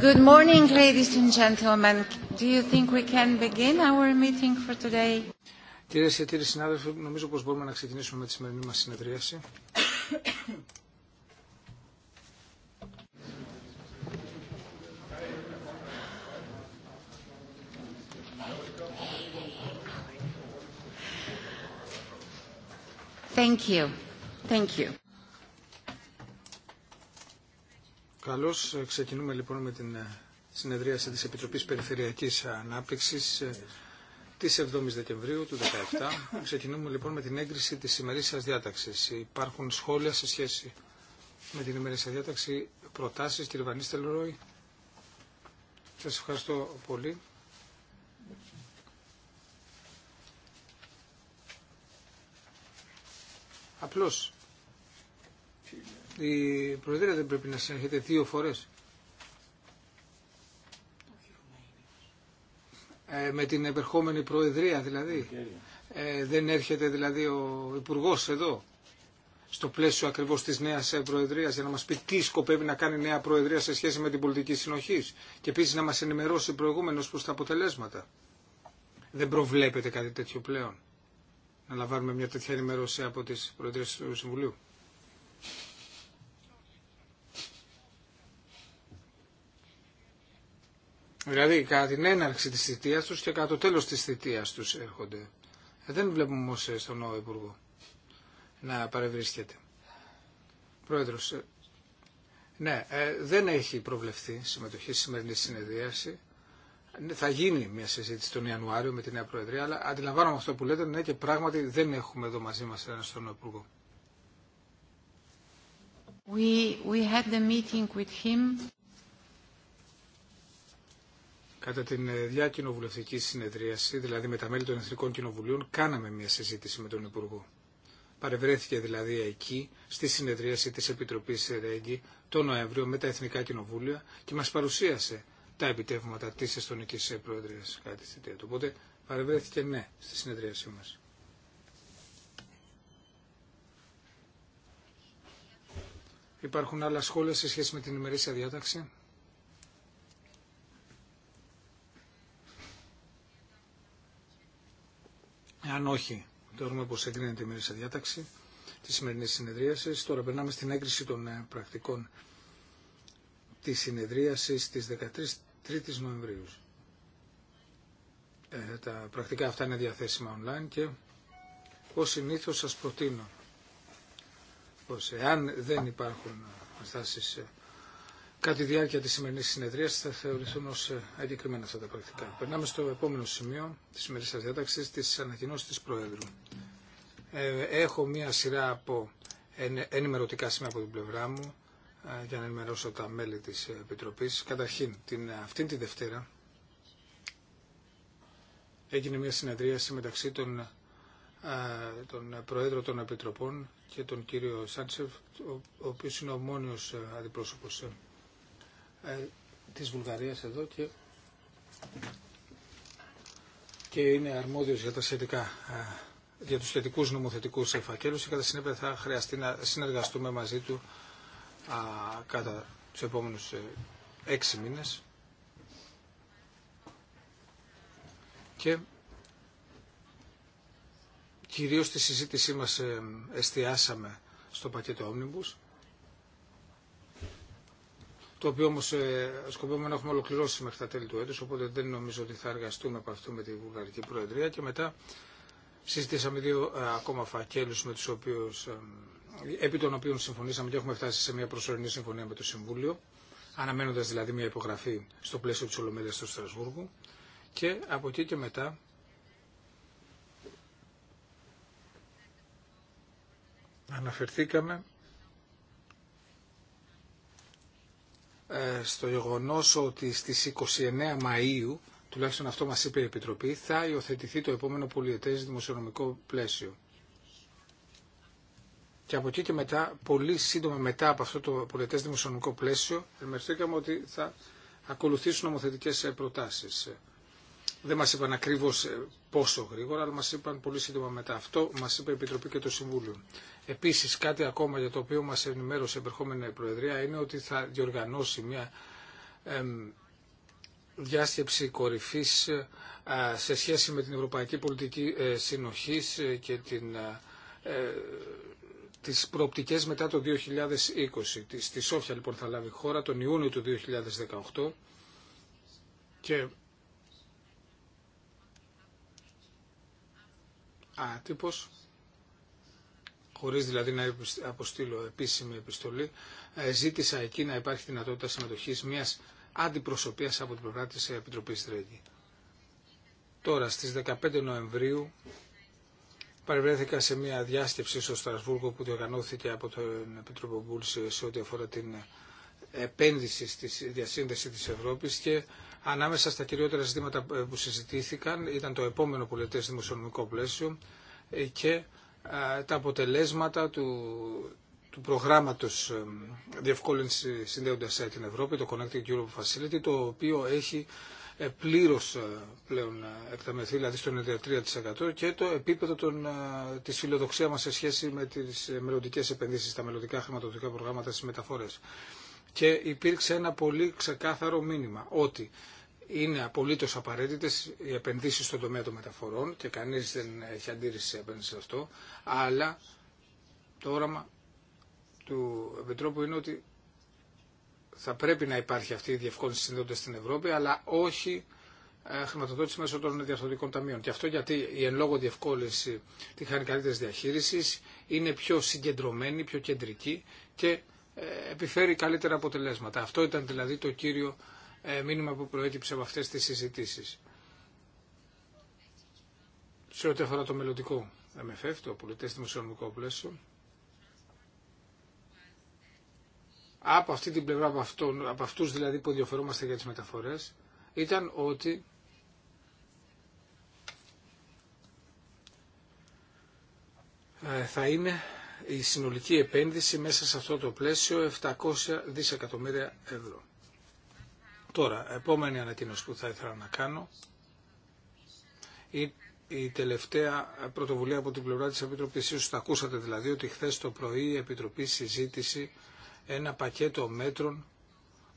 Good morning, ladies and gentlemen. Do you think we can begin our meeting for today? Κυρίες και κύριοι συνάδελφοι, νομίζω πως μπορούμε να ξεκινήσουμε με τη σημερινή μας συνεδρίαση. Thank you. Thank you. Καλώς. Ε, ξεκινούμε λοιπόν με την ε, συνεδρίαση της Επιτροπής Περιφερειακής Ανάπτυξης ε, της 7ης Δεκεμβρίου του 2017. Ξεκινούμε λοιπόν με την έγκριση της ημερήσιας διάταξης. Υπάρχουν σχόλια σε σχέση με την ημερήσια διάταξη, προτάσεις, κύριε Βανίστελ Ρόι. Σας ευχαριστώ πολύ. Απλώς η Προεδρία δεν πρέπει να συνεχίζεται δύο φορέ. Ε, με την επερχόμενη Προεδρία δηλαδή. Ε, δεν έρχεται δηλαδή ο υπουργό εδώ στο πλαίσιο ακριβώ τη νέα ε, Προεδρία για να μα πει τι σκοπεύει να κάνει η νέα Προεδρία σε σχέση με την πολιτική συνοχή και επίση να μα ενημερώσει προηγούμενο προ τα αποτελέσματα. Δεν προβλέπεται κάτι τέτοιο πλέον. Να λαμβάνουμε μια τέτοια ενημέρωση από τι Προεδρίε του Συμβουλίου. Δηλαδή κατά την έναρξη της θητείας τους και κατά το τέλος της θητείας τους έρχονται. Ε, δεν βλέπουμε όμως ε, στον νέο Υπουργό να παρευρίσκεται. Πρόεδρος, ε, ναι, δεν έχει προβλεφθεί συμμετοχή στη σημερινή συνεδρίαση. Ναι, θα γίνει μια συζήτηση τον Ιανουάριο με τη Νέα Προεδρία, αλλά αντιλαμβάνομαι αυτό που λέτε, ναι και πράγματι δεν έχουμε εδώ μαζί μας έναν στον Υπουργό. We, we had the meeting with him. Κατά την ε, διακοινοβουλευτική συνεδρίαση, δηλαδή με τα μέλη των Εθνικών Κοινοβουλίων, κάναμε μια συζήτηση με τον Υπουργό. Παρευρέθηκε δηλαδή εκεί, στη συνεδρίαση της Επιτροπής ΡΕΓΚΙ, το Νοέμβριο με τα Εθνικά Κοινοβούλια και μας παρουσίασε τα επιτεύγματα της Εστονικής ε, Προεδρίας κάτι θητεία του. Οπότε παρευρέθηκε ναι στη συνεδρίασή μας. Υπάρχουν άλλα σχόλια σε σχέση με την ημερήσια διάταξη. Αν όχι, θεωρούμε πώ εγκρίνεται η μερίσια διάταξη της σημερινής συνεδρίασης. Τώρα περνάμε στην έγκριση των ε, πρακτικών της συνεδρίασης της 13 η Νοεμβρίου. Ε, τα πρακτικά αυτά είναι διαθέσιμα online και ως συνήθως σας προτείνω πως εάν δεν υπάρχουν αστάσεις ε, κατά τη διάρκεια της σημερινής συνεδρίας θα θεωρηθούν ως αγκεκριμένα ε, αυτά τα πρακτικά. Περνάμε στο επόμενο σημείο της σημερινής διάταξης της ανακοινώση της Προέδρου. Ε, έχω μία σειρά από ενημερωτικά σημεία από την πλευρά μου ε, για να ενημερώσω τα μέλη της Επιτροπής. Καταρχήν, την, αυτήν τη Δευτέρα έγινε μία συνεδρίαση μεταξύ των τον Προέδρο των Επιτροπών και τον κύριο Σάντσεφ, ο οποίος είναι ο μόνιος αντιπρόσωπος ε, της Βουλγαρίας εδώ και, και είναι αρμόδιος για τα σχετικά ε, για τους σχετικούς νομοθετικούς εφακέλους και κατά συνέπεια θα χρειαστεί να συνεργαστούμε μαζί του κατά τους επόμενους ε, έξι μήνες και κυρίως στη συζήτησή μας εστιάσαμε στο πακέτο Omnibus το οποίο όμως ε, σκοπεύουμε να έχουμε ολοκληρώσει μέχρι τα τέλη του έτου, οπότε δεν νομίζω ότι θα εργαστούμε από αυτό με τη Βουλγαρική Προεδρία και μετά συζητήσαμε δύο ε, ακόμα φακέλους με τους οποίους, ε, επί των οποίων συμφωνήσαμε και έχουμε φτάσει σε μια προσωρινή συμφωνία με το Συμβούλιο, αναμένοντας δηλαδή μια υπογραφή στο πλαίσιο της Ολομέλειας του Στρασβούργου και από εκεί και μετά αναφερθήκαμε Ε, στο γεγονός ότι στις 29 Μαΐου, τουλάχιστον αυτό μας είπε η Επιτροπή, θα υιοθετηθεί το επόμενο πολιετές δημοσιονομικό πλαίσιο. Και από εκεί και μετά, πολύ σύντομα μετά από αυτό το πολιετές δημοσιονομικό πλαίσιο, ενημερωθήκαμε ότι θα ακολουθήσουν νομοθετικές ε, προτάσεις. Δεν μας είπαν ακριβώς ε, πόσο γρήγορα, αλλά μας είπαν πολύ σύντομα μετά. Αυτό μας είπε η Επιτροπή και το Συμβούλιο. Επίσης, κάτι ακόμα για το οποίο μας ενημέρωσε η επερχόμενη Προεδρία είναι ότι θα διοργανώσει μια εμ, διάσκεψη κορυφής ε, σε σχέση με την Ευρωπαϊκή Πολιτική ε, Συνοχής και την τις προοπτικές μετά το 2020. Στη Σόφια λοιπόν θα λάβει χώρα τον Ιούνιο του 2018 και άτυπος, χωρίς δηλαδή να αποστείλω επίσημη επιστολή, ε, ζήτησα εκεί να υπάρχει δυνατότητα συμμετοχής μιας αντιπροσωπείας από την πλευρά της Επιτροπής Τώρα, στις 15 Νοεμβρίου, παρευρέθηκα σε μια διάσκεψη στο Στρασβούργο που διοργανώθηκε από τον Επιτρόπο σε ό,τι αφορά την επένδυση στη διασύνδεση της Ευρώπης και Ανάμεσα στα κυριότερα ζητήματα ε, που συζητήθηκαν ήταν το επόμενο πολιτές δημοσιονομικό πλαίσιο ε, και ε, τα αποτελέσματα του, του προγράμματος διευκόλυνση συνδέοντας την Ευρώπη, το Connected Europe Facility, το οποίο έχει πλήρως πλέον εκταμεθεί, δηλαδή στο 93% και το επίπεδο των, της φιλοδοξία μας σε σχέση με τις μελλοντικές επενδύσεις, τα μελλοντικά χρηματοδοτικά προγράμματα στις μεταφορές και υπήρξε ένα πολύ ξεκάθαρο μήνυμα ότι είναι απολύτω απαραίτητε οι επενδύσει στον τομέα των μεταφορών και κανεί δεν έχει αντίρρηση απέναντι σε αυτό. Αλλά το όραμα του Επιτρόπου είναι ότι θα πρέπει να υπάρχει αυτή η διευκόλυνση συνδέοντα στην Ευρώπη, αλλά όχι ε, χρηματοδότηση μέσω των διαρθρωτικών ταμείων. Και αυτό γιατί η εν λόγω διευκόλυνση τη χάνει καλύτερη διαχείριση, είναι πιο συγκεντρωμένη, πιο κεντρική και επιφέρει καλύτερα αποτελέσματα. Αυτό ήταν δηλαδή το κύριο ε, μήνυμα που προέκυψε από αυτές τις συζητήσεις. Σε ό,τι αφορά το μελλοντικό MFF, το πολιτές δημοσιονομικό πλαίσιο, από αυτή την πλευρά, από, αυτόν, από αυτούς δηλαδή που ενδιαφερόμαστε για τις μεταφορές, ήταν ότι ε, θα είναι η συνολική επένδυση μέσα σε αυτό το πλαίσιο 700 δισεκατομμύρια ευρώ. Τώρα, επόμενη ανακοίνωση που θα ήθελα να κάνω η, τελευταία πρωτοβουλία από την πλευρά της Επιτροπής. Ίσως τα ακούσατε δηλαδή ότι χθε το πρωί η Επιτροπή συζήτησε ένα πακέτο μέτρων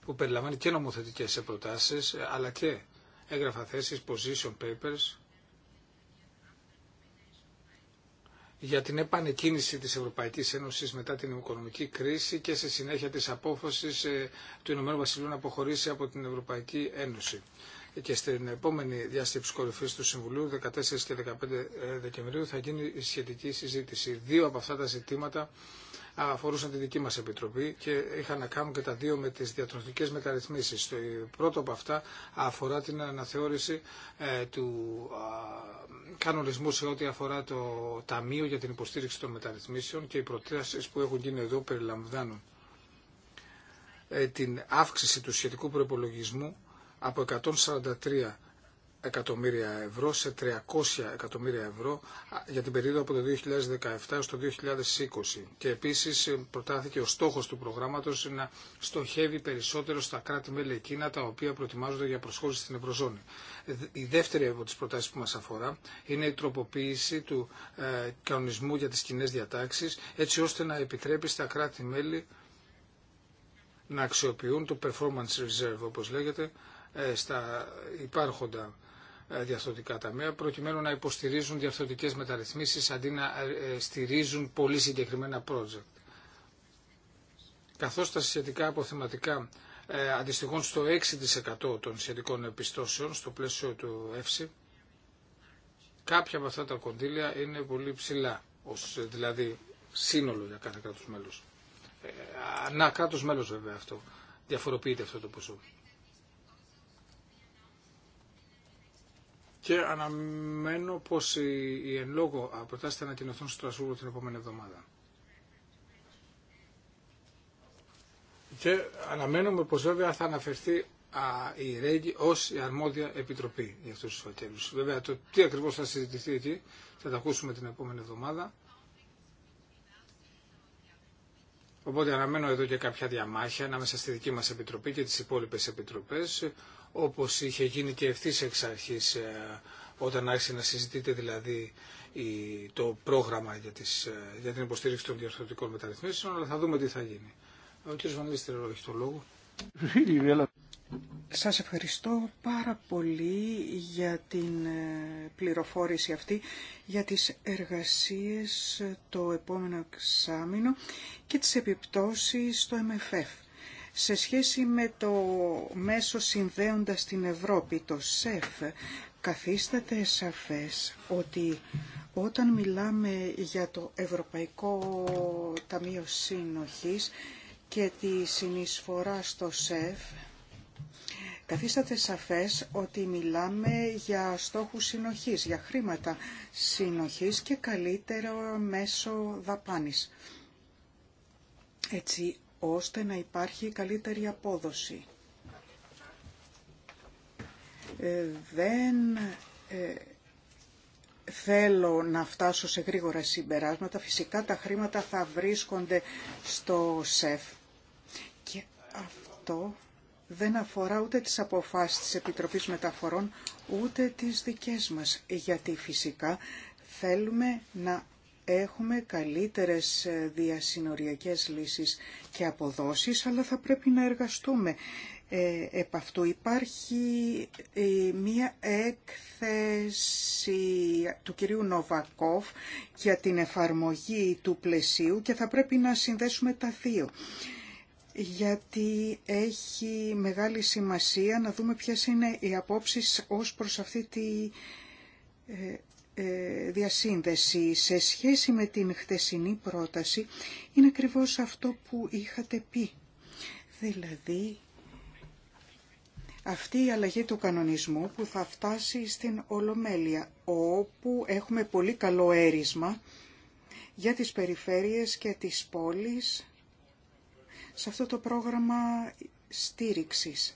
που περιλαμβάνει και νομοθετικές προτάσεις αλλά και έγγραφα θέσεις, position papers για την επανεκκίνηση της Ευρωπαϊκής Ένωσης μετά την οικονομική κρίση και σε συνέχεια της απόφασης ε, του Ηνωμένου Βασιλείου να αποχωρήσει από την Ευρωπαϊκή Ένωση. Και στην επόμενη διάσκεψη κορυφή του Συμβουλίου, 14 και 15 ε, Δεκεμβρίου, θα γίνει σχετική συζήτηση. Δύο από αυτά τα ζητήματα αφορούσαν τη δική μας Επιτροπή και είχαν να κάνουν και τα δύο με τις διατροφικές μεταρρυθμίσεις. Το πρώτο από αυτά αφορά την αναθεώρηση ε, του κανονισμού σε ό,τι αφορά το Ταμείο για την υποστήριξη των μεταρρυθμίσεων και οι προτάσει που έχουν γίνει εδώ περιλαμβάνουν ε, την αύξηση του σχετικού προπολογισμού από 143 εκατομμύρια ευρώ σε 300 εκατομμύρια ευρώ για την περίοδο από το 2017 στο 2020. Και επίσης ε, προτάθηκε ο στόχος του προγράμματος να στοχεύει περισσότερο στα κράτη-μέλη εκείνα τα οποία προετοιμάζονται για προσχώρηση στην Ευρωζώνη. Ε, η δεύτερη από τις προτάσεις που μας αφορά είναι η τροποποίηση του ε, κανονισμού για τις κοινέ διατάξεις έτσι ώστε να επιτρέπει στα κράτη-μέλη να αξιοποιούν το performance reserve όπως λέγεται στα υπάρχοντα ε, διαρθρωτικά ταμεία προκειμένου να υποστηρίζουν διαρθρωτικέ μεταρρυθμίσει αντί να ε, ε, στηρίζουν πολύ συγκεκριμένα project. Καθώ τα σχετικά αποθεματικά αντιστοιχούν στο 6% των σχετικών επιστώσεων στο πλαίσιο του ΕΦΣΥ, κάποια από αυτά τα κονδύλια είναι πολύ ψηλά, ως, δηλαδή σύνολο για κάθε κράτο μέλο. ανά κράτο μέλο, βέβαια αυτό. Διαφοροποιείται αυτό το ποσό. και αναμένω πως οι, οι εν λόγω προτάσεις θα ανακοινωθούν στο Στρασβούργο την επόμενη εβδομάδα. Και αναμένουμε πως βέβαια θα αναφερθεί η ΡΕΓΙ ως η αρμόδια επιτροπή για αυτούς τους φακέλους. Βέβαια το τι ακριβώς θα συζητηθεί εκεί θα τα ακούσουμε την επόμενη εβδομάδα. Οπότε αναμένω εδώ και κάποια διαμάχια ανάμεσα στη δική μας επιτροπή και τις υπόλοιπες επιτροπές όπως είχε γίνει και ευθύ εξ αρχής ε, όταν άρχισε να συζητείται δηλαδή το πρόγραμμα για, τις, ε, για την υποστήριξη των διαρθρωτικών μεταρρυθμίσεων, αλλά θα δούμε τι θα γίνει. Ο κ. Βανίλιστερο έχει το λόγο. Σας ευχαριστώ πάρα πολύ για την ε, πληροφόρηση αυτή, για τις εργασίες το επόμενο εξάμεινο και τις επιπτώσεις στο MFF. Σε σχέση με το μέσο συνδέοντας την Ευρώπη, το ΣΕΦ, καθίσταται σαφές ότι όταν μιλάμε για το Ευρωπαϊκό Ταμείο Σύνοχης και τη συνεισφορά στο ΣΕΦ, καθίσταται σαφές ότι μιλάμε για στόχους συνοχής, για χρήματα συνοχής και καλύτερο μέσο δαπάνης. Έτσι ώστε να υπάρχει καλύτερη απόδοση. Ε, δεν ε, θέλω να φτάσω σε γρήγορα συμπεράσματα. Φυσικά τα χρήματα θα βρίσκονται στο ΣΕΦ. Και αυτό δεν αφορά ούτε τις αποφάσεις της Επιτροπής Μεταφορών, ούτε τις δικές μας. Γιατί φυσικά θέλουμε να έχουμε καλύτερες ε, διασυνοριακές λύσεις και αποδόσεις, αλλά θα πρέπει να εργαστούμε ε, επ' αυτού. Υπάρχει ε, μία έκθεση του κυρίου Νοβακόφ για την εφαρμογή του πλαισίου και θα πρέπει να συνδέσουμε τα δύο γιατί έχει μεγάλη σημασία να δούμε ποιες είναι οι απόψεις ως προς αυτή τη ε, ε, διασύνδεση σε σχέση με την χτεσινή πρόταση είναι ακριβώς αυτό που είχατε πει. Δηλαδή, αυτή η αλλαγή του κανονισμού που θα φτάσει στην Ολομέλεια, όπου έχουμε πολύ καλό έρισμα για τις περιφέρειες και τις πόλεις σε αυτό το πρόγραμμα στήριξης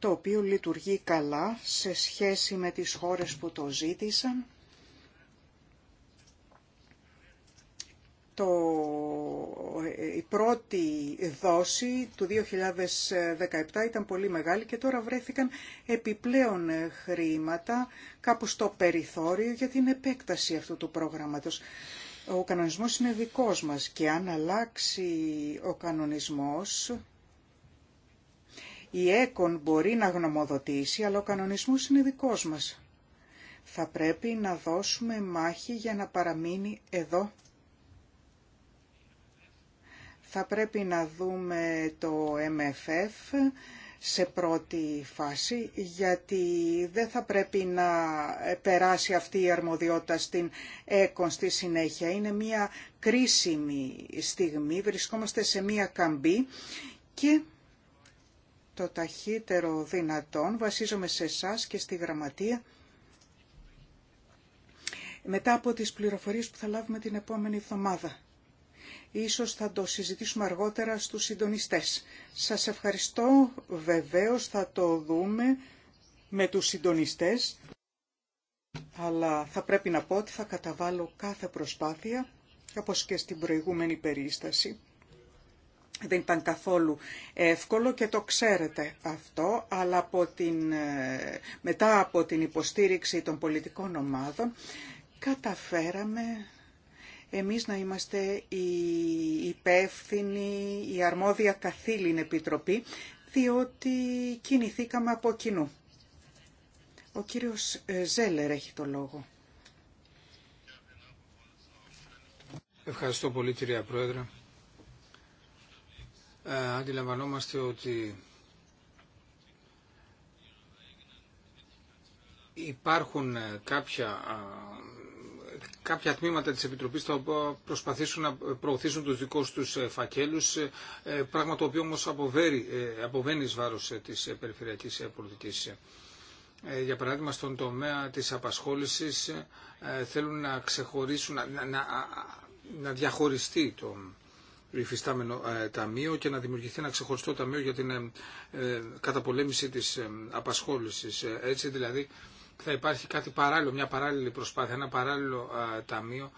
το οποίο λειτουργεί καλά σε σχέση με τις χώρες που το ζήτησαν. Το, ε, η πρώτη δόση του 2017 ήταν πολύ μεγάλη και τώρα βρέθηκαν επιπλέον χρήματα κάπου στο περιθώριο για την επέκταση αυτού του προγράμματος. Ο κανονισμός είναι δικός μας και αν αλλάξει ο κανονισμός η ΕΚΟΝ μπορεί να γνωμοδοτήσει, αλλά ο κανονισμός είναι δικός μας. Θα πρέπει να δώσουμε μάχη για να παραμείνει εδώ. Θα πρέπει να δούμε το MFF σε πρώτη φάση, γιατί δεν θα πρέπει να περάσει αυτή η αρμοδιότητα στην ΕΚΟΝ στη συνέχεια. Είναι μια κρίσιμη στιγμή, βρισκόμαστε σε μια καμπή και το ταχύτερο δυνατόν. Βασίζομαι σε εσά και στη γραμματεία. Μετά από τις πληροφορίες που θα λάβουμε την επόμενη εβδομάδα. Ίσως θα το συζητήσουμε αργότερα στους συντονιστές. Σας ευχαριστώ. Βεβαίως θα το δούμε με τους συντονιστές. Αλλά θα πρέπει να πω ότι θα καταβάλω κάθε προσπάθεια, όπως και στην προηγούμενη περίσταση δεν ήταν καθόλου εύκολο και το ξέρετε αυτό, αλλά ε, μετά από την υποστήριξη των πολιτικών ομάδων καταφέραμε εμείς να είμαστε η υπεύθυνη, η αρμόδια καθήλυν επιτροπή, διότι κινηθήκαμε από κοινού. Ο κύριος ε, Ζέλερ έχει το λόγο. Ευχαριστώ πολύ κυρία Πρόεδρε. Ε, αντιλαμβανόμαστε ότι υπάρχουν ε, κάποια, κάποια τμήματα της Επιτροπής τα οποία προσπαθήσουν να προωθήσουν τους δικούς τους ε, φακέλους, πράγμα το οποίο όμως αποβαίνει, αποβαίνει βάρος της περιφερειακής πολιτικής. Για παράδειγμα, στον τομέα της απασχόλησης θέλουν να ξεχωρίσουν, να, να, να διαχωριστεί το, υφιστάμενο ε, ταμείο και να δημιουργηθεί ένα ξεχωριστό ταμείο για την ε, ε, καταπολέμηση της απασχόλησης. Έτσι δηλαδή θα υπάρχει κάτι παράλληλο, μια παράλληλη προσπάθεια, ένα παράλληλο ταμείο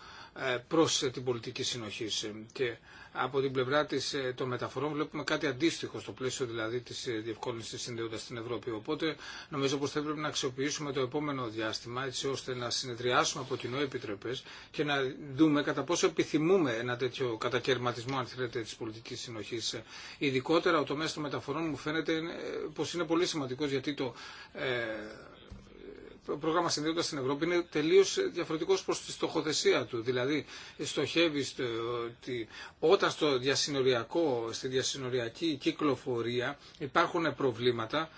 προς την πολιτική συνοχή. Και από την πλευρά της, ε, των μεταφορών βλέπουμε κάτι αντίστοιχο στο πλαίσιο δηλαδή της ε, διευκόλυνσης συνδέοντα στην Ευρώπη. Οπότε νομίζω πως θα έπρεπε να αξιοποιήσουμε το επόμενο διάστημα έτσι ώστε να συνεδριάσουμε από κοινό επιτροπές και να δούμε κατά πόσο επιθυμούμε ένα τέτοιο κατακαιρματισμό αν θέλετε της πολιτικής συνοχής. Ε, ειδικότερα ο τομέας των μεταφορών μου φαίνεται πως είναι πολύ σημαντικός γιατί το, το πρόγραμμα συνδέοντα στην Ευρώπη είναι τελείω διαφορετικό προ τη στοχοθεσία του. Δηλαδή, στοχεύει στο, ότι όταν στο διασυνοριακό, στη διασυνοριακή κυκλοφορία υπάρχουν προβλήματα,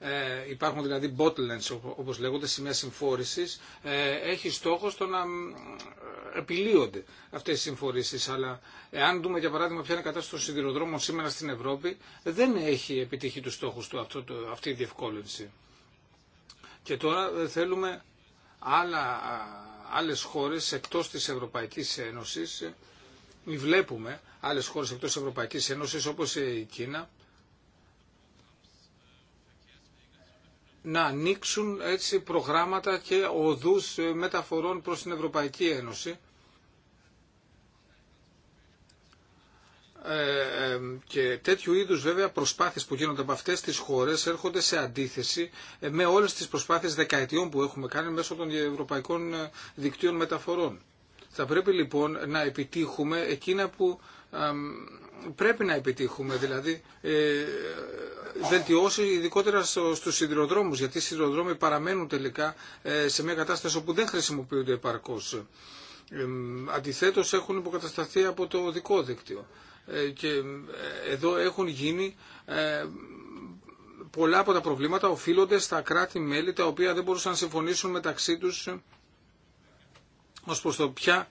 ε, υπάρχουν δηλαδή bottlenecks όπως λέγονται, σημεία συμφόρησης, ε, έχει στόχο στο να ε, επιλύονται αυτές οι συμφορήσεις. Αλλά εάν δούμε για παράδειγμα ποια είναι η κατάσταση των σιδηροδρόμων σήμερα στην Ευρώπη, δεν έχει επιτύχει τους στόχους του αυτό, το, αυτή η διευκόλυνση. Και τώρα ε, θέλουμε άλλα, άλλες χώρες εκτός της Ευρωπαϊκής Ένωσης, ε, μη βλέπουμε άλλες χώρες εκτός της Ευρωπαϊκής Ένωσης όπως ε, η Κίνα, να ανοίξουν έτσι προγράμματα και οδούς μεταφορών προς την Ευρωπαϊκή Ένωση Ε, και τέτοιου είδους βέβαια προσπάθειες που γίνονται από αυτές τις χώρες έρχονται σε αντίθεση ε, με όλες τις προσπάθειες δεκαετιών που έχουμε κάνει μέσω των ευρωπαϊκών ε, δικτύων μεταφορών. Θα πρέπει λοιπόν να επιτύχουμε εκείνα που πρέπει να επιτύχουμε, δηλαδή ε, βελτιώσει ειδικότερα στους σιδηροδρόμους, γιατί οι σιδηροδρόμοι παραμένουν τελικά σε μια κατάσταση όπου δεν χρησιμοποιούνται επαρκώς. Ε, αντιθέτως έχουν υποκατασταθεί από το δικό δίκτυο. Ε, και ε, εδώ έχουν γίνει ε, πολλά από τα προβλήματα οφείλονται στα κράτη-μέλη τα οποία δεν μπορούσαν να συμφωνήσουν μεταξύ τους ως προς το ποια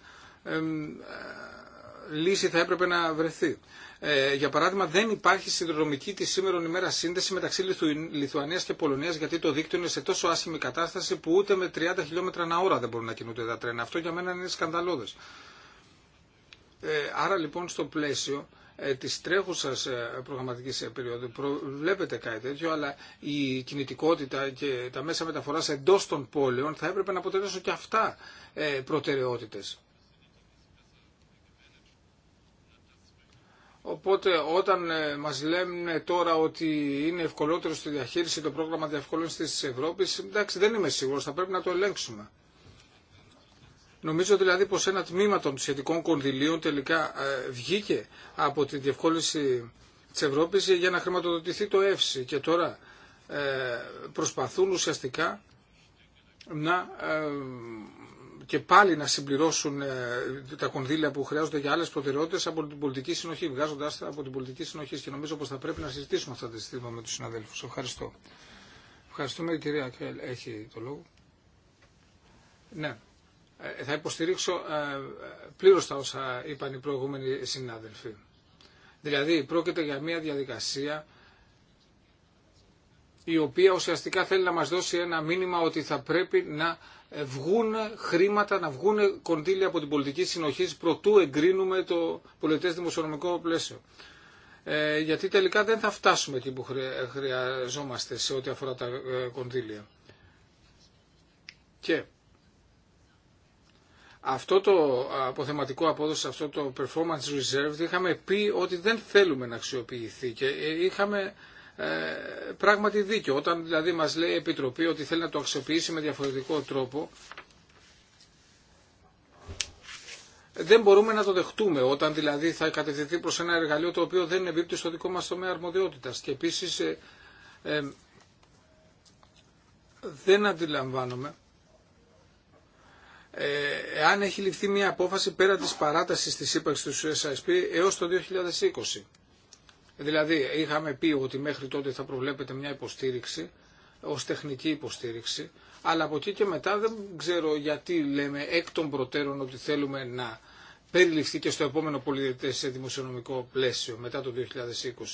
λύση θα έπρεπε να βρεθεί. Ε, για παράδειγμα, δεν υπάρχει συνδρομική τη σήμερα ημέρα σύνδεση μεταξύ Λιθουανίας και Πολωνία, γιατί το δίκτυο είναι σε τόσο άσχημη κατάσταση που ούτε με 30 χιλιόμετρα ανά ώρα δεν μπορούν να κινούνται τα τρένα. Αυτό για μένα είναι σκανδαλώδε. Ε, άρα λοιπόν στο πλαίσιο ε, της τρέχουσας ε, προγραμματικής περίοδου βλέπετε κάτι τέτοιο, αλλά η κινητικότητα και τα μέσα μεταφοράς εντός των πόλεων θα έπρεπε να αποτελέσουν και αυτά προτεραιότητες. Οπότε όταν μας λένε τώρα ότι είναι ευκολότερο στη διαχείριση το πρόγραμμα διευκολύνσης της Ευρώπης, εντάξει δεν είμαι σίγουρος, θα πρέπει να το ελέγξουμε. Νομίζω δηλαδή πως ένα τμήμα των σχετικών κονδυλίων τελικά ε, βγήκε από τη διευκόλυνση της Ευρώπης για να χρηματοδοτηθεί το ΕΦΣΙ και τώρα ε, προσπαθούν ουσιαστικά να ε, και πάλι να συμπληρώσουν τα κονδύλια που χρειάζονται για άλλε προτεραιότητε από την πολιτική συνοχή, βγάζοντας τα από την πολιτική συνοχή. Και νομίζω πως θα πρέπει να συζητήσουμε αυτά τα στιγμή με τους συναδέλφου. Ευχαριστώ. Ευχαριστούμε, κυρία Κέλ. Έχει το λόγο. Ναι. Ε, θα υποστηρίξω ε, πλήρως τα όσα είπαν οι προηγούμενοι συνάδελφοι. Δηλαδή, πρόκειται για μια διαδικασία η οποία ουσιαστικά θέλει να μας δώσει ένα μήνυμα ότι θα πρέπει να βγουν χρήματα, να βγουν κοντήλια από την πολιτική συνοχή προτού εγκρίνουμε το πολιτές δημοσιονομικό πλαίσιο. Ε, γιατί τελικά δεν θα φτάσουμε εκεί που χρειαζόμαστε σε ό,τι αφορά τα ε, κονδύλια. Και αυτό το αποθεματικό απόδοση, αυτό το performance reserve, είχαμε πει ότι δεν θέλουμε να αξιοποιηθεί και ε, είχαμε ε, πράγματι δίκιο. Όταν δηλαδή μας λέει η Επιτροπή ότι θέλει να το αξιοποιήσει με διαφορετικό τρόπο, δεν μπορούμε να το δεχτούμε όταν δηλαδή θα κατευθυνθεί προς ένα εργαλείο το οποίο δεν εμπίπτει στο δικό μας τομέα αρμοδιότητας. Και επίσης ε, ε δεν αντιλαμβάνομαι ε, εάν έχει ληφθεί μια απόφαση πέρα της παράτασης της ύπαρξης του SSP έως το 2020. Δηλαδή είχαμε πει ότι μέχρι τότε θα προβλέπεται μια υποστήριξη ως τεχνική υποστήριξη, αλλά από εκεί και μετά δεν ξέρω γιατί λέμε εκ των προτέρων ότι θέλουμε να περιληφθεί και στο επόμενο πολιτικό σε δημοσιονομικό πλαίσιο μετά το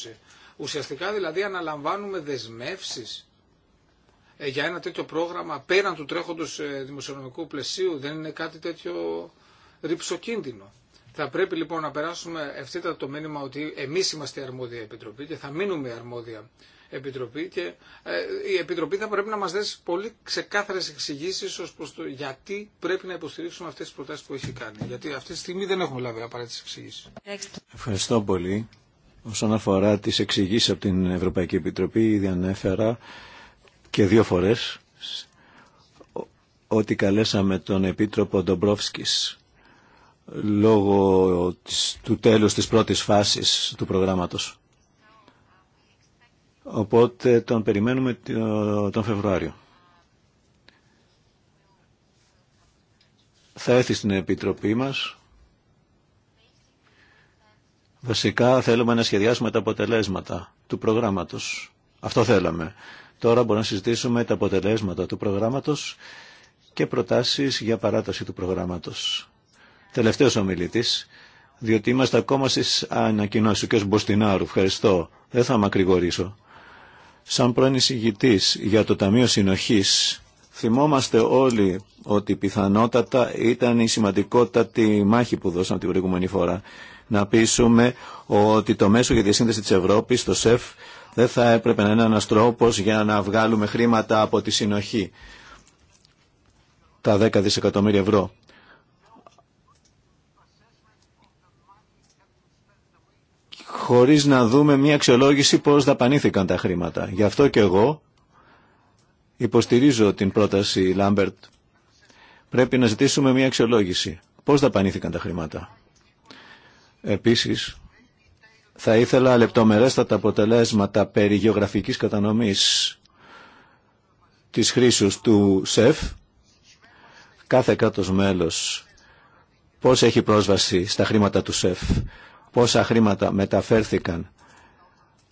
2020. Ουσιαστικά δηλαδή αναλαμβάνουμε δεσμεύσεις ε, για ένα τέτοιο πρόγραμμα πέραν του τρέχοντος ε, δημοσιονομικού πλαισίου δεν είναι κάτι τέτοιο ρηψοκίνδυνο. Θα πρέπει λοιπόν να περάσουμε ευθύτερα το μήνυμα ότι εμείς είμαστε αρμόδια επιτροπή και θα μείνουμε αρμόδια επιτροπή και ε, η επιτροπή θα πρέπει να μας δέσει πολύ ξεκάθαρες εξηγήσεις ως προς το γιατί πρέπει να υποστηρίξουμε αυτές τις προτάσεις που έχει κάνει. Γιατί αυτή τη στιγμή δεν έχουμε λάβει απαραίτητες εξηγήσεις. Ευχαριστώ πολύ. Όσον αφορά τις εξηγήσεις από την Ευρωπαϊκή Επιτροπή, ήδη ανέφερα και δύο φορές ότι καλέσαμε τον Επίτροπο Ντομπρόφσκης λόγω του τέλους της πρώτης φάσης του προγράμματος. Οπότε τον περιμένουμε τον Φεβρουάριο. Θα έρθει στην Επιτροπή μας. Βασικά θέλουμε να σχεδιάσουμε τα αποτελέσματα του προγράμματος. Αυτό θέλαμε. Τώρα μπορούμε να συζητήσουμε τα αποτελέσματα του προγράμματος και προτάσεις για παράταση του προγράμματος. Τελευταίος ομιλητής, διότι είμαστε ακόμα στις ανακοινώσεις του κ. Μποστινάρου. Ευχαριστώ. Δεν θα μακρηγορήσω. Σαν πρώην εισηγητής για το Ταμείο Συνοχής, θυμόμαστε όλοι ότι πιθανότατα ήταν η σημαντικότατη μάχη που δώσαμε την προηγούμενη φορά. Να πείσουμε ότι το μέσο για τη σύνδεση της Ευρώπης, το ΣΕΦ, δεν θα έπρεπε να είναι ένας τρόπος για να βγάλουμε χρήματα από τη συνοχή. Τα 10 δισεκατομμύρια ευρώ. χωρίς να δούμε μια αξιολόγηση πώς δαπανήθηκαν τα χρήματα. Γι' αυτό και εγώ υποστηρίζω την πρόταση Λάμπερτ. Πρέπει να ζητήσουμε μια αξιολόγηση. Πώς δαπανήθηκαν τα χρήματα. Επίσης, θα ήθελα λεπτομερέστατα αποτελέσματα περί γεωγραφικής κατανομής της χρήσης του ΣΕΦ κάθε κράτος μέλος πώς έχει πρόσβαση στα χρήματα του ΣΕΦ πόσα χρήματα μεταφέρθηκαν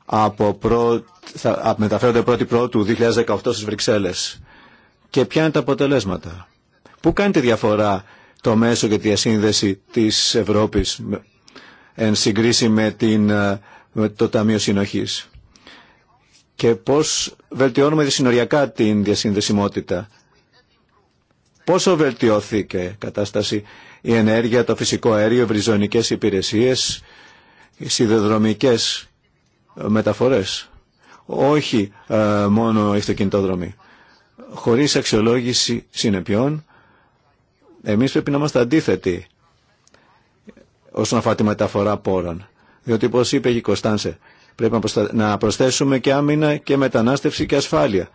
από πρώτη θα μεταφέρονται πρώτη πρώτου 2018 στις Βρυξέλλες και ποια είναι τα αποτελέσματα. Πού κάνει τη διαφορά το μέσο και τη διασύνδεση της Ευρώπης εν συγκρίση με, την, ε, το Ταμείο Συνοχής και πώς βελτιώνουμε δυσυνοριακά την διασυνδεσιμότητα. Πόσο βελτιώθηκε η κατάσταση, η ενέργεια, το φυσικό αέριο, οι βριζονικές υπηρεσίες, οι σιδεδρομικές ε, μεταφορές. Όχι ε, μόνο οι αυτοκινητόδρομοι. Χωρίς αξιολόγηση συνεπιών, εμείς πρέπει να είμαστε αντίθετοι όσον αφορά τη μεταφορά πόρων. Διότι, όπω είπε η Κωνσταντσέ, πρέπει να προσθέσουμε και άμυνα και μετανάστευση και ασφάλεια.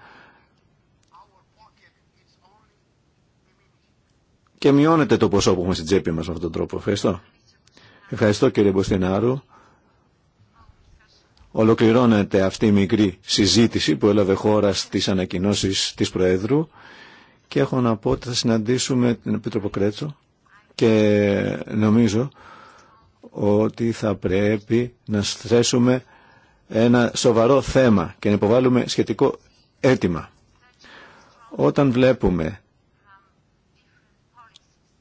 Και μειώνεται το ποσό που έχουμε στην τσέπη μας με αυτόν τον τρόπο. Ευχαριστώ. Ευχαριστώ κύριε Μποστινάρου. Ολοκληρώνεται αυτή η μικρή συζήτηση που έλαβε χώρα στις ανακοινώσεις της Προέδρου και έχω να πω ότι θα συναντήσουμε την Επίτροπο Κρέτσο και νομίζω ότι θα πρέπει να στρέσουμε ένα σοβαρό θέμα και να υποβάλουμε σχετικό αίτημα. Όταν βλέπουμε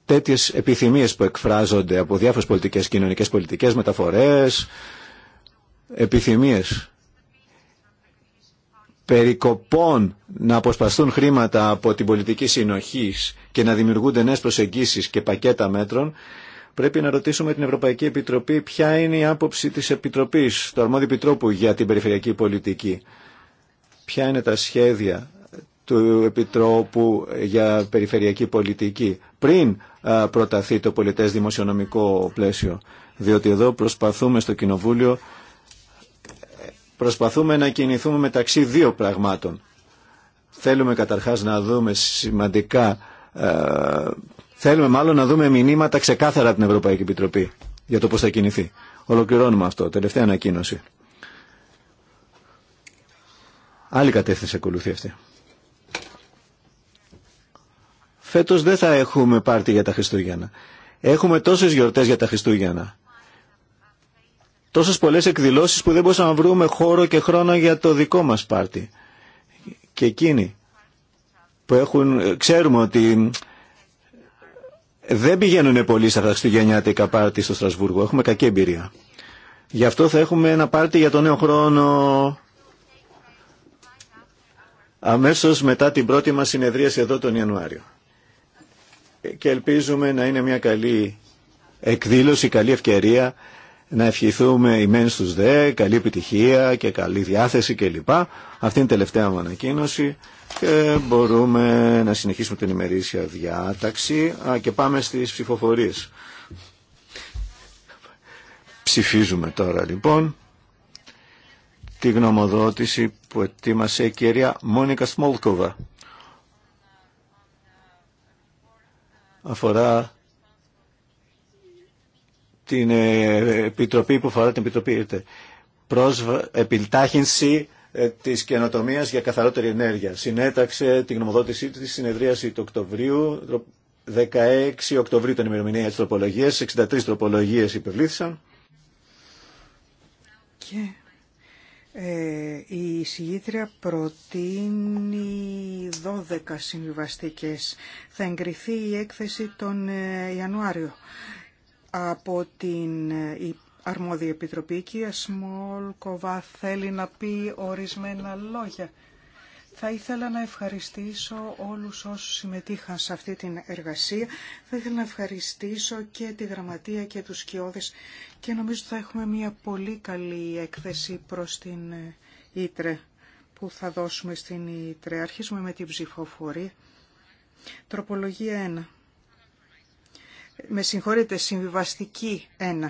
τέτοιες επιθυμίες που εκφράζονται από διάφορες πολιτικές, κοινωνικές πολιτικές, μεταφορές, επιθυμίες περικοπών να αποσπαστούν χρήματα από την πολιτική συνοχής και να δημιουργούνται νέες προσεγγίσεις και πακέτα μέτρων, Πρέπει να ρωτήσουμε την Ευρωπαϊκή Επιτροπή ποια είναι η άποψη της Επιτροπής, του Αρμόδιου Επιτρόπου για την Περιφερειακή Πολιτική. Ποια είναι τα σχέδια του Επιτρόπου για Περιφερειακή Πολιτική πριν προταθεί το πολιτές δημοσιονομικό πλαίσιο. Διότι εδώ προσπαθούμε στο Κοινοβούλιο προσπαθούμε να κινηθούμε μεταξύ δύο πραγμάτων. Θέλουμε καταρχάς να δούμε σημαντικά Θέλουμε μάλλον να δούμε μηνύματα ξεκάθαρα από την Ευρωπαϊκή Επιτροπή για το πώς θα κινηθεί. Ολοκληρώνουμε αυτό. Τελευταία ανακοίνωση. Άλλη κατεύθυνση ακολουθεί αυτή. Φέτος δεν θα έχουμε πάρτι για τα Χριστούγεννα. Έχουμε τόσες γιορτές για τα Χριστούγεννα. Τόσες πολλές εκδηλώσεις που δεν μπορούσαμε να βρούμε χώρο και χρόνο για το δικό μας πάρτι. Και εκείνοι που έχουν, ξέρουμε ότι δεν πηγαίνουν πολύ σε αυτά τα χριστουγεννιάτικα πάρτι στο Στρασβούργο. Έχουμε κακή εμπειρία. Γι' αυτό θα έχουμε ένα πάρτι για τον νέο χρόνο αμέσως μετά την πρώτη μας συνεδρίαση εδώ τον Ιανουάριο. Και ελπίζουμε να είναι μια καλή εκδήλωση, καλή ευκαιρία να ευχηθούμε ημέν τους δε, καλή επιτυχία και καλή διάθεση κλπ. Αυτή είναι η τελευταία μου ανακοίνωση και μπορούμε να συνεχίσουμε την ημερήσια διάταξη και πάμε στις ψηφοφορίες. Ψηφίζουμε τώρα λοιπόν τη γνωμοδότηση που ετοίμασε η κυρία Μόνικα Σμόλκοβα. Αφορά την ε, επιτροπή που φορά την επιτροπή πρόσβα, επιτάχυνση ε, της καινοτομία για καθαρότερη ενέργεια. Συνέταξε την γνωμοδότησή τη συνεδρίαση του Οκτωβρίου, 16 Οκτωβρίου ήταν η ημερομηνία τη τροπολογία, 63 τροπολογίες υπευλήθησαν. Και ε, η συγγήτρια προτείνει 12 συμβιβαστικές. Θα εγκριθεί η έκθεση τον ε, Ιανουάριο από την ε, αρμόδια επιτροπή. Η κυρία Σμόλκοβα θέλει να πει ορισμένα λόγια. Θα ήθελα να ευχαριστήσω όλους όσους συμμετείχαν σε αυτή την εργασία. Θα ήθελα να ευχαριστήσω και τη Γραμματεία και τους Σκιώδες και νομίζω θα έχουμε μια πολύ καλή έκθεση προς την ε, Ήτρε που θα δώσουμε στην Ήτρε. Αρχίζουμε με την ψηφοφορία. Τροπολογία 1 με συγχωρείτε, συμβιβαστική 1.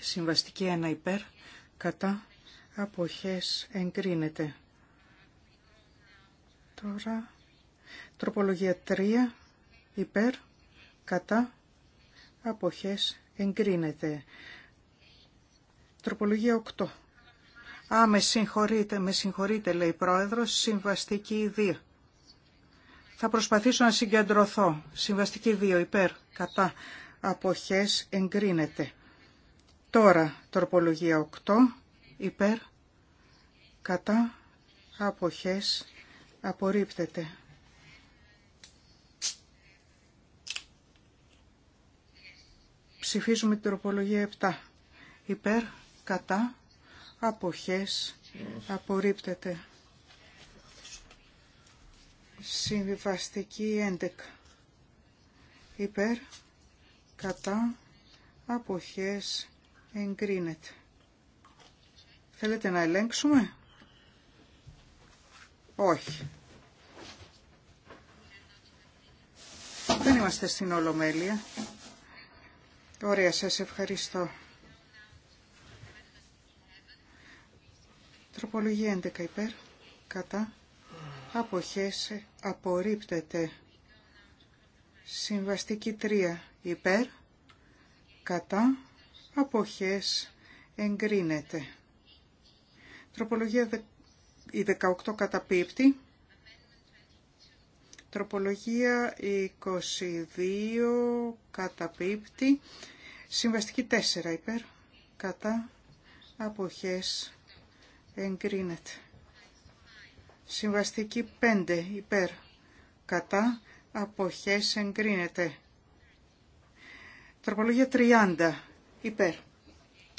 Συμβαστική 1 υπέρ, κατά, αποχές, εγκρίνεται. Τώρα, τροπολογία 3, υπέρ, κατά, αποχές, εγκρίνεται. Τροπολογία 8. Α, με συγχωρείτε, με συγχωρείτε, λέει η Πρόεδρος, συμβαστική 2. Θα προσπαθήσω να συγκεντρωθώ. Συμβαστική 2 υπέρ κατά αποχές εγκρίνεται. Τώρα τροπολογία 8 υπέρ κατά αποχές απορρίπτεται. Ψηφίζουμε την τροπολογία 7 υπέρ κατά αποχές απορρίπτεται. Συμβιβαστική 11. Υπέρ, κατά, αποχές, εγκρίνεται. Θέλετε να ελέγξουμε? Όχι. Δεν είμαστε στην Ολομέλεια. Ωραία, σας ευχαριστώ. Τροπολογία 11 υπέρ, κατά, αποχές απορρίπτεται. Συμβαστική 3 υπέρ, κατά, αποχές εγκρίνεται. Τροπολογία η 18 καταπίπτει. Τροπολογία 22 καταπίπτει. Συμβαστική 4 υπέρ, κατά, αποχές εγκρίνεται. Συμβαστική 5 υπέρ κατά αποχές εγκρίνεται. Τροπολογία 30 υπέρ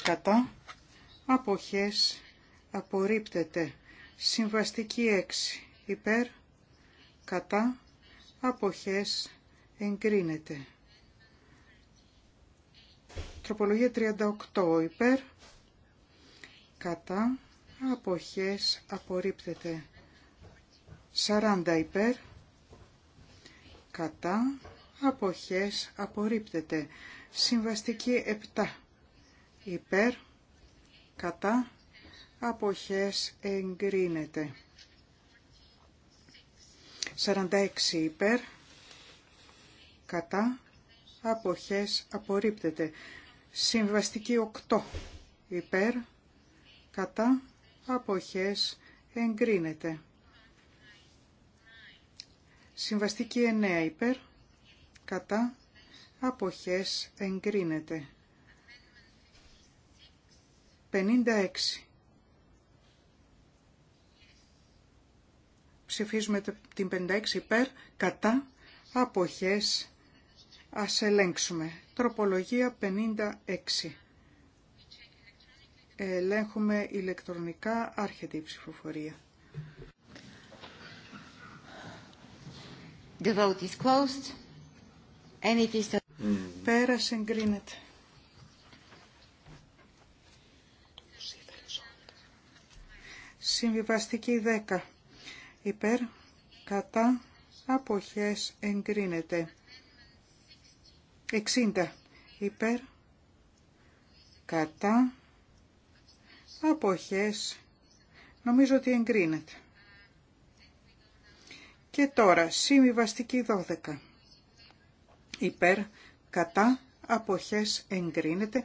κατά αποχές απορρίπτεται. Συμβαστική 6 υπέρ κατά αποχές εγκρίνεται. Τροπολογία 38 υπέρ κατά αποχές απορρίπτεται. 40 υπέρ, κατά, αποχές, απορρίπτεται. Συμβαστική 7 υπέρ, κατά, αποχές, εγκρίνεται. 46 υπέρ, κατά, αποχές, απορρίπτεται. Συμβαστική 8 υπέρ, κατά, αποχές, εγκρίνεται. Συμβαστική 9 υπέρ, κατά, αποχές εγκρίνεται. 56. Ψηφίζουμε την 56 υπέρ, κατά, αποχές, ας ελέγξουμε. Τροπολογία 56. Ελέγχουμε ηλεκτρονικά, άρχεται η ψηφοφορία. The vote is closed. And it is... εγκρίνεται. Συμβιβαστική 10. Υπέρ, κατά, αποχές εγκρίνεται. 60. Υπέρ, κατά, αποχές. Νομίζω ότι εγκρίνεται. Και τώρα, συμβιβαστική 12. Υπέρ, κατά, αποχές εγκρίνεται.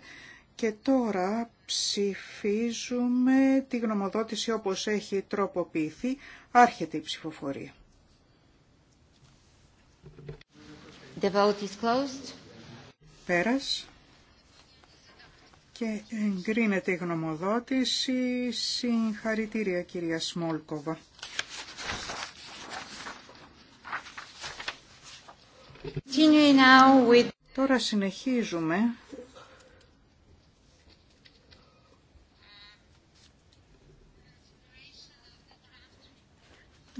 Και τώρα ψηφίζουμε τη γνωμοδότηση όπως έχει τροποποιηθεί. Άρχεται η ψηφοφορία. The vote Πέρας. Και εγκρίνεται η γνωμοδότηση. Συγχαρητήρια κυρία Σμόλκοβα. Τώρα συνεχίζουμε.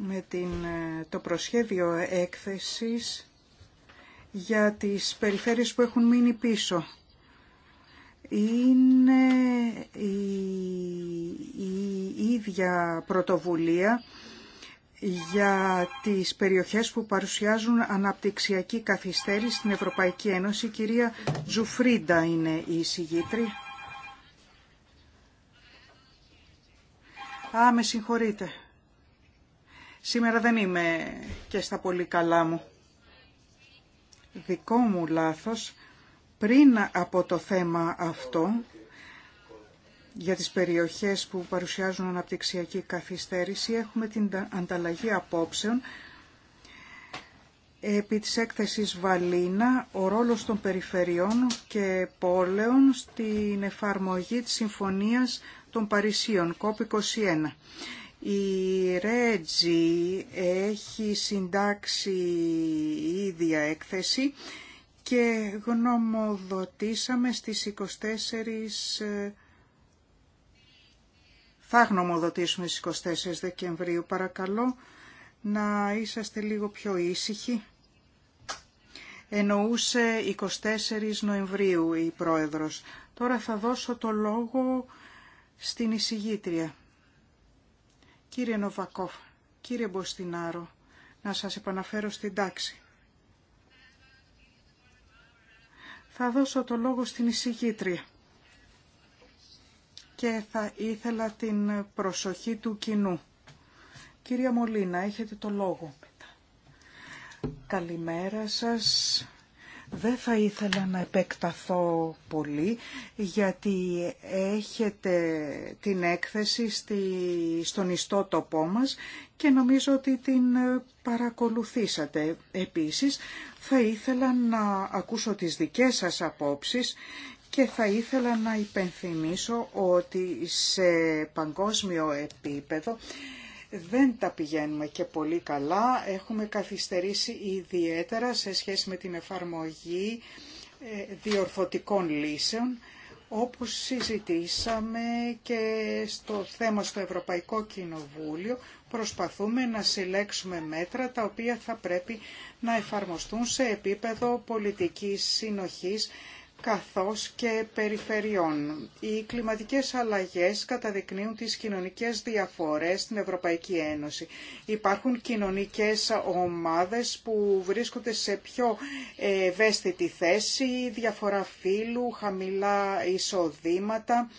με την, ε, το προσχέδιο έκθεσης για τις περιφέρειες που έχουν μείνει πίσω. Είναι η ίδια πρωτοβουλία για τις περιοχές που παρουσιάζουν αναπτυξιακή καθυστέρηση στην Ευρωπαϊκή Ένωση. Η κυρία Τζουφρίντα είναι η εισηγήτρη. Α, με συγχωρείτε. Σήμερα δεν είμαι και στα πολύ καλά μου. Δικό μου λάθος, πριν από το θέμα αυτό, για τις περιοχές που παρουσιάζουν αναπτυξιακή καθυστέρηση έχουμε την ανταλλαγή απόψεων επί της έκθεσης Βαλίνα «Ο ρόλος των περιφερειών και πόλεων στην εφαρμογή της Συμφωνίας των Παρισίων, COP21». Η Ρέτζη έχει συντάξει η ίδια έκθεση και γνωμοδοτήσαμε στις 24 θα γνωμοδοτήσουμε στις 24 Δεκεμβρίου. Παρακαλώ να είσαστε λίγο πιο ήσυχοι. Εννοούσε 24 Νοεμβρίου η Πρόεδρος. Τώρα θα δώσω το λόγο στην εισηγήτρια. Κύριε Νοβακόφ, κύριε Μποστινάρο, να σας επαναφέρω στην τάξη. Θα δώσω το λόγο στην εισηγήτρια και θα ήθελα την προσοχή του κοινού. Κυρία Μολίνα, έχετε το λόγο. Καλημέρα σας. Δεν θα ήθελα να επεκταθώ πολύ γιατί έχετε την έκθεση στη, στον ιστότοπό μας και νομίζω ότι την παρακολουθήσατε. Επίσης θα ήθελα να ακούσω τις δικές σας απόψεις και θα ήθελα να υπενθυμίσω ότι σε παγκόσμιο επίπεδο δεν τα πηγαίνουμε και πολύ καλά. Έχουμε καθυστερήσει ιδιαίτερα σε σχέση με την εφαρμογή ε, διορθωτικών λύσεων, όπως συζητήσαμε και στο θέμα στο Ευρωπαϊκό Κοινοβούλιο, προσπαθούμε να συλλέξουμε μέτρα τα οποία θα πρέπει να εφαρμοστούν σε επίπεδο πολιτικής συνοχής καθώς και περιφερειών. Οι κλιματικές αλλαγές καταδεικνύουν τις κοινωνικές διαφορές στην Ευρωπαϊκή Ένωση. Υπάρχουν κοινωνικές ομάδες που βρίσκονται σε πιο ευαίσθητη θέση, διαφορά φύλου, χαμηλά εισοδήματα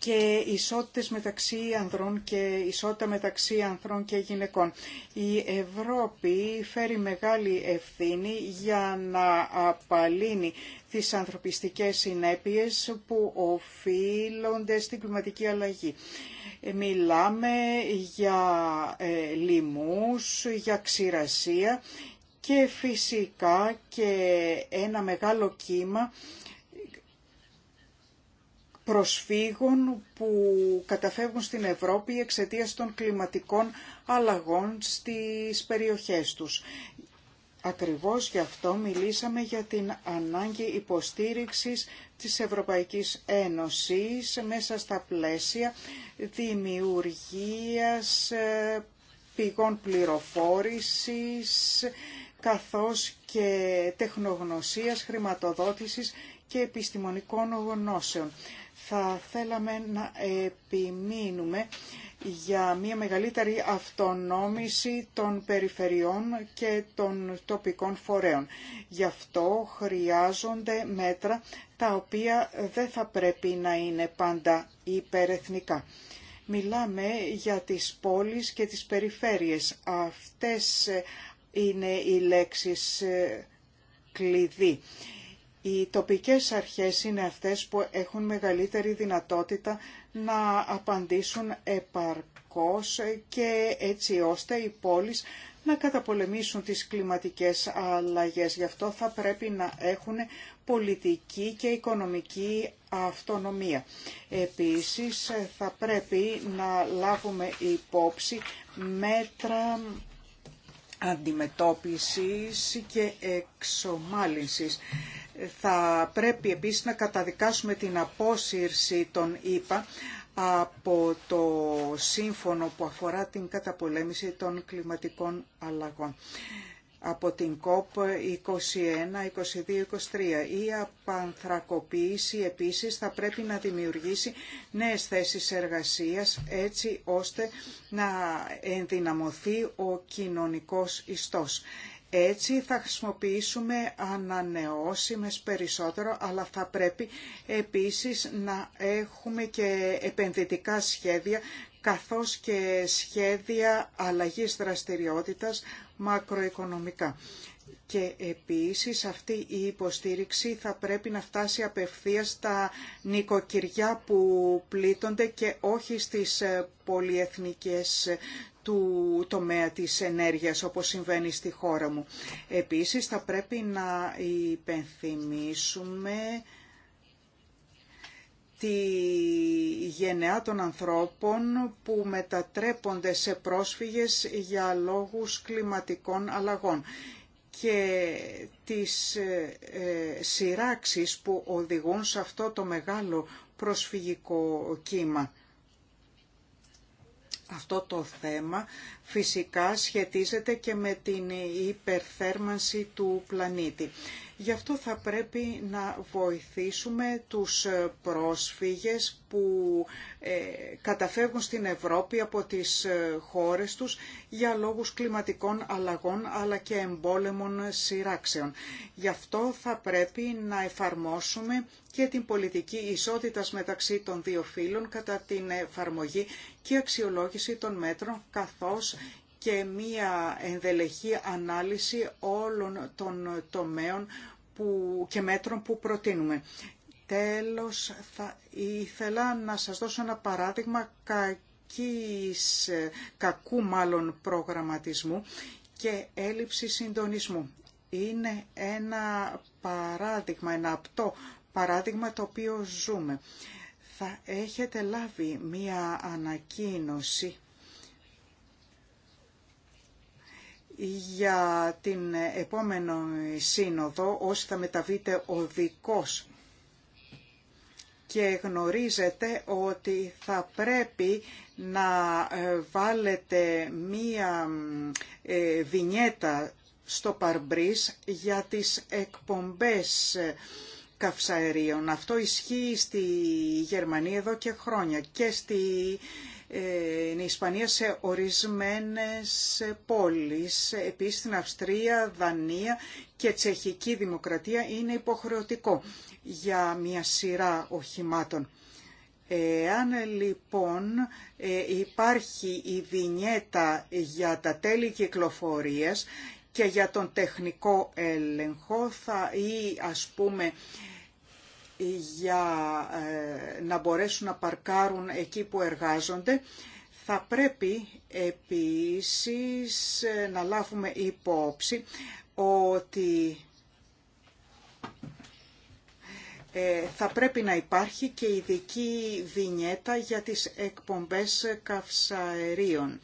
και ισότητες μεταξύ ανδρών και ισότητα μεταξύ ανδρών και γυναικών. Η Ευρώπη φέρει μεγάλη ευθύνη για να απαλύνει τις ανθρωπιστικές συνέπειες που οφείλονται στην κλιματική αλλαγή. Μιλάμε για ε, για ξηρασία και φυσικά και ένα μεγάλο κύμα προσφύγων που καταφεύγουν στην Ευρώπη εξαιτία των κλιματικών αλλαγών στις περιοχές τους. Ακριβώς γι' αυτό μιλήσαμε για την ανάγκη υποστήριξης της Ευρωπαϊκής Ένωσης μέσα στα πλαίσια δημιουργίας ε, πηγών πληροφόρησης καθώς και τεχνογνωσίας, χρηματοδότησης και επιστημονικών γνώσεων θα θέλαμε να επιμείνουμε για μια μεγαλύτερη αυτονόμηση των περιφερειών και των τοπικών φορέων. Γι' αυτό χρειάζονται μέτρα τα οποία δεν θα πρέπει να είναι πάντα υπερεθνικά. Μιλάμε για τις πόλεις και τις περιφέρειες. Αυτές είναι οι λέξεις ε, κλειδί οι τοπικές αρχές είναι αυτές που έχουν μεγαλύτερη δυνατότητα να απαντήσουν επαρκώς και έτσι ώστε οι πόλεις να καταπολεμήσουν τις κλιματικές αλλαγές. Γι' αυτό θα πρέπει να έχουν πολιτική και οικονομική αυτονομία. Επίσης θα πρέπει να λάβουμε υπόψη μέτρα αντιμετώπισης και εξομάλυνσης θα πρέπει επίσης να καταδικάσουμε την απόσυρση των ήπα από το σύμφωνο που αφορά την καταπολέμηση των κλιματικών αλλαγών από την COP 21, 22, 23. Η απανθρακοποίηση επίσης θα πρέπει να δημιουργήσει νέες θέσεις εργασίας έτσι ώστε να ενδυναμωθεί ο κοινωνικός ιστός. Έτσι θα χρησιμοποιήσουμε ανανεώσιμες περισσότερο, αλλά θα πρέπει επίσης να έχουμε και επενδυτικά σχέδια, καθώς και σχέδια αλλαγής δραστηριότητας μακροοικονομικά. Και επίσης αυτή η υποστήριξη θα πρέπει να φτάσει απευθείας στα νοικοκυριά που πλήττονται και όχι στις πολυεθνικές του τομέα της ενέργειας όπως συμβαίνει στη χώρα μου. Επίσης θα πρέπει να υπενθυμίσουμε τη γενεά των ανθρώπων που μετατρέπονται σε πρόσφυγες για λόγους κλιματικών αλλαγών και τις ε, που οδηγούν σε αυτό το μεγάλο προσφυγικό κύμα αυτό το θέμα φυσικά σχετίζεται και με την υπερθέρμανση του πλανήτη. Γι' αυτό θα πρέπει να βοηθήσουμε τους πρόσφυγες που ε, καταφεύγουν στην Ευρώπη από τις ε, χώρες τους για λόγους κλιματικών αλλαγών αλλά και εμπόλεμων σειράξεων. Γι' αυτό θα πρέπει να εφαρμόσουμε και την πολιτική ισότητας μεταξύ των δύο φύλων κατά την εφαρμογή και αξιολόγηση των μέτρων καθώς και μία ενδελεχή ανάλυση όλων των τομέων που, και μέτρων που προτείνουμε. Τέλος, θα ήθελα να σας δώσω ένα παράδειγμα κακού μάλλον προγραμματισμού και έλλειψη συντονισμού. Είναι ένα παράδειγμα, ένα απτό παράδειγμα το οποίο ζούμε. Θα έχετε λάβει μία ανακοίνωση για την επόμενο σύνοδο όσοι θα μεταβείτε οδικός και γνωρίζετε ότι θα πρέπει να ε, βάλετε μία ε, βινιέτα στο παρμπρίς για τις εκπομπές ε, καυσαερίων. Αυτό ισχύει στη Γερμανία εδώ και χρόνια και στη ε, είναι η Ισπανία σε ορισμένες πόλεις. Επίσης στην Αυστρία, Δανία και Τσεχική Δημοκρατία είναι υποχρεωτικό για μια σειρά οχημάτων. Εάν λοιπόν ε, υπάρχει η βινιέτα για τα τέλη κυκλοφορίας και για τον τεχνικό έλεγχο θα, ή ας πούμε για ε, να μπορέσουν να παρκάρουν εκεί που εργάζονται. Θα πρέπει επίσης ε, να λάβουμε υπόψη ότι ε, θα πρέπει να υπάρχει και ειδική βινιέτα για τις εκπομπές καυσαερίων.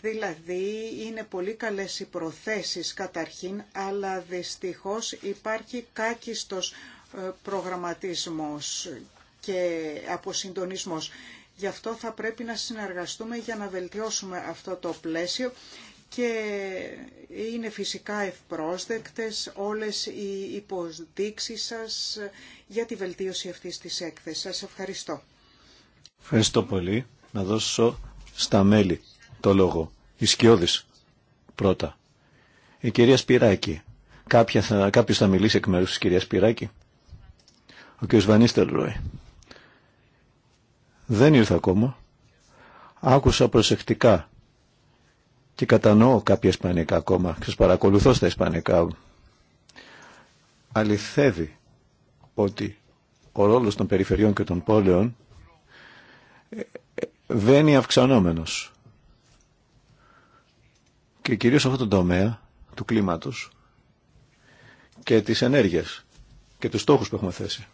Δηλαδή είναι πολύ καλές οι προθέσεις καταρχήν, αλλά δυστυχώς υπάρχει κάκιστος ε, προγραμματισμός και αποσυντονισμός. Γι' αυτό θα πρέπει να συνεργαστούμε για να βελτιώσουμε αυτό το πλαίσιο και είναι φυσικά ευπρόσδεκτες όλες οι υποδείξεις σας για τη βελτίωση αυτής της έκθεσης. Σας ευχαριστώ. Ευχαριστώ πολύ. Να δώσω στα μέλη το λόγο. Η πρώτα. Η κυρία Σπυράκη. Κάποια κάποιος μιλήσει εκ μέρους της κυρίας Σπυράκη. Ο κ. Βανίστερ Ρόι. Δεν ήρθα ακόμα. Άκουσα προσεκτικά και κατανοώ κάποια ισπανικά ακόμα. Σας παρακολουθώ στα ισπανικά. Αληθεύει ότι ο ρόλος των περιφερειών και των πόλεων ε, ε, βαίνει αυξανόμενος. Και κυρίως σε αυτό το τομέα του κλίματος και της ενέργειας και τους στόχους που έχουμε θέσει.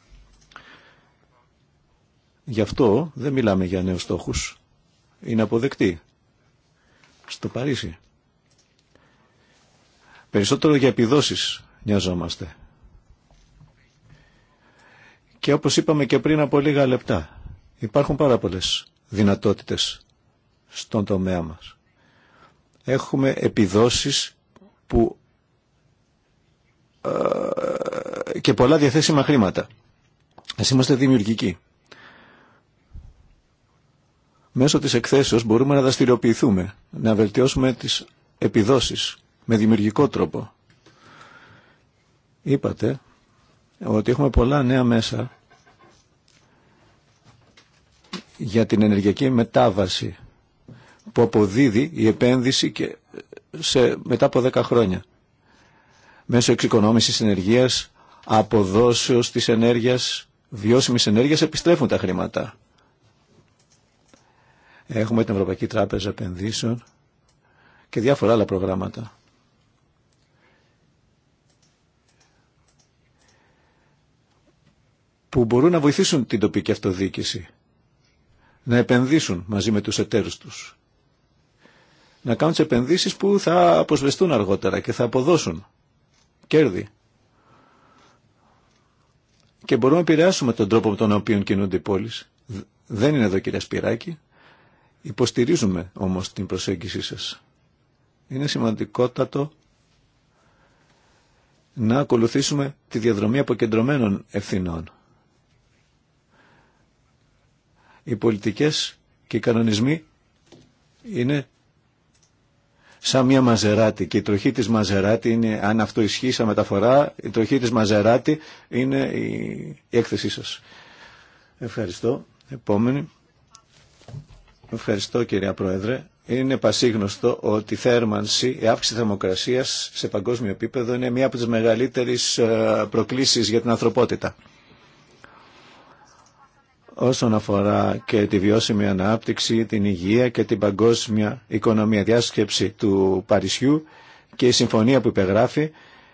Γι' αυτό δεν μιλάμε για νέους στόχους. Είναι αποδεκτή. Στο Παρίσι. Περισσότερο για επιδόσεις νοιαζόμαστε. Και όπως είπαμε και πριν από λίγα λεπτά, υπάρχουν πάρα πολλές δυνατότητες στον τομέα μας. Έχουμε επιδόσεις που ε, και πολλά διαθέσιμα χρήματα. Ας είμαστε δημιουργικοί. Μέσω της εκθέσεως μπορούμε να δραστηριοποιηθούμε, να βελτιώσουμε τις επιδόσεις με δημιουργικό τρόπο. Είπατε ότι έχουμε πολλά νέα μέσα για την ενεργειακή μετάβαση που αποδίδει η επένδυση και σε, μετά από 10 χρόνια. Μέσω εξοικονόμησης ενεργείας, αποδόσεως της ενέργειας, βιώσιμης ενέργειας επιστρέφουν τα χρήματα. Έχουμε την Ευρωπαϊκή Τράπεζα Επενδύσεων και διάφορα άλλα προγράμματα. που μπορούν να βοηθήσουν την τοπική αυτοδιοίκηση, να επενδύσουν μαζί με τους εταίρους τους, να κάνουν τις επενδύσεις που θα αποσβεστούν αργότερα και θα αποδώσουν κέρδη. Και μπορούμε να επηρεάσουμε τον τρόπο με τον οποίο κινούνται οι πόλεις. Δεν είναι εδώ κυρία Σπυράκη. Υποστηρίζουμε όμως την προσέγγιση σας. Είναι σημαντικότατο να ακολουθήσουμε τη διαδρομή αποκεντρωμένων ευθυνών. Οι πολιτικές και οι κανονισμοί είναι σαν μια μαζεράτη και η τροχή της μαζεράτη είναι, αν αυτό ισχύει σαν μεταφορά, η τροχή της μαζεράτη είναι η, έκθεσή σας. Ευχαριστώ. Επόμενη. Ευχαριστώ κυρία Πρόεδρε. Είναι πασίγνωστο ότι η θέρμανση, η αύξηση θερμοκρασία σε παγκόσμιο επίπεδο είναι μία από τι μεγαλύτερε ε, προκλήσεις για την ανθρωπότητα. Όσον αφορά και τη βιώσιμη ανάπτυξη, την υγεία και την παγκόσμια οικονομία διάσκεψη του Παρισιού και η συμφωνία που υπεγράφει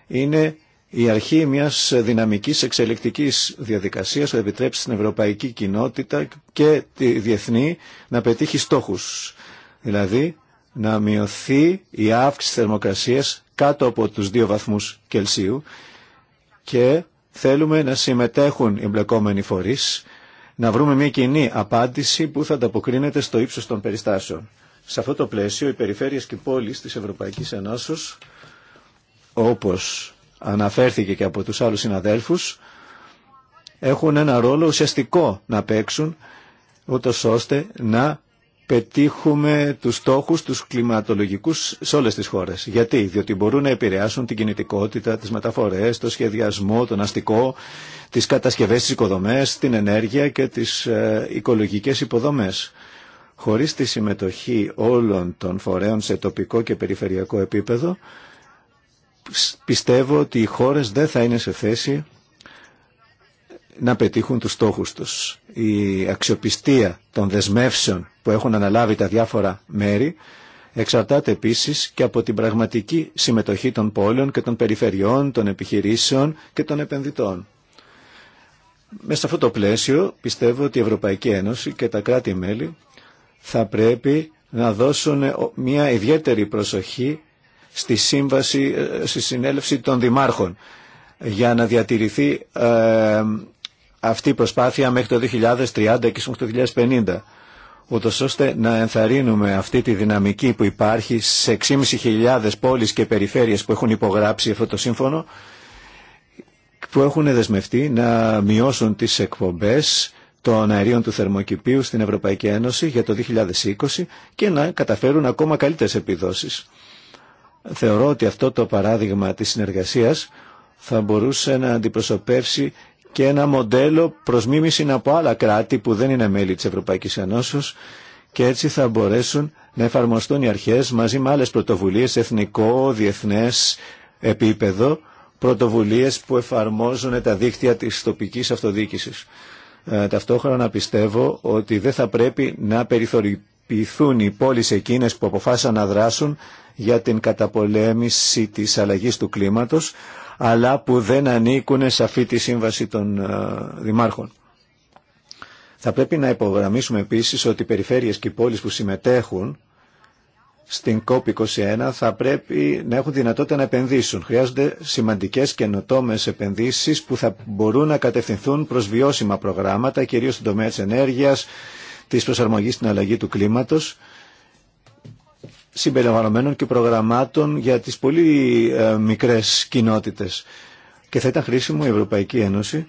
είναι η αρχή μιας δυναμικής εξελικτικής διαδικασίας που επιτρέψει στην ευρωπαϊκή κοινότητα και τη διεθνή να πετύχει στόχους. Δηλαδή να μειωθεί η αύξηση θερμοκρασίας κάτω από τους δύο βαθμούς Κελσίου και θέλουμε να συμμετέχουν οι μπλεκόμενοι φορείς, να βρούμε μια κοινή απάντηση που θα ανταποκρίνεται στο ύψος των περιστάσεων. Σε αυτό το πλαίσιο οι περιφέρειες και πόλεις της Ευρωπαϊκής Ενώσεως όπως αναφέρθηκε και από τους άλλους συναδέλφους, έχουν ένα ρόλο ουσιαστικό να παίξουν, ούτως ώστε να πετύχουμε τους στόχους, τους κλιματολογικούς σε όλες τις χώρες. Γιατί, διότι μπορούν να επηρεάσουν την κινητικότητα, τις μεταφορές, το σχεδιασμό, τον αστικό, τις κατασκευές, τις οικοδομές, την ενέργεια και τις ε, οικολογικές υποδομές. Χωρίς τη συμμετοχή όλων των φορέων σε τοπικό και περιφερειακό επίπεδο, πιστεύω ότι οι χώρες δεν θα είναι σε θέση να πετύχουν τους στόχους τους. Η αξιοπιστία των δεσμεύσεων που έχουν αναλάβει τα διάφορα μέρη εξαρτάται επίσης και από την πραγματική συμμετοχή των πόλεων και των περιφερειών, των επιχειρήσεων και των επενδυτών. Μέσα σε αυτό το πλαίσιο πιστεύω ότι η Ευρωπαϊκή Ένωση και τα κράτη-μέλη θα πρέπει να δώσουν μια ιδιαίτερη προσοχή στη, σύμβαση, ε, στη συνέλευση των δημάρχων για να διατηρηθεί ε, αυτή η προσπάθεια μέχρι το 2030 και μέχρι το 2050 ούτως ώστε να ενθαρρύνουμε αυτή τη δυναμική που υπάρχει σε 6.500 πόλεις και περιφέρειες που έχουν υπογράψει αυτό το σύμφωνο που έχουν δεσμευτεί να μειώσουν τις εκπομπές των αερίων του θερμοκηπίου στην Ευρωπαϊκή Ένωση για το 2020 και να καταφέρουν ακόμα καλύτερες επιδόσεις. Θεωρώ ότι αυτό το παράδειγμα της συνεργασίας θα μπορούσε να αντιπροσωπεύσει και ένα μοντέλο προς μίμηση από άλλα κράτη που δεν είναι μέλη της Ευρωπαϊκής Ενώσεως και έτσι θα μπορέσουν να εφαρμοστούν οι αρχές μαζί με άλλες πρωτοβουλίες εθνικό, διεθνές επίπεδο, πρωτοβουλίες που εφαρμόζουν τα δίκτυα της τοπικής αυτοδιοίκησης. Ε, ταυτόχρονα πιστεύω ότι δεν θα πρέπει να περιθωριοποιήσουμε ποιηθούν οι πόλεις εκείνες που αποφάσισαν να δράσουν για την καταπολέμηση της αλλαγής του κλίματος, αλλά που δεν ανήκουν σε αυτή τη σύμβαση των ε, δημάρχων. Θα πρέπει να υπογραμμίσουμε επίσης ότι οι περιφέρειες και οι πόλεις που συμμετέχουν στην COP21 θα πρέπει να έχουν δυνατότητα να επενδύσουν. Χρειάζονται σημαντικές καινοτόμε επενδύσεις που θα μπορούν να κατευθυνθούν προς βιώσιμα προγράμματα, κυρίως στον τομέα της ενέργειας, της προσαρμογής στην αλλαγή του κλίματος συμπεριλαμβανομένων και προγραμμάτων για τις πολύ ε, μικρές κοινότητες. Και θα ήταν χρήσιμο η Ευρωπαϊκή Ένωση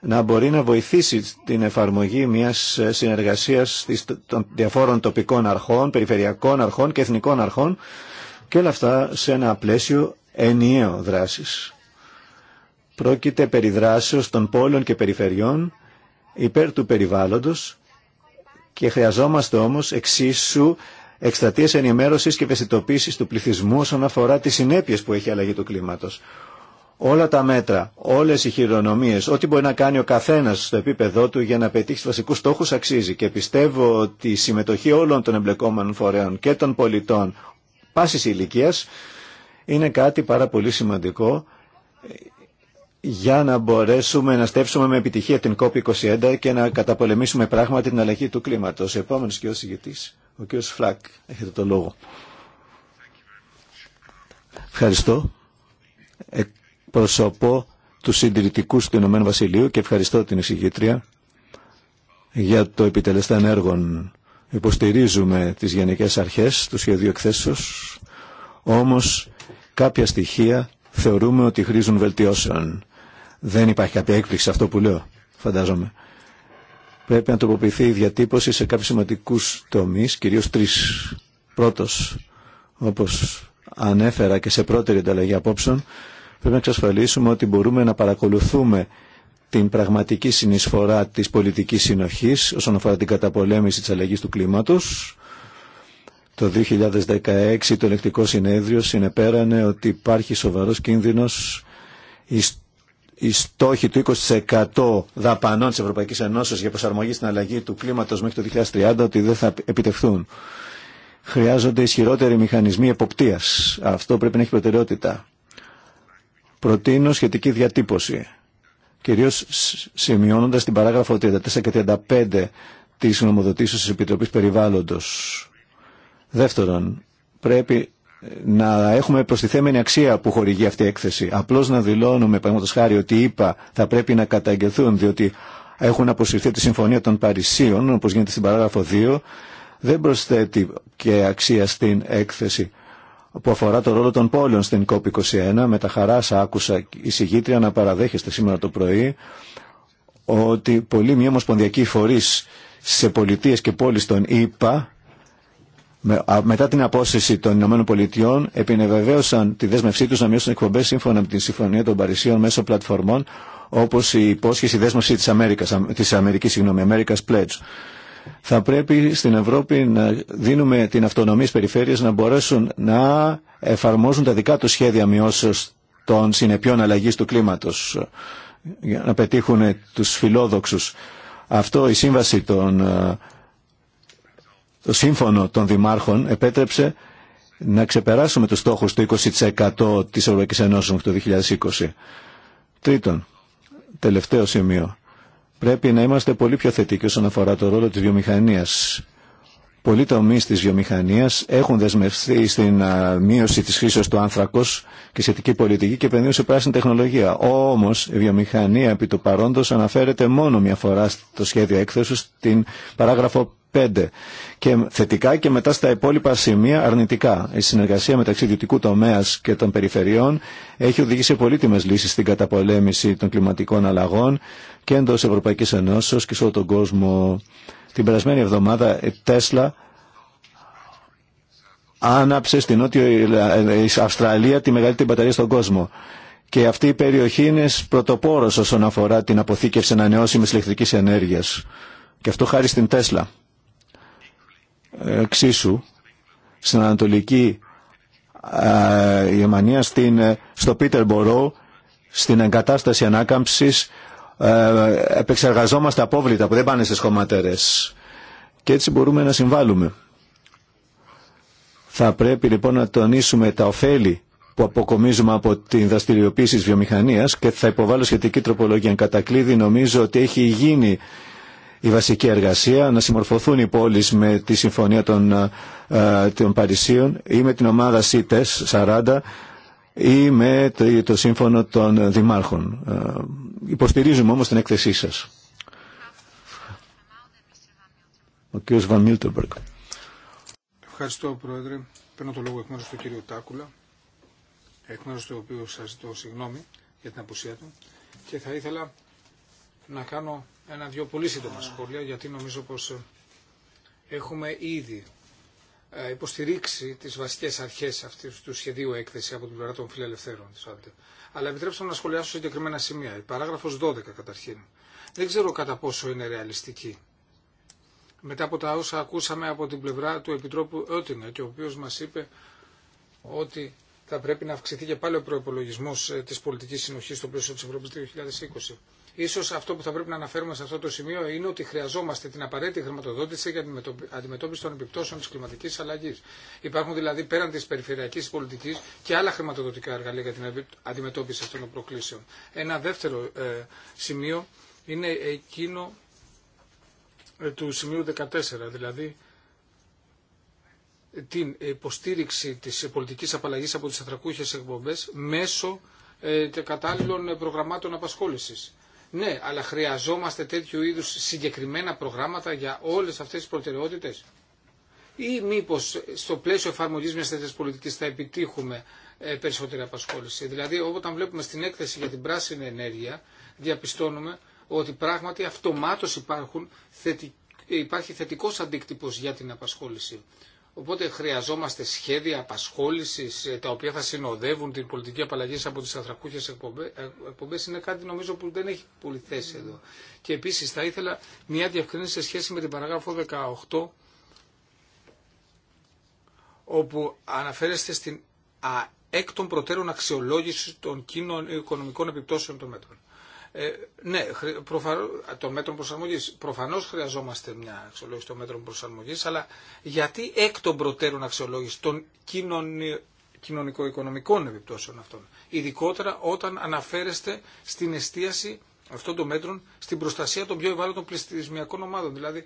να μπορεί να βοηθήσει την εφαρμογή μιας ε, συνεργασίας των διαφόρων τοπικών αρχών, περιφερειακών αρχών και εθνικών αρχών και όλα αυτά σε ένα πλαίσιο ενιαίο δράσης. Πρόκειται περί των πόλεων και περιφερειών υπέρ του περιβάλλοντος και χρειαζόμαστε όμως εξίσου εκστρατείες ενημέρωσης και ευαισθητοποίησης του πληθυσμού όσον αφορά τις συνέπειες που έχει η αλλαγή του κλίματος. Όλα τα μέτρα, όλες οι χειρονομίες, ό,τι μπορεί να κάνει ο καθένας στο επίπεδό του για να πετύχει τους βασικούς στόχους αξίζει και πιστεύω ότι η συμμετοχή όλων των εμπλεκόμενων φορέων και των πολιτών πάσης ηλικίας είναι κάτι πάρα πολύ σημαντικό για να μπορέσουμε να στέψουμε με επιτυχία την COP21 και να καταπολεμήσουμε πράγματι την αλλαγή του κλίματος. Επόμενος και ο ο κ. Φλακ, έχετε το λόγο. Ευχαριστώ. Εκπροσωπώ του συντηρητικού του Ηνωμένου Βασιλείου και ευχαριστώ την εισηγήτρια για το επιτελεστέν έργων. Υποστηρίζουμε τις γενικές αρχές του σχεδίου εκθέσεως, όμως κάποια στοιχεία θεωρούμε ότι χρήζουν βελτιώσεων. Δεν υπάρχει κάποια έκπληξη σε αυτό που λέω, φαντάζομαι. Πρέπει να τροποποιηθεί η διατύπωση σε κάποιου σημαντικού τομεί, κυρίω τρει. Πρώτο, όπω ανέφερα και σε πρώτερη ανταλλαγή απόψεων, πρέπει να εξασφαλίσουμε ότι μπορούμε να παρακολουθούμε την πραγματική συνεισφορά της πολιτικής συνοχής όσον αφορά την καταπολέμηση της αλλαγής του κλίματος. Το 2016 το ελεκτικό συνέδριο συνεπέρανε ότι υπάρχει σοβαρός κίνδυνος οι στόχοι του 20% δαπανών της Ευρωπαϊκής Ενώσης για προσαρμογή στην αλλαγή του κλίματος μέχρι το 2030 ότι δεν θα επιτευχθούν. Χρειάζονται ισχυρότεροι μηχανισμοί εποπτείας. Αυτό πρέπει να έχει προτεραιότητα. Προτείνω σχετική διατύπωση, κυρίως σημειώνοντας την παράγραφο 34 και 35 της νομοδοτήσεως της Επιτροπής Περιβάλλοντος. Δεύτερον, πρέπει να έχουμε προστιθέμενη αξία που χορηγεί αυτή η έκθεση. Απλώ να δηλώνουμε, παραδείγματο χάρη, ότι είπα θα πρέπει να καταγγελθούν διότι έχουν αποσυρθεί τη Συμφωνία των Παρισίων, όπω γίνεται στην παράγραφο 2, δεν προσθέτει και αξία στην έκθεση που αφορά το ρόλο των πόλεων στην COP21. Με τα χαρά σα άκουσα η να παραδέχεστε σήμερα το πρωί ότι πολλοί μη ομοσπονδιακοί φορείς σε πολιτείες και πόλεις των ΗΠΑ μετά την απόσυρση των Ηνωμένων Πολιτειών επινεβεβαίωσαν τη δέσμευσή τους να μειώσουν εκπομπές σύμφωνα με τη Συμφωνία των Παρισίων μέσω πλατφορμών όπως η υπόσχεση δέσμευση της, Αμερικής, της Αμερικής, συγγνώμη, Pledge. Θα πρέπει στην Ευρώπη να δίνουμε την αυτονομία στις περιφέρειες να μπορέσουν να εφαρμόζουν τα δικά τους σχέδια μειώσεως των συνεπειών αλλαγής του κλίματος για να πετύχουν τους φιλόδοξους. Αυτό η σύμβαση των ε, το σύμφωνο των δημάρχων επέτρεψε να ξεπεράσουμε τους στόχους του 20% της Ευρωπαϊκής Ενώσης το 2020. Τρίτον, τελευταίο σημείο. Πρέπει να είμαστε πολύ πιο θετικοί όσον αφορά το ρόλο της βιομηχανίας. Πολλοί τομεί τη βιομηχανία έχουν δεσμευθεί στην μείωση τη χρήση του άνθρακο και σχετική πολιτική και επενδύουν σε πράσινη τεχνολογία. Όμω, η βιομηχανία επί του παρόντο αναφέρεται μόνο μια φορά στο σχέδιο έκθεση, στην παράγραφο 5. Και θετικά και μετά στα υπόλοιπα σημεία αρνητικά. Η συνεργασία μεταξύ ιδιωτικού τομέα και των περιφερειών έχει οδηγήσει σε πολύτιμε λύσει στην καταπολέμηση των κλιματικών αλλαγών και εντό Ευρωπαϊκή Ενώσεω και σε όλο τον κόσμο. Την περασμένη εβδομάδα η Τέσλα άναψε στην Νότια Αυστραλία τη μεγαλύτερη μπαταρία στον κόσμο. Και αυτή η περιοχή είναι πρωτοπόρος όσον αφορά την αποθήκευση ανανεώσιμης ηλεκτρικής ενέργειας. Και αυτό χάρη στην Τέσλα. Ε, εξίσου στην Ανατολική Γερμανία, ε, στο Πίτερ Μπορό, στην εγκατάσταση ανάκαμψης, ε, επεξεργαζόμαστε απόβλητα που δεν πάνε στις χωματερές και έτσι μπορούμε να συμβάλλουμε. Θα πρέπει λοιπόν να τονίσουμε τα ωφέλη που αποκομίζουμε από την δραστηριοποίηση της βιομηχανίας και θα υποβάλω σχετική τροπολογία. Κατά κλείδι νομίζω ότι έχει γίνει η βασική εργασία, να συμμορφωθούν οι πόλεις με τη Συμφωνία των, ε, των Παρισίων ή με την ομάδα ΣΥΤΕΣ 40 ή με το, το Σύμφωνο των Δημάρχων. Ε, υποστηρίζουμε όμως την έκθεσή σας. Ο κ. Βαν Μιλτεμπερκ. Ευχαριστώ, Πρόεδρε. Παίρνω το λόγο εκ μέρους του κ. Τάκουλα, εκ μέρους του οποίου σας ζητώ συγγνώμη για την απουσία του και θα ήθελα να κάνω ένα-δυο πολύ σύντομα σχόλια, γιατί νομίζω πως ε, έχουμε ήδη ε, υποστηρίξει τις βασικές αρχές αυτής του σχεδίου έκθεση από την πλευρά των φιλελευθέρων της Άντε. Αλλά επιτρέψτε μου να σχολιάσω συγκεκριμένα σημεία. Η παράγραφος 12 καταρχήν. Δεν ξέρω κατά πόσο είναι ρεαλιστική. Μετά από τα όσα ακούσαμε από την πλευρά του Επιτρόπου Ότινα και ο οποίος μας είπε ότι θα πρέπει να αυξηθεί και πάλι ο προπολογισμό ε, της πολιτικής συνοχής στο πλαίσιο της Ευρώπης 2020. Ίσως αυτό που θα πρέπει να αναφέρουμε σε αυτό το σημείο είναι ότι χρειαζόμαστε την απαραίτητη χρηματοδότηση για την αντιμετώπιση των επιπτώσεων τη κλιματική αλλαγή. Υπάρχουν δηλαδή πέραν τη περιφερειακή πολιτική και άλλα χρηματοδοτικά εργαλεία για την αντιμετώπιση αυτών των προκλήσεων. Ένα δεύτερο ε, σημείο είναι εκείνο ε, του σημείου 14, δηλαδή την υποστήριξη της πολιτικής απαλλαγής από τις ανθρακούχες εκπομπές μέσω ε, κατάλληλων προγραμμάτων απασχόλησης. Ναι, αλλά χρειαζόμαστε τέτοιου είδους συγκεκριμένα προγράμματα για όλες αυτές τις προτεραιότητες. Ή μήπως στο πλαίσιο εφαρμογής μιας τέτοιας πολιτικής θα επιτύχουμε ε, περισσότερη απασχόληση. Δηλαδή όταν βλέπουμε στην έκθεση για την πράσινη ενέργεια διαπιστώνουμε ότι πράγματι αυτομάτως υπάρχουν υπάρχει θετικός αντίκτυπος για την απασχόληση. Οπότε χρειαζόμαστε σχέδια απασχόληση ε, τα οποία θα συνοδεύουν την πολιτική απαλλαγή από τι ανθρακούχε εκπομπέ. Ε, Είναι κάτι νομίζω που δεν έχει πολύ θέση ναι. εδώ. Και επίση θα ήθελα μια διευκρίνηση σε σχέση με την παραγράφο 18 όπου αναφέρεστε στην α, εκ των προτέρων αξιολόγηση των κοινων οικονομικών επιπτώσεων των μέτρων. Ε, ναι, προφανώς, το μέτρο προσαρμογή. Προφανώ χρειαζόμαστε μια αξιολόγηση των μέτρων προσαρμογή, αλλά γιατί εκ των προτέρων αξιολόγηση των κοινωνι... κοινωνικο-οικονομικών επιπτώσεων αυτών. Ειδικότερα όταν αναφέρεστε στην εστίαση αυτών των μέτρων στην προστασία των πιο ευάλωτων πληστηρισμιακών ομάδων, δηλαδή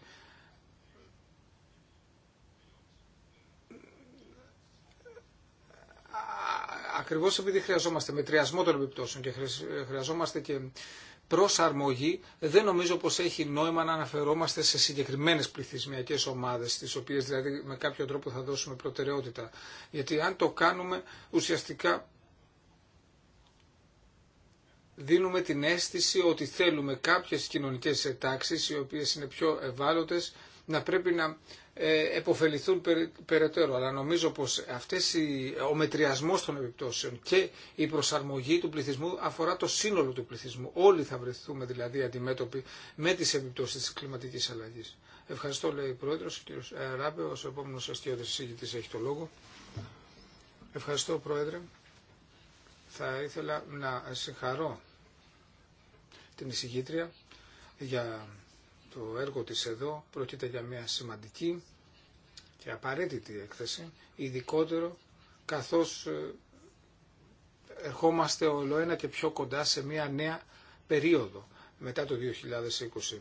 Ακριβώς επειδή χρειαζόμαστε μετριασμό των επιπτώσεων και χρειαζόμαστε και προσαρμογή, δεν νομίζω πως έχει νόημα να αναφερόμαστε σε συγκεκριμένες πληθυσμιακές ομάδες, τις οποίες δηλαδή με κάποιο τρόπο θα δώσουμε προτεραιότητα. Γιατί αν το κάνουμε ουσιαστικά δίνουμε την αίσθηση ότι θέλουμε κάποιες κοινωνικές τάξεις οι οποίες είναι πιο ευάλωτες να πρέπει να ε, εποφεληθούν περαιτέρω. Αλλά νομίζω πως αυτές οι, ο μετριασμός των επιπτώσεων και η προσαρμογή του πληθυσμού αφορά το σύνολο του πληθυσμού. Όλοι θα βρεθούμε δηλαδή αντιμέτωποι με τις επιπτώσεις της κλιματικής αλλαγής. Ευχαριστώ λέει ο Πρόεδρος, ο κ. Ε, Ράπε, ο επόμενος αστιώδης συζήτης έχει το λόγο. Ευχαριστώ Πρόεδρε. Θα ήθελα να συγχαρώ την εισηγήτρια για το έργο της εδώ πρόκειται για μια σημαντική και απαραίτητη έκθεση, ειδικότερο καθώς ε, ερχόμαστε όλο ένα και πιο κοντά σε μια νέα περίοδο μετά το 2020.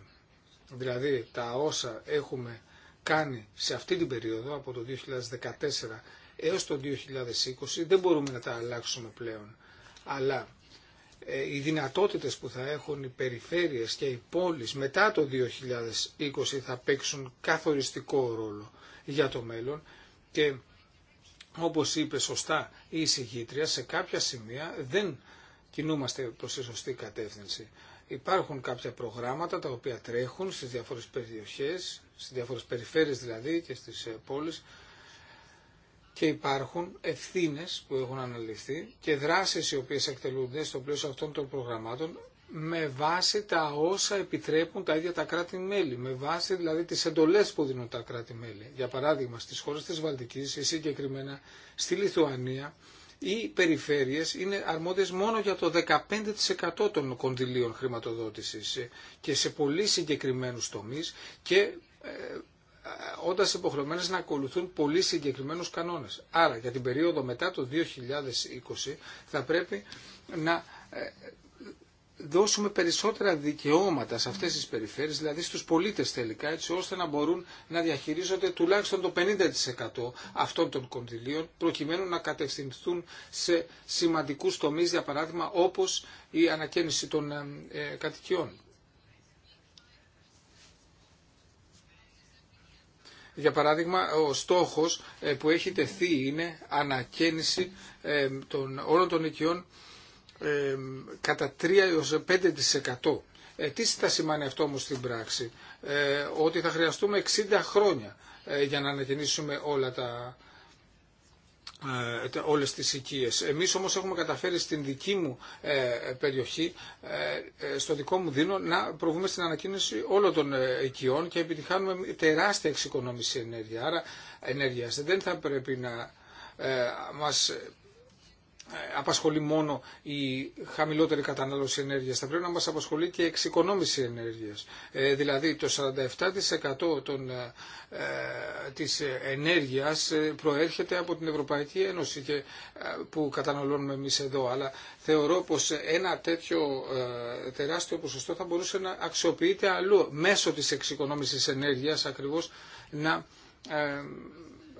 Δηλαδή τα όσα έχουμε κάνει σε αυτή την περίοδο από το 2014 έως το 2020 δεν μπορούμε να τα αλλάξουμε πλέον. Αλλά ε, οι δυνατότητες που θα έχουν οι περιφέρειες και οι πόλεις μετά το 2020 θα παίξουν καθοριστικό ρόλο για το μέλλον και όπως είπε σωστά η εισηγήτρια σε κάποια σημεία δεν κινούμαστε προς τη σωστή κατεύθυνση. Υπάρχουν κάποια προγράμματα τα οποία τρέχουν στις διάφορες περιοχές, στις διάφορες περιφέρειες δηλαδή και στις ε, πόλεις και υπάρχουν ευθύνε που έχουν αναλυθεί και δράσει οι οποίε εκτελούνται στο πλαίσιο αυτών των προγραμμάτων με βάση τα όσα επιτρέπουν τα ίδια τα κράτη-μέλη, με βάση δηλαδή τι εντολές που δίνουν τα κράτη-μέλη. Για παράδειγμα, στι χώρε τη Βαλτική, Βαλτικής, συγκεκριμένα στη Λιθουανία, οι περιφέρειες είναι αρμόδιε μόνο για το 15% των κονδυλίων χρηματοδότηση και σε πολύ συγκεκριμένου τομεί. και ε, ε, όταν υποχρεωμένε να ακολουθούν πολύ συγκεκριμένους κανόνες. Άρα για την περίοδο μετά το 2020 θα πρέπει να ε, δώσουμε περισσότερα δικαιώματα σε αυτές τις περιφέρειες, δηλαδή στους πολίτες τελικά, έτσι ώστε να μπορούν να διαχειρίζονται τουλάχιστον το 50% αυτών των κονδυλίων, προκειμένου να κατευθυνθούν σε σημαντικούς τομείς, για παράδειγμα, όπως η ανακαίνιση των ε, κατοικιών. Για παράδειγμα, ο στόχος ε, που έχει τεθεί είναι ανακαίνιση ε, των όλων των οικειών ε, κατά 3 5%. Τι θα σημαίνει αυτό όμως στην πράξη. Ότι θα χρειαστούμε 60 χρόνια για να ανακαινήσουμε όλα τα ε, όλες τις οικίε. Εμείς όμως έχουμε καταφέρει στην δική μου ε, περιοχή, ε, στο δικό μου δίνο, να προβούμε στην ανακοίνωση όλων των οικειών και επιτυχάνουμε τεράστια εξοικονόμηση ενέργεια. Άρα ενέργειας δεν θα πρέπει να μας ε, απασχολεί μόνο η χαμηλότερη κατανάλωση ενέργειας. Θα πρέπει να μας απασχολεί και η εξοικονόμηση ενέργειας. Ε, δηλαδή το 47% των, ε, ε, της ενέργειας ε, προέρχεται από την Ευρωπαϊκή Ένωση και, που καταναλώνουμε εμείς εδώ. Αλλά θεωρώ πως ένα τέτοιο τεράστιο ποσοστό θα μπορούσε να αξιοποιείται αλλού μέσω της εξοικονόμησης ενέργειας ακριβώς να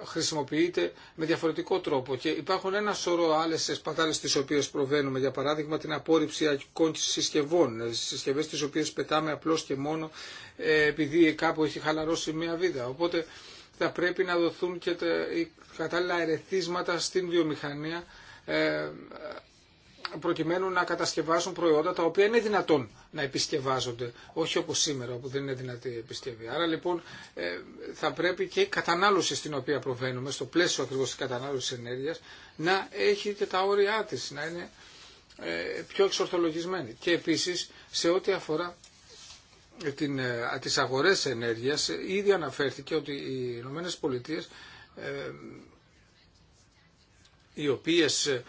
χρησιμοποιείται με διαφορετικό τρόπο και υπάρχουν ένα σωρό άλλες σπατάλε τις οποίες προβαίνουμε, για παράδειγμα την απόρριψη ακικών συσκευών, ε, συσκευές τις οποίες πετάμε απλώς και μόνο ε, επειδή κάπου έχει χαλαρώσει μια βίδα. Οπότε θα πρέπει να δοθούν και τα κατάλληλα ερεθίσματα στην βιομηχανία ε, προκειμένου να κατασκευάσουν προϊόντα τα οποία είναι δυνατόν να επισκευάζονται, όχι όπως σήμερα που δεν είναι δυνατή η επισκευή. Άρα λοιπόν ε, θα πρέπει και η κατανάλωση στην οποία προβαίνουμε, στο πλαίσιο ακριβώς της κατανάλωση ενέργειας, να έχει και τα όρια της, να είναι ε, πιο εξορθολογισμένη. Και επίσης σε ό,τι αφορά την, ε, τις αγορές ενέργειας, ήδη αναφέρθηκε ότι οι ΗΠΑ οι οποίες ε,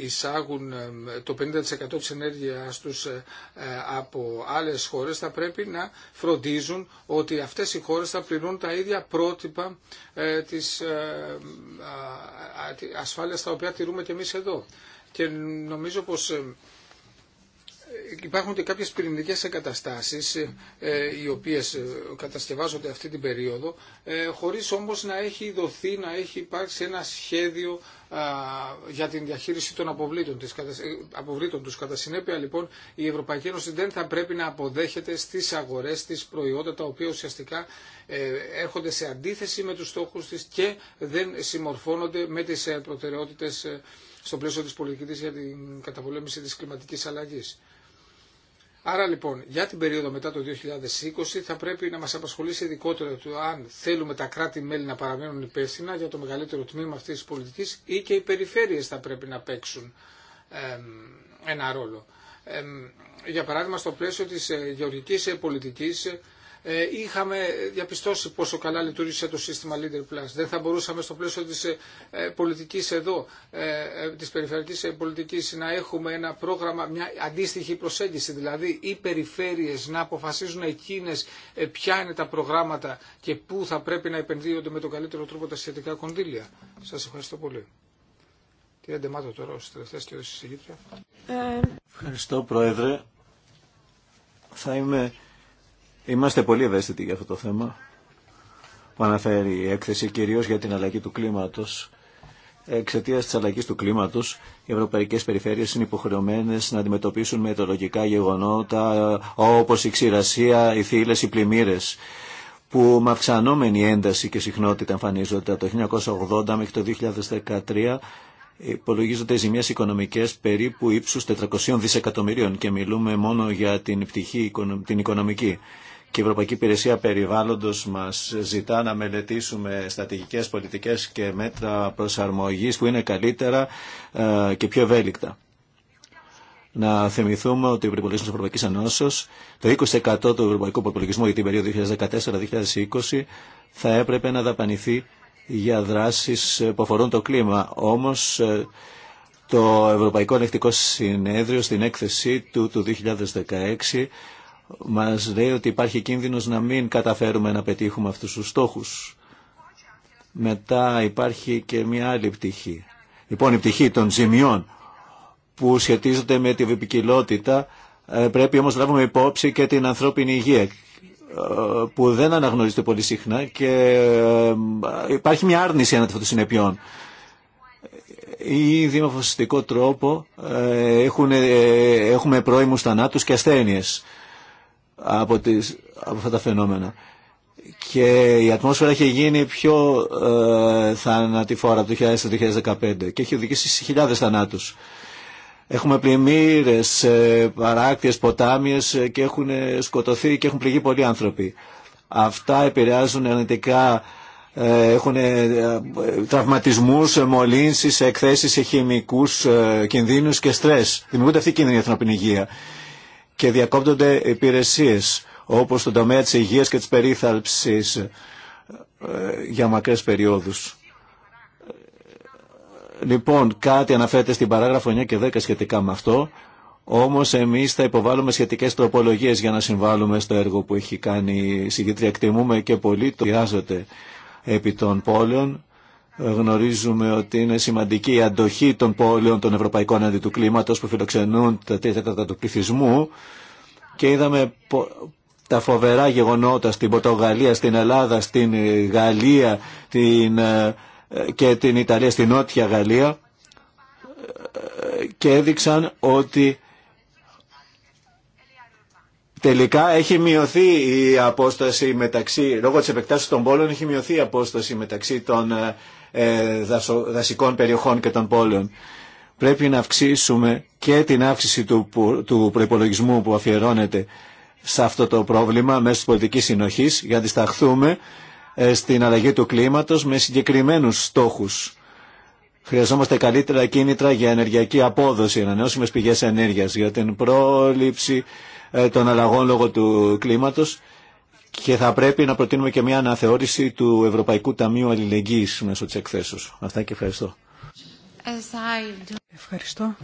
εισάγουν ε, το 50% της ενέργειας τους ε, από άλλες χώρες θα πρέπει να φροντίζουν ότι αυτές οι χώρες θα πληρούν τα ίδια πρότυπα της ασφάλειας τα οποία τηρούμε και εμείς εδώ. Και νομίζω πως υπάρχουν και κάποιες πυρηνικές εγκαταστάσεις ε, οι οποίες ε, κατασκευάζονται αυτή την περίοδο ε, χωρίς όμως να έχει δοθεί, να έχει υπάρξει ένα σχέδιο για την διαχείριση των αποβλήτων, της, αποβλήτων τους. Κατά συνέπεια λοιπόν η Ευρωπαϊκή Ένωση δεν θα πρέπει να αποδέχεται στις αγορές της προϊόντα τα οποία ουσιαστικά έρχονται σε αντίθεση με τους στόχους της και δεν συμμορφώνονται με τις προτεραιότητες στο πλαίσιο της πολιτικής για την καταπολέμηση της κλιματικής αλλαγής. Άρα λοιπόν για την περίοδο μετά το 2020 θα πρέπει να μας απασχολήσει ειδικότερα το αν θέλουμε τα κράτη-μέλη να παραμένουν υπεύθυνα για το μεγαλύτερο τμήμα αυτής της πολιτικής ή και οι περιφέρειες θα πρέπει να παίξουν ένα ρόλο. για παράδειγμα στο πλαίσιο της ε, γεωργικής ε, πολιτικής ε, ε, είχαμε διαπιστώσει πόσο καλά λειτουργήσε το σύστημα Leader Plus. Δεν θα μπορούσαμε στο πλαίσιο της ε, ε, πολιτικής εδώ, της περιφερειακής πολιτικής, να έχουμε ένα πρόγραμμα, μια αντίστοιχη προσέγγιση. Δηλαδή, οι περιφέρειες να αποφασίζουν εκείνες ποια είναι τα προγράμματα και πού θα πρέπει να επενδύονται με τον καλύτερο τρόπο τα σχετικά κονδύλια. Σας ευχαριστώ πολύ. Κύριε Ντεμάτο, τώρα και Ευχαριστώ, Πρόεδρε. Θα Είμαστε πολύ ευαίσθητοι για αυτό το θέμα που αναφέρει η έκθεση κυρίως για την αλλαγή του κλίματος. Εξαιτία τη αλλαγή του κλίματο, οι ευρωπαϊκέ περιφέρειες είναι υποχρεωμένε να αντιμετωπίσουν μετεωρολογικά γεγονότα όπω η ξηρασία, οι θύλε, οι πλημμύρε, που με αυξανόμενη ένταση και συχνότητα εμφανίζονται. από Το 1980 μέχρι το 2013 υπολογίζονται ζημιέ οικονομικέ περίπου ύψου 400 δισεκατομμυρίων και μιλούμε μόνο για την πτυχή την οικονομική και η Ευρωπαϊκή Υπηρεσία Περιβάλλοντος μας ζητά να μελετήσουμε στατηγικές πολιτικές και μέτρα προσαρμογής που είναι καλύτερα ε, και πιο ευέλικτα. Να θυμηθούμε ότι ο προπολογισμό τη Ευρωπαϊκή Ενώσεω, το 20% του ευρωπαϊκού προπολογισμού για την περίοδο 2014-2020, θα έπρεπε να δαπανηθεί για δράσεις που αφορούν το κλίμα. Όμω, ε, το Ευρωπαϊκό Ελεκτικό Συνέδριο στην έκθεσή του του 2016 μας λέει ότι υπάρχει κίνδυνος να μην καταφέρουμε να πετύχουμε αυτούς τους στόχους. Μετά υπάρχει και μια άλλη πτυχή. Λοιπόν, η πτυχή των ζημιών που σχετίζονται με τη βιπικιλότητα ε, πρέπει όμως να λάβουμε υπόψη και την ανθρώπινη υγεία ε, που δεν αναγνωρίζεται πολύ συχνά και ε, υπάρχει μια άρνηση ανά αυτών των συνεπειών. Ήδη με τρόπο έχουν, έχουμε πρόημους θανάτους και ασθένειες από, τις, από αυτά τα φαινόμενα. Και η ατμόσφαιρα έχει γίνει πιο ε, θανατηφόρα από το 2015 και έχει οδηγήσει σε χιλιάδες θανάτους. Έχουμε πλημμύρες, ε, παράκτιες, ποτάμιες ε, και έχουν ε, σκοτωθεί και έχουν πληγεί πολλοί άνθρωποι. Αυτά επηρεάζουν αρνητικά ε, έχουν τραυματισμούς, μολύνσεις, εκθέσεις σε χημικούς κινδύνους και στρες. Δημιουργούνται αυτοί οι κίνδυνοι για την υγεία και διακόπτονται υπηρεσίες όπως στον τομέα της υγείας και της περίθαλψης ε, για μακρές περιόδους. Λοιπόν, κάτι αναφέρεται στην παράγραφο 9 και 10 σχετικά με αυτό, όμως εμείς θα υποβάλουμε σχετικές τροπολογίες για να συμβάλλουμε στο έργο που έχει κάνει η συγκήτρια. Εκτιμούμε και πολύ το χρειάζεται επί των πόλεων γνωρίζουμε ότι είναι σημαντική η αντοχή των πόλεων των ευρωπαϊκών αντί του κλίματος που φιλοξενούν τα τέταρτα του πληθυσμού και είδαμε τα φοβερά γεγονότα στην Πορτογαλία, στην Ελλάδα, στην Γαλλία την, ε, και την Ιταλία, στην Νότια Γαλλία και έδειξαν ότι τελικά έχει μειωθεί η απόσταση μεταξύ, λόγω της επεκτάσεως των πόλεων έχει μειωθεί η απόσταση μεταξύ των ε, ε, δασικών περιοχών και των πόλεων. Πρέπει να αυξήσουμε και την αύξηση του, του προπολογισμού που αφιερώνεται σε αυτό το πρόβλημα μέσω της πολιτικής συνοχής για να αντισταχθούμε ε, στην αλλαγή του κλίματος με συγκεκριμένους στόχους. Χρειαζόμαστε καλύτερα κίνητρα για ενεργειακή απόδοση, ανανεώσιμες πηγές ενέργειας, για την πρόληψη ε, των αλλαγών λόγω του κλίματος και θα πρέπει να προτείνουμε και μια αναθεώρηση του Ευρωπαϊκού Ταμείου Αλληλεγγύης μέσω της εκθέσεως. Αυτά και ευχαριστώ. Ευχαριστώ.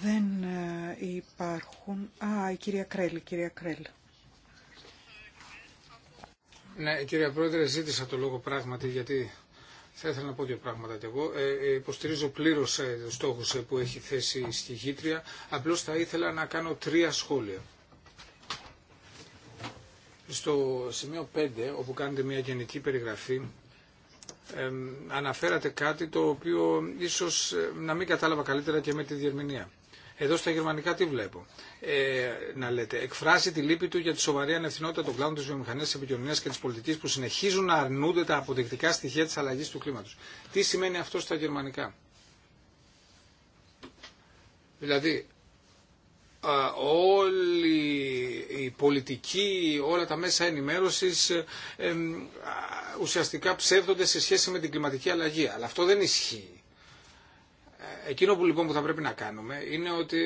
Δεν ε, υπάρχουν... Α, η κυρία Κρέλ, κυρία Κρέλ; Ναι, κυρία Πρόεδρε, ζήτησα το λόγο πράγματι γιατί θα ήθελα να πω δύο πράγματα κι εγώ. Ε, ε υποστηρίζω πλήρως ε, στόχους ε, που έχει θέσει η συγχύτρια. Απλώς θα ήθελα να κάνω τρία σχόλια. Στο σημείο 5, όπου κάνετε μια γενική περιγραφή, ε, αναφέρατε κάτι το οποίο ίσως ε, να μην κατάλαβα καλύτερα και με τη διερμηνία. Εδώ στα γερμανικά τι βλέπω. Ε, να λέτε, εκφράζει τη λύπη του για τη σοβαρή ανευθυνότητα των κλάδων τη βιομηχανία, τη επικοινωνία και τη πολιτική που συνεχίζουν να αρνούνται τα αποδεικτικά στοιχεία τη αλλαγή του κλίματο. Τι σημαίνει αυτό στα γερμανικά. Δηλαδή, όλοι οι πολιτική, όλα τα μέσα ενημέρωσης ουσιαστικά ψεύδονται σε σχέση με την κλιματική αλλαγή. Αλλά αυτό δεν ισχύει. Ε, εκείνο που λοιπόν που θα πρέπει να κάνουμε είναι ότι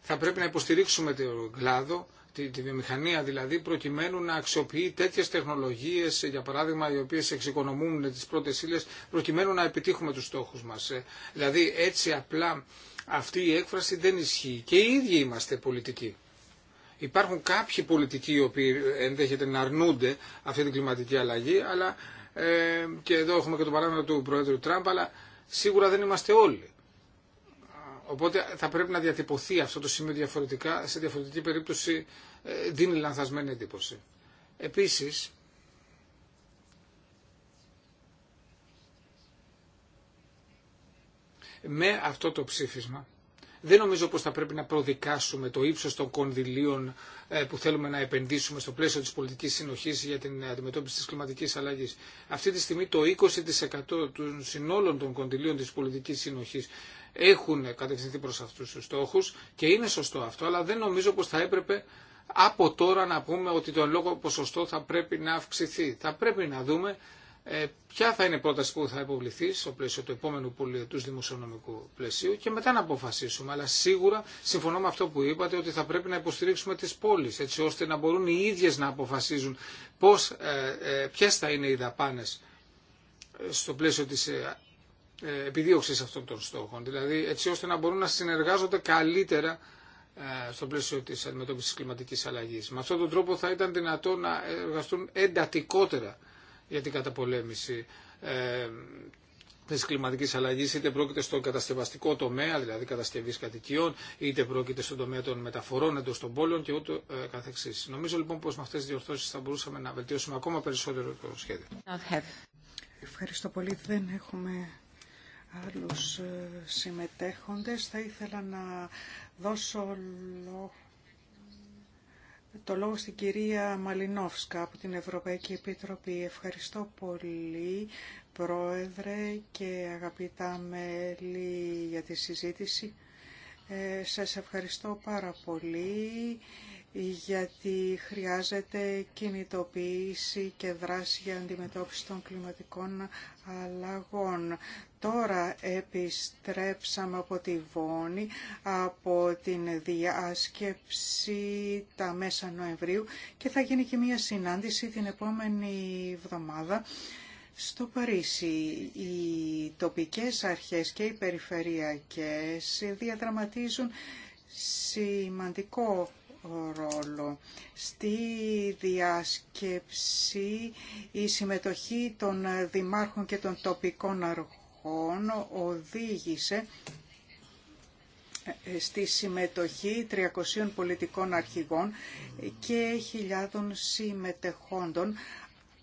θα πρέπει να υποστηρίξουμε τον κλάδο, τη, τη βιομηχανία δηλαδή, προκειμένου να αξιοποιεί τέτοιες τεχνολογίες, για παράδειγμα, οι οποίες εξοικονομούν τις πρώτες ύλες, προκειμένου να επιτύχουμε τους στόχους μας. Ε, δηλαδή έτσι απλά αυτή η έκφραση δεν ισχύει. Και οι ίδιοι είμαστε πολιτικοί. Υπάρχουν κάποιοι πολιτικοί οι οποίοι ενδέχεται να αρνούνται αυτή την κλιματική αλλαγή, αλλά ε, και εδώ έχουμε και το παράδειγμα του Προέδρου Τραμπ, αλλά σίγουρα δεν είμαστε όλοι. Οπότε θα πρέπει να διατυπωθεί αυτό το σημείο διαφορετικά, σε διαφορετική περίπτωση ε, δίνει λανθασμένη εντύπωση. Επίσης, με αυτό το ψήφισμα δεν νομίζω πως θα πρέπει να προδικάσουμε το ύψος των κονδυλίων ε, που θέλουμε να επενδύσουμε στο πλαίσιο της πολιτικής συνοχής για την αντιμετώπιση της κλιματικής αλλαγής. Αυτή τη στιγμή το 20% των συνόλων των κονδυλίων της πολιτικής συνοχής έχουν κατευθυνθεί προς αυτούς τους στόχους και είναι σωστό αυτό, αλλά δεν νομίζω πως θα έπρεπε από τώρα να πούμε ότι το λόγο ποσοστό θα πρέπει να αυξηθεί. Θα πρέπει να δούμε ε, ποια θα είναι η πρόταση που θα υποβληθεί στο πλαίσιο του επόμενου πολιετού δημοσιονομικού πλαισίου και μετά να αποφασίσουμε. Αλλά σίγουρα συμφωνώ με αυτό που είπατε ότι θα πρέπει να υποστηρίξουμε τι πόλει έτσι ώστε να μπορούν οι ίδιε να αποφασίζουν ε, ε ποιε θα είναι οι δαπάνε ε, στο πλαίσιο τη επιδίωξη αυτών των στόχων. Δηλαδή έτσι ώστε να μπορούν να συνεργάζονται καλύτερα στο πλαίσιο τη αντιμετώπιση της κλιματικής αλλαγής. Με αυτόν τον τρόπο θα ήταν δυνατό να εργαστούν εντατικότερα για την καταπολέμηση ε, τη κλιματική αλλαγή, είτε πρόκειται στον κατασκευαστικό τομέα, δηλαδή κατασκευή κατοικιών, είτε πρόκειται στον τομέα των μεταφορών εντό των πόλεων και ούτω ε, καθεξή. Νομίζω λοιπόν πω με αυτέ τι διορθώσει θα μπορούσαμε να βελτιώσουμε ακόμα περισσότερο το σχέδιο. Ευχαριστώ πολύ. Δεν έχουμε άλλου ε, συμμετέχοντε. Θα ήθελα να δώσω λόγο το λόγο στην κυρία Μαλινόφσκα από την Ευρωπαϊκή Επίτροπη. Ευχαριστώ πολύ, Πρόεδρε και αγαπητά μέλη για τη συζήτηση. Ε, σας ευχαριστώ πάρα πολύ γιατί χρειάζεται κινητοποίηση και δράση για αντιμετώπιση των κλιματικών αλλαγών. Τώρα επιστρέψαμε από τη Βόνη, από την διάσκεψη τα μέσα Νοεμβρίου και θα γίνει και μια συνάντηση την επόμενη εβδομάδα στο Παρίσι. Οι τοπικές αρχές και οι περιφερειακές διαδραματίζουν σημαντικό ρόλο. Στη διάσκεψη η συμμετοχή των δημάρχων και των τοπικών αρχών οδήγησε ε, στη συμμετοχή 300 πολιτικών αρχηγών και χιλιάδων συμμετεχόντων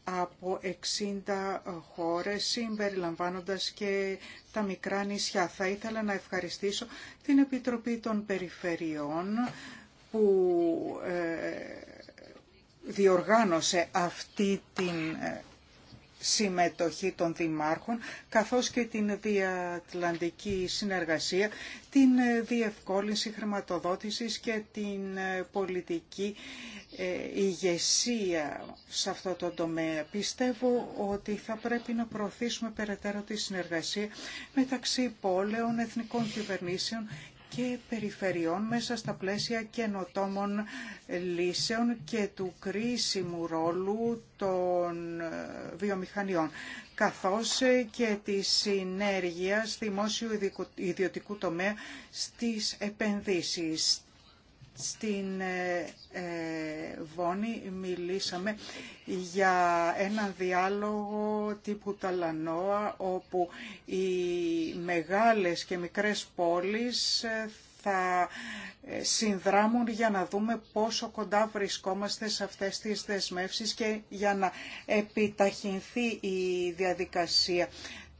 από 60 χώρες, συμπεριλαμβάνοντας και τα μικρά νησιά. Θα ήθελα να ευχαριστήσω την Επιτροπή των Περιφερειών που ε, διοργάνωσε αυτή την ε, συμμετοχή των δημάρχων, καθώς και την διατλαντική συνεργασία, την διευκόλυνση χρηματοδότησης και την ε, πολιτική ε, ηγεσία σε αυτό το τομέα. Πιστεύω ότι θα πρέπει να προωθήσουμε περαιτέρω τη συνεργασία μεταξύ πόλεων, εθνικών κυβερνήσεων και περιφερειών μέσα στα πλαίσια καινοτόμων λύσεων και του κρίσιμου ρόλου των ε, βιομηχανιών, καθώς ε, και τη συνέργεια δημόσιου ιδιωτικού τομέα στις επενδύσεις στην ε, ε, Βόνη μιλήσαμε για ένα διάλογο τύπου Ταλανόα όπου οι μεγάλες και μικρές πόλεις ε, θα συνδράμουν για να δούμε πόσο κοντά βρισκόμαστε σε αυτές τις δεσμεύσεις και για να επιταχυνθεί η διαδικασία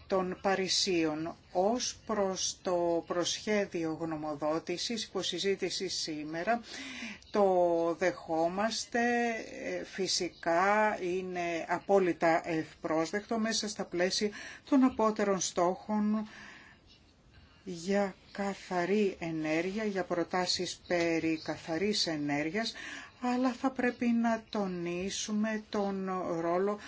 των Παρισίων ως προς το προσχέδιο γνωμοδότησης που συζήτηση σήμερα το δεχόμαστε ε, φυσικά είναι απόλυτα ευπρόσδεκτο μέσα στα πλαίσια των απότερων στόχων για καθαρή ενέργεια, για προτάσεις περί καθαρής ενέργειας αλλά θα πρέπει να τονίσουμε τον ρόλο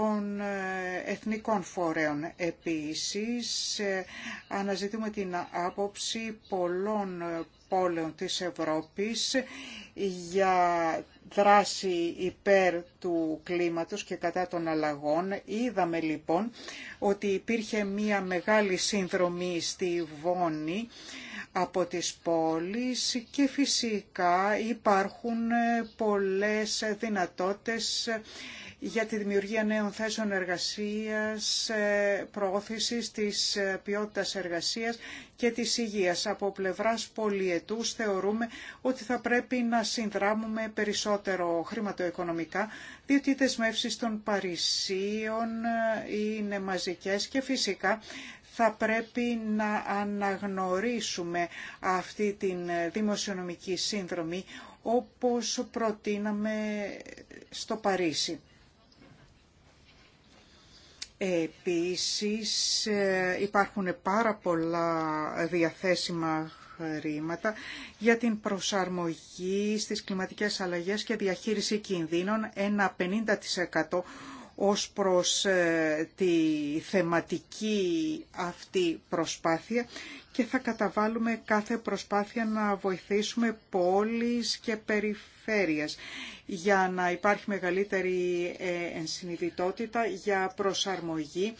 των ε, εθνικών φορέων. Επίσης, ε, αναζητούμε την άποψη πολλών ε, πόλεων της Ευρώπης για δράση υπέρ του κλίματος και κατά των αλλαγών. Είδαμε λοιπόν ότι υπήρχε μία μεγάλη συνδρομή στη Βόνη από τις πόλεις και φυσικά υπάρχουν πολλές δυνατότητες για τη δημιουργία νέων θέσεων εργασίας, ε, προώθησης της ε, ποιότητας εργασίας και της υγείας. Από πλευράς πολιετούς θεωρούμε ότι θα πρέπει να συνδράμουμε περισσότερο χρηματοοικονομικά, διότι οι δεσμεύσει των Παρισίων ε, είναι μαζικές και φυσικά θα πρέπει να αναγνωρίσουμε αυτή την δημοσιονομική σύνδρομη όπως προτείναμε στο Παρίσι. Επίσης ε, υπάρχουν πάρα πολλά διαθέσιμα χρήματα για την προσαρμογή στις κλιματικές αλλαγές και διαχείριση κινδύνων, ένα ως προς ε, τη θεματική αυτή προσπάθεια και θα καταβάλουμε κάθε προσπάθεια να βοηθήσουμε πόλεις και περιφέρειες για να υπάρχει μεγαλύτερη ε, ενσυνειδητότητα για προσαρμογή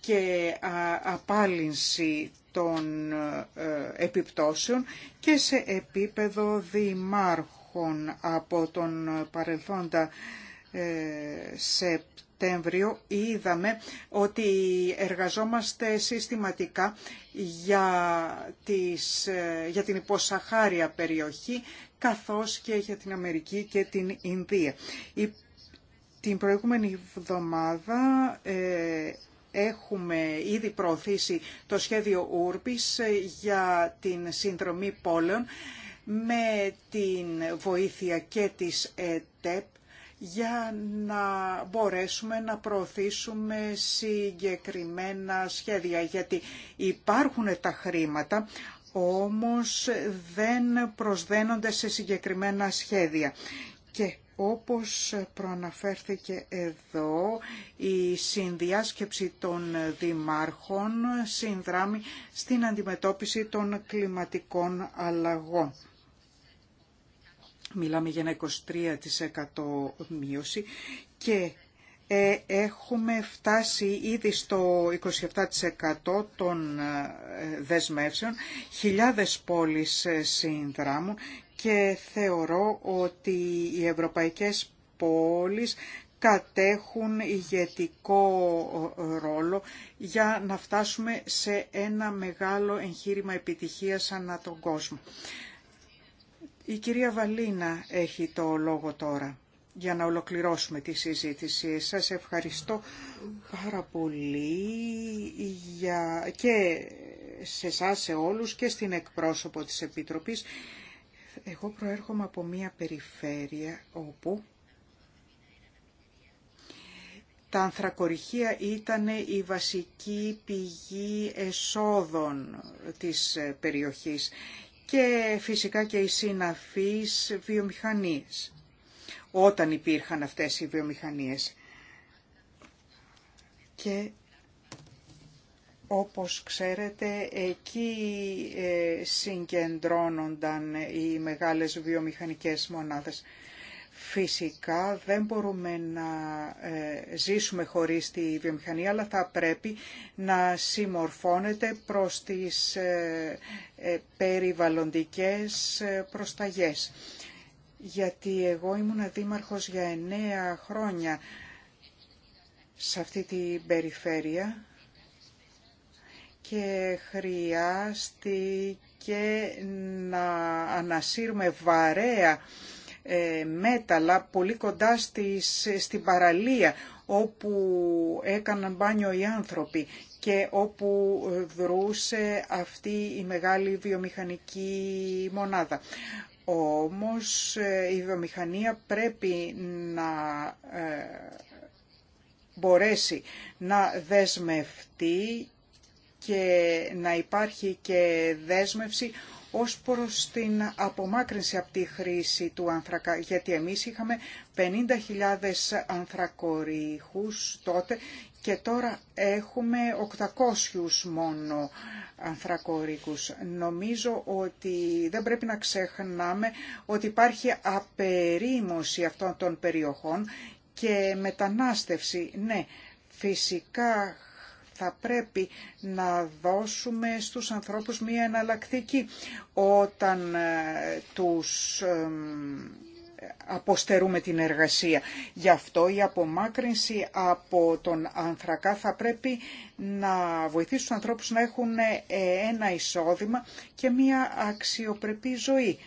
και απάλυνση των ε, επιπτώσεων και σε επίπεδο δημάρχων από τον παρελθόντα σε Σεπτέμβριο είδαμε ότι εργαζόμαστε συστηματικά για, τις, ε, την υποσαχάρια περιοχή καθώς και για την Αμερική και την Ινδία. Την προηγούμενη εβδομάδα ε, έχουμε ήδη προωθήσει το σχέδιο Ούρπης ε, για την συνδρομή πόλεων με την βοήθεια και της ΕΤΕΠ για να μπορέσουμε να προωθήσουμε συγκεκριμένα σχέδια. Γιατί υπάρχουν τα χρήματα, όμως δεν προσδένονται σε συγκεκριμένα σχέδια. Και όπως προαναφέρθηκε εδώ, η συνδιάσκεψη των δημάρχων συνδράμει στην αντιμετώπιση των κλιματικών αλλαγών. Μιλάμε για ένα 23% μείωση και ε, έχουμε φτάσει ήδη στο 27% των ε, δεσμεύσεων. Χιλιάδες πόλεις ε, συνδράμουν και θεωρώ ότι οι ευρωπαϊκές πόλεις κατέχουν ηγετικό ρόλο για να φτάσουμε σε ένα μεγάλο εγχείρημα επιτυχίας ανά τον κόσμο. Η κυρία Βαλίνα έχει το λόγο τώρα για να ολοκληρώσουμε τη συζήτηση. Σας ευχαριστώ πάρα πολύ για... και σε εσά σε όλους και στην εκπρόσωπο της Επιτροπής. Εγώ προέρχομαι από μια περιφέρεια όπου τα ανθρακοριχεία ήταν η βασική πηγή εσόδων της περιοχής και φυσικά και οι συναφείς βιομηχανίες, όταν υπήρχαν αυτές οι βιομηχανίες. Και όπως ξέρετε, εκεί ε, συγκεντρώνονταν οι μεγάλες βιομηχανικές μονάδες. Φυσικά δεν μπορούμε να ε, ζήσουμε χωρίς τη βιομηχανία, αλλά θα πρέπει να συμμορφώνεται προς τις ε, ε, περιβαλλοντικές προσταγές. Γιατί εγώ ήμουν δήμαρχος για εννέα χρόνια σε αυτή την περιφέρεια και χρειάστηκε να ανασύρουμε βαρέα ε, μέταλλα πολύ κοντά στις, στην παραλία όπου έκαναν μπάνιο οι άνθρωποι και όπου δρούσε αυτή η μεγάλη βιομηχανική μονάδα. Όμως ε, η βιομηχανία πρέπει να ε, μπορέσει να δεσμευτεί και να υπάρχει και δέσμευση ως προς την απομάκρυνση από τη χρήση του άνθρακα, γιατί εμείς είχαμε 50.000 ανθρακορίχους τότε και τώρα έχουμε 800 μόνο ανθρακοριχούς. Νομίζω ότι δεν πρέπει να ξεχνάμε ότι υπάρχει απερίμωση αυτών των περιοχών και μετανάστευση. Ναι, φυσικά θα πρέπει να δώσουμε στους ανθρώπους μία εναλλακτική όταν ε, τους αποστερούμε την εργασία. Γι' αυτό η απομάκρυνση από τον ανθρακά θα πρέπει να βοηθήσει τους ανθρώπους να έχουν ε, ένα εισόδημα και μία αξιοπρεπή ζωή.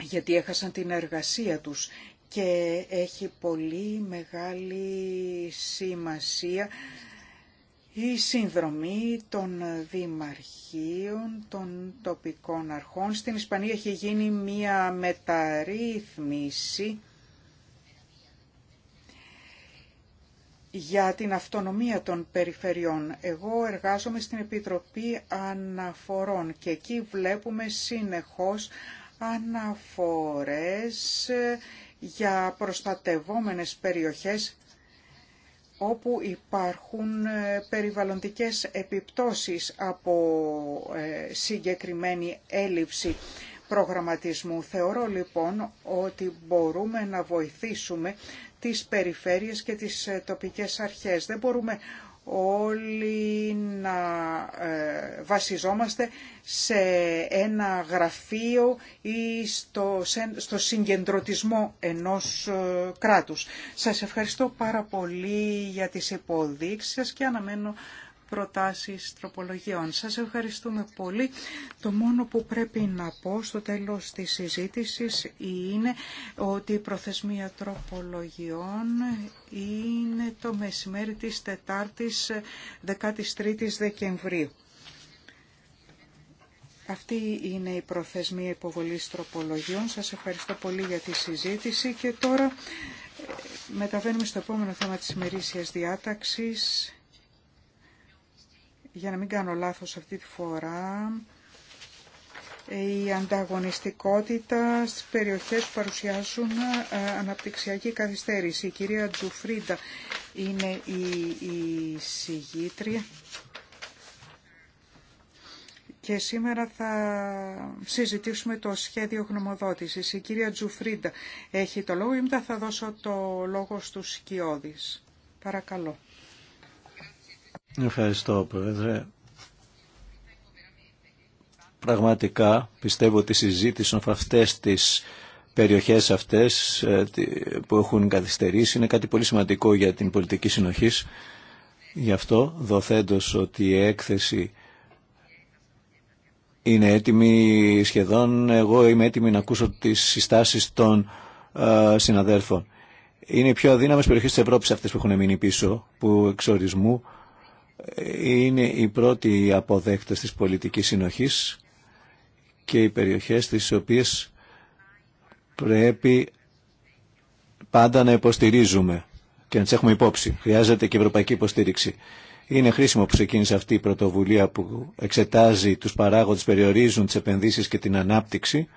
Γιατί έχασαν την εργασία τους και έχει πολύ μεγάλη σημασία η συνδρομή των δημαρχείων, των τοπικών αρχών. Στην Ισπανία έχει γίνει μία μεταρρύθμιση για την αυτονομία των περιφερειών. Εγώ εργάζομαι στην Επιτροπή Αναφορών και εκεί βλέπουμε συνεχώς αναφορές για προστατευόμενες περιοχές όπου υπάρχουν ε, περιβαλλοντικές επιπτώσεις από ε, συγκεκριμένη έλλειψη προγραμματισμού. Θεωρώ λοιπόν ότι μπορούμε να βοηθήσουμε τις περιφέρειες και τις ε, τοπικές αρχές. Δεν μπορούμε όλοι να ε, βασιζόμαστε σε ένα γραφείο ή στο, στο συγκεντρωτισμό ενός ε, κράτους. Σας ευχαριστώ πάρα πολύ για τις υποδείξεις και αναμένω προτάσεις τροπολογιών. Σας ευχαριστούμε πολύ. Το μόνο που πρέπει να πω στο τέλος της συζήτησης είναι ότι η προθεσμία τροπολογιών είναι το μεσημέρι της Τετάρτης 13ης Δεκεμβρίου. Αυτή είναι η προθεσμία υποβολής τροπολογιών. Σας ευχαριστώ πολύ για τη συζήτηση και τώρα μεταβαίνουμε στο επόμενο θέμα της ημερήσιας διάταξης για να μην κάνω λάθος αυτή τη φορά, η ανταγωνιστικότητα στις περιοχές που παρουσιάζουν ε, αναπτυξιακή καθυστέρηση. Η κυρία Τζουφρίντα είναι η, η συγγήτρια και σήμερα θα συζητήσουμε το σχέδιο γνωμοδότησης. Η κυρία Τζουφρίντα έχει το λόγο ή θα δώσω το λόγο στους σκιώδεις. Παρακαλώ. Ευχαριστώ, Πρόεδρε. Πραγματικά πιστεύω ότι η συζήτηση από αυτές τις περιοχές αυτές ε, που έχουν καθυστερήσει είναι κάτι πολύ σημαντικό για την πολιτική συνοχή. Γι' αυτό Δοθέντω ότι η έκθεση είναι έτοιμη σχεδόν, εγώ είμαι έτοιμη να ακούσω τις συστάσεις των ε, συναδέλφων. Είναι οι πιο αδύναμες περιοχές της Ευρώπης αυτές που έχουν μείνει πίσω, που εξορισμού είναι οι πρώτοι αποδέκτες της πολιτικής συνοχής και οι περιοχές τις οποίες πρέπει πάντα να υποστηρίζουμε και να τι έχουμε υπόψη. Χρειάζεται και ευρωπαϊκή υποστήριξη. Είναι χρήσιμο που ξεκίνησε αυτή η πρωτοβουλία που εξετάζει τους παράγοντες, περιορίζουν τις επενδύσεις και την ανάπτυξη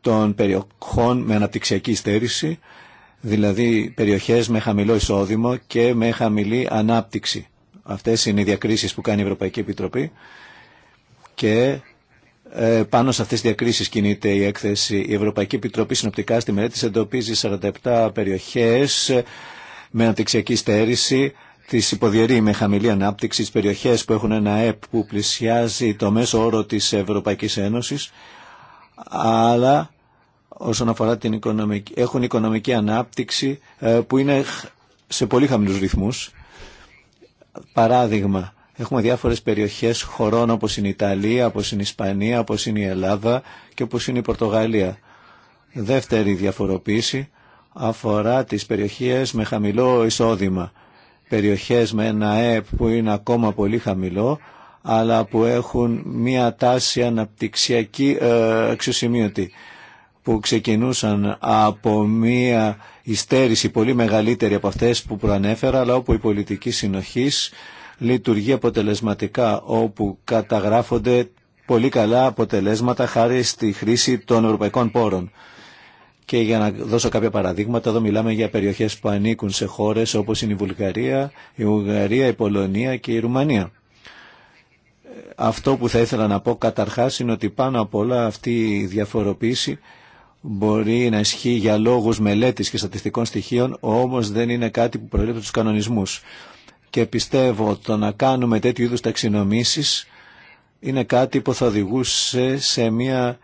των περιοχών με αναπτυξιακή στέρηση, δηλαδή περιοχές με χαμηλό εισόδημα και με χαμηλή ανάπτυξη. Αυτές είναι οι διακρίσεις που κάνει η Ευρωπαϊκή Επιτροπή και ε, πάνω σε αυτές τις διακρίσεις κινείται η έκθεση. Η Ευρωπαϊκή Επιτροπή συνοπτικά στη μελέτη εντοπίζει 47 περιοχές με αναπτυξιακή στέρηση, τις υποδιαιρεί με χαμηλή ανάπτυξη, τις περιοχές που έχουν ένα ΕΠ που πλησιάζει το μέσο όρο της Ευρωπαϊκή Ένωση, αλλά όσον αφορά την οικονομική, έχουν οικονομική ανάπτυξη ε, που είναι σε πολύ χαμηλου ρυθμού. Παράδειγμα, έχουμε διάφορες περιοχές χωρών όπως είναι η Ιταλία, όπως είναι η Ισπανία, όπως είναι η Ελλάδα και όπως είναι η Πορτογαλία. Δεύτερη διαφοροποίηση αφορά τις περιοχές με χαμηλό εισόδημα. Περιοχές με ένα ΕΠ που είναι ακόμα πολύ χαμηλό, αλλά που έχουν μία τάση αναπτυξιακή ε, αξιοσημείωτη που ξεκινούσαν από μία ιστέρηση πολύ μεγαλύτερη από αυτές που προανέφερα, αλλά όπου η πολιτική συνοχής λειτουργεί αποτελεσματικά, όπου καταγράφονται πολύ καλά αποτελέσματα χάρη στη χρήση των ευρωπαϊκών πόρων. Και για να δώσω κάποια παραδείγματα, εδώ μιλάμε για περιοχές που ανήκουν σε χώρες όπως είναι η Βουλγαρία, η Ουγγαρία, η Πολωνία και η Ρουμανία. Αυτό που θα ήθελα να πω καταρχάς είναι ότι πάνω απ' όλα αυτή η διαφοροποίηση μπορεί να ισχύει για λόγους μελέτης και στατιστικών στοιχείων, όμως δεν είναι κάτι που προέρχεται τους κανονισμούς. Και πιστεύω ότι το να κάνουμε τέτοιου είδους ταξινομήσεις είναι κάτι που θα οδηγούσε σε μια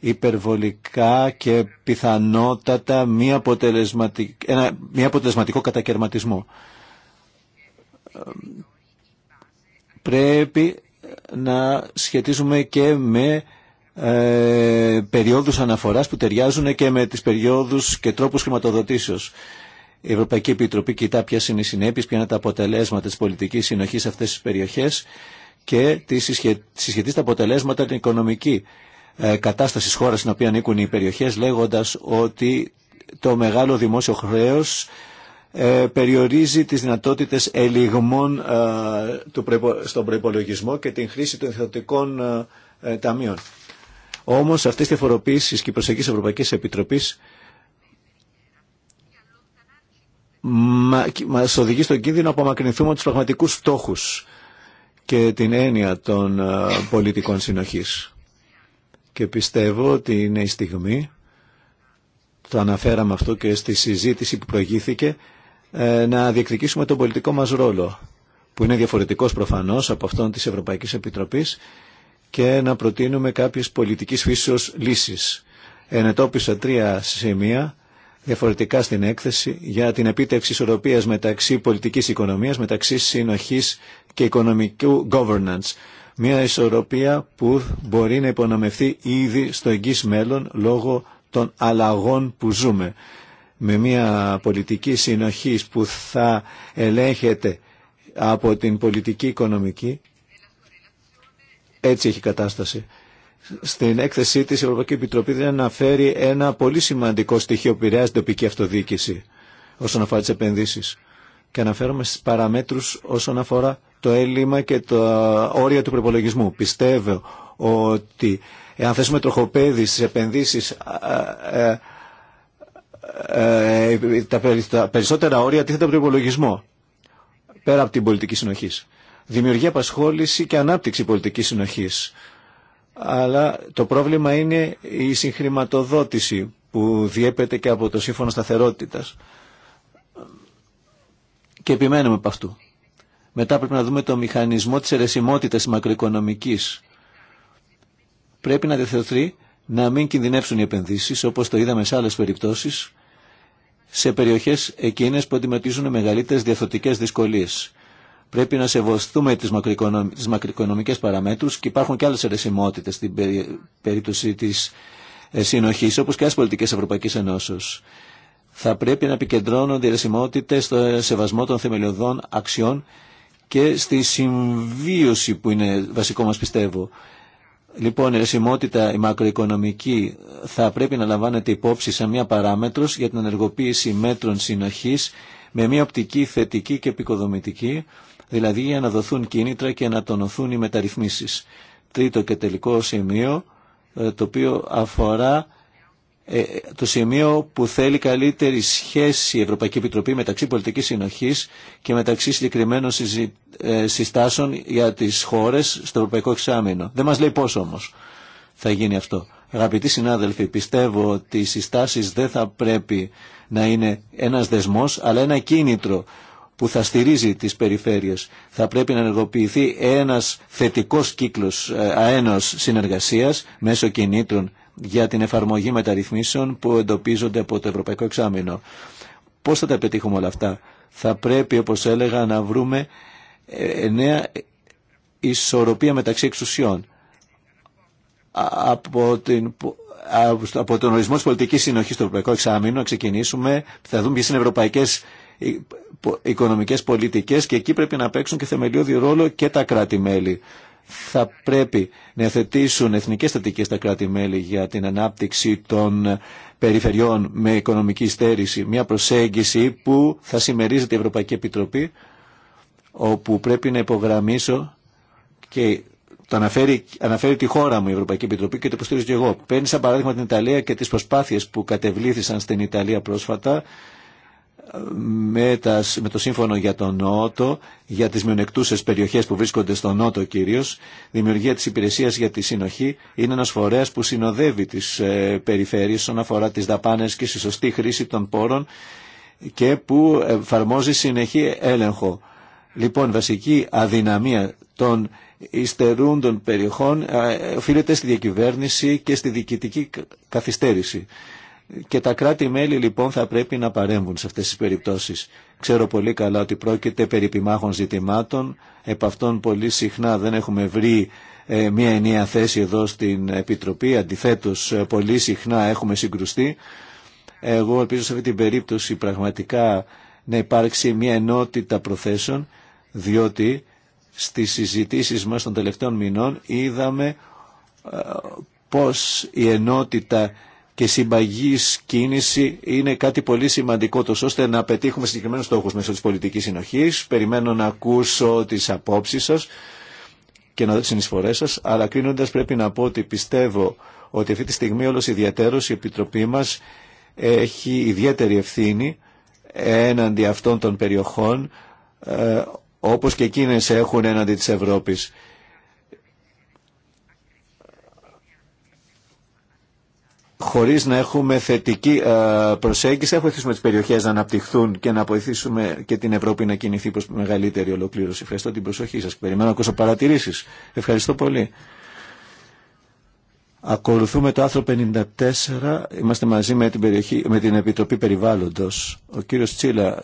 υπερβολικά και πιθανότατα μια αποτελεσματικ... ένα... μια αποτελεσματικό κατακαιρματισμό. Πρέπει να σχετίζουμε και με ε, περιόδους αναφοράς που ταιριάζουν και με τις περιόδους και τρόπους χρηματοδοτήσεως. Η Ευρωπαϊκή Επιτροπή κοιτά ποιε είναι οι συνέπειε, ποια είναι τα αποτελέσματα τη πολιτική συνοχή σε αυτές τις περιοχές και τι συσχετεί τα αποτελέσματα την οικονομική ε, κατάσταση τη χώρα στην οποία ανήκουν οι περιοχέ, λέγοντα ότι το μεγάλο δημόσιο χρέο ε, περιορίζει τις δυνατότητες ελιγμών ε, του, στον προϋπολογισμό και την χρήση των ε, ταμείων. Όμως αυτές τις διαφοροποίησεις και η προσεγγίση Ευρωπαϊκής Επιτροπής μας οδηγεί στον κίνδυνο να απομακρυνθούμε από τους πραγματικούς στόχους και την έννοια των ε, πολιτικών συνοχής. Και πιστεύω ότι είναι η στιγμή, το αναφέραμε αυτό και στη συζήτηση που προηγήθηκε, ε, να διεκδικήσουμε τον πολιτικό μας ρόλο, που είναι διαφορετικός προφανώς από αυτόν της Ευρωπαϊκής Επιτροπής και να προτείνουμε κάποιες πολιτικές φύσεως λύσεις. Ενετόπισα τρία σημεία διαφορετικά στην έκθεση για την επίτευξη ισορροπίας μεταξύ πολιτικής οικονομίας, μεταξύ συνοχής και οικονομικού governance. Μια ισορροπία που μπορεί να υπονομευθεί ήδη στο εγγύς μέλλον λόγω των αλλαγών που ζούμε. Με μια πολιτική συνοχής που θα ελέγχεται από την πολιτική οικονομική έτσι έχει κατάσταση. Στην έκθεσή της η Ευρωπαϊκή Επιτροπή δεν αναφέρει ένα πολύ σημαντικό στοιχείο που επηρεάζει την τοπική αυτοδιοίκηση όσον αφορά τις επενδύσεις. Και αναφέρομαι στις παραμέτρους όσον αφορά το έλλειμμα και τα όρια του προπολογισμού. Πιστεύω ότι αν θέσουμε τροχοπέδι στις επενδύσεις ε, ε, ε, τα περισσότερα όρια τίθεται από τον πέρα από την πολιτική συνοχής δημιουργεί απασχόληση και ανάπτυξη πολιτικής συνοχής. Αλλά το πρόβλημα είναι η συγχρηματοδότηση που διέπεται και από το Σύμφωνο Σταθερότητας. Και επιμένουμε από αυτού. Μετά πρέπει να δούμε το μηχανισμό της αιρεσιμότητας μακροοικονομικής. Πρέπει να διευθυνθεί να μην κινδυνεύσουν οι επενδύσεις, όπως το είδαμε σε άλλες περιπτώσεις, σε περιοχές εκείνες που αντιμετωπίζουν μεγαλύτερες διαθωτικές δυσκολίες. Πρέπει να σεβαστούμε τις, μακροοικονομικέ μακροοικονομικές παραμέτρους και υπάρχουν και άλλες αιρεσιμότητες στην περίπτωση της ε, συνοχής, όπως και άλλες πολιτικές Ευρωπαϊκής Ενώσεως. Θα πρέπει να επικεντρώνονται οι αιρεσιμότητες στο ε, σεβασμό των θεμελιωδών αξιών και στη συμβίωση που είναι βασικό μας πιστεύω. Λοιπόν, η ρεσιμότητα η μακροοικονομική θα πρέπει να λαμβάνεται υπόψη σαν μια παράμετρος για την ενεργοποίηση μέτρων συνοχής με μια οπτική θετική και επικοδομητική δηλαδή για να δοθούν κίνητρα και να τονωθούν οι μεταρρυθμίσεις. Τρίτο και τελικό σημείο, ε, το οποίο αφορά ε, το σημείο που θέλει καλύτερη σχέση η Ευρωπαϊκή Επιτροπή μεταξύ πολιτικής συνοχής και μεταξύ συγκεκριμένων ε, συστάσεων για τις χώρες στο Ευρωπαϊκό Εξάμεινο. Δεν μας λέει πώς όμως θα γίνει αυτό. Αγαπητοί συνάδελφοι, πιστεύω ότι οι συστάσεις δεν θα πρέπει να είναι ένας δεσμός, αλλά ένα κίνητρο που θα στηρίζει τις περιφέρειες. Θα πρέπει να ενεργοποιηθεί ένας θετικός κύκλος ε, αένος συνεργασίας μέσω κινήτρων για την εφαρμογή μεταρρυθμίσεων που εντοπίζονται από το Ευρωπαϊκό Εξάμεινο. Πώς θα τα πετύχουμε όλα αυτά. Θα πρέπει, όπως έλεγα, να βρούμε ε, νέα ισορροπία μεταξύ εξουσιών. Από από τον ορισμό τη πολιτική συνοχή στο Ευρωπαϊκό Εξάμεινο να ξεκινήσουμε. Θα δούμε ποιε είναι ευρωπαϊκέ ε, οικονομικές πολιτικές και εκεί πρέπει να παίξουν και θεμελιώδη ρόλο και τα κράτη-μέλη. Θα πρέπει να θετήσουν εθνικές στατικές τα κράτη-μέλη για την ανάπτυξη των περιφερειών με οικονομική στέρηση. Μια προσέγγιση που θα συμμερίζεται η Ευρωπαϊκή Επιτροπή όπου πρέπει να υπογραμμίσω και το αναφέρει, αναφέρει τη χώρα μου η Ευρωπαϊκή Επιτροπή και το υποστηρίζω και εγώ. Παίρνει σαν παράδειγμα την Ιταλία και τις προσπάθειες που κατεβλήθησαν στην Ιταλία πρόσφατα με, το σύμφωνο για τον Νότο, για τις μειονεκτούσες περιοχές που βρίσκονται στον Νότο κυρίως, δημιουργία της υπηρεσίας για τη συνοχή είναι ένας φορέας που συνοδεύει τις ε, περιφέρειες όσον αφορά τις δαπάνες και στη σωστή χρήση των πόρων και που εφαρμόζει συνεχή έλεγχο. Λοιπόν, βασική αδυναμία των υστερούντων περιοχών ε, οφείλεται στη διακυβέρνηση και στη διοικητική καθυστέρηση. Και τα κράτη-μέλη λοιπόν θα πρέπει να παρέμβουν σε αυτές τις περιπτώσεις. Ξέρω πολύ καλά ότι πρόκειται περί επιμάχων ζητημάτων. Επ' αυτών πολύ συχνά δεν έχουμε βρει ε, μια ενιαία θέση εδώ στην Επιτροπή. Αντιθέτως ε, πολύ συχνά έχουμε συγκρουστεί. Εγώ ελπίζω σε αυτή την περίπτωση πραγματικά να υπάρξει μια ενότητα προθέσεων διότι στις συζητήσεις μας των τελευταίων μηνών είδαμε ε, πως η ενότητα και συμπαγής κίνηση είναι κάτι πολύ σημαντικό τόσο ώστε να πετύχουμε συγκεκριμένους στόχους μέσω της πολιτικής συνοχής. Περιμένω να ακούσω τις απόψεις σας και να δω τις συνεισφορές σας, αλλά κρίνοντας πρέπει να πω ότι πιστεύω ότι αυτή τη στιγμή όλος ιδιαίτερος η Επιτροπή μας έχει ιδιαίτερη ευθύνη έναντι αυτών των περιοχών ε, όπως και εκείνες έχουν έναντι της Ευρώπης χωρίς να έχουμε θετική ε, προσέγγιση, θα βοηθήσουμε τις περιοχές να αναπτυχθούν και να βοηθήσουμε και την Ευρώπη να κινηθεί προς μεγαλύτερη ολοκλήρωση. Ευχαριστώ την προσοχή σας. Περιμένω να ακούσω παρατηρήσεις. Ευχαριστώ πολύ. Ακολουθούμε το άρθρο 54. Είμαστε μαζί με την, περιοχή, με την Επιτροπή Περιβάλλοντος. Ο κύριος Τσίλα,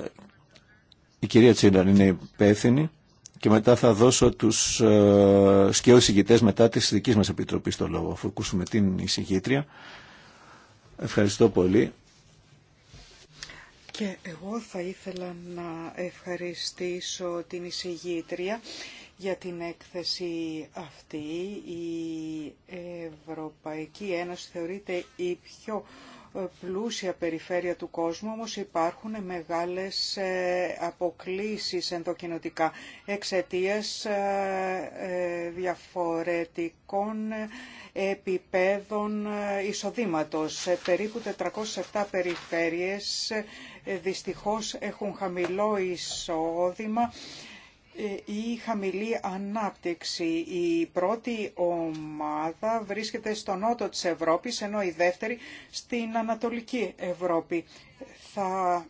η κυρία Τσίλα είναι υπεύθυνη και μετά θα δώσω τους ε, σκέους μετά της δικής μας Επιτροπής το λόγο, αφού ακούσουμε την εισηγήτρια. Ευχαριστώ πολύ. Και εγώ θα ήθελα να ευχαριστήσω την εισηγήτρια για την έκθεση αυτή. Η Ευρωπαϊκή Ένωση θεωρείται η πιο πλούσια περιφέρεια του κόσμου, όμως υπάρχουν μεγάλες ε, αποκλίσεις ενδοκινοτικά εξαιτίας ε, ε, διαφορετικών επιπέδων ε, εισοδήματος. Περίπου 407 περιφέρειες ε, δυστυχώς έχουν χαμηλό εισόδημα ε, ή χαμηλή ανάπτυξη. Η πρώτη ομάδα βρίσκεται στο νότο της Ευρώπης, ενώ η δεύτερη στην Ανατολική Ευρώπη. Θα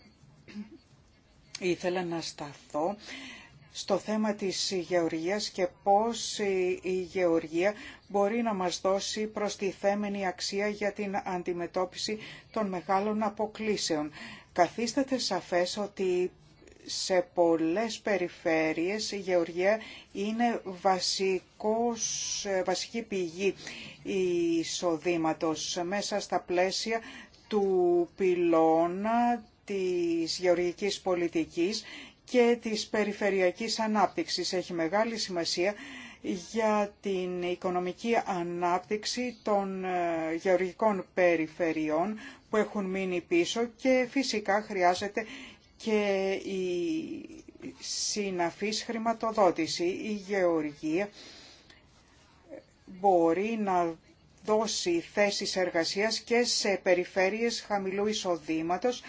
ήθελα να σταθώ στο θέμα της γεωργίας και πώς η γεωργία μπορεί να μας δώσει προστιθέμενη αξία για την αντιμετώπιση των μεγάλων αποκλίσεων. Καθίσταται σαφές ότι σε πολλές περιφέρειες η γεωργία είναι βασικός, ε, βασική πηγή εισοδήματο μέσα στα πλαίσια του πυλώνα της γεωργικής πολιτικής και της περιφερειακής ανάπτυξης. Έχει μεγάλη σημασία για την οικονομική ανάπτυξη των ε, γεωργικών περιφερειών που έχουν μείνει πίσω και φυσικά χρειάζεται και η συναφής χρηματοδότηση. Η γεωργία μπορεί να δώσει θέσεις εργασίας και σε περιφέρειες χαμηλού εισοδήματος,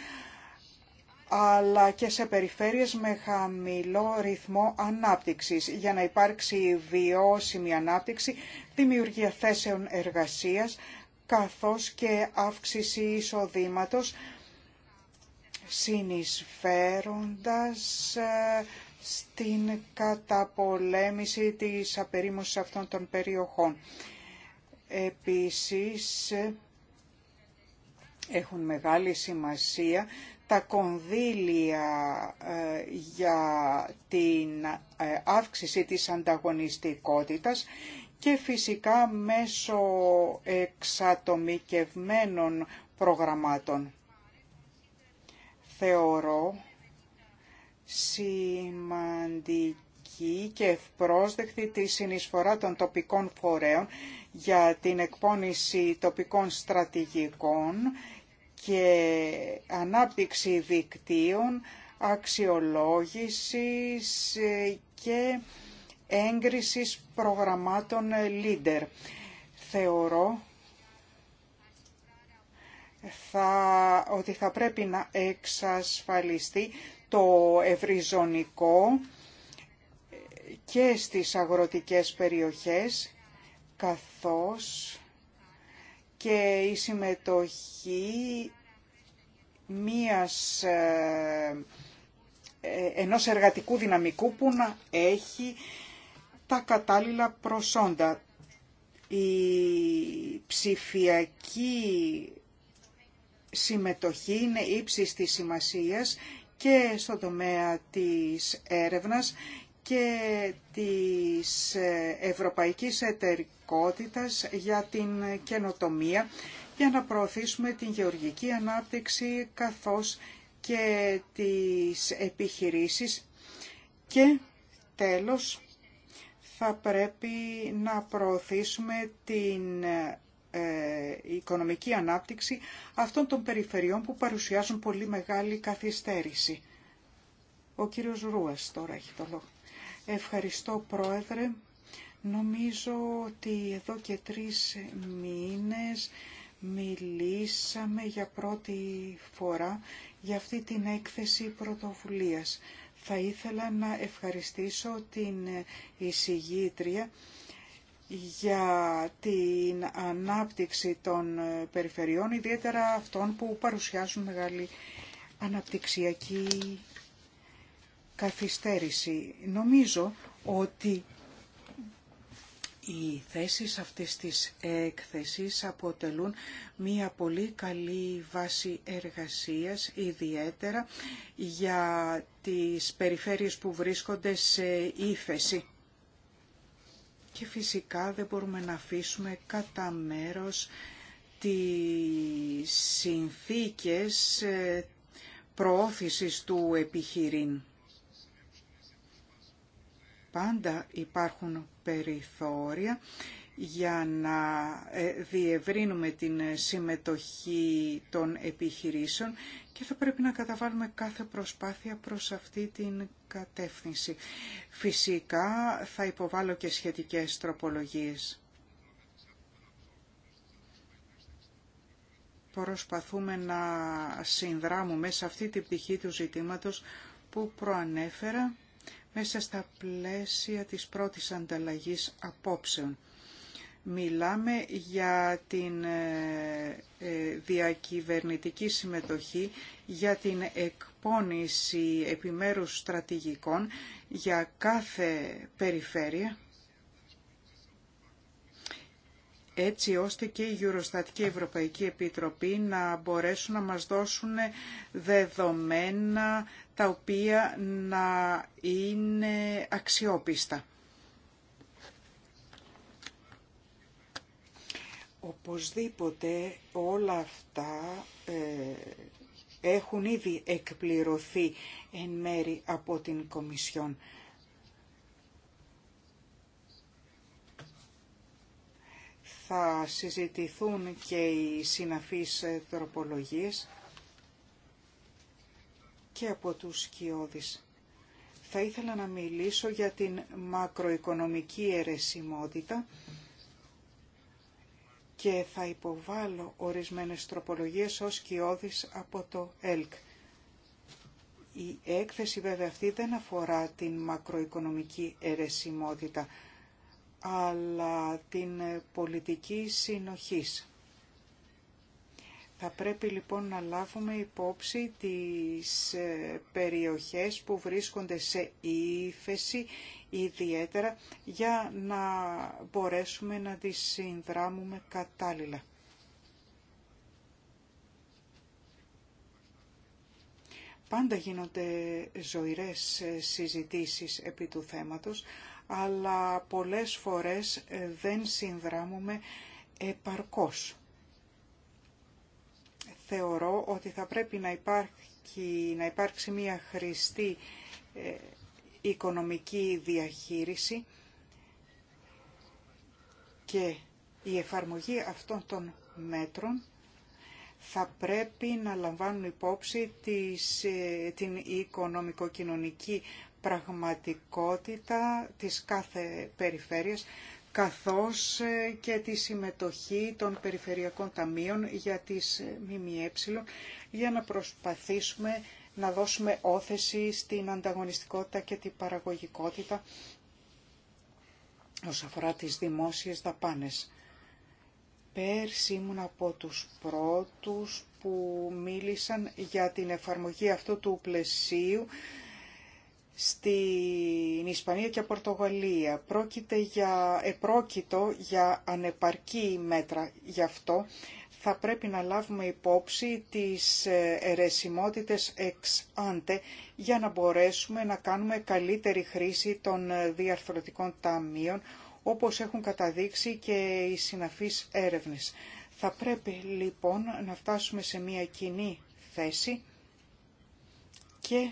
αλλά και σε περιφέρειες με χαμηλό ρυθμό ανάπτυξης για να υπάρξει βιώσιμη ανάπτυξη, δημιουργία θέσεων εργασίας, καθώς και αύξηση εισοδήματος, συνεισφέροντας ε, στην καταπολέμηση της απερίμωσης αυτών των περιοχών. Επίσης, ε, έχουν μεγάλη σημασία τα κονδύλια ε, για την ε, αύξηση της ανταγωνιστικότητας και φυσικά μέσω εξατομικευμένων προγραμμάτων. Θεωρώ σημαντική και ευπρόσδεκτη τη συνεισφορά των τοπικών φορέων για την εκπόνηση τοπικών στρατηγικών και ανάπτυξη δικτύων, αξιολόγησης ε, και έγκρισης προγραμμάτων ε, leader. Θεωρώ θα, ότι θα πρέπει να εξασφαλιστεί το ευρυζωνικό ε, και στις αγροτικές περιοχές καθώς και η συμμετοχή μίας, ε, ε, ενός εργατικού δυναμικού που να έχει τα κατάλληλα προσόντα. Η ψηφιακή συμμετοχή είναι ύψης της σημασίας και στον τομέα της έρευνας και της ε, Ευρωπαϊκής Εταιρικότητας για την καινοτομία για να προωθήσουμε την γεωργική ανάπτυξη καθώς και τις επιχειρήσεις και τέλος θα πρέπει να προωθήσουμε την ε, οικονομική ανάπτυξη αυτών των περιφερειών που παρουσιάζουν πολύ μεγάλη καθυστέρηση. Ο κύριος Ρούας τώρα έχει το λόγο. Ευχαριστώ Πρόεδρε. Νομίζω ότι εδώ και τρεις μήνες μιλήσαμε για πρώτη φορά για αυτή την έκθεση πρωτοβουλίας. Θα ήθελα να ευχαριστήσω την εισηγήτρια για την ανάπτυξη των περιφερειών, ιδιαίτερα αυτών που παρουσιάζουν μεγάλη αναπτυξιακή καθυστέρηση. Νομίζω ότι οι θέσεις αυτής της έκθεσης αποτελούν μία πολύ καλή βάση εργασίας, ιδιαίτερα για τις περιφέρειες που βρίσκονται σε ύφεση. Και φυσικά δεν μπορούμε να αφήσουμε κατά μέρος τις συνθήκες ε, προώθησης του επιχειρήν πάντα υπάρχουν περιθώρια για να ε, διευρύνουμε την συμμετοχή των επιχειρήσεων και θα πρέπει να καταβάλουμε κάθε προσπάθεια προς αυτή την κατεύθυνση. Φυσικά θα υποβάλω και σχετικές τροπολογίες. Προσπαθούμε να συνδράμουμε σε αυτή την πτυχή του ζητήματος που προανέφερα μέσα στα πλαίσια της πρώτης ανταλλαγής απόψεων. Μιλάμε για την ε, ε, διακυβερνητική συμμετοχή, για την εκπόνηση επιμέρους στρατηγικών για κάθε περιφέρεια, έτσι ώστε και η Eurostat Ευρωπαϊκή Επιτροπή να μπορέσουν να μας δώσουν δεδομένα τα οποία να είναι αξιόπιστα. Οπωσδήποτε όλα αυτά ε, έχουν ήδη εκπληρωθεί εν μέρη από την Κομισιόν. Θα συζητηθούν και οι συναφείς τροπολογίες και από τους σκιώδεις. Θα ήθελα να μιλήσω για την μακροοικονομική αιρεσιμότητα και θα υποβάλω ορισμένες τροπολογίες ως σκιώδεις από το ΕΛΚ. Η έκθεση βέβαια αυτή δεν αφορά την μακροοικονομική αιρεσιμότητα, αλλά την πολιτική συνοχής. Θα πρέπει λοιπόν να λάβουμε υπόψη τις ε, περιοχές που βρίσκονται σε ύφεση ιδιαίτερα για να μπορέσουμε να τις συνδράμουμε κατάλληλα. Πάντα γίνονται ζωηρές ε, συζητήσεις επί του θέματος, αλλά πολλές φορές ε, δεν συνδράμουμε επαρκώς θεωρώ ότι θα πρέπει να υπάρξει, να υπάρξει μια χρηστή ε, οικονομική διαχείριση και η εφαρμογή αυτών των μέτρων θα πρέπει να λαμβάνουν υπόψη της, ε, την οικονομικοκοινωνική πραγματικότητα της κάθε περιφέρειας καθώς ε, και τη συμμετοχή των περιφερειακών ταμείων για τις ε, ΜΜΕ για να προσπαθήσουμε να δώσουμε όθεση στην ανταγωνιστικότητα και την παραγωγικότητα όσον αφορά τις δημόσιες δαπάνες. Πέρσι ήμουν από τους πρώτους που μίλησαν για την εφαρμογή αυτού του πλαισίου στην Ισπανία και Πορτογαλία. Πρόκειται για, επρόκειτο για ανεπαρκή μέτρα γι' αυτό. Θα πρέπει να λάβουμε υπόψη τις ερεσιμότητες εξ άντε για να μπορέσουμε να κάνουμε καλύτερη χρήση των ε, διαρθρωτικών ταμείων όπως έχουν καταδείξει και οι συναφείς έρευνες. Θα πρέπει λοιπόν να φτάσουμε σε μια κοινή θέση και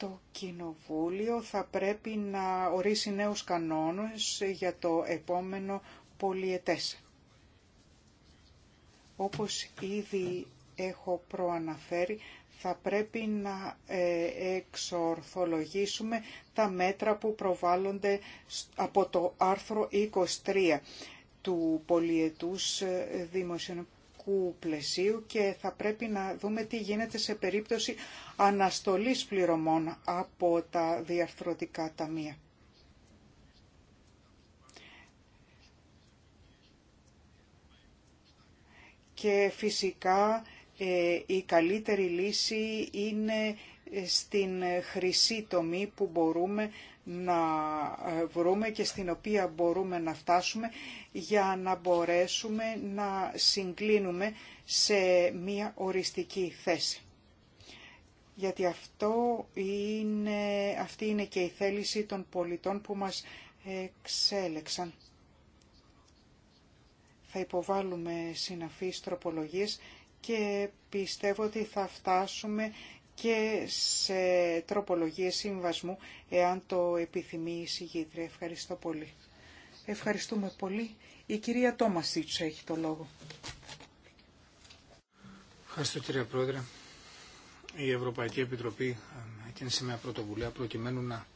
το Κοινοβούλιο θα πρέπει να ορίσει νέους κανόνες για το επόμενο πολιετές. Όπως ήδη έχω προαναφέρει, θα πρέπει να ε, εξορθολογήσουμε τα μέτρα που προβάλλονται από το άρθρο 23 του πολιετούς ε, δημοσιονομικού και θα πρέπει να δούμε τι γίνεται σε περίπτωση αναστολής πληρωμών από τα διαρθρωτικά ταμεία. Και φυσικά ε, η καλύτερη λύση είναι στην χρυσή τομή που μπορούμε να βρούμε και στην οποία μπορούμε να φτάσουμε για να μπορέσουμε να συγκλίνουμε σε μία οριστική θέση. Γιατί αυτό είναι, αυτή είναι και η θέληση των πολιτών που μας εξέλεξαν. Θα υποβάλουμε συναφείς τροπολογίες και πιστεύω ότι θα φτάσουμε και σε τροπολογίες συμβασμού, εάν το επιθυμεί η συγγήτρια. Ευχαριστώ πολύ. Ευχαριστούμε πολύ. Η κυρία Σίτσου έχει το λόγο. Ευχαριστώ κυρία Πρόεδρε. Η Ευρωπαϊκή Επιτροπή σε μια πρωτοβουλία προκειμένου να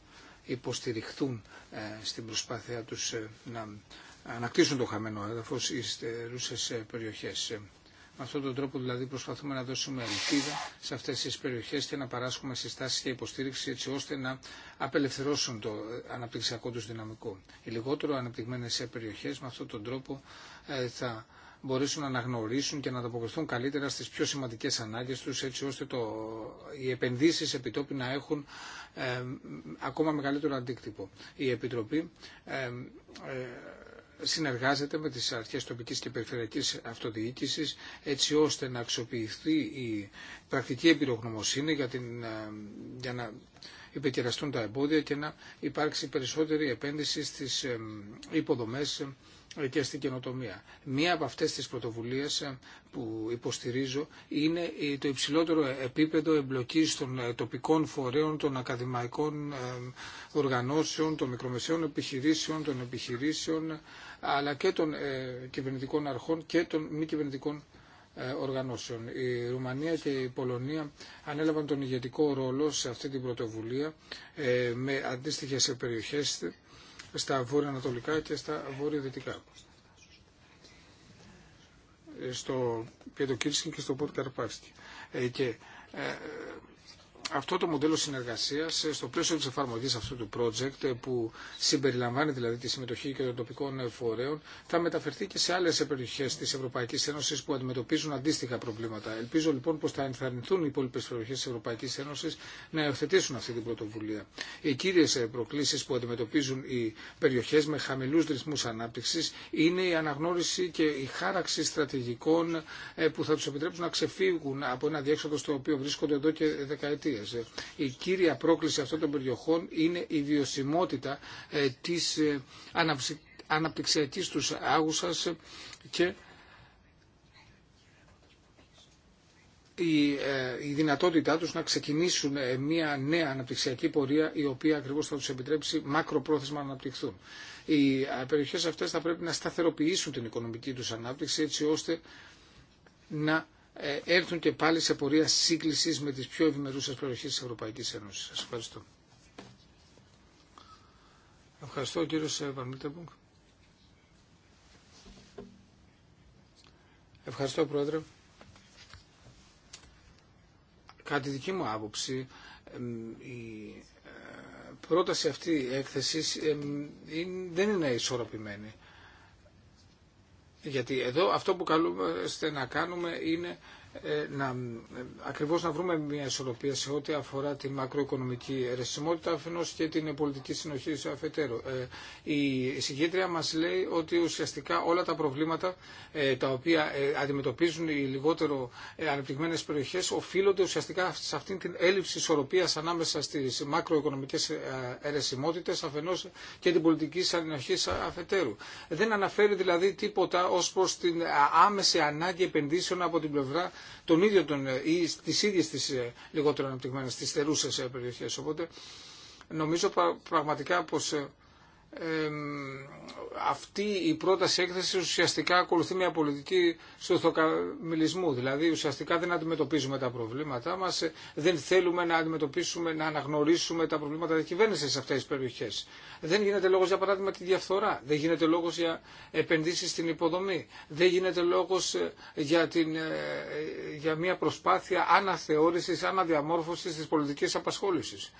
υποστηριχθούν ε, στην προσπάθεια τους ε, να ε, ανακτήσουν το χαμένο έδαφος στις περιοχές. περιοχές. Με αυτόν τον τρόπο δηλαδή προσπαθούμε να δώσουμε ελπίδα σε αυτές τις περιοχές και να παράσχουμε συστάσεις και υποστήριξη έτσι ώστε να απελευθερώσουν το αναπτυξιακό τους δυναμικό. Οι λιγότερο αναπτυγμένες περιοχές με αυτόν τον τρόπο ε, θα μπορέσουν να αναγνωρίσουν και να ανταποκριθούν καλύτερα στις πιο σημαντικές ανάγκες τους έτσι ώστε το, οι επενδύσεις επιτόπι να έχουν ε, ακόμα μεγαλύτερο αντίκτυπο. Η Επιτροπή ε, συνεργάζεται με τις αρχές τοπικής και περιφερειακής αυτοδιοίκησης έτσι ώστε να αξιοποιηθεί η πρακτική εμπειρογνωμοσύνη για, την, ε, για να υπεκεραστούν τα εμπόδια και να υπάρξει περισσότερη επένδυση στις ε, υποδομές και στην καινοτομία. Μία από αυτές τις πρωτοβουλίες ε, που υποστηρίζω είναι ε, το υψηλότερο επίπεδο εμπλοκής των ε, τοπικών φορέων, των ακαδημαϊκών οργανώσεων, των μικρομεσαίων επιχειρήσεων, των επιχειρήσεων, αλλά και των κυβερνητικών αρχών και των μη κυβερνητικών οργανώσεων. Η Ρουμανία και η Πολωνία ανέλαβαν τον ηγετικό ρόλο σε αυτή την πρωτοβουλία με αντίστοιχες περιοχές στα βόρεια-ανατολικά και στα βόρεια-δυτικά. Ε, στο Πιετοκύρσκι και στο Πόρτ Καρπάσκι. Ε, και ε, αυτό το μοντέλο συνεργασίας ε, στο πλαίσιο της εφαρμογής αυτού του project ε, που συμπεριλαμβάνει δηλαδή τη συμμετοχή και των τοπικών φορέων θα μεταφερθεί και σε άλλες περιοχές της Ευρωπαϊκής Ένωσης που αντιμετωπίζουν αντίστοιχα προβλήματα. Ελπίζω λοιπόν πως θα ενθαρρυνθούν οι υπόλοιπε περιοχές της Ευρωπαϊκής Ένωσης να υιοθετήσουν αυτή την πρωτοβουλία. Οι κύριες ε, προκλήσεις που αντιμετωπίζουν οι περιοχές με χαμηλούς ρυθμούς ανάπτυξης είναι η αναγνώριση και η χάραξη στρατηγικών που θα τους επιτρέψουν να ξεφύγουν από ένα διέξοδο στο οποίο βρίσκονται εδώ και δεκαετίες. Ε, η κύρια πρόκληση αυτών των περιοχών είναι η βιωσιμότητα ε, της ε, αναπτυξιακής τους άγουσας και η δυνατότητά τους να ξεκινήσουν μια νέα αναπτυξιακή πορεία η οποία ακριβώς θα τους επιτρέψει μακροπρόθεσμα να αναπτυχθούν. Οι περιοχές αυτές θα πρέπει να σταθεροποιήσουν την οικονομική τους ανάπτυξη έτσι ώστε να ε, έρθουν και πάλι σε πορεία σύγκληση με τις πιο ευημερούσε περιοχέ τη Ευρωπαϊκής Ένωση. Σας ευχαριστώ. Ευχαριστώ κύριο Βαμίλτεμπουργκ. Ευχαριστώ πρόεδρε. Κατά τη δική μου άποψη, η ε, πρόταση αυτή έκθεση δεν είναι ισορροπημένη. Γιατί εδώ αυτό που καλούμαστε να κάνουμε είναι ε, να, ε, ακριβώς να βρούμε μια ισορροπία σε ό,τι αφορά τη μακροοικονομική αιρεσιμότητα αφενός και την πολιτική συνοχή αφετέρου. Ε, η συγκέντρια μας λέει ότι ουσιαστικά όλα τα προβλήματα τα οποία αντιμετωπίζουν οι λιγότερο ε, ανεπτυγμένες περιοχές οφείλονται ουσιαστικά σε αυτήν την έλλειψη ισορροπίας ανάμεσα στις μακροοικονομικές αιρεσιμότητες αφενός και την πολιτική συνοχή αφετέρου. Δεν αναφέρει δηλαδή τίποτα ως προς την άμεση ανάγκη επενδύσεων από την πλευρά τον ίδιο τον, ε, ή τις ίδιες τις ε, λιγότερο αναπτυγμένε, τι θερούσες ε, περιοχέ. Οπότε νομίζω πραγματικά πως αυτή η πρόταση έκθεση ουσιαστικά ακολουθεί μια πολιτική στοθοκαμιλισμού. Δηλαδή ουσιαστικά δεν αντιμετωπίζουμε τα προβλήματά μας, δεν θέλουμε να αντιμετωπίσουμε, να αναγνωρίσουμε τα προβλήματα της κυβέρνησης σε αυτές τις περιοχές. Δεν γίνεται λόγος για παράδειγμα τη διαφθορά, δεν γίνεται λόγος για επενδύσεις στην υποδομή, δεν γίνεται λόγος ε, για, την, ε, ε, για μια προσπάθεια αναθεώρησης, αναδιαμόρφωσης της πολιτικής απασχόλησης.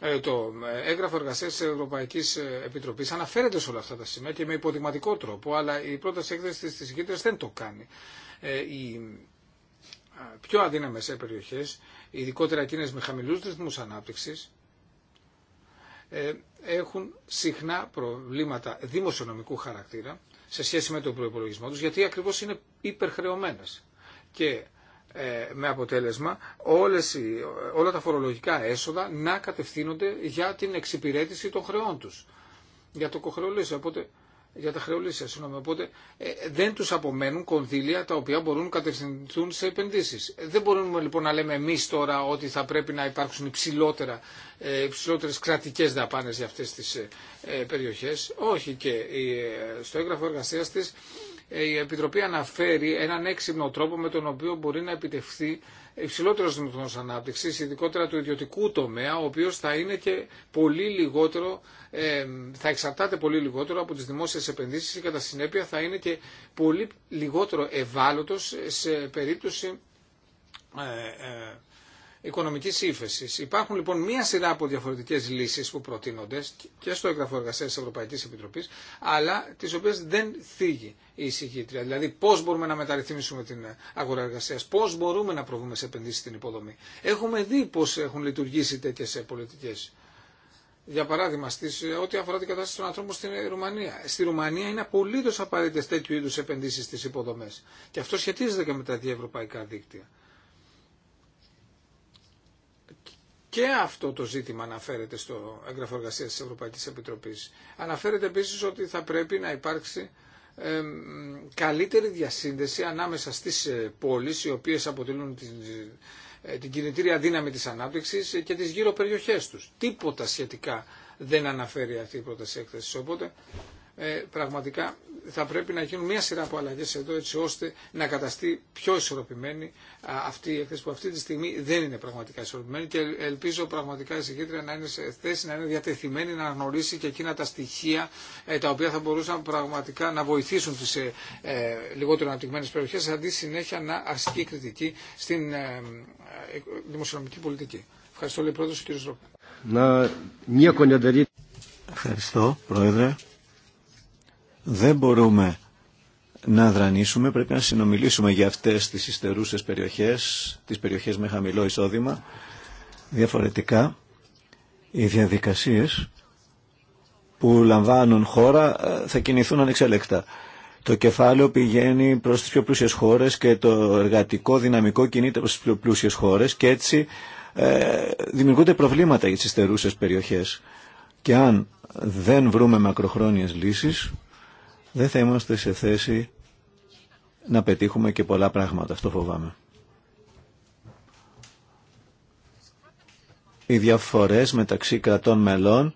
Ε, το έγγραφο εργασία τη Ευρωπαϊκή Επιτροπή αναφέρεται σε όλα αυτά τα σημεία και με υποδειγματικό τρόπο, αλλά η πρόταση έκθεση τη συγκέντρωση δεν το κάνει. Ε, οι πιο αδύναμε περιοχέ, ειδικότερα εκείνε με χαμηλού ρυθμού ανάπτυξη, ε, έχουν συχνά προβλήματα δημοσιονομικού χαρακτήρα σε σχέση με τον προπολογισμό του γιατί ακριβώ είναι υπερχρεωμένε. Και ε, με αποτέλεσμα όλες, όλα τα φορολογικά έσοδα να κατευθύνονται για την εξυπηρέτηση των χρεών τους. Για το οπότε, για τα χρεολύσια, συγγνώμη, οπότε ε, δεν τους απομένουν κονδύλια τα οποία μπορούν να κατευθυνθούν σε επενδύσεις. Δεν μπορούμε λοιπόν να λέμε εμείς τώρα ότι θα πρέπει να υπάρξουν υψηλότερα, κρατικέ ε, υψηλότερες κρατικές δαπάνες για αυτές τις ε, περιοχές. Όχι και στο έγγραφο εργασίας της η Επιτροπή αναφέρει έναν έξυπνο τρόπο με τον οποίο μπορεί να επιτευχθεί υψηλότερο δυνατό ανάπτυξη, ειδικότερα του ιδιωτικού τομέα, ο οποίο θα είναι και πολύ λιγότερο, θα εξαρτάται πολύ λιγότερο από τι δημόσιε επενδύσει και κατά συνέπεια θα είναι και πολύ λιγότερο ευάλωτο σε περίπτωση ε, ε, οικονομική ύφεση. Υπάρχουν λοιπόν μία σειρά από διαφορετικέ λύσει που προτείνονται και στο έγγραφο εργασία τη Ευρωπαϊκή Επιτροπή, αλλά τι οποίε δεν θίγει η εισηγήτρια. Δηλαδή, πώ μπορούμε να μεταρρυθμίσουμε την αγορά εργασία, πώ μπορούμε να προβούμε σε επενδύσει στην υποδομή. Έχουμε δει πώ έχουν λειτουργήσει τέτοιε πολιτικέ. Για παράδειγμα, στις, ό,τι αφορά την κατάσταση των ανθρώπων στην Ρουμανία. Στη Ρουμανία είναι απολύτω απαραίτητε τέτοιου είδου επενδύσει στι υποδομέ. Και αυτό σχετίζεται και με τα διευρωπαϊκά δίκτυα. και αυτό το ζήτημα αναφέρεται στο έγγραφο εργασία της Ευρωπαϊκή Επιτροπής. Αναφέρεται επίσης ότι θα πρέπει να υπάρξει καλύτερη διασύνδεση ανάμεσα στις ε, πόλεις οι οποίες αποτελούν την, ε, την κινητήρια δύναμη της ανάπτυξης και τι γύρω περιοχέ τους. Τίποτα σχετικά δεν αναφέρει αυτή η πρόταση έκθεση. Οπότε ε, πραγματικά θα πρέπει να γίνουν μια σειρά από αλλαγέ εδώ έτσι ώστε να καταστεί πιο ισορροπημένη αυτή η έκθεση που αυτή τη στιγμή δεν είναι πραγματικά ισορροπημένη και ελπίζω πραγματικά η συγκέντρια να είναι σε θέση να είναι διατεθειμένη να γνωρίσει και εκείνα τα στοιχεία ε, τα οποία θα μπορούσαν πραγματικά να βοηθήσουν τι ε, λιγότερο αναπτυγμένε περιοχέ αντί συνέχεια να ασκεί κριτική στην δημοσιονομική πολιτική. Ευχαριστώ, λέει πρόεδρο, κύριο Ρόπ. Ευχαριστώ, πρόεδρε. Δεν μπορούμε να δρανίσουμε, πρέπει να συνομιλήσουμε για αυτές τις υστερούσες περιοχές, τις περιοχές με χαμηλό εισόδημα. Διαφορετικά, οι διαδικασίες που λαμβάνουν χώρα ε, θα κινηθούν ανεξέλεκτα. Το κεφάλαιο πηγαίνει προς τις πιο πλούσιες χώρες και το εργατικό δυναμικό κινείται προς τις πιο πλούσιες χώρες και έτσι ε, δημιουργούνται προβλήματα για τις περιοχές. Και αν δεν βρούμε μακροχρόνιες λύσεις, δεν θα είμαστε σε θέση να πετύχουμε και πολλά πράγματα. Αυτό φοβάμαι. Οι διαφορές μεταξύ κρατών μελών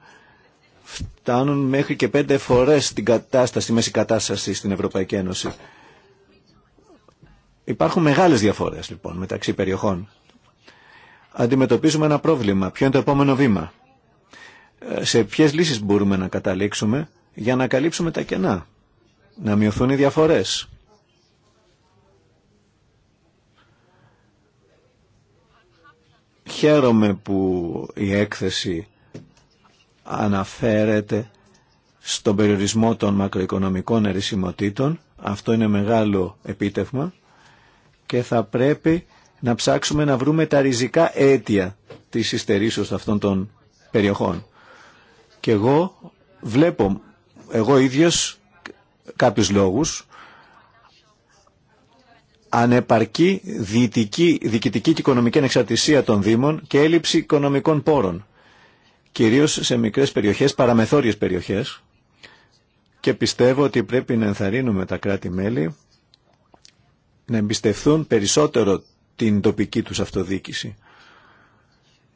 φτάνουν μέχρι και πέντε φορές την κατάσταση, μέση κατάσταση στην Ευρωπαϊκή Ένωση. Υπάρχουν μεγάλες διαφορές λοιπόν μεταξύ περιοχών. Αντιμετωπίζουμε ένα πρόβλημα. Ποιο είναι το επόμενο βήμα. Ε, σε ποιες λύσεις μπορούμε να καταλήξουμε για να καλύψουμε τα κενά να μειωθούν οι διαφορές. Χαίρομαι που η έκθεση αναφέρεται στον περιορισμό των μακροοικονομικών ερησιμοτήτων. Αυτό είναι μεγάλο επίτευγμα και θα πρέπει να ψάξουμε να βρούμε τα ριζικά αίτια της ειστερήσεως αυτών των περιοχών. Και εγώ βλέπω, εγώ ίδιος κάποιους λόγους ανεπαρκή διοικητική, διοικητική και οικονομική ανεξαρτησία των Δήμων και έλλειψη οικονομικών πόρων, κυρίως σε μικρές περιοχές, παραμεθόριες περιοχές και πιστεύω ότι πρέπει να ενθαρρύνουμε τα κράτη-μέλη να εμπιστευθούν περισσότερο την τοπική τους αυτοδίκηση.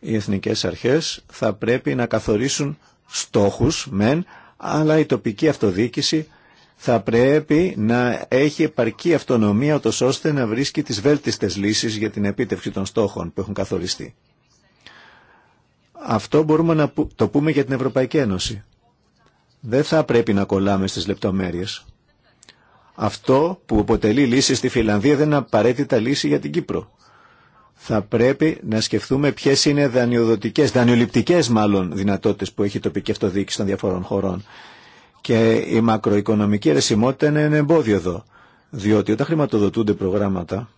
Οι εθνικές αρχές θα πρέπει να καθορίσουν στόχους μεν, αλλά η τοπική αυτοδίκηση θα πρέπει να έχει επαρκή αυτονομία ώστε να βρίσκει τις βέλτιστες λύσεις για την επίτευξη των στόχων που έχουν καθοριστεί. Αυτό μπορούμε να το πούμε για την Ευρωπαϊκή Ένωση. Δεν θα πρέπει να κολλάμε στις λεπτομέρειες. Αυτό που αποτελεί λύση στη Φιλανδία δεν είναι απαραίτητα λύση για την Κύπρο. Θα πρέπει να σκεφτούμε ποιε είναι δανειοδοτικέ, δανειοληπτικέ μάλλον δυνατότητε που έχει η τοπική αυτοδιοίκηση των διαφορών χωρών. Και η μακροοικονομική αιρεσιμότητα είναι ένα εμπόδιο εδώ. Διότι όταν χρηματοδοτούνται προγράμματα,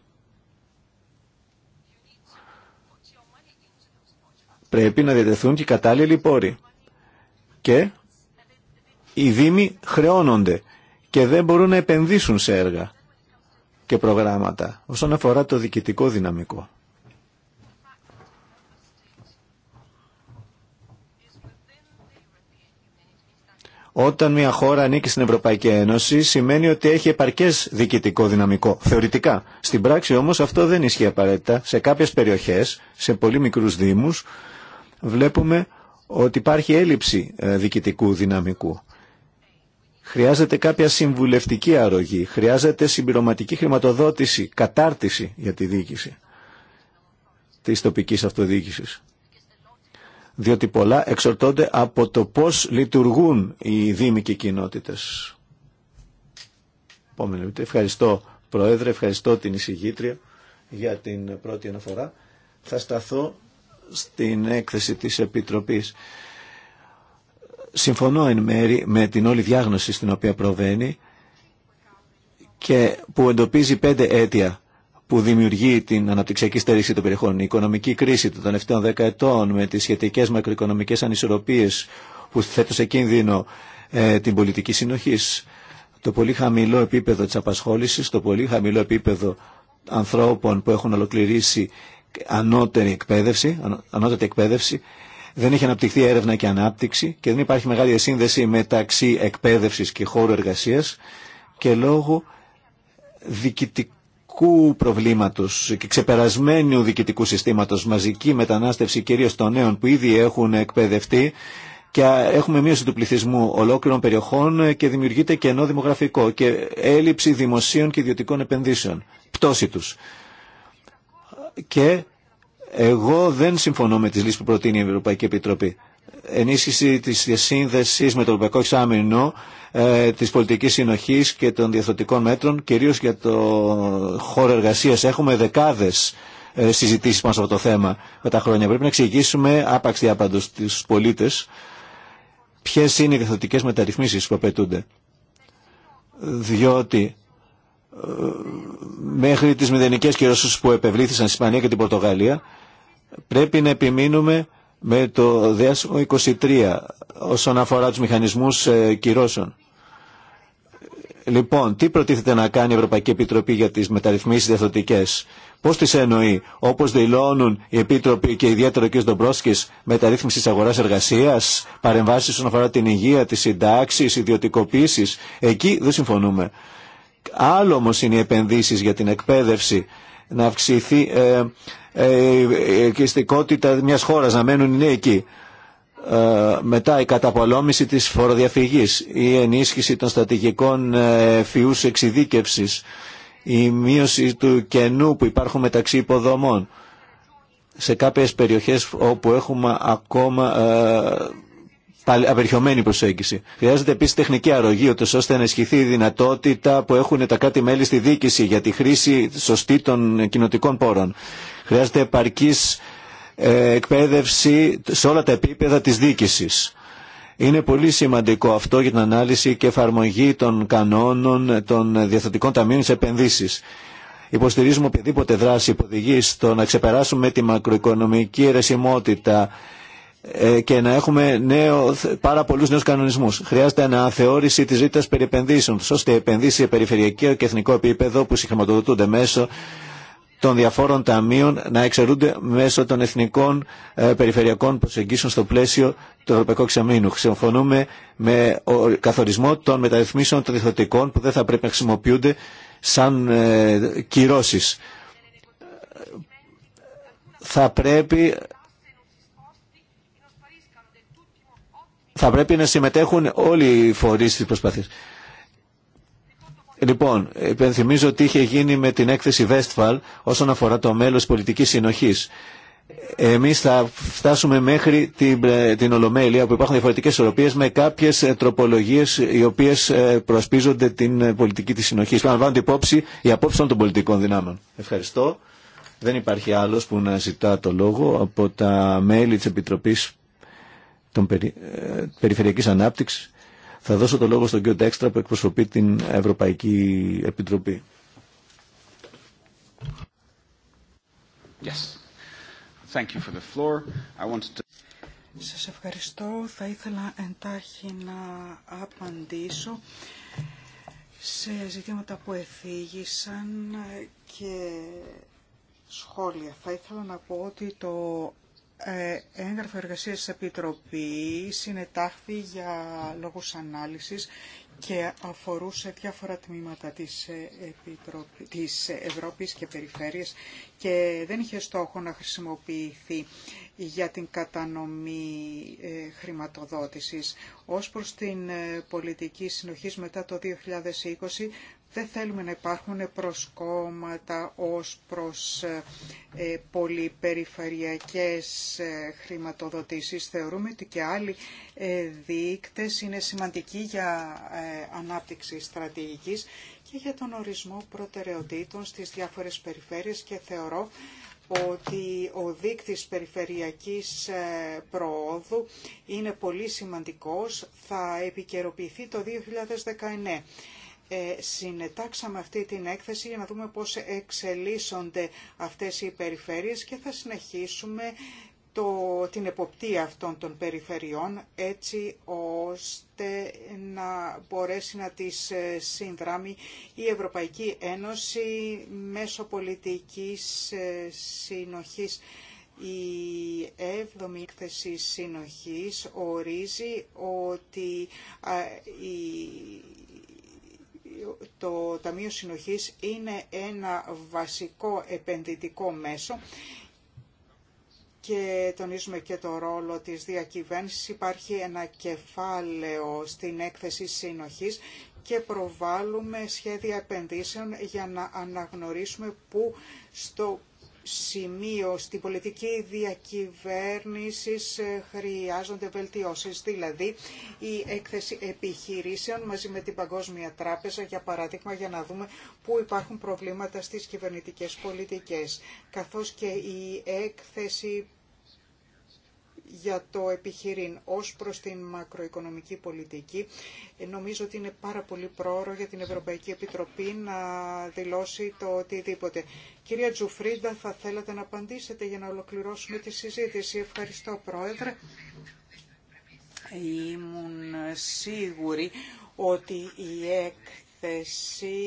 πρέπει να διατεθούν και οι κατάλληλοι πόροι. Και οι δήμοι χρεώνονται και δεν μπορούν να επενδύσουν σε έργα και προγράμματα όσον αφορά το διοικητικό δυναμικό. Όταν μια χώρα ανήκει στην Ευρωπαϊκή Ένωση σημαίνει ότι έχει επαρκέ διοικητικό δυναμικό, θεωρητικά. Στην πράξη όμω αυτό δεν ισχύει απαραίτητα. Σε κάποιε περιοχέ, σε πολύ μικρού δήμου, βλέπουμε ότι υπάρχει έλλειψη ε, διοικητικού δυναμικού. Χρειάζεται κάποια συμβουλευτική αρρωγή, χρειάζεται συμπληρωματική χρηματοδότηση, κατάρτιση για τη διοίκηση της τοπικής αυτοδιοίκησης διότι πολλά εξορτώνται από το πώς λειτουργούν οι δήμοι και οι κοινότητες. ευχαριστώ Πρόεδρε, ευχαριστώ την εισηγήτρια για την πρώτη αναφορά. Θα σταθώ στην έκθεση της Επιτροπής. Συμφωνώ εν μέρη με την όλη διάγνωση στην οποία προβαίνει και που εντοπίζει πέντε αίτια που δημιουργεί την αναπτυξιακή στέρηση των περιοχών. Η οικονομική κρίση των τελευταίων ετών με τις σχετικές μακροοικονομικές ανισορροπίες που θέτουν σε κίνδυνο ε, την πολιτική συνοχή, το πολύ χαμηλό επίπεδο της απασχόλησης, το πολύ χαμηλό επίπεδο ανθρώπων που έχουν ολοκληρήσει ανώτερη εκπαίδευση, ανώτερη εκπαίδευση, δεν έχει αναπτυχθεί έρευνα και ανάπτυξη και δεν υπάρχει μεγάλη σύνδεση μεταξύ εκπαίδευσης και χώρου εργασίας και λόγω διοικητικών διοικητικού προβλήματος και ξεπερασμένου διοικητικού συστήματος, μαζική μετανάστευση κυρίως των νέων που ήδη έχουν εκπαιδευτεί και έχουμε μείωση του πληθυσμού ολόκληρων περιοχών και δημιουργείται κενό δημογραφικό και έλλειψη δημοσίων και ιδιωτικών επενδύσεων, πτώση τους. Και εγώ δεν συμφωνώ με τις λύσεις που προτείνει η Ευρωπαϊκή Επιτροπή ενίσχυση της σύνδεσης με το Ευρωπαϊκό Εξάμεινο ε, της πολιτικής συνοχής και των διαθωτικών μέτρων, κυρίως για το χώρο εργασίας. Έχουμε δεκάδες ε, συζητήσεις πάνω σε αυτό το θέμα με τα χρόνια. Πρέπει να εξηγήσουμε άπαξ διάπαντος στους πολίτες ποιες είναι οι διαθωτικέ μεταρρυθμίσεις που απαιτούνται. Διότι ε, μέχρι τις μηδενικές κυρώσεις που επευλήθησαν στην Ισπανία και την Πορτογαλία πρέπει να επιμείνουμε με το διάστημα 23 όσον αφορά τους μηχανισμούς ε, κυρώσεων. Λοιπόν, τι προτίθεται να κάνει η Ευρωπαϊκή Επιτροπή για τις μεταρρυθμίσεις διαθωτικές. Πώς τις εννοεί, όπως δηλώνουν οι Επίτροποι και ιδιαίτερα ο κ. Ντομπρόσκης, μεταρρύθμιση αγοράς εργασίας, παρεμβάσεις όσον αφορά την υγεία, τις συντάξεις, ιδιωτικοποίησεις. Εκεί δεν συμφωνούμε. Άλλο όμως είναι οι επενδύσεις για την εκπαίδευση, να αυξηθεί ε, ε, η ελκυστικότητα μιας χώρας, να μένουν οι νέοι εκεί. Ε, μετά η καταπολόμηση της φοροδιαφυγής, η ενίσχυση των στρατηγικών ε, φιούς εξειδίκευσης, η μείωση του κενού που υπάρχουν μεταξύ υποδομών σε κάποιες περιοχές όπου έχουμε ακόμα ε, απερχιωμένη προσέγγιση. Χρειάζεται επίση τεχνική αρρωγή, ώστε να ισχυθεί η δυνατότητα που έχουν τα κράτη-μέλη στη δίκηση για τη χρήση σωστή των κοινοτικών πόρων. Χρειάζεται επαρκή ε, εκπαίδευση σε όλα τα επίπεδα τη δίκηση. Είναι πολύ σημαντικό αυτό για την ανάλυση και εφαρμογή των κανόνων των διαθετικών ταμείων σε επενδύσει. Υποστηρίζουμε οποιαδήποτε δράση που οδηγεί στο να ξεπεράσουμε τη μακροοικονομική αιρεσιμότητα ε, και να έχουμε νέο, πάρα πολλού νέου κανονισμού. Χρειάζεται αναθεώρηση της ρήτρα περί επενδύσεων, ώστε οι επενδύσει σε περιφερειακό και εθνικό επίπεδο που συγχρηματοδοτούνται μέσω των διαφόρων ταμείων να εξαιρούνται μέσω των εθνικών ε, περιφερειακών προσεγγίσεων στο πλαίσιο του Ευρωπαϊκού Εξαμήνου. Συμφωνούμε με ο καθορισμό των μεταρρυθμίσεων των διθωτικών που δεν θα πρέπει να χρησιμοποιούνται σαν ε, Θα πρέπει θα πρέπει να συμμετέχουν όλοι οι φορείς της προσπάθειες. Λοιπόν, υπενθυμίζω ότι είχε γίνει με την έκθεση Westphal όσον αφορά το μέλος πολιτικής συνοχής. Εμείς θα φτάσουμε μέχρι την, ε, την Ολομέλεια που υπάρχουν διαφορετικές ισορροπίες με κάποιες ε, τροπολογίες οι οποίες ε, προσπίζονται την πολιτική της συνοχής. Πρέπει να λαμβάνονται υπόψη οι απόψεις των πολιτικών δυνάμεων. Ευχαριστώ. Δεν υπάρχει άλλος που να ζητά το λόγο από τα μέλη της Επιτροπής των περι, ε, περιφερειακής ανάπτυξης. Θα δώσω το λόγο στον κ. Τέξτρα που εκπροσωπεί την Ευρωπαϊκή Επιτροπή. Yes. Thank you for the floor. I wanted to... Σας ευχαριστώ. Θα ήθελα εντάχει να απαντήσω σε ζητήματα που εφήγησαν και σχόλια. Θα ήθελα να πω ότι το ε, έγγραφο εργασίας της Επιτροπής συνετάχθη για λόγους ανάλυσης και αφορούσε διάφορα τμήματα της, ε, Επιτροπή, της Ευρώπης και περιφέρειες και δεν είχε στόχο να χρησιμοποιηθεί για την κατανομή ε, χρηματοδότησης. Ως προς την πολιτική συνοχής μετά το 2020 δεν θέλουμε να υπάρχουν προσκόμματα ως προς ε, ε, πολυπεριφερειακές ε, χρηματοδοτήσεις. Θεωρούμε ότι και άλλοι δείκτες είναι σημαντικοί για ανάπτυξη στρατηγικής και για τον ορισμό προτεραιοτήτων στις διάφορες περιφέρειες και θεωρώ ότι ο δείκτης περιφερειακής προόδου είναι πολύ σημαντικός, θα επικαιροποιηθεί το 2019. Ε, συνετάξαμε αυτή την έκθεση για να δούμε πώς εξελίσσονται αυτές οι περιφέρειες και θα συνεχίσουμε το, την εποπτεία αυτών των περιφερειών έτσι ώστε να μπορέσει να τις ε, συνδράμει η Ευρωπαϊκή Ένωση μέσω πολιτικής ε, συνοχής. Η έβδομη εκθεση συνοχης οριζει οτι η το Ταμείο Συνοχής είναι ένα βασικό επενδυτικό μέσο και τονίζουμε και το ρόλο της διακυβέρνησης. Υπάρχει ένα κεφάλαιο στην έκθεση συνοχής και προβάλλουμε σχέδια επενδύσεων για να αναγνωρίσουμε που στο σημείο στην πολιτική διακυβέρνηση ε, χρειάζονται βελτιώσεις. Δηλαδή η έκθεση επιχειρήσεων μαζί με την Παγκόσμια Τράπεζα για παράδειγμα για να δούμε πού υπάρχουν προβλήματα στις κυβερνητικέ πολιτικές. Καθώς και η έκθεση για το επιχειρήν ως προς την μακροοικονομική πολιτική. Ε, νομίζω ότι είναι πάρα πολύ πρόωρο για την Ευρωπαϊκή Επιτροπή να δηλώσει το οτιδήποτε. Κυρία Τζουφρίντα, θα θέλατε να απαντήσετε για να ολοκληρώσουμε τη συζήτηση. Ευχαριστώ, Πρόεδρε. Ήμουν σίγουρη ότι η έκθεση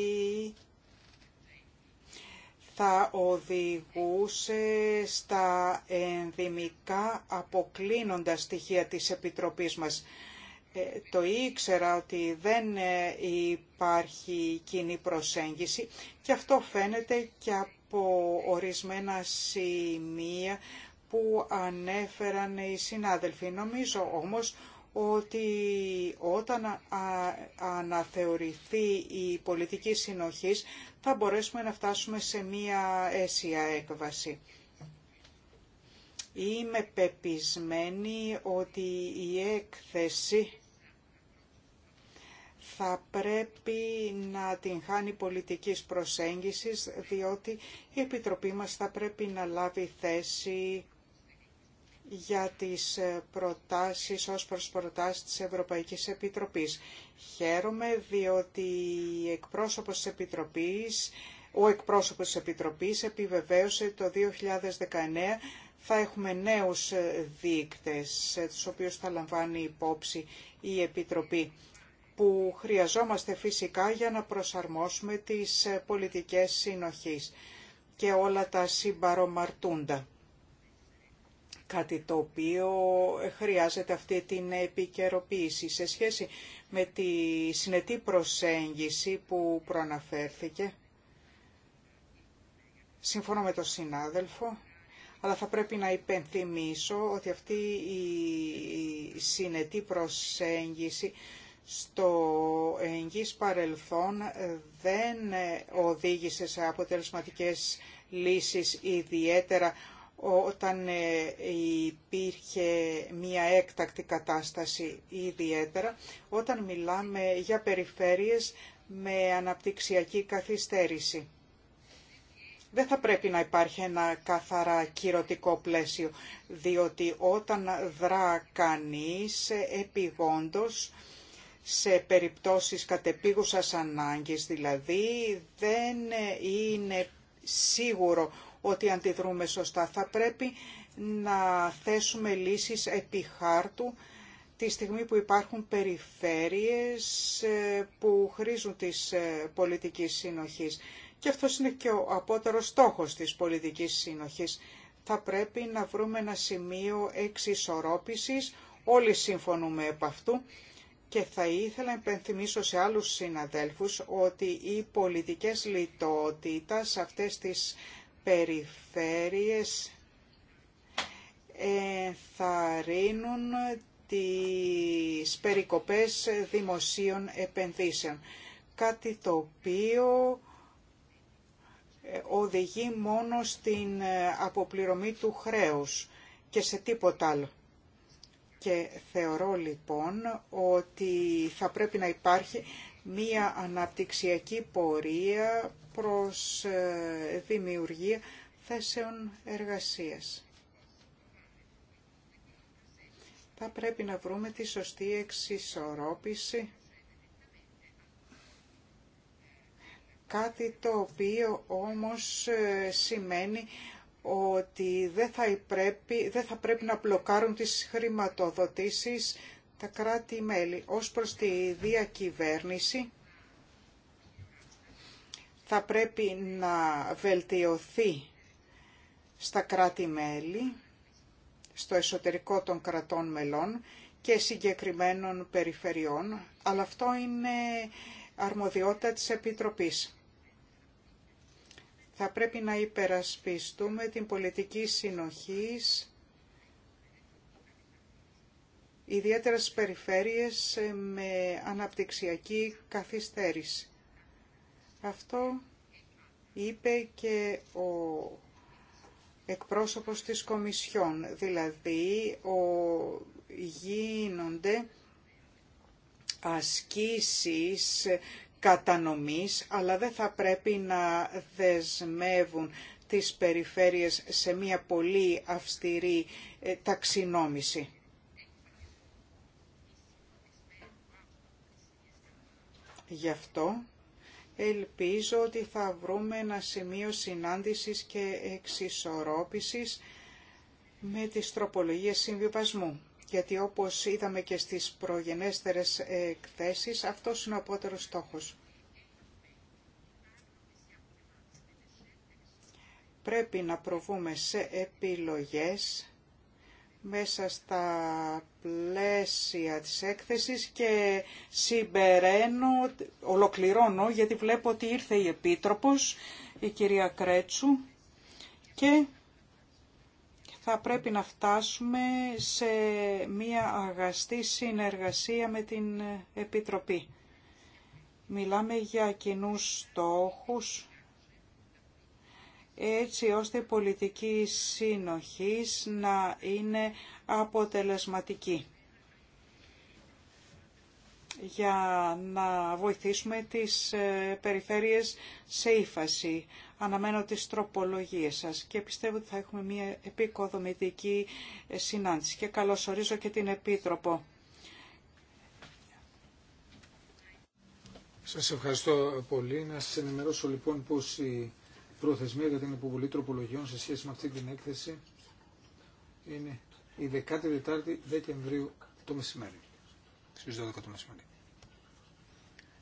θα οδηγούσε στα ενδυμικά αποκλίνοντα στοιχεία της Επιτροπής μας. Ε, το ήξερα ότι δεν ε, υπάρχει κοινή προσέγγιση και αυτό φαίνεται και από ορισμένα σημεία που ανέφεραν οι συνάδελφοι. Νομίζω όμως ότι όταν αναθεωρηθεί η πολιτική συνοχής θα μπορέσουμε να φτάσουμε σε μία αίσια έκβαση. Είμαι πεπισμένη ότι η έκθεση θα πρέπει να την χάνει πολιτικής προσέγγισης, διότι η Επιτροπή μας θα πρέπει να λάβει θέση για τις ε, προτάσεις ως προς προτάσεις της Ευρωπαϊκής Επιτροπής. Χαίρομαι διότι εκπρόσωπος της Επιτροπής, ο εκπρόσωπος της Επιτροπής επιβεβαίωσε το 2019 θα έχουμε νέους ε, δείκτες, ε, τους οποίους θα λαμβάνει υπόψη η Επιτροπή που χρειαζόμαστε φυσικά για να προσαρμόσουμε τις πολιτικές συνοχής και όλα τα συμπαρομαρτούντα κάτι το οποίο χρειάζεται αυτή την επικαιροποίηση σε σχέση με τη συνετή προσέγγιση που προαναφέρθηκε. Συμφωνώ με τον συνάδελφο, αλλά θα πρέπει να υπενθυμίσω ότι αυτή η συνετή προσέγγιση στο εγγύς παρελθόν δεν οδήγησε σε αποτελεσματικές λύσεις ιδιαίτερα όταν ε, υπήρχε μια έκτακτη κατάσταση ιδιαίτερα, όταν μιλάμε για περιφέρειες με αναπτυξιακή καθυστέρηση. Δεν θα πρέπει να υπάρχει ένα καθαρά κυρωτικό πλαίσιο, διότι όταν δρά κανείς επιγόντως, σε περιπτώσεις κατεπίγουσας ανάγκης, δηλαδή δεν είναι σίγουρο ότι αντιδρούμε σωστά. Θα πρέπει να θέσουμε λύσεις επί χάρτου τη στιγμή που υπάρχουν περιφέρειες ε, που χρήζουν της ε, πολιτικής συνοχής. Και αυτό είναι και ο απότερος στόχος της πολιτικής συνοχής. Θα πρέπει να βρούμε ένα σημείο εξισορρόπησης, όλοι συμφωνούμε επ' αυτού, και θα ήθελα να υπενθυμίσω σε άλλους συναδέλφους ότι οι πολιτικές λιτότητας αυτές τις περιφέρειες ενθαρρύνουν τις περικοπές δημοσίων επενδύσεων. Κάτι το οποίο ε, οδηγεί μόνο στην ε, αποπληρωμή του χρέους και σε τίποτα άλλο. Και θεωρώ λοιπόν ότι θα πρέπει να υπάρχει μία αναπτυξιακή πορεία προς ε, δημιουργία θέσεων εργασίας. Θα πρέπει να βρούμε τη σωστή εξισορρόπηση, κάτι το οποίο όμως ε, σημαίνει ότι δεν θα πρέπει, θα πρέπει να μπλοκάρουν τις χρηματοδοτήσεις τα κράτη-μέλη ως προς τη διακυβέρνηση θα πρέπει να βελτιωθεί στα κράτη-μέλη, στο εσωτερικό των κρατών μελών και συγκεκριμένων περιφερειών, αλλά αυτό είναι αρμοδιότητα της Επιτροπής. Θα πρέπει να υπερασπιστούμε την πολιτική συνοχής, ιδιαίτερα στις περιφέρειες με αναπτυξιακή καθυστέρηση. Αυτό είπε και ο εκπρόσωπος της Κομισιόν, δηλαδή ο, γίνονται ασκήσεις κατανομής, αλλά δεν θα πρέπει να δεσμεύουν τις περιφέρειες σε μια πολύ αυστηρή ε, ταξινόμηση. Γι' αυτό Ελπίζω ότι θα βρούμε ένα σημείο συνάντησης και εξισορρόπησης με τις τροπολογίες συμβιβασμού. Γιατί όπως είδαμε και στις προγενέστερες εκθέσεις, αυτός είναι ο απότερος στόχος. Πρέπει να προβούμε σε επιλογές μέσα στα πλαίσια της έκθεσης και συμπεραίνω, ολοκληρώνω γιατί βλέπω ότι ήρθε η Επίτροπος, η κυρία Κρέτσου και θα πρέπει να φτάσουμε σε μία αγαστή συνεργασία με την Επιτροπή. Μιλάμε για κοινούς στόχους έτσι ώστε η πολιτική σύνοχης να είναι αποτελεσματική για να βοηθήσουμε τις ε, περιφέρειες σε ύφαση. Αναμένω τις τροπολογίες σας και πιστεύω ότι θα έχουμε μια επικοδομητική ε, συνάντηση και καλωσορίζω και την Επίτροπο. Σας ευχαριστώ πολύ. Να σας ενημερώσω λοιπόν πως η προθεσμία για την υποβολή τροπολογιών σε σχέση με αυτή την έκθεση είναι η 14η Δεκεμβρίου το μεσημέρι. Στις 12 το μεσημέρι.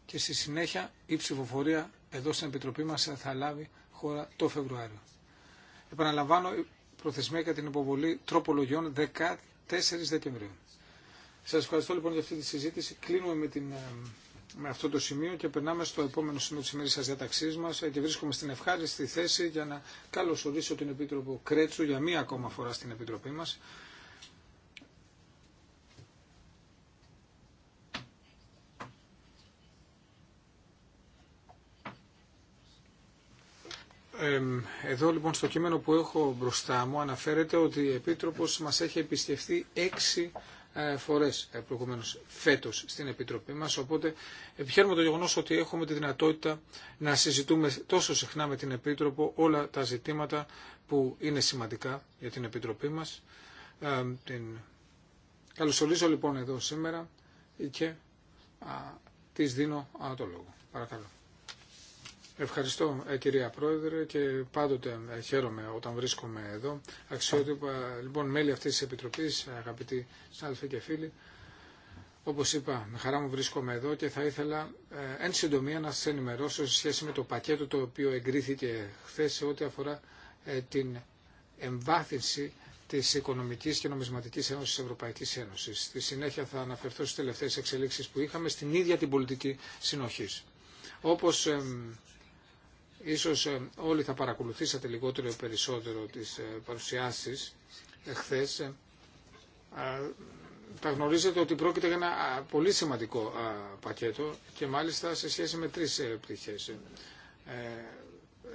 Και στη συνέχεια η ψηφοφορία εδώ στην Επιτροπή μας θα λάβει χώρα το Φεβρουάριο. Επαναλαμβάνω, η προθεσμία για την υποβολή τροπολογιών 14 Δεκεμβρίου. Σας ευχαριστώ λοιπόν για αυτή τη συζήτηση. Κλείνουμε με την ε, με αυτό το σημείο και περνάμε στο επόμενο σημείο της ημέρης σας διαταξής μας ε, και βρίσκομαι στην ευχάριστη θέση για να καλωσορίσω την Επίτροπο Κρέτσου για μία ακόμα φορά στην Επιτροπή μας. Εδώ λοιπόν στο κείμενο που έχω μπροστά μου αναφέρεται ότι η Επίτροπος μας έχει επισκεφθεί έξι ε, φορές ε, προηγουμένω φέτος στην Επιτροπή μας, οπότε επιχαίρουμε το γεγονό ότι έχουμε τη δυνατότητα να συζητούμε τόσο συχνά με την Επίτροπο όλα τα ζητήματα που είναι σημαντικά για την Επιτροπή μας. Ε, την... Καλωσορίζω λοιπόν εδώ σήμερα και α, δίνω α, το λόγο. Παρακαλώ. Ευχαριστώ ε, κυρία Πρόεδρε και πάντοτε ε, χαίρομαι όταν βρίσκομαι εδώ. Αξιότυπα λοιπόν μέλη αυτής της Επιτροπής, αγαπητοί συνάδελφοι και φίλοι, όπως είπα, με χαρά μου βρίσκομαι εδώ και θα ήθελα ε, εν συντομία να σας ενημερώσω σε σχέση με το πακέτο το οποίο εγκρίθηκε χθες σε ό,τι αφορά ε, την εμβάθυνση της Οικονομικής και Νομισματικής Ένωσης της Ευρωπαϊκής Ένωσης. Στη συνέχεια θα αναφερθώ στις τελευταίες εξελίξεις που είχαμε στην ίδια την πολιτική συνοχής. Όπως Ίσως ε, όλοι θα παρακολουθήσατε λιγότερο ή περισσότερο τις ε, παρουσιάσεις εχθές. Θα ε, γνωρίζετε ότι πρόκειται για ένα πολύ σημαντικό πακέτο και μάλιστα σε σχέση με τρεις πτυχές.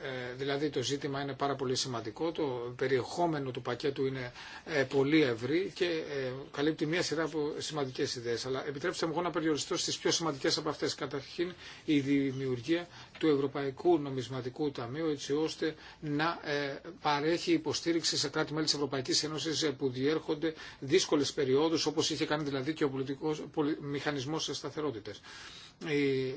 Ε, δηλαδή το ζήτημα είναι πάρα πολύ σημαντικό, το περιεχόμενο του πακέτου είναι ε, πολύ ευρύ και ε, καλύπτει μια σειρά από σημαντικές ιδέες. Αλλά επιτρέψτε μου εγώ να περιοριστώ στις πιο σημαντικές από αυτές. Καταρχήν η δημιουργία του Ευρωπαϊκού Νομισματικού Ταμείου έτσι ώστε να παρέχει υποστήριξη σε κράτη-μέλη της Ευρωπαϊκής Ένωσης που διέρχονται δύσκολες περιόδους όπως είχε κάνει δηλαδή και ο πολιτικός, μηχανισμός σταθερότητας η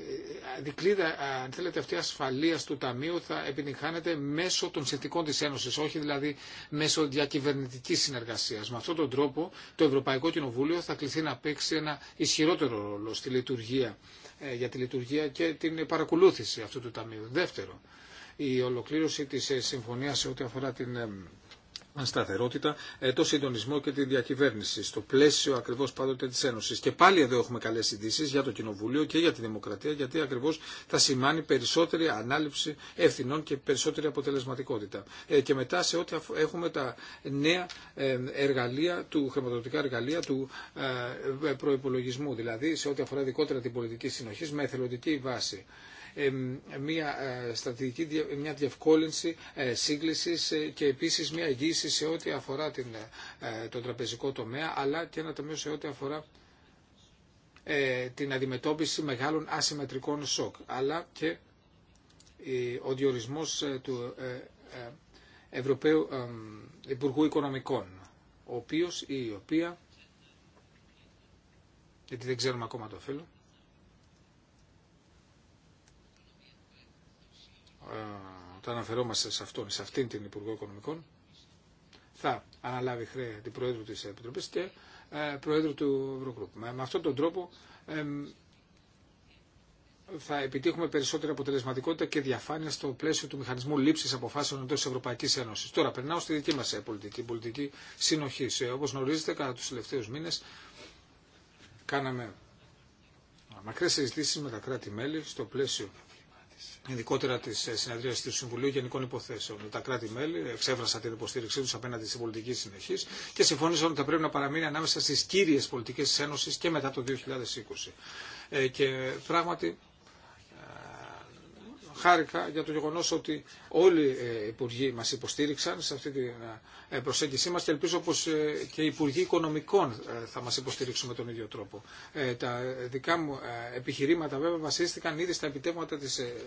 δικλίδα, αν θέλετε, αυτή ασφαλείας του Ταμείου θα επιτυγχάνεται μέσω των συνθηκών της Ένωσης, όχι δηλαδή μέσω διακυβερνητικής συνεργασίας. Με αυτόν τον τρόπο το Ευρωπαϊκό Κοινοβούλιο θα κληθεί να παίξει ένα ισχυρότερο ρόλο στη λειτουργία, ε, για τη λειτουργία και την παρακολούθηση αυτού του Ταμείου. Δεύτερο, η ολοκλήρωση της ε, συμφωνίας σε ό,τι αφορά την ε, σταθερότητα, ε, το συντονισμό και τη διακυβέρνηση, στο πλαίσιο ακριβώ πάντοτε τη Ένωση. Και πάλι εδώ έχουμε καλέ ειδήσει για το Κοινοβούλιο και για τη Δημοκρατία, γιατί ακριβώ θα σημάνει περισσότερη ανάληψη ευθυνών και περισσότερη αποτελεσματικότητα. Ε, και μετά σε ό,τι έχουμε τα νέα ε, εργαλεία, του χρηματοδοτικά εργαλεία του προπολογισμού, δηλαδή σε ό,τι αφορά ειδικότερα την πολιτική συνοχή με εθελοντική βάση μια ε, στρατηγική, μια διευκόλυνση ε, σύγκλησης ε, και επίσης μια εγγύηση σε ό,τι αφορά την, τον τραπεζικό τομέα αλλά και ένα τομέα σε ό,τι αφορά την αντιμετώπιση μεγάλων ασυμμετρικών σοκ αλλά και ο διορισμός του Ευρωπαίου Υπουργού Οικονομικών ο οποίος ή η οποία γιατί δεν ξέρουμε ακόμα το φίλο όταν ε, αναφερόμαστε σε αυτόν, σε αυτήν την Υπουργό Οικονομικών, θα αναλάβει χρέη την Προέδρου της Επιτροπής και ε, Προέδρου του Ευρωκρούπου. Με αυτόν τον τρόπο θα επιτύχουμε περισσότερη αποτελεσματικότητα και διαφάνεια στο πλαίσιο του μηχανισμού λήψη αποφάσεων εντό Ευρωπαϊκή Ένωση. Τώρα, περνάω στη δική μα ε, πολιτική, πολιτική συνοχή. Όπω γνωρίζετε, κατά του τελευταίου μήνε κάναμε μακρέ συζητήσει με τα κράτη-μέλη στο πλαίσιο ειδικότερα τη ε, συνεδρία του Συμβουλίου Γενικών Υποθέσεων. Τα κράτη-μέλη εξέφρασαν την υποστήριξή του απέναντι στην πολιτική συνεχή και συμφώνησαν ότι θα πρέπει να παραμείνει ανάμεσα στι κύριε πολιτικέ τη Ένωση και μετά το 2020. Ε, και πράγματι χάρηκα για το γεγονό ότι όλοι ε, οι υπουργοί μα υποστήριξαν σε αυτή την ε, προσέγγιση μα και ελπίζω πω ε, και οι υπουργοί οικονομικών θα μα υποστηρίξουν με τον ίδιο τρόπο. Τα δικά μου επιχειρήματα βέβαια βασίστηκαν ήδη στα επιτεύγματα τη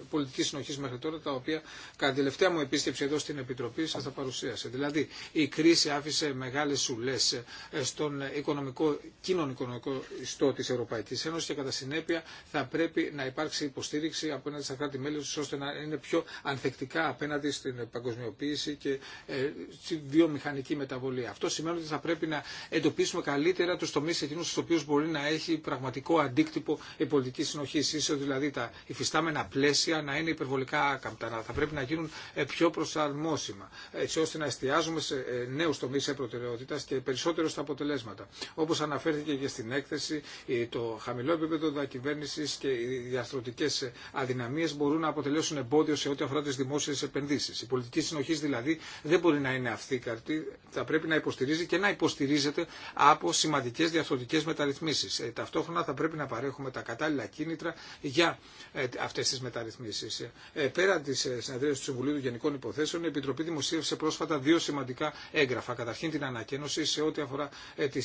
πολιτική συνοχή μέχρι τώρα, τα οποία κατά τελευταία μου επίσκεψη εδώ στην Επιτροπή σα τα παρουσίασε. Δηλαδή, η κρίση άφησε μεγάλε σουλέ στον οικονομικό, κοινωνικονομικό ιστό τη Ευρωπαϊκή Ένωση και κατά συνέπεια θα πρέπει να υπάρξει υποστήριξη από ένα στα κράτη-μέλη, ώστε να είναι πιο ανθεκτικά απέναντι στην ε, παγκοσμιοποίηση και ε, στη βιομηχανική μεταβολή. Αυτό σημαίνει ότι θα πρέπει να εντοπίσουμε καλύτερα του τομεί εκείνου στου οποίου μπορεί να έχει πραγματικό αντίκτυπο η πολιτική συνοχή. σω δηλαδή τα υφιστάμενα πλαίσια να είναι υπερβολικά άκαμπτα, να θα πρέπει να γίνουν ε, πιο προσαρμόσιμα, έτσι ώστε να εστιάζουμε σε νέου τομεί προτεραιότητα και περισσότερο στα αποτελέσματα. Όπω αναφέρθηκε και στην έκθεση, το χαμηλό επίπεδο διακυβέρνηση και οι διαστροτικέ αδυναμίε μπορούν να αποτελέσουν αποτελέσουν εμπόδιο σε ό,τι αφορά τι δημόσιε επενδύσει. Η πολιτική συνοχή δηλαδή δεν μπορεί να είναι αυτή Θα πρέπει να υποστηρίζει και να υποστηρίζεται από σημαντικέ διαφορετικέ μεταρρυθμίσει. Ε, ταυτόχρονα θα πρέπει να παρέχουμε τα κατάλληλα κίνητρα για ε, αυτέ τι μεταρρυθμίσει. Ε, πέρα τη συνεδρία του Συμβουλίου των Γενικών Υποθέσεων, η Επιτροπή δημοσίευσε πρόσφατα δύο σημαντικά έγγραφα. Καταρχήν την ανακαίνωση σε ό,τι αφορά τι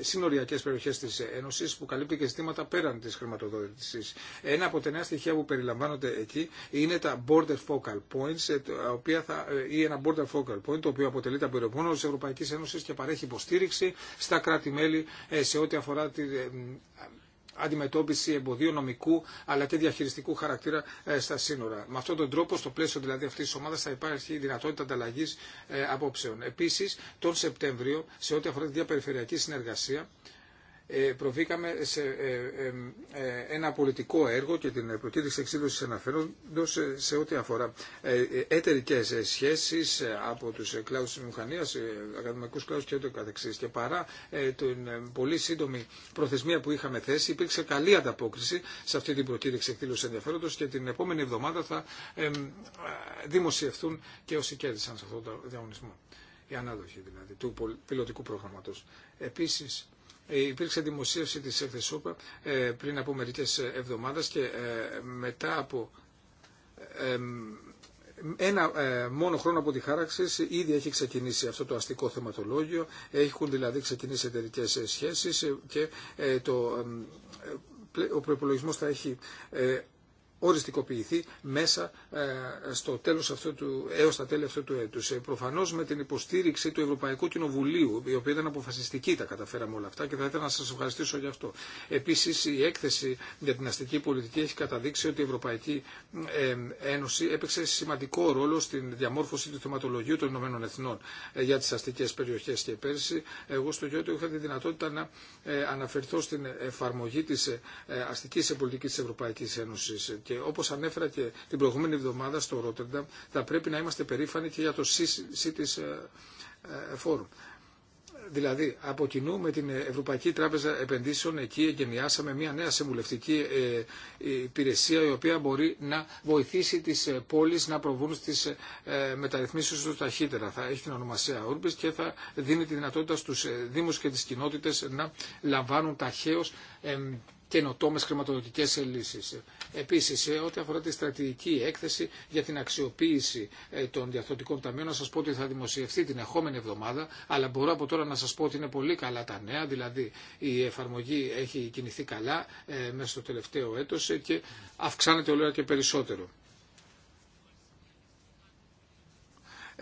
συνοριακέ περιοχέ τη Ένωση που καλύπτει και ζητήματα πέραν τη χρηματοδότηση. Ένα από τα νέα στοιχεία που περιλαμβάνονται εκεί είναι τα border focal points, ε, τα οποία θα, ε, ή ένα border focal point, το οποίο αποτελεί τα περιεχόμενα τη Ευρωπαϊκή Ένωση και παρέχει υποστήριξη στα κράτη-μέλη ε, σε ό,τι αφορά την αντιμετώπιση εμποδίων νομικού αλλά και διαχειριστικού χαρακτήρα στα σύνορα. Με αυτόν τον τρόπο, στο πλαίσιο δηλαδή αυτή τη ομάδα, θα υπάρχει δυνατότητα ανταλλαγή απόψεων. Επίση, τον Σεπτέμβριο, σε ό,τι αφορά τη διαπεριφερειακή συνεργασία, ε, προβήκαμε σε ε, ε, ένα πολιτικό έργο και την προκήρυξη εξήλωση αναφέροντο σε ό,τι αφορά εταιρικέ σχέσει από του κλάδου τη μηχανία, ακαδημαϊκού κλάδου και ούτω καθεξή. Και παρά την πολύ σύντομη προθεσμία που είχαμε θέσει, υπήρξε καλή ανταπόκριση σε αυτή την προκήρυξη εκδήλωση ενδιαφέροντο και την επόμενη εβδομάδα θα δημοσιευθούν και όσοι κέρδισαν σε αυτό το διαγωνισμό. Η ανάδοχη δηλαδή του πιλωτικού προγραμματό. Επίση. Ε, υπήρξε δημοσίευση της ε, πριν από μερικές εβδομάδες και ε, μετά από ένα ε, μόνο χρόνο από τη χάραξη ήδη έχει ξεκινήσει αυτό το αστικό θεματολόγιο, έχουν δηλαδή ξεκινήσει εταιρικέ σχέσεις και το, ο προπολογισμό θα έχει οριστικοποιηθεί μέσα ε, στο τέλος αυτού του, έως τα τέλη αυτού του έτους. Ε, προφανώς με την υποστήριξη του Ευρωπαϊκού Κοινοβουλίου, η οποία ήταν αποφασιστική τα καταφέραμε όλα αυτά και θα ήθελα να σας ευχαριστήσω για αυτό. Επίσης η έκθεση για την αστική πολιτική έχει καταδείξει ότι η Ευρωπαϊκή ε, Ένωση έπαιξε σημαντικό ρόλο στην διαμόρφωση του θεματολογίου των Ηνωμένων Εθνών για τις αστικές περιοχές και πέρσι εγώ στο Γιώτο είχα τη δυνατότητα να αναφερθώ στην εφαρμογή της αστικής πολιτικής της Ευρωπαϊκής Ένωσης και όπως ανέφερα και την προηγούμενη εβδομάδα στο Ρότερνταμ, θα πρέπει να είμαστε περήφανοι και για το Cities Forum. Ε, ε, δηλαδή, από κοινού με την Ευρωπαϊκή Τράπεζα Επενδύσεων εκεί εγκαινιάσαμε μια νέα συμβουλευτική ε, υπηρεσία η οποία μπορεί να βοηθήσει τις πόλεις να προβούν στις μεταρρυθμίσεις του ταχύτερα. Θα έχει την ονομασία Ούρμπης και θα δίνει τη δυνατότητα στους Δήμους και τις κοινότητες να λαμβάνουν ταχαίως καινοτόμες χρηματοδοτικές λύσεις. Επίσης, ό,τι αφορά τη στρατηγική έκθεση για την αξιοποίηση ε, των διαθροτικών ταμείων, να σα πω ότι θα δημοσιευθεί την ερχόμενη εβδομάδα, αλλά μπορώ από τώρα να σας πω ότι είναι πολύ καλά τα νέα, δηλαδή η εφαρμογή έχει κινηθεί καλά ε, μέσα στο τελευταίο έτος ε, και αυξάνεται όλο και περισσότερο.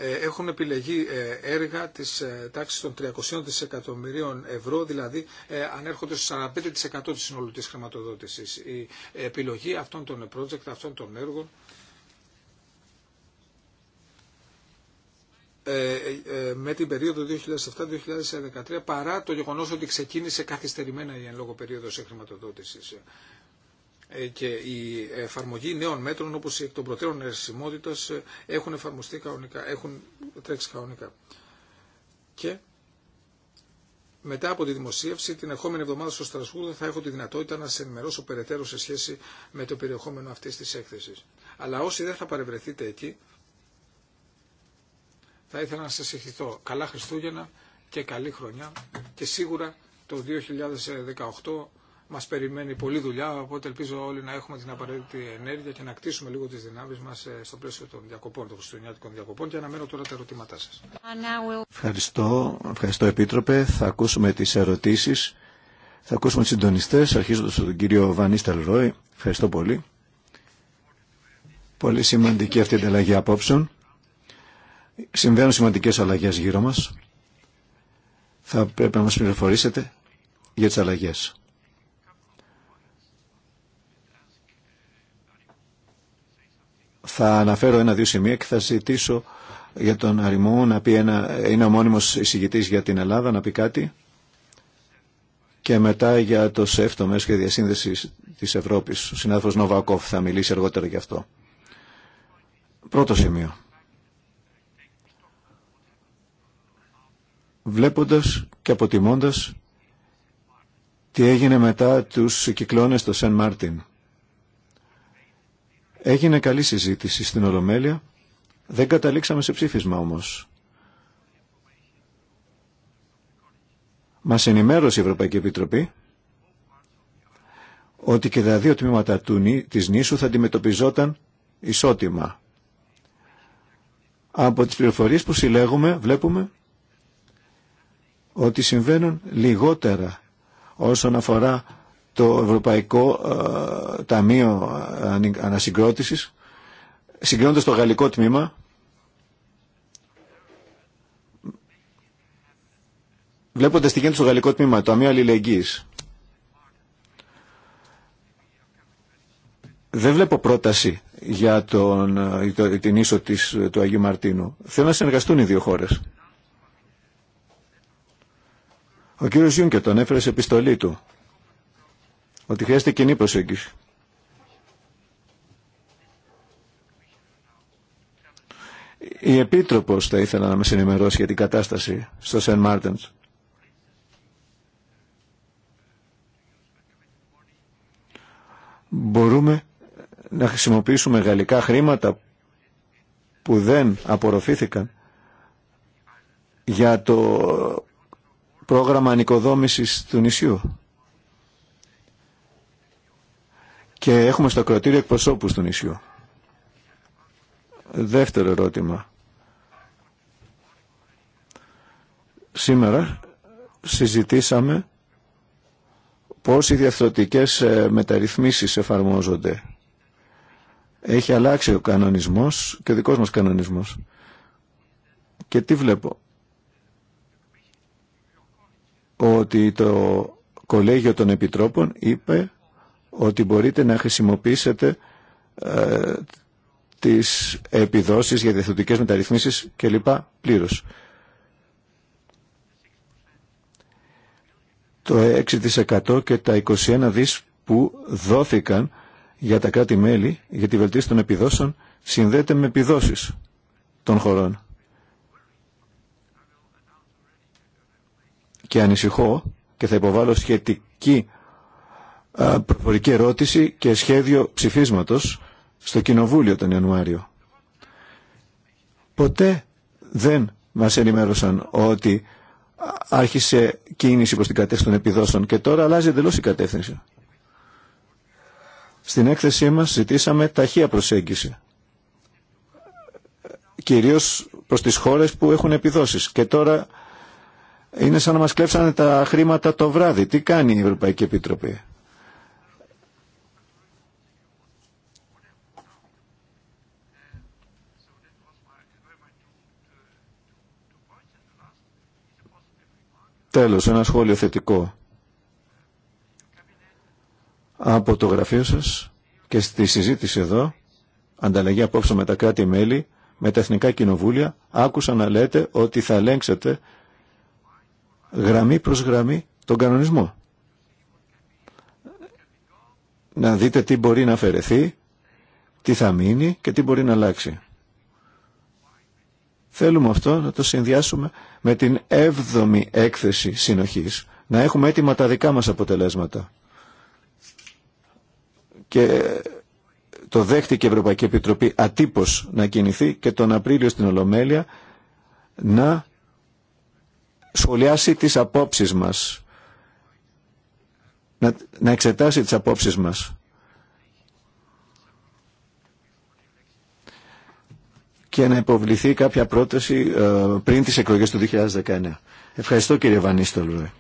Ε, έχουν επιλεγεί ε, έργα της ε, τάξης των 300 δισεκατομμυρίων ευρώ, δηλαδή ανέρχονται στο 45% της συνολού της χρηματοδότησης. Η επιλογή αυτών των project, αυτών των έργων, με την περίοδο 2007-2013 παρά το γεγονός ότι ξεκίνησε καθυστερημένα η εν λόγω περίοδος χρηματοδότησης. Ε, και η εφαρμογή νέων μέτρων όπως η εκ των προτέρων ερσιμότητας ε, έχουν εφαρμοστεί κανονικά, έχουν τρέξει κανονικά. Και μετά από τη δημοσίευση, την ερχόμενη εβδομάδα στο Στρασβούργο θα έχω τη δυνατότητα να σε ενημερώσω περαιτέρω σε σχέση με το περιεχόμενο αυτής της έκθεσης. Αλλά όσοι δεν θα παρευρεθείτε εκεί, θα ήθελα να σας ευχηθώ καλά Χριστούγεννα και καλή χρονιά και σίγουρα το 2018 μας περιμένει πολλή δουλειά, οπότε ελπίζω όλοι να έχουμε την απαραίτητη ενέργεια και να κτίσουμε λίγο τις δυνάμεις μας ε, στο πλαίσιο των διακοπών, των χριστουγεννιάτικων διακοπών και αναμένω τώρα τα ερωτήματά σας. Ευχαριστώ, ευχαριστώ Επίτροπε. Θα ακούσουμε τις ερωτήσεις. Θα ακούσουμε τους συντονιστές, αρχίζοντας τον κύριο Βανίστελ Ρόι. Ευχαριστώ πολύ. Πολύ σημαντική αυτή η ανταλλαγή απόψεων. Συμβαίνουν σημαντικές αλλαγές γύρω μας. Θα πρέπει να μας πληροφορήσετε για τις αλλαγές. Θα αναφέρω ένα-δύο σημεία και θα ζητήσω για τον Αριμό να πει ένα, είναι ο μόνιμος εισηγητής για την Ελλάδα να πει κάτι και μετά για το ΣΕΦ, το Μέσο και Διασύνδεση της Ευρώπης. Ο συνάδελφος Νοβακόφ θα μιλήσει αργότερα γι' αυτό. Πρώτο σημείο. Βλέποντας και αποτιμώντας τι έγινε μετά τους κυκλώνες στο Σεν Μάρτιν Έγινε καλή συζήτηση στην Ολομέλεια. Δεν καταλήξαμε σε ψήφισμα όμως. Μας ενημέρωσε η Ευρωπαϊκή Επιτροπή ότι και τα δύο τμήματα του, της νήσου θα αντιμετωπιζόταν ισότιμα. Από τις πληροφορίες που συλλέγουμε βλέπουμε ότι συμβαίνουν λιγότερα όσον αφορά το Ευρωπαϊκό ε, Ταμείο Ανασυγκρότησης, συγκρίνοντας το γαλλικό τμήμα, βλέποντας τι γίνεται στο γαλλικό τμήμα, το Ταμείο Αλληλεγγύης. Δεν βλέπω πρόταση για τον, ε, την ίσο της, ε, του Αγίου Μαρτίνου. Θέλω να συνεργαστούν οι δύο χώρες. Ο κύριος Γιούνκερ τον έφερε σε επιστολή του ότι χρειάζεται κοινή προσέγγιση. Η Επίτροπος θα ήθελα να με ενημερώσει για την κατάσταση στο Σεν Μάρτενς. Μπορούμε να χρησιμοποιήσουμε γαλλικά χρήματα που δεν απορροφήθηκαν για το πρόγραμμα ανοικοδόμησης του νησιού. και έχουμε στο ακροατήριο εκπροσώπους του νησιού. Δεύτερο ερώτημα. Σήμερα συζητήσαμε πώς οι διαφθορτικές ε, μεταρρυθμίσεις εφαρμόζονται. Έχει αλλάξει ο κανονισμός και ο δικός μας κανονισμός. Και τι βλέπω. Ότι το Κολέγιο των Επιτρόπων είπε ότι μπορείτε να χρησιμοποιήσετε ε, τις επιδόσεις για διεθνωτικές μεταρρυθμίσεις κλπ. πλήρως. Το 6% και τα 21 δις που δόθηκαν για τα κράτη-μέλη για τη βελτίωση των επιδόσεων συνδέεται με επιδόσεις των χωρών. Και ανησυχώ και θα υποβάλω σχετική προφορική ερώτηση και σχέδιο ψηφίσματος στο Κοινοβούλιο τον Ιανουάριο. Ποτέ δεν μας ενημέρωσαν ότι άρχισε κίνηση προς την κατεύθυνση των επιδόσεων και τώρα αλλάζει εντελώς η κατεύθυνση. Στην έκθεσή μας ζητήσαμε ταχεία προσέγγιση. Κυρίως προς τις χώρες που έχουν επιδόσεις. Και τώρα είναι σαν να μας κλέψανε τα χρήματα το βράδυ. Τι κάνει η Ευρωπαϊκή Επιτροπή. Τέλος, ένα σχόλιο θετικό από το γραφείο σας και στη συζήτηση εδώ, ανταλλαγή απόψε με τα κράτη-μέλη, με τα εθνικά κοινοβούλια, άκουσα να λέτε ότι θα ελέγξετε γραμμή προς γραμμή τον κανονισμό. Να δείτε τι μπορεί να αφαιρεθεί, τι θα μείνει και τι μπορεί να αλλάξει. Θέλουμε αυτό να το συνδυάσουμε με την έβδομη έκθεση συνοχής. Να έχουμε έτοιμα τα δικά μας αποτελέσματα. Και το δέχτηκε η Ευρωπαϊκή Επιτροπή ατύπως να κινηθεί και τον Απρίλιο στην Ολομέλεια να σχολιάσει τις απόψεις μας. Να, να εξετάσει τις απόψεις μας. και να υποβληθεί κάποια πρόταση ε, πριν τις εκλογές του 2019. Ευχαριστώ κύριε Βανίστολου. Ε.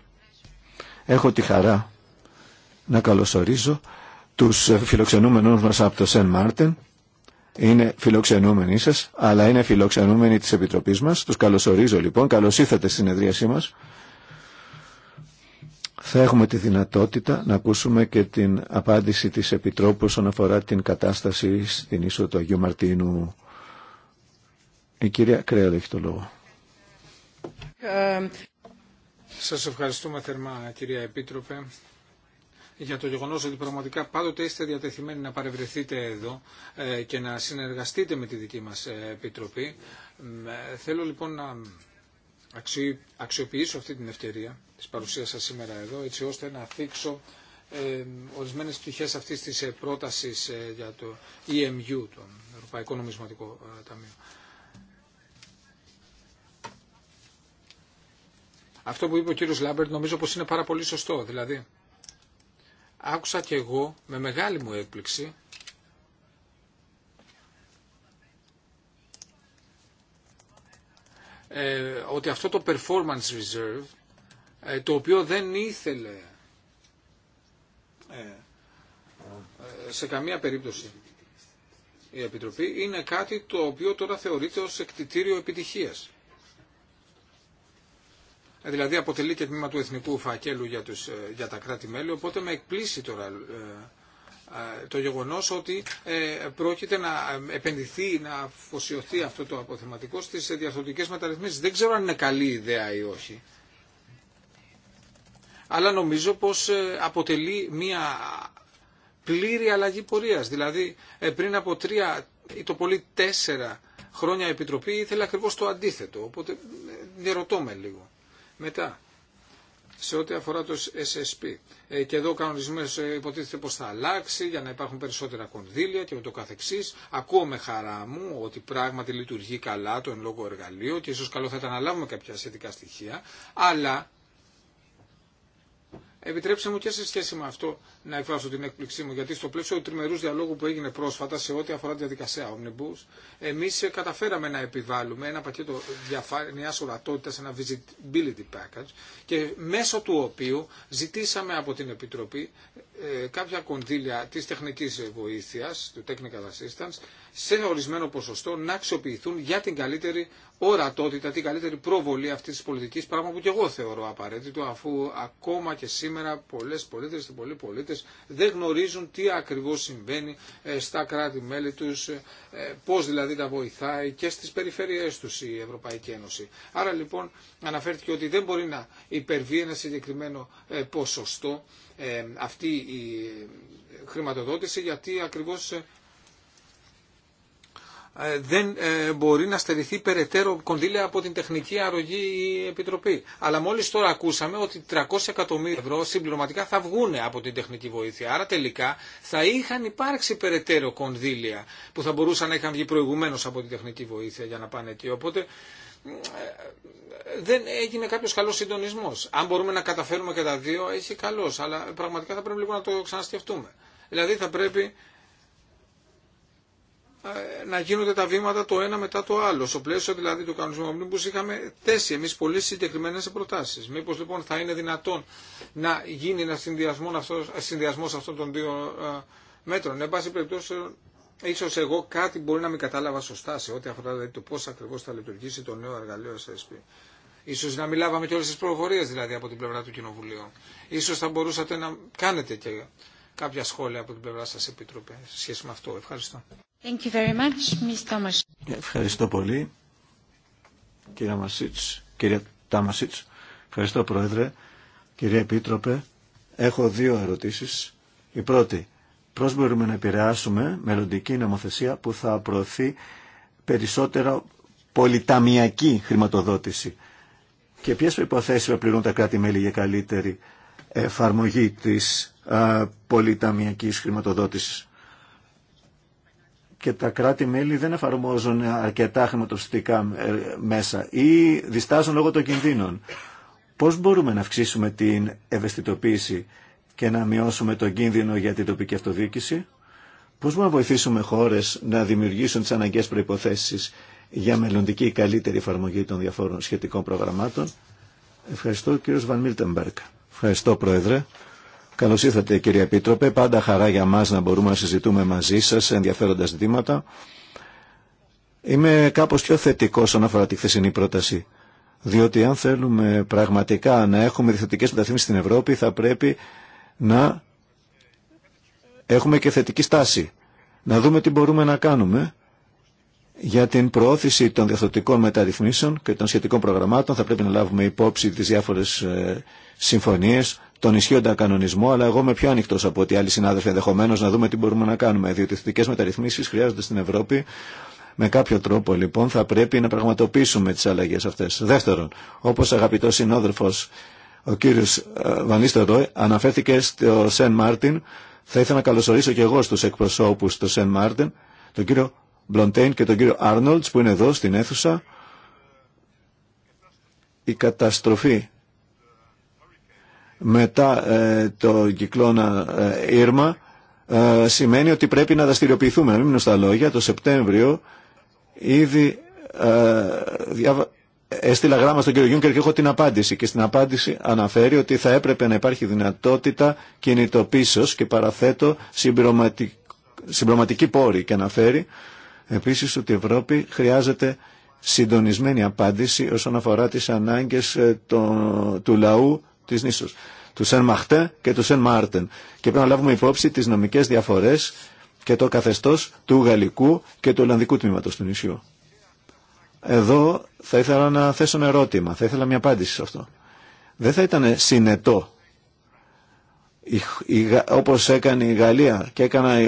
Έχω τη χαρά να καλωσορίζω τους φιλοξενούμενους μας από το Σεν Μάρτεν. Είναι φιλοξενούμενοι σας, αλλά είναι φιλοξενούμενοι της Επιτροπής μας. Τους καλωσορίζω λοιπόν. Καλώς ήρθατε στην συνεδρίασή μας. Θα έχουμε τη δυνατότητα να ακούσουμε και την απάντηση της Επιτρόπου όσον αφορά την κατάσταση στην είσοδο του Αγίου Μαρτίνου η κυρία Κρέα έχει το λόγο. Σας ευχαριστούμε θερμά κυρία Επίτροπε για το γεγονός ότι πραγματικά πάντοτε είστε διατεθειμένοι να παρευρεθείτε εδώ ε, και να συνεργαστείτε με τη δική μας ε, Επιτροπή. Ε, θέλω λοιπόν να αξιοποιήσω αυτή την ευκαιρία της παρουσίας σας σήμερα εδώ έτσι ώστε να θίξω ορισμένες πτυχές αυτής της πρότασης για το EMU, το Ευρωπαϊκό Νομισματικό Ταμείο. αυτό που είπε ο κύριος Λάμπερτ νομίζω πως είναι πάρα πολύ σωστό. Δηλαδή, άκουσα και εγώ με μεγάλη μου έκπληξη ε, ότι αυτό το performance reserve ε, το οποίο δεν ήθελε ε, σε καμία περίπτωση η Επιτροπή είναι κάτι το οποίο τώρα θεωρείται ως εκτιτήριο επιτυχίας. Ε, δηλαδή αποτελεί και τμήμα του εθνικού φακέλου για, τους, ε, για τα κράτη-μέλη, οπότε με εκπλήσει τώρα ε, το γεγονός ότι πρόκειται να επενδυθεί, να αφοσιωθεί αυτό το αποθεματικό στις διαρθρωτικές μεταρρυθμίσεις. Δεν ξέρω αν είναι καλή ιδέα ή όχι. Αλλά νομίζω πως αποτελεί μία πλήρη αλλαγή πορείας. Δηλαδή πριν από τρία ή το πολύ τέσσερα χρόνια η Επιτροπή ήθελε ακριβώς το πολυ τεσσερα χρονια Οπότε διαρωτώ με λίγο. Μετά, σε ό,τι αφορά το SSP. Ε, και εδώ ο κανονισμό ε, υποτίθεται πω θα αλλάξει για να υπάρχουν περισσότερα κονδύλια και ούτω καθεξή. Ακούω με χαρά μου ότι πράγματι λειτουργεί καλά το εν λόγω εργαλείο και ίσω καλό θα ήταν να λάβουμε κάποια σχετικά στοιχεία. Αλλά Επιτρέψτε μου και σε σχέση με αυτό να εκφράσω την έκπληξή μου, γιατί στο πλαίσιο του τριμερού διαλόγου που έγινε πρόσφατα σε ό,τι αφορά τη διαδικασία Omnibus, εμεί καταφέραμε να επιβάλλουμε ένα πακέτο διαφάνεια ορατότητα, ένα visibility package, και μέσω του οποίου ζητήσαμε από την Επιτροπή ε, κάποια κονδύλια τη τεχνική βοήθεια, του technical assistance, σε ορισμένο ποσοστό να αξιοποιηθούν για την καλύτερη ορατότητα, την καλύτερη προβολή αυτή τη πολιτική πράγμα που και εγώ θεωρώ απαραίτητο, αφού ακόμα και σήμερα πολλέ πολίτε και πολλοί πολίτε δεν γνωρίζουν τι ακριβώ συμβαίνει ε, στα κράτη-μέλη του, ε, ε, πώ δηλαδή τα βοηθάει και στι περιφερειέ του η Ευρωπαϊκή Ένωση. Άρα λοιπόν αναφέρθηκε ότι δεν μπορεί να υπερβεί ένα συγκεκριμένο ποσοστό αυτή η χρηματοδότηση, γιατί ακριβώ. Ε, δεν ε, μπορεί να στερηθεί περαιτέρω κονδύλια από την τεχνική αρρωγή η Επιτροπή. Αλλά μόλι τώρα ακούσαμε ότι 300 εκατομμύρια ευρώ συμπληρωματικά θα βγουν από την τεχνική βοήθεια. Άρα τελικά θα είχαν υπάρξει περαιτέρω κονδύλια που θα μπορούσαν να είχαν βγει προηγουμένω από την τεχνική βοήθεια για να πάνε εκεί. Οπότε ε, δεν έγινε κάποιο καλό συντονισμό. Αν μπορούμε να καταφέρουμε και τα δύο, έχει καλό, Αλλά πραγματικά θα πρέπει λίγο να το ξανασκεφτούμε. Δηλαδή θα πρέπει ε, να γίνονται τα βήματα το ένα μετά το άλλο. Στο πλαίσιο δηλαδή του κανονισμού Omnibus είχαμε θέσει εμεί πολύ συγκεκριμένε προτάσει. Μήπω λοιπόν θα είναι δυνατόν να γίνει ένα συνδυασμό ε, αυτών των δύο ε, μέτρων. Εν πάση περιπτώσει, ίσω εγώ κάτι μπορεί να μην κατάλαβα σωστά σε ό,τι αφορά δηλαδή, το πώ ακριβώ θα λειτουργήσει το νέο εργαλείο SSP. σω να μην λάβαμε και όλε τι προφορίες δηλαδή από την πλευρά του Κοινοβουλίου. Σω θα μπορούσατε να κάνετε και κάποια σχόλια από την πλευρά σας Επιτροπή σε σχέση με αυτό. Ευχαριστώ. Thank you very much, Thomas. Ευχαριστώ πολύ κύριε Μασίτς, κυρία Τάμασίτς. Ευχαριστώ Πρόεδρε. Κυρία Επίτροπε, έχω δύο ερωτήσεις. Η πρώτη, πώς μπορούμε να επηρεάσουμε μελλοντική νομοθεσία που θα προωθεί περισσότερα πολυταμιακή χρηματοδότηση και ποιες προϋποθέσεις θα πληρούν τα κράτη-μέλη για καλύτερη εφαρμογή της πολυταμιακής χρηματοδότησης. Και τα κράτη-μέλη δεν εφαρμόζουν αρκετά χρηματοπιστικά ε, μέσα ή διστάζουν λόγω των κινδύνων. Πώς μπορούμε να αυξήσουμε την ευαισθητοποίηση και να μειώσουμε τον κίνδυνο για την τοπική αυτοδιοίκηση. Πώς μπορούμε να βοηθήσουμε χώρες να δημιουργήσουν τις αναγκαίες προϋποθέσεις για μελλοντική καλύτερη εφαρμογή των διαφόρων σχετικών προγραμμάτων. Ευχαριστώ κύριος Βαν Μίλτεμπερκ. Ευχαριστώ, Πρόεδρε. Καλώ ήρθατε, κύριε Επίτροπε. Πάντα χαρά για μα να μπορούμε να συζητούμε μαζί σα ενδιαφέροντα ζητήματα. Είμαι κάπω πιο θετικό όσον αφορά τη χθεσινή πρόταση. Διότι αν θέλουμε πραγματικά να έχουμε θετικέ μεταρρυθμίσει στην Ευρώπη, θα πρέπει να έχουμε και θετική στάση. Να δούμε τι μπορούμε να κάνουμε για την προώθηση των διαθωτικών μεταρρυθμίσεων και των σχετικών προγραμμάτων. Θα πρέπει να λάβουμε υπόψη τις διάφορες ε, συμφωνίε, τον ισχύοντα κανονισμό, αλλά εγώ είμαι πιο ανοιχτό από ότι άλλοι συνάδελφοι ενδεχομένω να δούμε τι μπορούμε να κάνουμε. Διότι θετικέ μεταρρυθμίσει χρειάζονται στην Ευρώπη. Με κάποιο τρόπο λοιπόν θα πρέπει να πραγματοποιήσουμε τι αλλαγέ αυτέ. Δεύτερον, όπω αγαπητό συνόδελφο ο κύριο ε, Βανίστερ Ρόι αναφέρθηκε στο Σεν Μάρτιν. Θα ήθελα να καλωσορίσω και εγώ στου εκπροσώπου του Σεν Μάρτιν, τον κύριο Μπλοντέιν και τον κύριο Άρνολτ που είναι εδώ στην αίθουσα. Η καταστροφή μετά ε, το κυκλώνα ε, Ήρμα ε, σημαίνει ότι πρέπει να δραστηριοποιηθούμε. Να μείνω στα λόγια, το Σεπτέμβριο ήδη έστειλα γράμμα στον κύριο Γιούνκερ και έχω την απάντηση. Και στην απάντηση αναφέρει ότι θα έπρεπε να υπάρχει δυνατότητα κινητοποίησεω και παραθέτω συμπληρωματική, πόρη και αναφέρει επίσης ότι η Ευρώπη χρειάζεται συντονισμένη απάντηση όσον αφορά τις ανάγκες το, του λαού τη νήσου, του Σεν Μαχτέ και του Σεν Μάρτεν. Και πρέπει να λάβουμε υπόψη τις νομικές διαφορές και το καθεστώς του γαλλικού και του ολλανδικού τμήματο του νησιού. Εδώ θα ήθελα να θέσω ένα ερώτημα, θα ήθελα μια απάντηση σε αυτό. Δεν θα ήταν συνετό όπως έκανε η Γαλλία και έκανα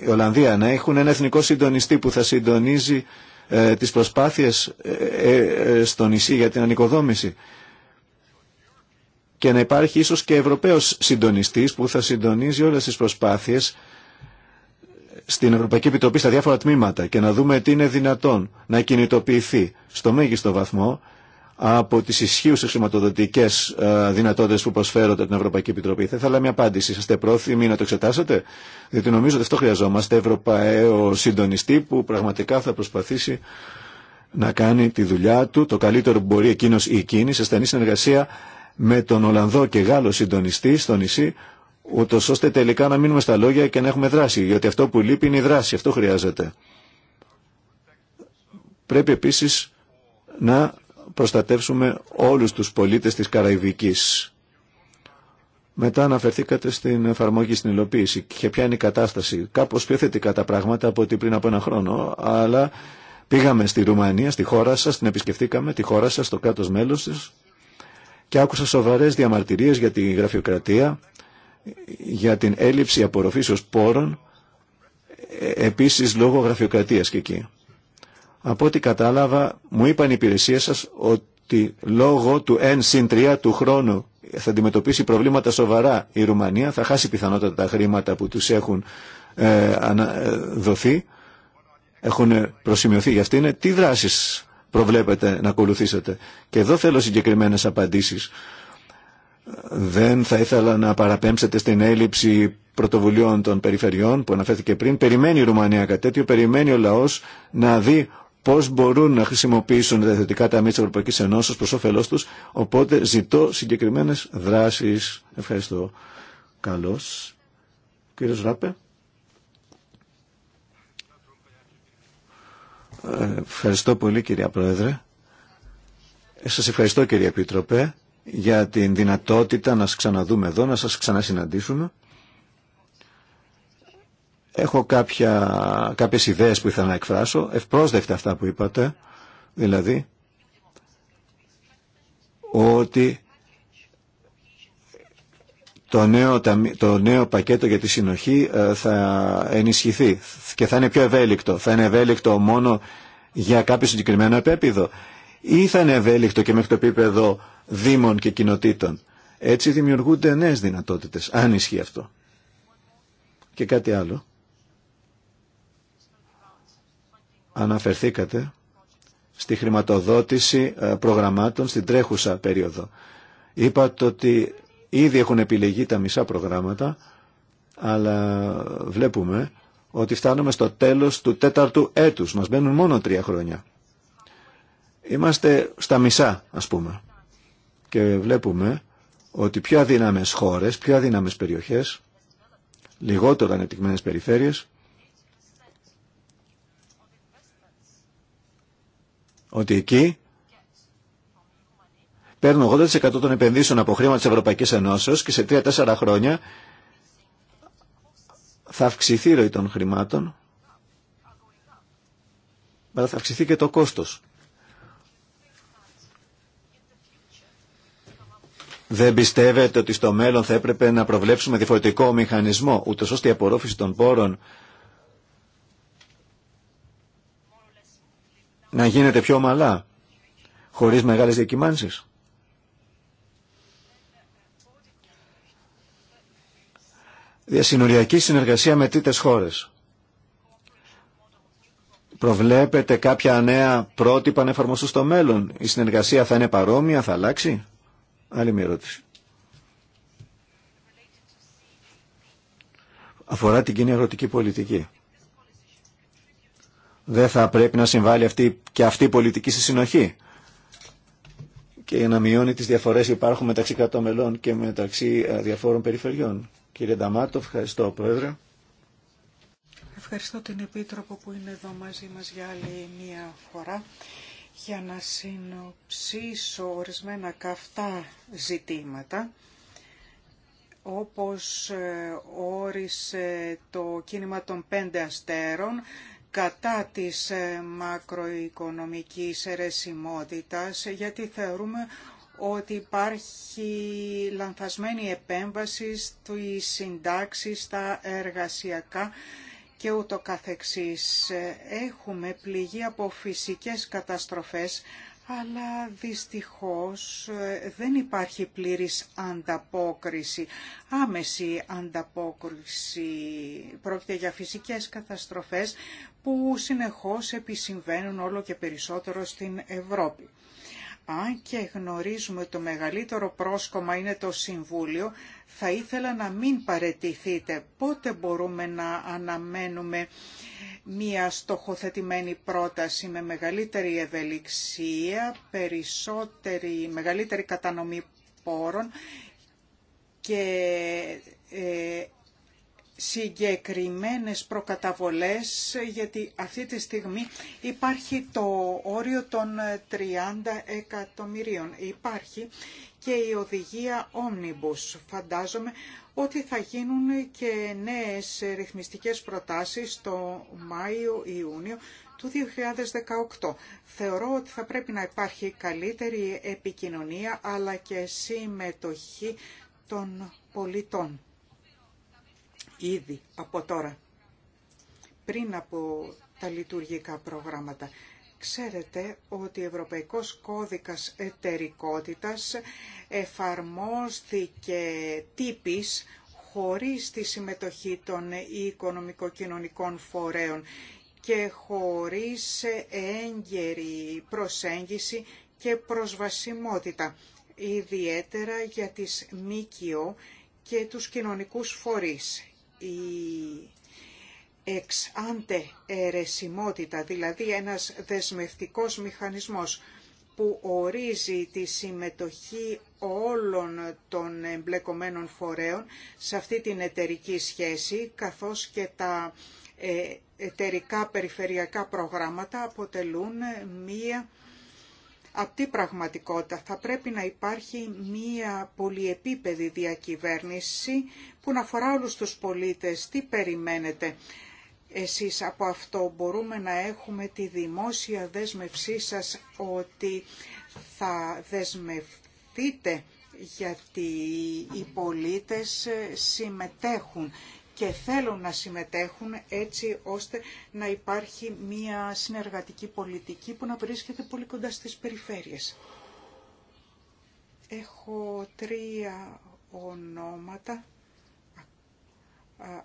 η Ολλανδία να έχουν ένα εθνικό συντονιστή που θα συντονίζει ε, τις προσπάθειες ε, ε, ε στο νησί για την ανοικοδόμηση και να υπάρχει ίσως και Ευρωπαίος συντονιστής που θα συντονίζει όλες τις προσπάθειες στην Ευρωπαϊκή Επιτροπή στα διάφορα τμήματα και να δούμε τι είναι δυνατόν να κινητοποιηθεί στο μέγιστο βαθμό από τις ισχύουσες χρηματοδοτικέ ε, δυνατότητες που προσφέρονται την Ευρωπαϊκή Επιτροπή. Θα ήθελα μια απάντηση. Είστε πρόθυμοι να το εξετάσετε, διότι νομίζω ότι αυτό χρειαζόμαστε Ευρωπαίο συντονιστή που πραγματικά θα προσπαθήσει να κάνει τη δουλειά του το καλύτερο που μπορεί εκείνο ή εκείνη σε στενή συνεργασία με τον Ολλανδό και Γάλλο συντονιστή στο νησί, ούτω ώστε τελικά να μείνουμε στα λόγια και να έχουμε δράση. Γιατί αυτό που λείπει είναι η δράση, αυτό χρειάζεται. Πρέπει επίση να προστατεύσουμε όλους τους πολίτες της Καραϊβικής. Μετά αναφερθήκατε στην εφαρμογή, στην υλοποίηση και ποια είναι η κατάσταση. Κάπως πιο θετικά τα πράγματα από ότι πριν από ένα χρόνο, αλλά πήγαμε στη Ρουμανία, στη χώρα σας, την επισκεφτήκαμε, τη χώρα σας, το κράτος μέλο τη και άκουσα σοβαρές διαμαρτυρίες για τη γραφειοκρατία, για την έλλειψη απορροφήσεως πόρων, ε, επίσης λόγω γραφειοκρατίας και εκεί. Από ό,τι κατάλαβα, μου είπαν οι υπηρεσίες σας ότι λόγω του 1 συν 3 του χρόνου θα αντιμετωπίσει προβλήματα σοβαρά η Ρουμανία, θα χάσει πιθανότατα τα χρήματα που τους έχουν ε, ε δοθεί, έχουν προσημειωθεί για αυτήν. Τι δράσεις προβλέπετε να ακολουθήσετε. Και εδώ θέλω συγκεκριμένες απαντήσεις. Δεν θα ήθελα να παραπέμψετε στην έλλειψη πρωτοβουλίων των περιφερειών που αναφέρθηκε πριν. Περιμένει η Ρουμανία κάτι τέτοιο, περιμένει ο λαός να δει πώς μπορούν να χρησιμοποιήσουν τα θετικά ταμεία της Ευρωπαϊκής Ενώσης προς όφελός τους. Οπότε ζητώ συγκεκριμένες δράσεις. Ευχαριστώ. Καλώς. Κύριος Ράπε. Ευχαριστώ πολύ κυρία Πρόεδρε. Ε, σας ευχαριστώ κύριε Επίτροπε για την δυνατότητα να σας ξαναδούμε εδώ, να σας ξανασυναντήσουμε. Έχω κάποια, κάποιες ιδέες που ήθελα να εκφράσω, ευπρόσδεκτα αυτά που είπατε, δηλαδή ότι το νέο, το νέο πακέτο για τη συνοχή ε, θα ενισχυθεί και θα είναι πιο ευέλικτο. Θα είναι ευέλικτο μόνο για κάποιο συγκεκριμένο επίπεδο ή θα είναι ευέλικτο και μέχρι το επίπεδο δήμων και κοινοτήτων. Έτσι δημιουργούνται νέες δυνατότητες, αν ισχύει αυτό. Και κάτι άλλο. Αναφερθήκατε στη χρηματοδότηση ε, προγραμμάτων στην τρέχουσα περίοδο. Είπατε ότι Ήδη έχουν επιλεγεί τα μισά προγράμματα, αλλά βλέπουμε ότι φτάνουμε στο τέλος του τέταρτου έτους. Μας μπαίνουν μόνο τρία χρόνια. Είμαστε στα μισά, ας πούμε. Και βλέπουμε ότι πιο αδύναμες χώρες, πιο αδύναμες περιοχές, λιγότερο ανεπτυγμένες περιφέρειες, ότι εκεί παίρνουν 80% των επενδύσεων από χρήματα της Ευρωπαϊκής Ενώσεως και σε 3-4 χρόνια θα αυξηθεί η ροή των χρημάτων, αλλά θα αυξηθεί και το κόστος. Δεν πιστεύετε ότι στο μέλλον θα έπρεπε να προβλέψουμε διαφορετικό μηχανισμό, ούτω ώστε η απορρόφηση των πόρων να γίνεται πιο ομαλά, χωρίς μεγάλες διακυμάνσεις. διασυνοριακή συνεργασία με τρίτες χώρες. Προβλέπετε κάποια νέα πρότυπα να εφαρμοστούν στο μέλλον. Η συνεργασία θα είναι παρόμοια, θα αλλάξει. Άλλη μια ερώτηση. Αφορά την κοινή αγροτική πολιτική. Δεν θα πρέπει να συμβάλλει αυτή και αυτή η πολιτική στη συνοχή και να μειώνει τις διαφορές που υπάρχουν μεταξύ κρατών μελών και μεταξύ ε, διαφόρων περιφερειών. Κύριε Νταμάτο, ευχαριστώ Πρόεδρε. Ευχαριστώ την Επίτροπο που είναι εδώ μαζί μας για άλλη μία φορά για να συνοψίσω ορισμένα καυτά ζητήματα όπως ε, όρισε το κίνημα των πέντε αστέρων κατά της ε, μακροοικονομικής ερεσιμότητας, γιατί θεωρούμε ότι υπάρχει λανθασμένη επέμβαση του συντάξεις, στα εργασιακά και ούτω καθεξής. Έχουμε πληγή από φυσικές καταστροφές, αλλά δυστυχώς ε, δεν υπάρχει πλήρης ανταπόκριση, άμεση ανταπόκριση. Πρόκειται για φυσικές καταστροφές που συνεχώς επισυμβαίνουν όλο και περισσότερο στην Ευρώπη αν και γνωρίζουμε ότι το μεγαλύτερο πρόσκομα είναι το Συμβούλιο, θα ήθελα να μην παρετηθείτε. Πότε μπορούμε να αναμένουμε μία στοχοθετημένη πρόταση με μεγαλύτερη ευελιξία, περισσότερη, μεγαλύτερη κατανομή πόρων και ε, συγκεκριμένες προκαταβολές γιατί αυτή τη στιγμή υπάρχει το όριο των 30 εκατομμυρίων. Υπάρχει και η οδηγία Omnibus. Φαντάζομαι ότι θα γίνουν και νέες ρυθμιστικές προτάσεις το Μάιο-Ιούνιο του 2018. Θεωρώ ότι θα πρέπει να υπάρχει καλύτερη επικοινωνία αλλά και συμμετοχή των πολιτών ήδη από τώρα, πριν από τα λειτουργικά προγράμματα. Ξέρετε ότι ο Ευρωπαϊκός Κώδικας Εταιρικότητας εφαρμόστηκε τύπης χωρίς τη συμμετοχή των οικονομικοκοινωνικών φορέων και χωρίς έγκαιρη προσέγγιση και προσβασιμότητα, ιδιαίτερα για τις ΜΚΟ και τους κοινωνικούς φορείς η εξάντε αιρεσιμότητα, δηλαδή ένας δεσμευτικός μηχανισμός που ορίζει τη συμμετοχή όλων των εμπλεκομένων φορέων σε αυτή την εταιρική σχέση, καθώς και τα ε, εταιρικά περιφερειακά προγράμματα αποτελούν μία απτή πραγματικότητα. Θα πρέπει να υπάρχει μία πολυεπίπεδη διακυβέρνηση που να αφορά όλους τους πολίτες. Τι περιμένετε εσείς από αυτό. Μπορούμε να έχουμε τη δημόσια δέσμευσή σας ότι θα δεσμευτείτε γιατί οι πολίτες συμμετέχουν και θέλουν να συμμετέχουν έτσι ώστε να υπάρχει μια συνεργατική πολιτική που να βρίσκεται πολύ κοντά στις περιφέρειες. Έχω τρία ονόματα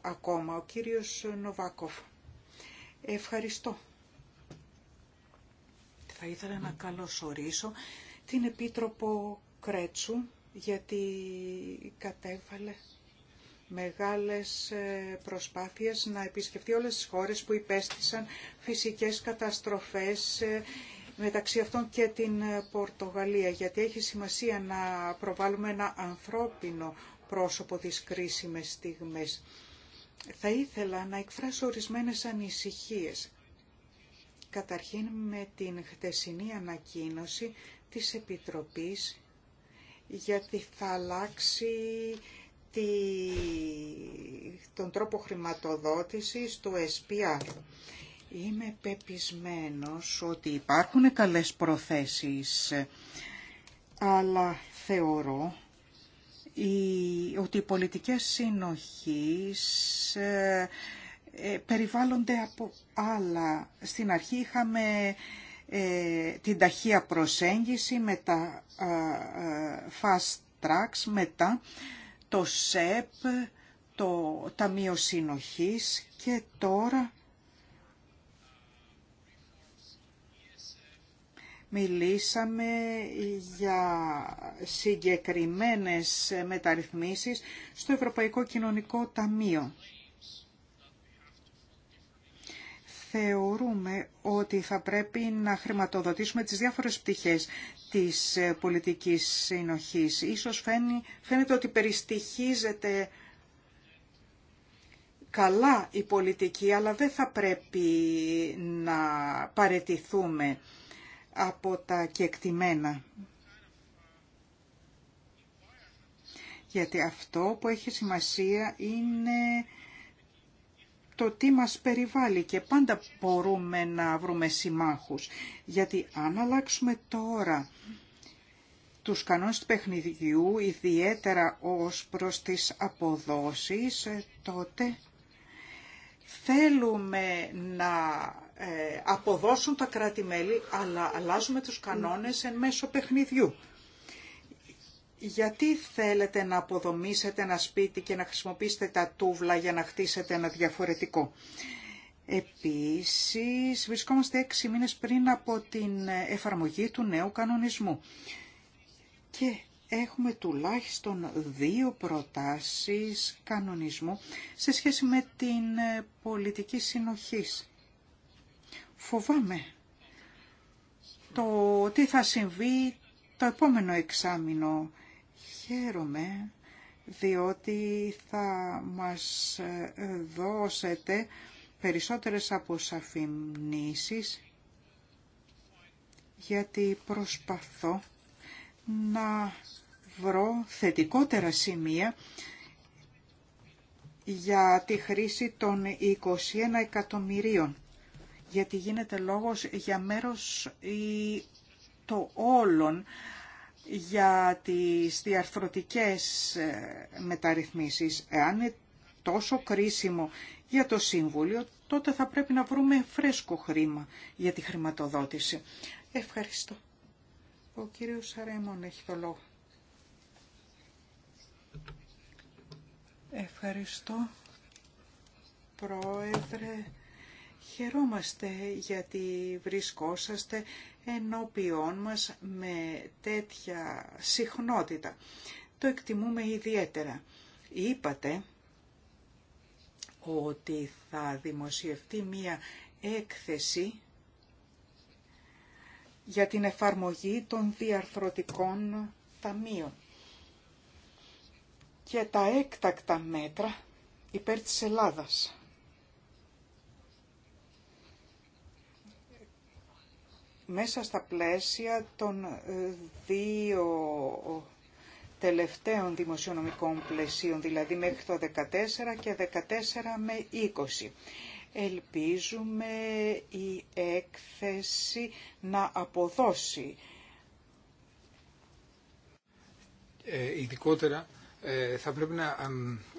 ακόμα. Ο κύριος Νοβάκοφ. Ευχαριστώ. Θα ήθελα να καλωσορίσω την Επίτροπο Κρέτσου γιατί κατέβαλε μεγάλες ε, προσπάθειες να επισκεφτεί όλες τις χώρες που υπέστησαν φυσικές καταστροφές ε, μεταξύ αυτών και την ε, Πορτογαλία, γιατί έχει σημασία να προβάλλουμε ένα ανθρώπινο πρόσωπο της κρίσιμες στιγμές. Θα ήθελα να εκφράσω ορισμένες ανησυχίες. Καταρχήν με την χτεσινή ανακοίνωση της Επιτροπής, γιατί θα αλλάξει τον τρόπο χρηματοδότησης του SPR. Είμαι πεπισμένος ότι υπάρχουν καλές προθέσεις, αλλά θεωρώ ότι οι πολιτικές συνοχής ε, ε, περιβάλλονται από άλλα. Στην αρχή είχαμε ε, την ταχεία προσέγγιση με τα fast tracks, μετά το ΣΕΠ, το Ταμείο Συνοχής και τώρα μιλήσαμε για συγκεκριμένες μεταρρυθμίσεις στο Ευρωπαϊκό Κοινωνικό Ταμείο. θεωρούμε ότι θα πρέπει να χρηματοδοτήσουμε τις διάφορες πτυχές της ε, πολιτικής συνοχής. Ίσως φαίνεται ότι περιστοιχίζεται καλά η πολιτική, αλλά δεν θα πρέπει να παρετηθούμε από τα κεκτημένα. Γιατί αυτό που έχει σημασία είναι το τι μας περιβάλλει και πάντα μπορούμε να βρούμε συμμάχους. Γιατί αν αλλάξουμε τώρα τους κανόνες του παιχνιδιού, ιδιαίτερα ως προς τις αποδόσεις, ε, τότε θέλουμε να ε, αποδώσουν τα κράτη-μέλη, αλλά αλλάζουμε τους κανόνες εν μέσω παιχνιδιού γιατί θέλετε να αποδομήσετε ένα σπίτι και να χρησιμοποιήσετε τα τούβλα για να χτίσετε ένα διαφορετικό. Επίσης, βρισκόμαστε έξι μήνες πριν από την εφαρμογή του νέου κανονισμού. Και έχουμε τουλάχιστον δύο προτάσεις κανονισμού σε σχέση με την πολιτική συνοχής. Φοβάμαι το τι θα συμβεί το επόμενο εξάμεινο χαίρομαι διότι θα μας ε, δώσετε περισσότερες αποσαφηνήσεις γιατί προσπαθώ να βρω θετικότερα σημεία για τη χρήση των 21 εκατομμυρίων γιατί γίνεται λόγος για μέρος ή το όλων για τις διαρθρωτικές ε, μεταρρυθμίσεις. Εάν είναι τόσο κρίσιμο για το Σύμβουλιο, τότε θα πρέπει να βρούμε φρέσκο χρήμα για τη χρηματοδότηση. Ευχαριστώ. Ο κύριος Σαρέμον έχει το λόγο. Ευχαριστώ, Πρόεδρε. Χαιρόμαστε γιατί βρισκόσαστε ενώπιόν μας με τέτοια συχνότητα. Το εκτιμούμε ιδιαίτερα. Είπατε ότι θα δημοσιευτεί μία έκθεση για την εφαρμογή των διαρθρωτικών ταμείων και τα έκτακτα μέτρα υπέρ της Ελλάδας. μέσα στα πλαίσια των ε, δύο τελευταίων δημοσιονομικών πλαισίων, δηλαδή μέχρι το 14 και 14 με 20. Ελπίζουμε η έκθεση να αποδώσει. Ε, ειδικότερα ε, θα πρέπει να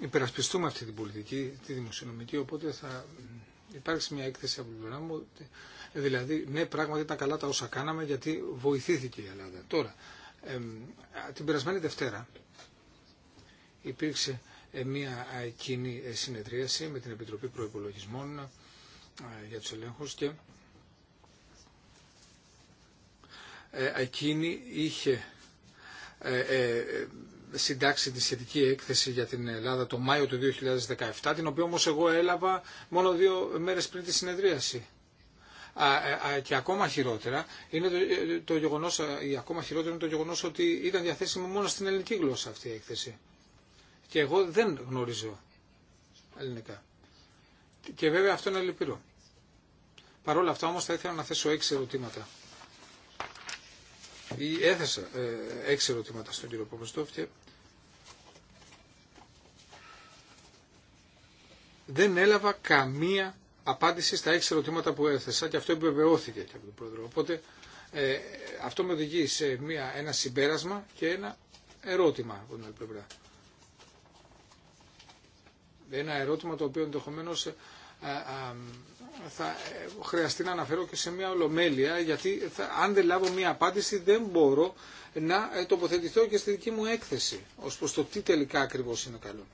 υπερασπιστούμε αυτή την πολιτική, τη δημοσιονομική, οπότε θα υπάρξει μια έκθεση από την πλευρά ε, δηλαδή, ναι, πράγματι ήταν καλά τα όσα κάναμε γιατί βοηθήθηκε η Ελλάδα. Τώρα, την περασμένη Δευτέρα υπήρξε ε, μια κοινή ε, συνεδρίαση με την Επιτροπή Προϋπολογισμών για τους ελέγχους και εκείνη είχε συντάξει τη σχετική έκθεση για την Ελλάδα το Μάιο του 2017, την οποία όμως εγώ έλαβα μόνο δύο μέρες πριν τη συνεδρίαση. Ε, και ακόμα χειρότερα είναι το, ε, το γεγονός, ή ε, ακόμα χειρότερο είναι το γεγονός ότι ήταν διαθέσιμο μόνο στην ελληνική γλώσσα αυτή η έκθεση. Και εγώ δεν γνωρίζω ελληνικά. Και βέβαια αυτό είναι λυπηρό. Παρ' όλα αυτά όμως θα ήθελα να θέσω έξι ερωτήματα. Ή έθεσα έξι ερωτήματα στον κύριο Παπαστόφ και δεν έλαβα καμία απάντηση στα έξι ερωτήματα που έθεσα και αυτό επιβεβαιώθηκε και από τον Πρόεδρο. Οπότε ε, αυτό με οδηγεί σε μια, ένα συμπέρασμα και ένα ερώτημα από την άλλη πλευρά. Ένα ερώτημα το οποίο ενδεχομένω ε, θα ε, χρειαστεί να αναφέρω και σε μια ολομέλεια γιατί αν δεν λάβω μια απάντηση δεν μπορώ να ε, τοποθετηθώ και στη δική μου έκθεση ως προς το τι τελικά ακριβώς είναι καλό.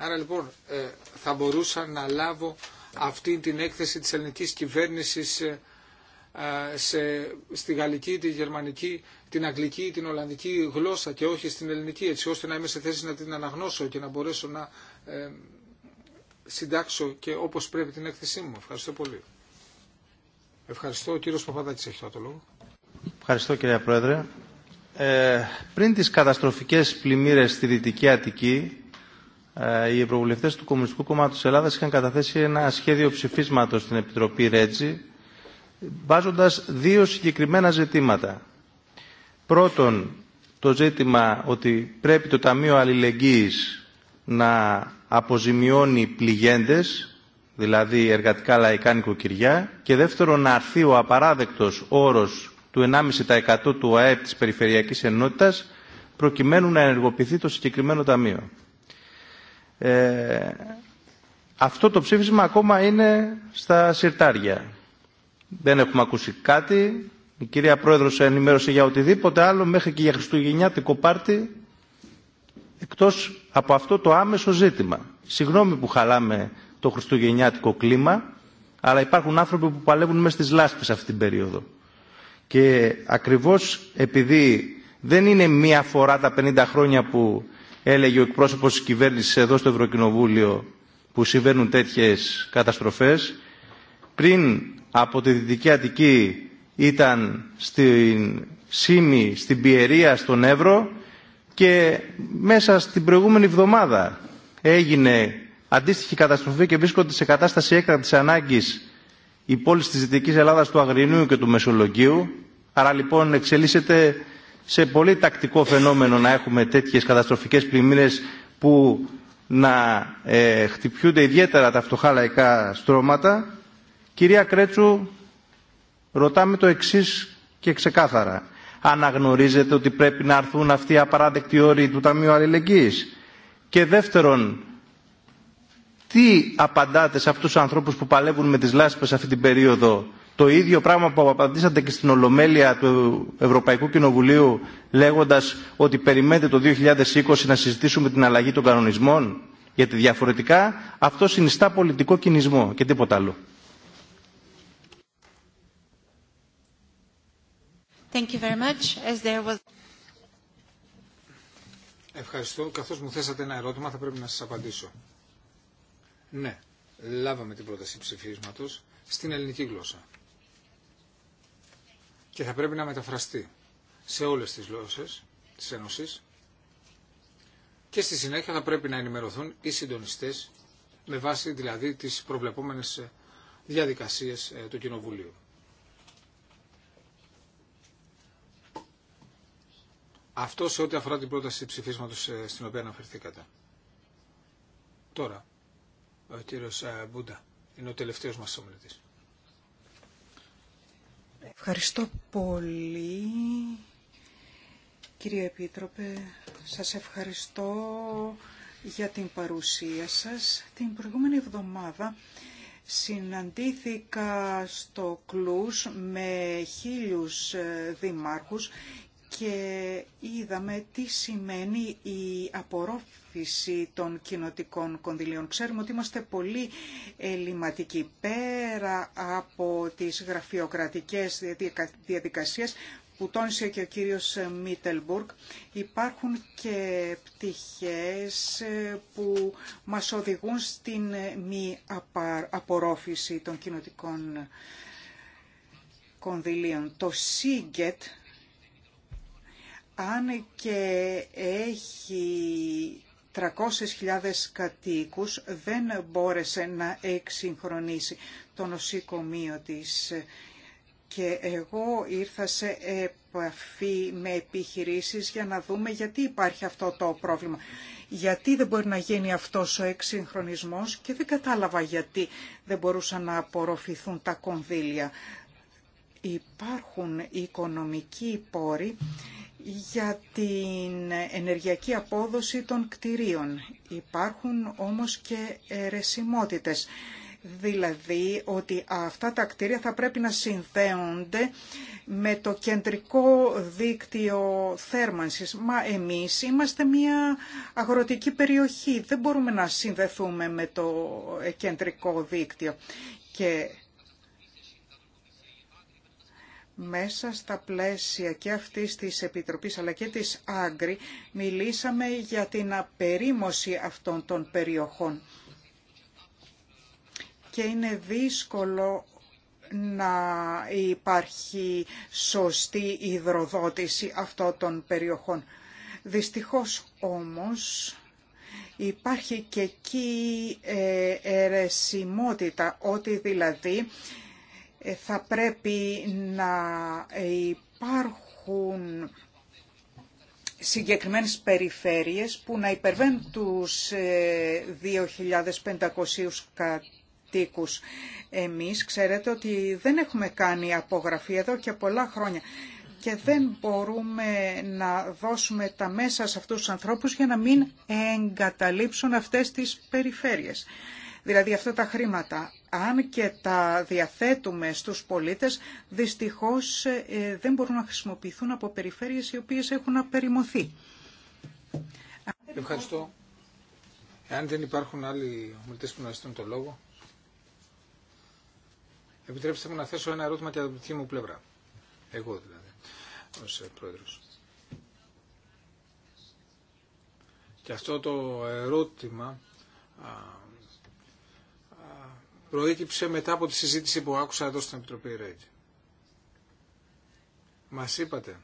Άρα λοιπόν ε, θα μπορούσα να λάβω αυτή την έκθεση της ελληνικής κυβέρνησης ε, ε, σε, στη γαλλική, τη γερμανική, την αγγλική, την ολλανδική γλώσσα και όχι στην ελληνική, έτσι ώστε να είμαι σε θέση να την αναγνώσω και να μπορέσω να συντάξω και όπως πρέπει την έκθεσή μου. Ευχαριστώ πολύ. Ευχαριστώ. Ο κύριος Παπαδάκης έχει το λόγο. Ευχαριστώ κύριε Πρόεδρε. Ε, πριν τις καταστροφικές πλημμύρες στη Δυτική Αττική, ε, οι ευρωβουλευτές του Κομμουνιστικού Κόμματος της Ελλάδας είχαν καταθέσει ένα σχέδιο ψηφίσματος στην Επιτροπή Ρέτζη βάζοντας δύο συγκεκριμένα ζητήματα. Πρώτον, το ζήτημα ότι πρέπει το Ταμείο Αλληλεγγύης να αποζημιώνει πληγέντες, δηλαδή εργατικά λαϊκά νοικοκυριά, και δεύτερον να αρθεί ο απαράδεκτος όρος του 1,5% του ΑΕΠ της Περιφερειακής Ενότητας, προκειμένου να ενεργοποιηθεί το συγκεκριμένο ταμείο. Ε, αυτό το ψήφισμα ακόμα είναι στα συρτάρια. Δεν έχουμε ακούσει κάτι. Η κυρία Πρόεδρος ενημέρωσε για οτιδήποτε άλλο μέχρι και για Χριστουγεννιάτικο πάρτι εκτός από αυτό το άμεσο ζήτημα. Συγγνώμη που χαλάμε το χριστουγεννιάτικο κλίμα, αλλά υπάρχουν άνθρωποι που παλεύουν μέσα στις λάσπες αυτή την περίοδο. Και ακριβώς επειδή δεν είναι μία φορά τα 50 χρόνια που έλεγε ο εκπρόσωπος της κυβέρνησης εδώ στο Ευρωκοινοβούλιο που συμβαίνουν τέτοιες καταστροφές. Πριν από τη Δυτική Αττική ήταν στην ΣΥΜΗ, στην Πιερία, στον Εύρο και μέσα στην προηγούμενη εβδομάδα έγινε αντίστοιχη καταστροφή και βρίσκονται σε κατάσταση έκτακτης ανάγκης οι πόλεις της Δυτικής Ελλάδας του Αγρινίου και του Μεσολογγίου. Άρα λοιπόν εξελίσσεται σε πολύ τακτικό φαινόμενο να έχουμε τέτοιες καταστροφικές πλημμύρες που να ε, χτυπιούνται ιδιαίτερα τα φτωχά στρώματα. Κυρία Κρέτσου, ρωτάμε το εξής και ξεκάθαρα. Αναγνωρίζετε ότι πρέπει να έρθουν αυτοί οι απαράδεκτοι όροι του Ταμείου Αλληλεγγύης. Και δεύτερον, τι απαντάτε σε αυτούς τους ανθρώπους που παλεύουν με τις λάσπες αυτή την περίοδο το ίδιο πράγμα που απαντήσατε και στην Ολομέλεια του Ευρωπαϊκού Κοινοβουλίου λέγοντας ότι περιμένετε το 2020 να συζητήσουμε την αλλαγή των κανονισμών. Γιατί διαφορετικά αυτό συνιστά πολιτικό κινησμό και τίποτα άλλο. Thank you very much. As there was... Ευχαριστώ. Καθώς μου θέσατε ένα ερώτημα θα πρέπει να σας απαντήσω. Ναι, λάβαμε την πρόταση ψηφίσματος στην ελληνική γλώσσα και θα πρέπει να μεταφραστεί σε όλες τις γλώσσες της Ένωσης και στη συνέχεια θα πρέπει να ενημερωθούν οι συντονιστές με βάση δηλαδή τις προβλεπόμενες ε, διαδικασίες ε, του Κοινοβουλίου. Αυτό σε ό,τι αφορά την πρόταση ψηφίσματος ε, στην οποία αναφερθήκατε. Τώρα, ο κύριος Μπούντα είναι ο τελευταίος μας ομιλητής. Ευχαριστώ πολύ. Κύριε Επίτροπε, σας ευχαριστώ για την παρουσία σας. Την προηγούμενη εβδομάδα συναντήθηκα στο Κλούς με χίλιους ε, δημάρχους και είδαμε τι σημαίνει η απορρόφηση των κοινοτικών κονδυλίων. Ξέρουμε ότι είμαστε πολύ ελληματικοί πέρα από τις γραφειοκρατικές διαδικασίες που τόνισε και ο κύριος Μίτελμπουργκ, υπάρχουν και πτυχές που μας οδηγούν στην μη απορρόφηση των κοινοτικών κονδυλίων. Το ΣΥΓΚΕΤ αν και έχει 300.000 κατοίκους, δεν μπόρεσε να εξυγχρονίσει το νοσοκομείο της. Και εγώ ήρθα σε επαφή με επιχειρήσεις για να δούμε γιατί υπάρχει αυτό το πρόβλημα. Γιατί δεν μπορεί να γίνει αυτός ο εξυγχρονισμός και δεν κατάλαβα γιατί δεν μπορούσαν να απορροφηθούν τα κονδύλια. Υπάρχουν οικονομικοί πόροι για την ενεργειακή απόδοση των κτηρίων. Υπάρχουν όμως και ερεσιμότητες. Δηλαδή ότι αυτά τα κτίρια θα πρέπει να συνδέονται με το κεντρικό δίκτυο θέρμανσης. Μα εμείς είμαστε μια αγροτική περιοχή, δεν μπορούμε να συνδεθούμε με το κεντρικό δίκτυο. Και μέσα στα πλαίσια και αυτής της Επιτροπής αλλά και της Άγκρη μιλήσαμε για την απερίμωση αυτών των περιοχών. Και είναι δύσκολο να υπάρχει σωστή υδροδότηση αυτών των περιοχών. Δυστυχώς όμως υπάρχει και εκεί ε, αιρεσιμότητα, ότι δηλαδή ε, θα πρέπει να υπάρχουν συγκεκριμένες περιφέρειες που να υπερβαίνουν τους 2.500 ε, κατοίκους. Εμείς ξέρετε ότι δεν έχουμε κάνει απογραφή εδώ και πολλά χρόνια και δεν μπορούμε να δώσουμε τα μέσα σε αυτούς τους ανθρώπους για να μην εγκαταλείψουν αυτές τις περιφέρειες. Δηλαδή αυτά τα χρήματα αν και τα διαθέτουμε στους πολίτες, δυστυχώς ε, δεν μπορούν να χρησιμοποιηθούν από περιφέρειες οι οποίες έχουν απεριμωθεί. Ευχαριστώ. Εάν δεν υπάρχουν άλλοι ομιλητές που να ζητούν το λόγο, επιτρέψτε μου να θέσω ένα ερώτημα και από τη μου πλευρά. Εγώ δηλαδή, ως ε, πρόεδρος. Και αυτό το ερώτημα προέκυψε μετά από τη συζήτηση που άκουσα εδώ στην Επιτροπή ΡΕΙΤ. Μας είπατε,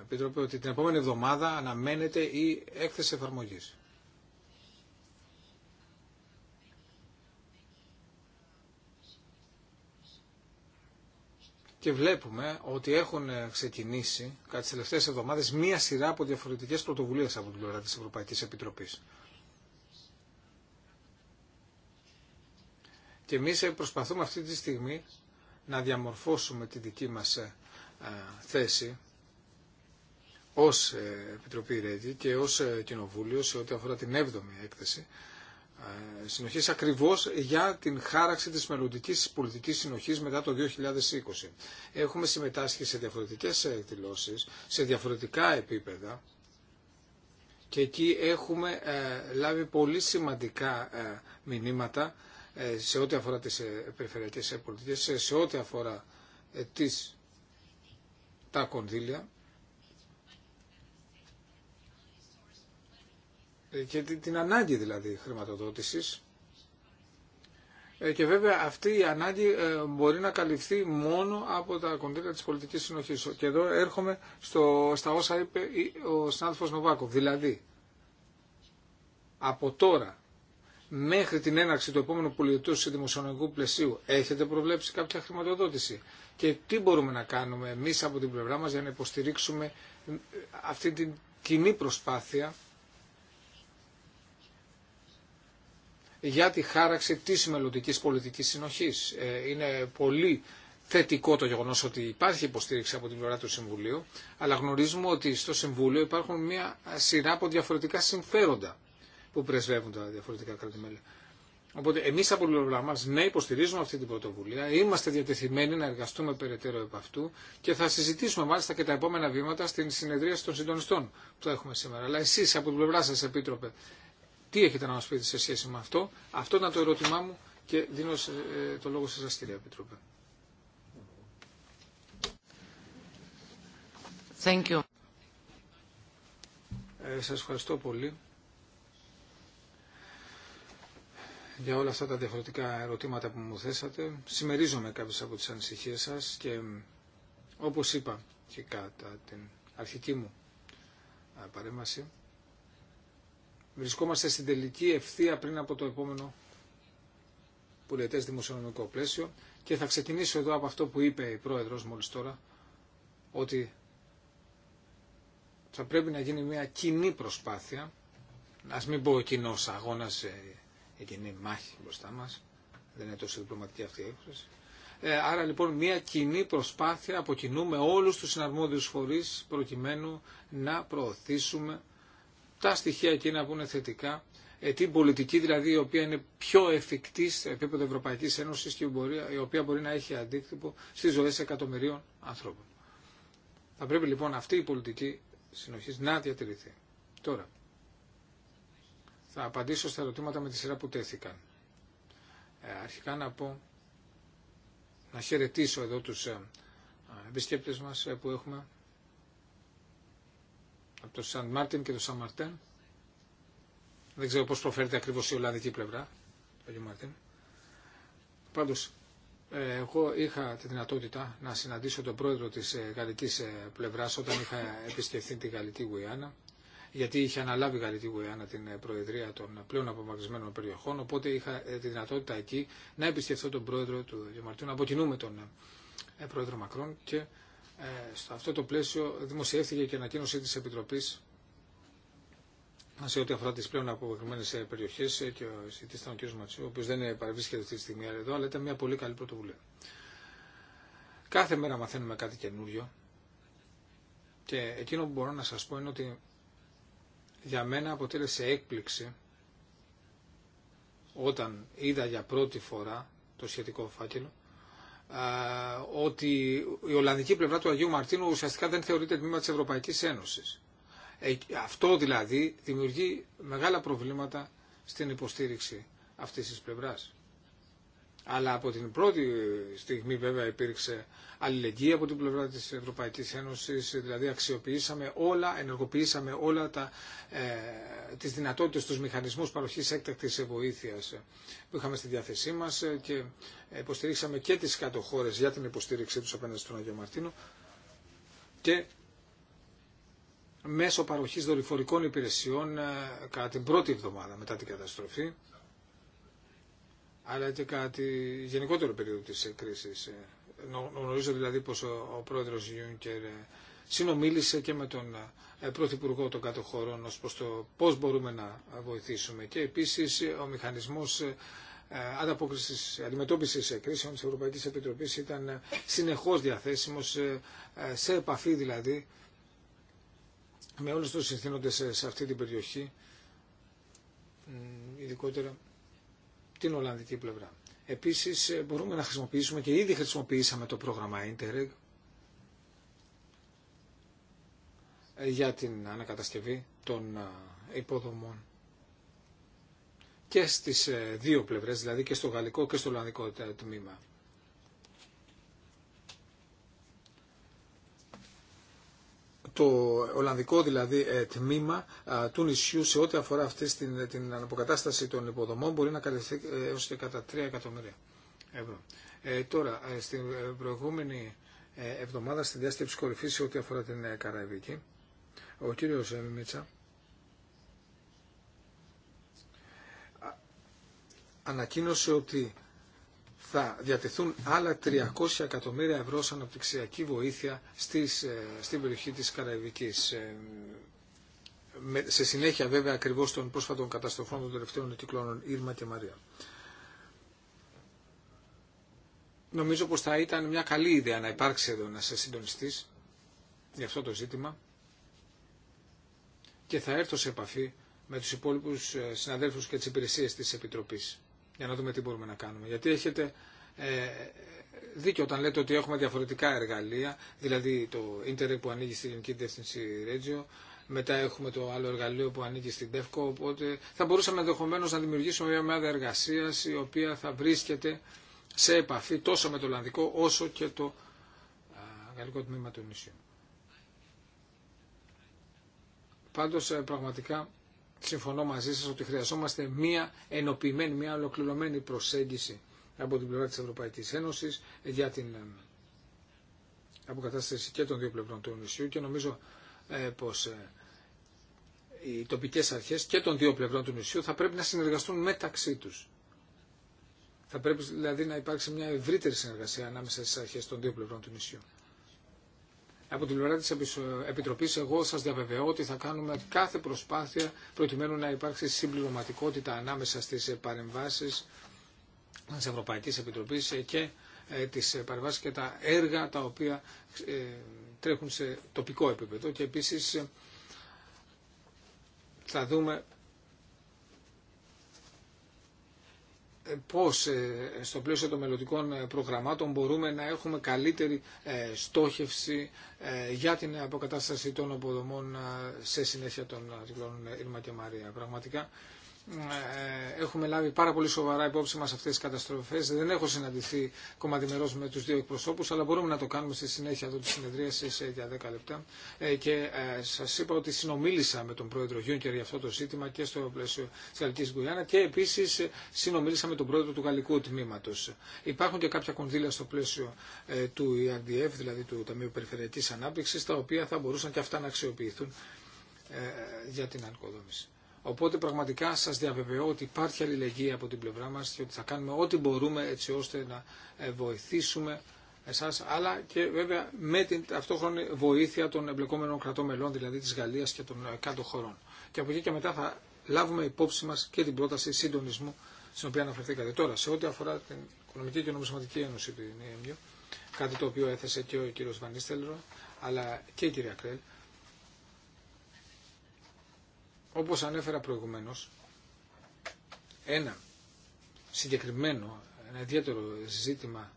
Επιτροπή, ότι την επόμενη εβδομάδα αναμένεται η έκθεση εφαρμογής. και βλέπουμε ότι έχουν ξεκινήσει κατά τι τελευταίε εβδομάδε μία σειρά από διαφορετικέ πρωτοβουλίε από την πλευρά τη Ευρωπαϊκή Επιτροπή. Και εμείς προσπαθούμε αυτή τη στιγμή να διαμορφώσουμε τη δική μας ε, θέση ως ε, Επιτροπή Ρέτη και ως ε, Κοινοβούλιο σε ό,τι αφορά την 7η έκθεση συνοχής ακριβώς για την χάραξη της μελλοντική πολιτικής συνοχής μετά το 2020. Έχουμε συμμετάσχει σε διαφορετικές εκδηλώσεις, σε διαφορετικά επίπεδα και εκεί έχουμε λάβει πολύ σημαντικά μηνύματα ε, σε ό,τι αφορά τις ε, περιφερειακές ε, πολιτικές, σε ό,τι αφορά τις, τα κονδύλια και την ανάγκη δηλαδή χρηματοδότησης και βέβαια αυτή η ανάγκη μπορεί να καλυφθεί μόνο από τα κονδύλια της πολιτικής συνοχής. Και εδώ έρχομαι στο, στα όσα είπε ο συνάδελφος Νοβάκο. Δηλαδή, από τώρα μέχρι την έναρξη του επόμενου πολιτού σε δημοσιονομικού πλαισίου έχετε προβλέψει κάποια χρηματοδότηση και τι μπορούμε να κάνουμε εμείς από την πλευρά μας για να υποστηρίξουμε ε, αυτή την κοινή προσπάθεια για τη χάραξη της μελλοντικής πολιτικής συνοχής. Ε, είναι πολύ θετικό το γεγονός ότι υπάρχει υποστήριξη από την πλευρά του Συμβουλίου, αλλά γνωρίζουμε ότι στο Συμβούλιο υπάρχουν μια σειρά από διαφορετικά συμφέροντα που πρεσβεύουν τα διαφορετικά κράτη-μέλη. Οπότε εμεί από την πλευρά μα ναι υποστηρίζουμε αυτή την πρωτοβουλία, είμαστε διατεθειμένοι να εργαστούμε περαιτέρω επ' αυτού και θα συζητήσουμε μάλιστα και τα επόμενα βήματα στην συνεδρία των συντονιστών που θα έχουμε σήμερα. Αλλά εσεί από την πλευρά σα, Επίτροπε, τι έχετε να μα πείτε σε σχέση με αυτό. Αυτό ήταν το ερώτημά μου και δίνω ε, το λόγο σε εσά, κύριε Επίτροπε. Thank Ε, σας ευχαριστώ πολύ. για όλα αυτά τα διαφορετικά ερωτήματα που μου θέσατε. Συμμερίζομαι κάποιες από τις ανησυχίες σας και όπως είπα και κατά την αρχική μου παρέμβαση, βρισκόμαστε στην τελική ευθεία πριν από το επόμενο πολιτέ δημοσιονομικό πλαίσιο και θα ξεκινήσω εδώ από αυτό που είπε η πρόεδρος μόλις τώρα, ότι θα πρέπει να γίνει μια κοινή προσπάθεια, ας μην πω κοινό αγώνας ε, εκείνη μάχη μπροστά μας. Δεν είναι τόσο διπλωματική αυτή η έκφραση. Ε, άρα λοιπόν μια κοινή προσπάθεια αποκινούμε όλου του όλους τους συναρμόδιους φορείς προκειμένου να προωθήσουμε τα στοιχεία εκείνα που είναι θετικά, ε, την πολιτική δηλαδή η οποία είναι πιο εφικτή σε επίπεδο Ευρωπαϊκής Ένωσης και η οποία μπορεί να έχει αντίκτυπο στις ζωές εκατομμυρίων ανθρώπων. Θα πρέπει λοιπόν αυτή η πολιτική συνοχής να διατηρηθεί. Τώρα, θα απαντήσω στα ερωτήματα με τη σειρά που τέθηκαν. Ε, αρχικά να πω, να χαιρετήσω εδώ τους ε, επισκέπτες μας ε, που έχουμε από το Σαν Μάρτιν και το Σαν Μαρτέν. Δεν ξέρω πώς προφέρεται ακριβώς η Ολλανδική πλευρά, το Μάρτιν. Πάντως, εγώ είχα τη δυνατότητα να συναντήσω τον πρόεδρο της γαλλικής πλευράς όταν είχα επισκεφθεί τη Γαλλική Γουιάννα γιατί είχε αναλάβει η Γαλλική Γουιάννα την ε, Προεδρία των πλέον απομακρυσμένων περιοχών, οπότε είχα ε, τη δυνατότητα εκεί να επισκεφθώ τον Πρόεδρο του Διαμαρτίου, να αποκοινούμε τον ε, Πρόεδρο Μακρόν και σε αυτό το πλαίσιο δημοσιεύθηκε και ανακοίνωση τη Επιτροπή σε ό,τι αφορά τι πλέον απομακρυσμένε περιοχέ και ο εισηγητή ήταν ο κ. Ματσού, ο οποίο δεν παρευρίσκεται αυτή τη στιγμή εδώ, αλλά ήταν μια πολύ καλή πρωτοβουλία. Κάθε μέρα μαθαίνουμε κάτι καινούριο και εκείνο που μπορώ να σα πω είναι ότι για μένα αποτέλεσε έκπληξη όταν είδα για πρώτη φορά το σχετικό φάκελο ότι η Ολλανδική πλευρά του Αγίου Μαρτίνου ουσιαστικά δεν θεωρείται τμήμα της Ευρωπαϊκής Ένωσης. Ε, αυτό δηλαδή δημιουργεί μεγάλα προβλήματα στην υποστήριξη αυτής της πλευράς. Αλλά από την πρώτη στιγμή βέβαια υπήρξε αλληλεγγύη από την πλευρά της Ευρωπαϊκής Ένωσης, δηλαδή αξιοποιήσαμε όλα, ενεργοποιήσαμε όλα τα, ε, τις δυνατότητες, τους μηχανισμούς παροχής έκτακτης βοήθειας που είχαμε στη διάθεσή μας και υποστηρίξαμε και τις κάτω για την υποστήριξή τους απέναντι στον Αγιο Μαρτίνο και μέσω παροχής δορυφορικών υπηρεσιών ε, κατά την πρώτη εβδομάδα μετά την καταστροφή αλλά και κάτι γενικότερο περίοδο της κρίσης. Ε, γνωρίζω δηλαδή πως ο πρόεδρος Γιούνκερ ε, συνομίλησε και με τον ε, Πρωθυπουργό των Κάτω Χωρών ως το πώς μπορούμε να βοηθήσουμε και επίσης ο μηχανισμός ανταπόκρισης, αντιμετώπισης κρίσεων της Ευρωπαϊκής Επιτροπής ήταν συνεχώς διαθέσιμος, σε επαφή δηλαδή με όλους τους συνθήνοντες σε αυτή την περιοχή, ειδικότερα την Ολλανδική πλευρά. Επίσης ε, μπορούμε να χρησιμοποιήσουμε και ήδη χρησιμοποιήσαμε το πρόγραμμα Interreg ε, για την ανακατασκευή των ε, υποδομών και στις δύο πλευρές, δηλαδή και στο γαλλικό και στο ολλανδικό τμήμα. το Ολλανδικό δηλαδή ε, τμήμα του νησιού σε ό,τι αφορά αυτή την, την αναποκατάσταση των υποδομών μπορεί να καλυφθεί ε, έως και κατά 3 εκατομμύρια ευρώ. Ε, τώρα, ε, στην προηγούμενη εβδομάδα στη διάσκεψη κορυφή σε ό,τι αφορά την Καραϊβική, ο κύριος Μίτσα ανακοίνωσε ότι θα διατεθούν άλλα 300 εκατομμύρια ευρώ σαν αναπτυξιακή βοήθεια στις, ε, στην περιοχή της Καραϊβικής. Ε, σε συνέχεια βέβαια ακριβώς των πρόσφατων καταστροφών των τελευταίων κυκλώνων Ήρμα και Μαρία. Νομίζω πως θα ήταν μια καλή ιδέα να υπάρξει εδώ ένας συντονιστής για αυτό το ζήτημα και θα έρθω σε επαφή με τους υπόλοιπους ε, συναδέλφους και τις υπηρεσίες της Επιτροπής για να δούμε τι μπορούμε να κάνουμε. Γιατί έχετε ε, δίκιο όταν λέτε ότι έχουμε διαφορετικά εργαλεία, δηλαδή το Interreg που ανοίγει στη Γενική Διεύθυνση Ρέτζιο, μετά έχουμε το άλλο εργαλείο που ανήκει στην ΤΕΦΚΟ, οπότε θα μπορούσαμε ενδεχομένω να δημιουργήσουμε μια ομάδα εργασία η οποία θα βρίσκεται σε επαφή τόσο με το Ολλανδικό όσο και το Γαλλικό Τμήμα του νησιού. Πάντως ε, πραγματικά συμφωνώ μαζί σας ότι χρειαζόμαστε μία ενοποιημένη, μία ολοκληρωμένη προσέγγιση από την πλευρά της Ευρωπαϊκής Ένωσης για την ε, αποκατάσταση και των δύο πλευρών του νησιού και νομίζω ε, πως ε, οι τοπικές αρχές και των δύο πλευρών του νησιού θα πρέπει να συνεργαστούν μεταξύ τους. Θα πρέπει δηλαδή να υπάρξει μια ευρύτερη συνεργασία ανάμεσα στις αρχές των δύο πλευρών του νησιού από την πλευρά τη Επιτροπή, εγώ σα διαβεβαιώ ότι θα κάνουμε κάθε προσπάθεια προκειμένου να υπάρξει συμπληρωματικότητα ανάμεσα στι παρεμβάσει τη Ευρωπαϊκή Επιτροπής και ε, τι παρεμβάσει και τα έργα τα οποία ε, τρέχουν σε τοπικό επίπεδο. Και επίσης ε, θα δούμε πώς ε, στο πλαίσιο των μελλοντικών ε, προγραμμάτων μπορούμε να έχουμε καλύτερη ε, στόχευση για την αποκατάσταση των αποδομών σε συνέχεια των δικλώνων Ήρμα και Μαρία. Πραγματικά ε, έχουμε λάβει πάρα πολύ σοβαρά υπόψη μας αυτές τις καταστροφές. Δεν έχω συναντηθεί κομματιμερός με τους δύο εκπροσώπους, αλλά μπορούμε να το κάνουμε στη συνέχεια εδώ της συνεδρίασης για 10 λεπτά. Ε, και ε, σας είπα ότι συνομίλησα με τον πρόεδρο Γιούνκερ για αυτό το ζήτημα και στο πλαίσιο της Γαλλικής Γκουιάνα και επίσης συνομίλησα με τον πρόεδρο του Γαλλικού Τμήματος. Υπάρχουν και κάποια κονδύλια στο πλαίσιο του ERDF, δηλαδή του Ταμείου Περιφερειακής ανάπτυξη, τα οποία θα μπορούσαν και αυτά να αξιοποιηθούν για την αλκοδόμηση. Οπότε πραγματικά σας διαβεβαιώ ότι υπάρχει αλληλεγγύη από την πλευρά μας και ότι θα κάνουμε ό,τι μπορούμε έτσι ώστε να ε, βοηθήσουμε εσάς, αλλά και βέβαια με την ταυτόχρονη βοήθεια των εμπλεκόμενων κρατών μελών, δηλαδή της Γαλλίας και των ε, κάτω χωρών. Και από εκεί και μετά θα λάβουμε υπόψη μας και την πρόταση συντονισμού στην οποία αναφερθήκατε τώρα. Σε ό,τι αφορά την Οικονομική και Νομισματική Ένωση του ΕΜΙΟ, κάτι το οποίο έθεσε και ο κύριος Βανίστελρο, αλλά και η κυρία Κρέλ, όπως ανέφερα προηγουμένως, ένα συγκεκριμένο, ένα ιδιαίτερο ζήτημα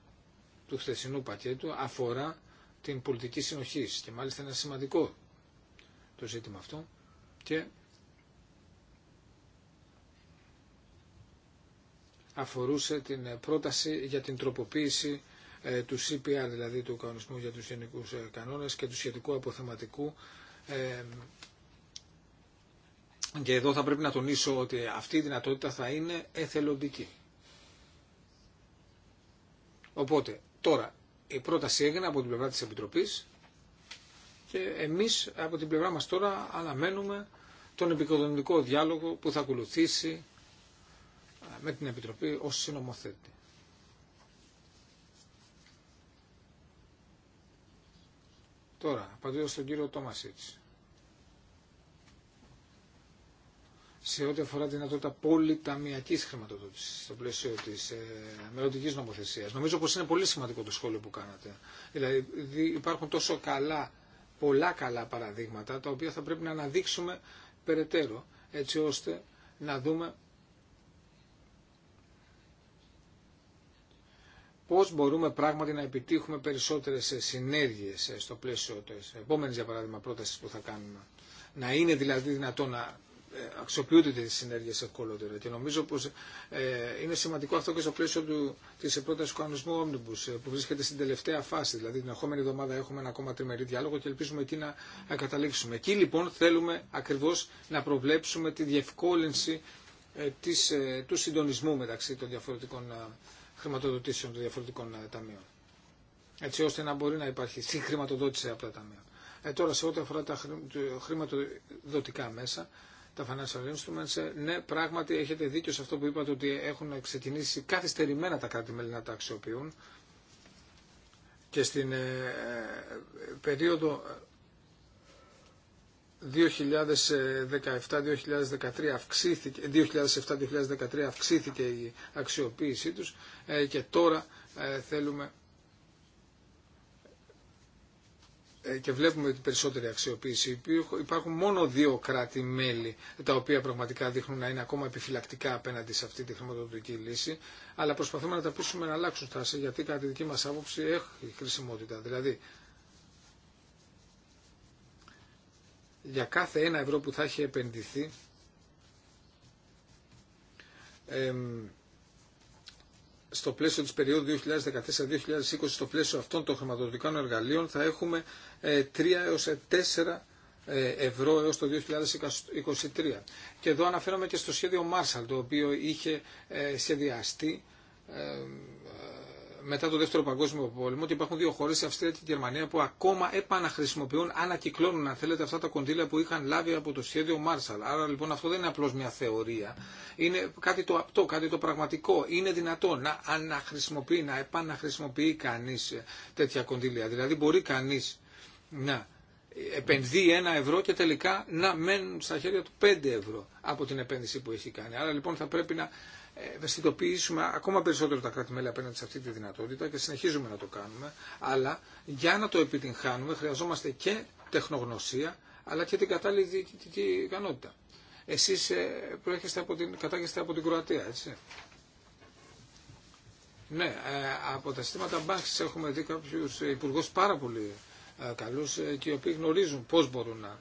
του χθεσινού πακέτου αφορά την πολιτική συνοχή και μάλιστα είναι σημαντικό το ζήτημα αυτό και αφορούσε την πρόταση για την τροποποίηση ε, του CPR, δηλαδή του κανονισμού για τους γενικούς ε, κανόνες και του σχετικού αποθεματικού ε, και εδώ θα πρέπει να τονίσω ότι αυτή η δυνατότητα θα είναι εθελοντική. Οπότε, τώρα, η πρόταση έγινε από την πλευρά της Επιτροπής και εμείς από την πλευρά μας τώρα αναμένουμε τον επικοδομητικό διάλογο που θα ακολουθήσει με την Επιτροπή ως συνομοθέτη. Τώρα, απαντήσω στον κύριο Τόμασίτς. σε ό,τι αφορά τη δυνατότητα πολυταμιακή χρηματοδότηση στο πλαίσιο τη ε, μελλοντική νομοθεσία. Νομίζω πω είναι πολύ σημαντικό το σχόλιο που κάνατε. Δηλαδή, υπάρχουν τόσο καλά, πολλά καλά παραδείγματα, τα οποία θα πρέπει να αναδείξουμε περαιτέρω, έτσι ώστε να δούμε πώς μπορούμε πράγματι να επιτύχουμε περισσότερε ε, συνέργειε ε, στο πλαίσιο τη ε, επόμενη για παράδειγμα, πρόταση που θα κάνουμε. Να είναι δηλαδή δυνατό να ε, αξιοποιούνται τις συνέργειες ευκολότερα. Και νομίζω πως ε, είναι σημαντικό αυτό και στο πλαίσιο τη της πρότασης του κανονισμού Omnibus ε, που βρίσκεται στην τελευταία φάση. Δηλαδή την ερχόμενη εβδομάδα έχουμε ένα ακόμα τριμερή διάλογο και ελπίζουμε εκεί να καταλήξουμε. Εκεί λοιπόν θέλουμε ακριβώς να προβλέψουμε τη διευκόλυνση της, του συντονισμού μεταξύ των διαφορετικών χρηματοδοτήσεων των διαφορετικών ταμείων. Έτσι ώστε να μπορεί να υπάρχει συγχρηματοδότηση από τα ταμεία. Ε, τώρα σε ό,τι αφορά τα χρηματοδοτικά μέσα, τα financial instruments, ε, ναι, πράγματι έχετε δίκιο σε αυτό που είπατε ότι έχουν ξεκινήσει καθυστερημένα τα κράτη-μέλη να τα αξιοποιούν και στην ε, ε, περίοδο 2017-2013 αυξήθηκε, 2007-2013 αυξήθηκε η αξιοποίησή τους και τώρα θέλουμε Ε, και βλέπουμε οτι περισσότερη αξιοποίηση. Υπάρχουν μόνο δύο κράτη-μέλη τα οποία πραγματικά δείχνουν να είναι ακόμα επιφυλακτικά απέναντι σε αυτή τη χρηματοδοτική λύση, αλλά προσπαθούμε να τα πείσουμε να αλλάξουν στάση, γιατί κατά τη δική μας άποψη έχει χρησιμότητα. Δηλαδή, για κάθε ένα ευρώ που θα έχει επενδυθεί, στο πλαίσιο της περίοδου 2014-2020, στο πλαίσιο αυτών των χρηματοδοτικών εργαλείων, θα έχουμε 3 ε, έως 4 ε, ε, ευρώ έως το 2023. Και εδώ αναφέρομαι και στο σχέδιο Marshall, το οποίο είχε σχεδιαστεί μετά το Δεύτερο Παγκόσμιο Πόλεμο ότι υπάρχουν δύο χώρε, η Αυστρία και η Γερμανία, που ακόμα επαναχρησιμοποιούν, ανακυκλώνουν, αν θέλετε, αυτά τα κονδύλια που είχαν λάβει από το σχέδιο Μάρσαλ. Άρα λοιπόν αυτό δεν είναι απλώ μια θεωρία. Είναι κάτι το απτό, κάτι το πραγματικό. Είναι δυνατό να αναχρησιμοποιεί, να επαναχρησιμοποιεί κανεί τέτοια κονδύλια. Δηλαδή μπορεί κανεί να επενδύει ένα ευρώ και τελικά να μένουν στα χέρια του πέντε ευρώ από την επένδυση που έχει κάνει. Άρα λοιπόν θα πρέπει να ευαισθητοποιήσουμε ακόμα περισσότερο τα κράτη-μέλη απέναντι σε αυτή τη δυνατότητα και συνεχίζουμε να το κάνουμε. Αλλά για να το επιτυγχάνουμε χρειαζόμαστε και τεχνογνωσία αλλά και την κατάλληλη διοικητική ικανότητα. Εσεί ε, προέρχεστε από την, κατάγεστε από την Κροατία, έτσι. Ναι, ε, από τα συστήματα μπάνξης έχουμε δει κάποιους υπουργούς πάρα πολύ ε, καλού και οι οποίοι γνωρίζουν πώς μπορούν να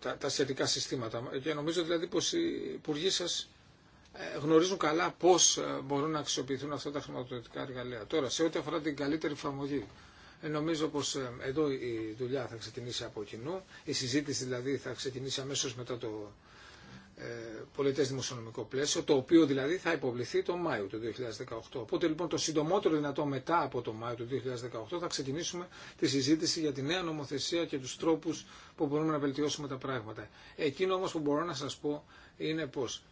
τα, τα σχετικά συστήματα. Και νομίζω δηλαδή πως οι υπουργοί σας ε, γνωρίζουν καλά πώς ε, μπορούν να αξιοποιηθούν αυτά τα χρηματοδοτικά εργαλεία. Τώρα, σε ό,τι αφορά την καλύτερη εφαρμογή, ε, νομίζω πως εδώ η δουλειά θα ξεκινήσει από κοινού. Η συζήτηση δηλαδή θα ξεκινήσει αμέσως μετά το ε, πολιτές δημοσιονομικό πλαίσιο, το οποίο δηλαδή θα υποβληθεί τον Μάιο του 2018. Οπότε λοιπόν το συντομότερο δυνατό μετά από τον Μάιο του 2018 θα ξεκινήσουμε τη συζήτηση για τη νέα νομοθεσία και τους τρόπους που μπορούμε να βελτιώσουμε τα πράγματα. Εκείνο όμως που μπορώ να σας πω είναι πως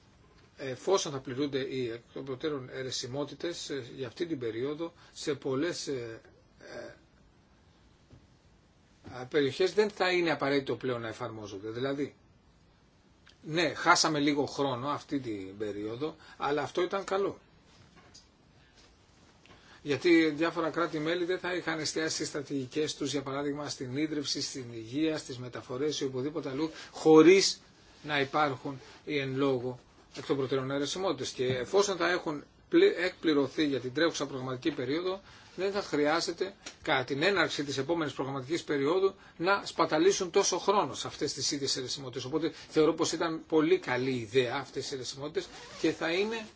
εφόσον θα πληρούνται οι προτέρων ερεσιμότητες ε, για αυτή την περίοδο σε πολλές ε, περιοχές δεν θα είναι απαραίτητο πλέον να εφαρμόζονται. Δηλαδή ναι, χάσαμε λίγο χρόνο αυτή την περίοδο, αλλά αυτό ήταν καλό. Γιατί διάφορα κράτη-μέλη δεν θα είχαν εστιάσει στρατηγικές του, για παράδειγμα, στην ίδρυψη, στην υγεία, στις μεταφορέ ή οπουδήποτε αλλού, χωρί να υπάρχουν οι εν λόγω εκ των προτεραιών αιρεσιμότητε. Και εφόσον θα έχουν εκπληρωθεί για την τρέχουσα προγραμματική περίοδο, δεν θα χρειάζεται κατά την έναρξη τη επόμενη προγραμματική περίοδου να σπαταλήσουν τόσο χρόνο σε αυτές τις ίδιες ερεσιμότητες. Οπότε θεωρώ πως ήταν πολύ καλή ιδέα αυτέ οι ερεσιμότητε και θα, είναι,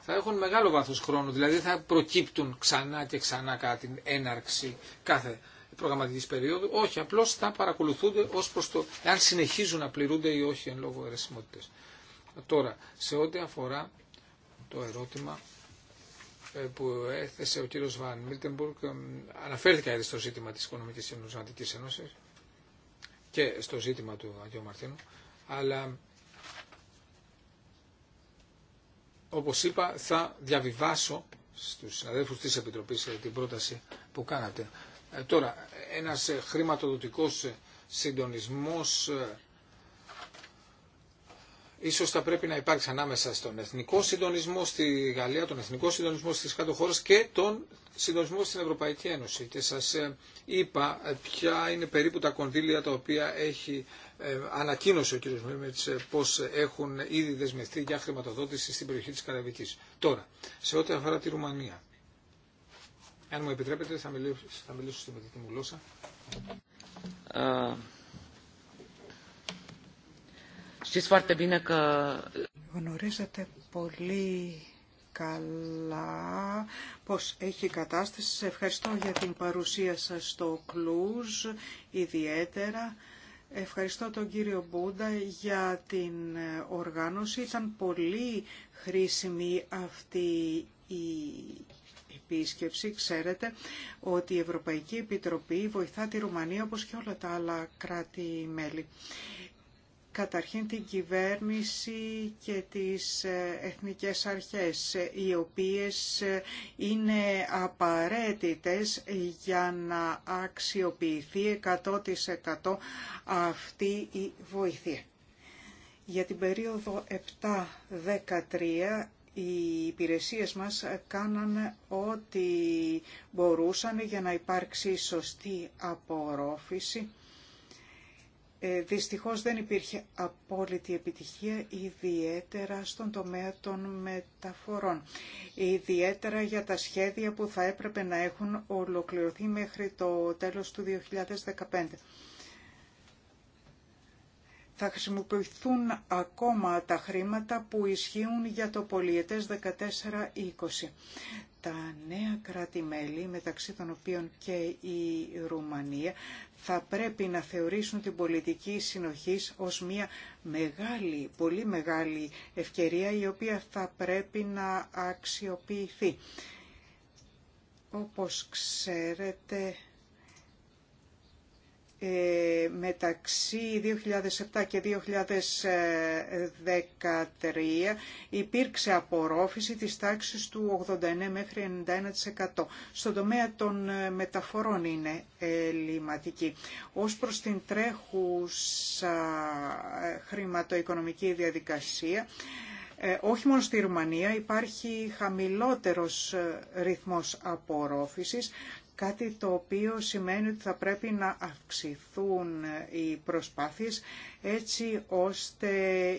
θα έχουν μεγάλο βάθο χρόνου, δηλαδή θα προκύπτουν ξανά και ξανά κατά την έναρξη κάθε προγραμματική περίοδου, όχι, απλώ θα παρακολουθούνται ω προ το αν συνεχίζουν να πληρούνται ή όχι εν λόγω ερεσιμότητες. Τώρα, σε ό,τι αφορά το ερώτημα ε, που έθεσε ο κύριος Βαν Μίλτεμπουργκ ε, αναφέρθηκα ήδη στο ζήτημα της Οικονομικής Ένωσης και στο ζήτημα του Αγίου Μαρτίνου, αλλά όπως είπα θα διαβιβάσω στους συναδέλφους της Επιτροπής ε, την πρόταση που κάνατε. Τώρα, ένας χρηματοδοτικός συντονισμός ίσως θα πρέπει να υπάρξει ανάμεσα στον εθνικό συντονισμό στη Γαλλία, τον εθνικό συντονισμό στις κάτω χώρες και τον συντονισμό στην Ευρωπαϊκή Ένωση. Και σας ε, είπα ε, ποια είναι περίπου τα κονδύλια τα οποία έχει ε, ανακοίνωσε ο κ. Μίμετς πως έχουν ήδη δεσμευτεί για χρηματοδότηση στην περιοχή της Καραβικής. Τώρα, σε ό,τι αφορά τη Ρουμανία. Αν μου επιτρέπετε θα μιλήσω, θα μιλήσω στη μου γλώσσα. Uh... Γνωρίζετε πολύ καλά πώς έχει κατάσταση. ευχαριστώ για την παρουσία σας στο Κλούζ ιδιαίτερα. Ευχαριστώ τον κύριο Μπούντα για την οργάνωση. Ήταν πολύ χρήσιμη αυτή η επίσκεψη. Ξέρετε ότι η Ευρωπαϊκή Επιτροπή βοηθά τη Ρουμανία όπως και όλα τα άλλα κράτη-μέλη καταρχήν την κυβέρνηση και τις ε, εθνικές αρχές, οι οποίες ε, είναι απαραίτητες για να αξιοποιηθεί 100% αυτή η βοήθεια. Για την περίοδο 7-13 οι υπηρεσίες μας κάνανε ό,τι μπορούσαν για να υπάρξει σωστή απορρόφηση ε, δυστυχώς δεν υπήρχε απόλυτη επιτυχία, ιδιαίτερα στον τομέα των μεταφορών. Ιδιαίτερα για τα σχέδια που θα έπρεπε να έχουν ολοκληρωθεί μέχρι το τέλος του 2015. Θα χρησιμοποιηθούν ακόμα τα χρήματα που ισχύουν για το πολιετές 14-20 τα νέα κράτη-μέλη, μεταξύ των οποίων και η Ρουμανία, θα πρέπει να θεωρήσουν την πολιτική συνοχής ως μια μεγάλη, πολύ μεγάλη ευκαιρία η οποία θα πρέπει να αξιοποιηθεί. Όπως ξέρετε, ε, μεταξύ 2007 και 2013 υπήρξε απορρόφηση της τάξης του 89 μέχρι 91%. Στον τομέα των ε, μεταφορών είναι ελληματική. Ως προς την τρέχουσα ε, χρηματοοικονομική διαδικασία, όχι μόνο στη Ρουμανία υπάρχει χαμηλότερος ρυθμός απορρόφησης κάτι το οποίο σημαίνει ότι θα πρέπει να αυξηθούν οι προσπάθειες έτσι ώστε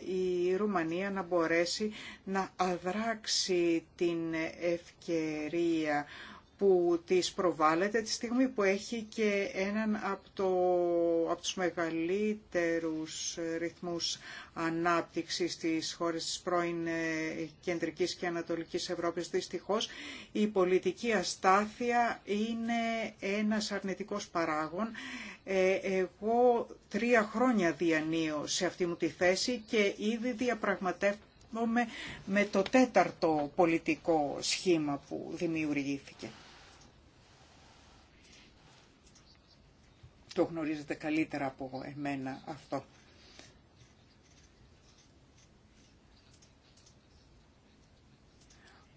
η Ρουμανία να μπορέσει να αδράξει την ευκαιρία που τις προβάλλεται τη στιγμή που έχει και έναν από, το, τους μεγαλύτερους ρυθμούς ανάπτυξης της χώρες της πρώην ε, Κεντρικής και Ανατολικής Ευρώπης. Δυστυχώς η πολιτική αστάθεια είναι ένας αρνητικός παράγων. Ε, εγώ τρία χρόνια διανύω σε αυτή μου τη θέση και ήδη διαπραγματεύω με το τέταρτο πολιτικό σχήμα που δημιουργήθηκε. Το γνωρίζετε καλύτερα από εμένα αυτό.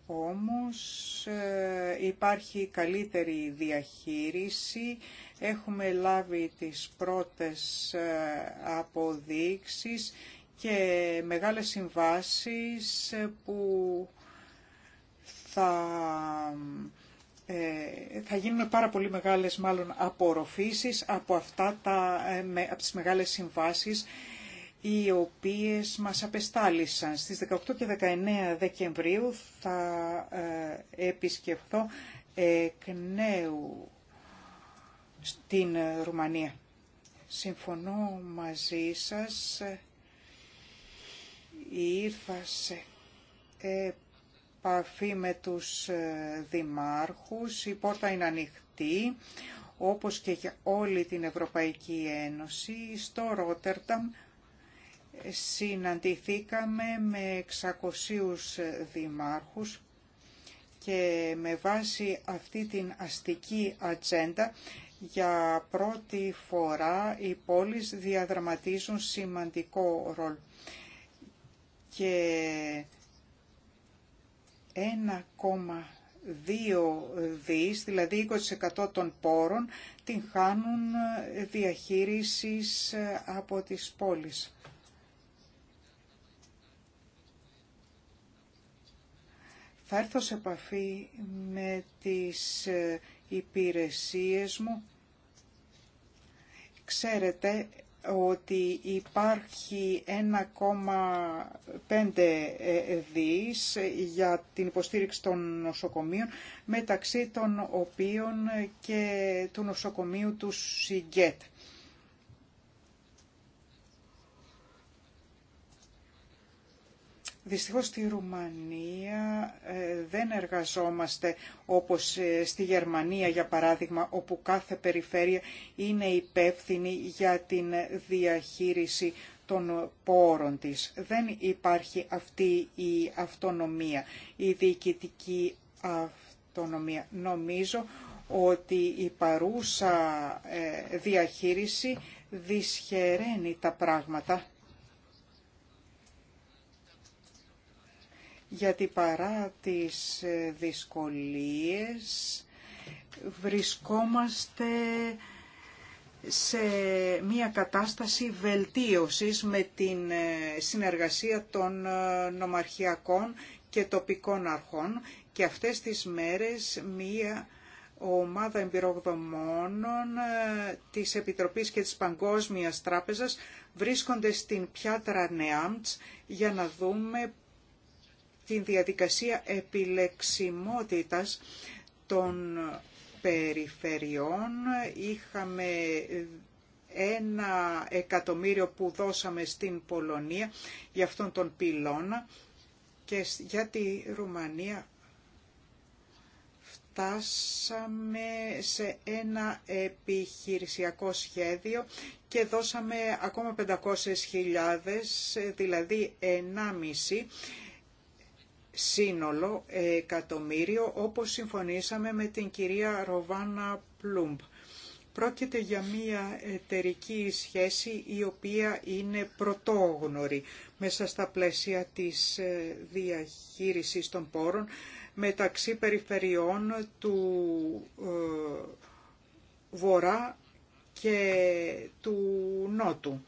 Όμως ε, υπάρχει καλύτερη διαχείριση. Έχουμε λάβει τις πρώτες ε, αποδείξεις και μεγάλες συμβάσεις που θα ε, θα γίνουν πάρα πολύ μεγάλες μάλλον απορροφήσεις από, αυτά τα, ε, από τις μεγάλες συμβάσεις οι οποίες μας απεστάλησαν. Στις 18 και 19 Δεκεμβρίου θα ε, επισκεφθώ εκ νέου στην Ρουμανία. Συμφωνώ μαζί σας. Ήρθα σε επαφή με τους ε, δημάρχους, η πόρτα είναι ανοιχτή, όπως και για όλη την Ευρωπαϊκή Ένωση. Στο Ρότερταμ συναντηθήκαμε με 600 δημάρχους και με βάση αυτή την αστική ατζέντα για πρώτη φορά οι πόλεις διαδραματίζουν σημαντικό ρόλο. Και 1,2 δις, δηλαδή 20% των πόρων, την χάνουν ε, διαχείρισης ε, από τις πόλεις. Θα έρθω σε επαφή με τις ε, υπηρεσίες μου. Ξέρετε, ότι υπάρχει 1,5 ε, δις για την υποστήριξη των νοσοκομείων, μεταξύ των οποίων και του νοσοκομείου του ΣΥΓΚΕΤ. Δυστυχώς στη Ρουμανία ε, δεν εργαζόμαστε όπως ε, στη Γερμανία για παράδειγμα όπου κάθε περιφέρεια είναι υπεύθυνη για την διαχείριση των πόρων της. Δεν υπάρχει αυτή η αυτονομία, η διοικητική αυτονομία. Νομίζω ότι η παρούσα ε, διαχείριση δυσχεραίνει τα πράγματα γιατί παρά τις ε, δυσκολίες βρισκόμαστε σε μια κατάσταση βελτίωσης με την ε, συνεργασία των ε, νομαρχιακών και τοπικών αρχών και αυτές τις μέρες μια ομάδα εμπειρογδομόνων της Επιτροπής και της Παγκόσμιας Τράπεζας βρίσκονται στην Πιάτρα Νεάμτς για να δούμε την διαδικασία επιλεξιμότητας των περιφερειών. Είχαμε ένα εκατομμύριο που δώσαμε στην Πολωνία για αυτόν τον πυλώνα και για τη Ρουμανία φτάσαμε σε ένα επιχειρησιακό σχέδιο και δώσαμε ακόμα 500.000, δηλαδή 1,5 σύνολο εκατομμύριο όπως συμφωνήσαμε με την κυρία Ροβάνα Πλούμπ. Πρόκειται για μια εταιρική σχέση η οποία είναι πρωτόγνωρη μέσα στα πλαίσια της ε, διαχείρισης των πόρων μεταξύ περιφερειών του ε, Βορρά και του Νότου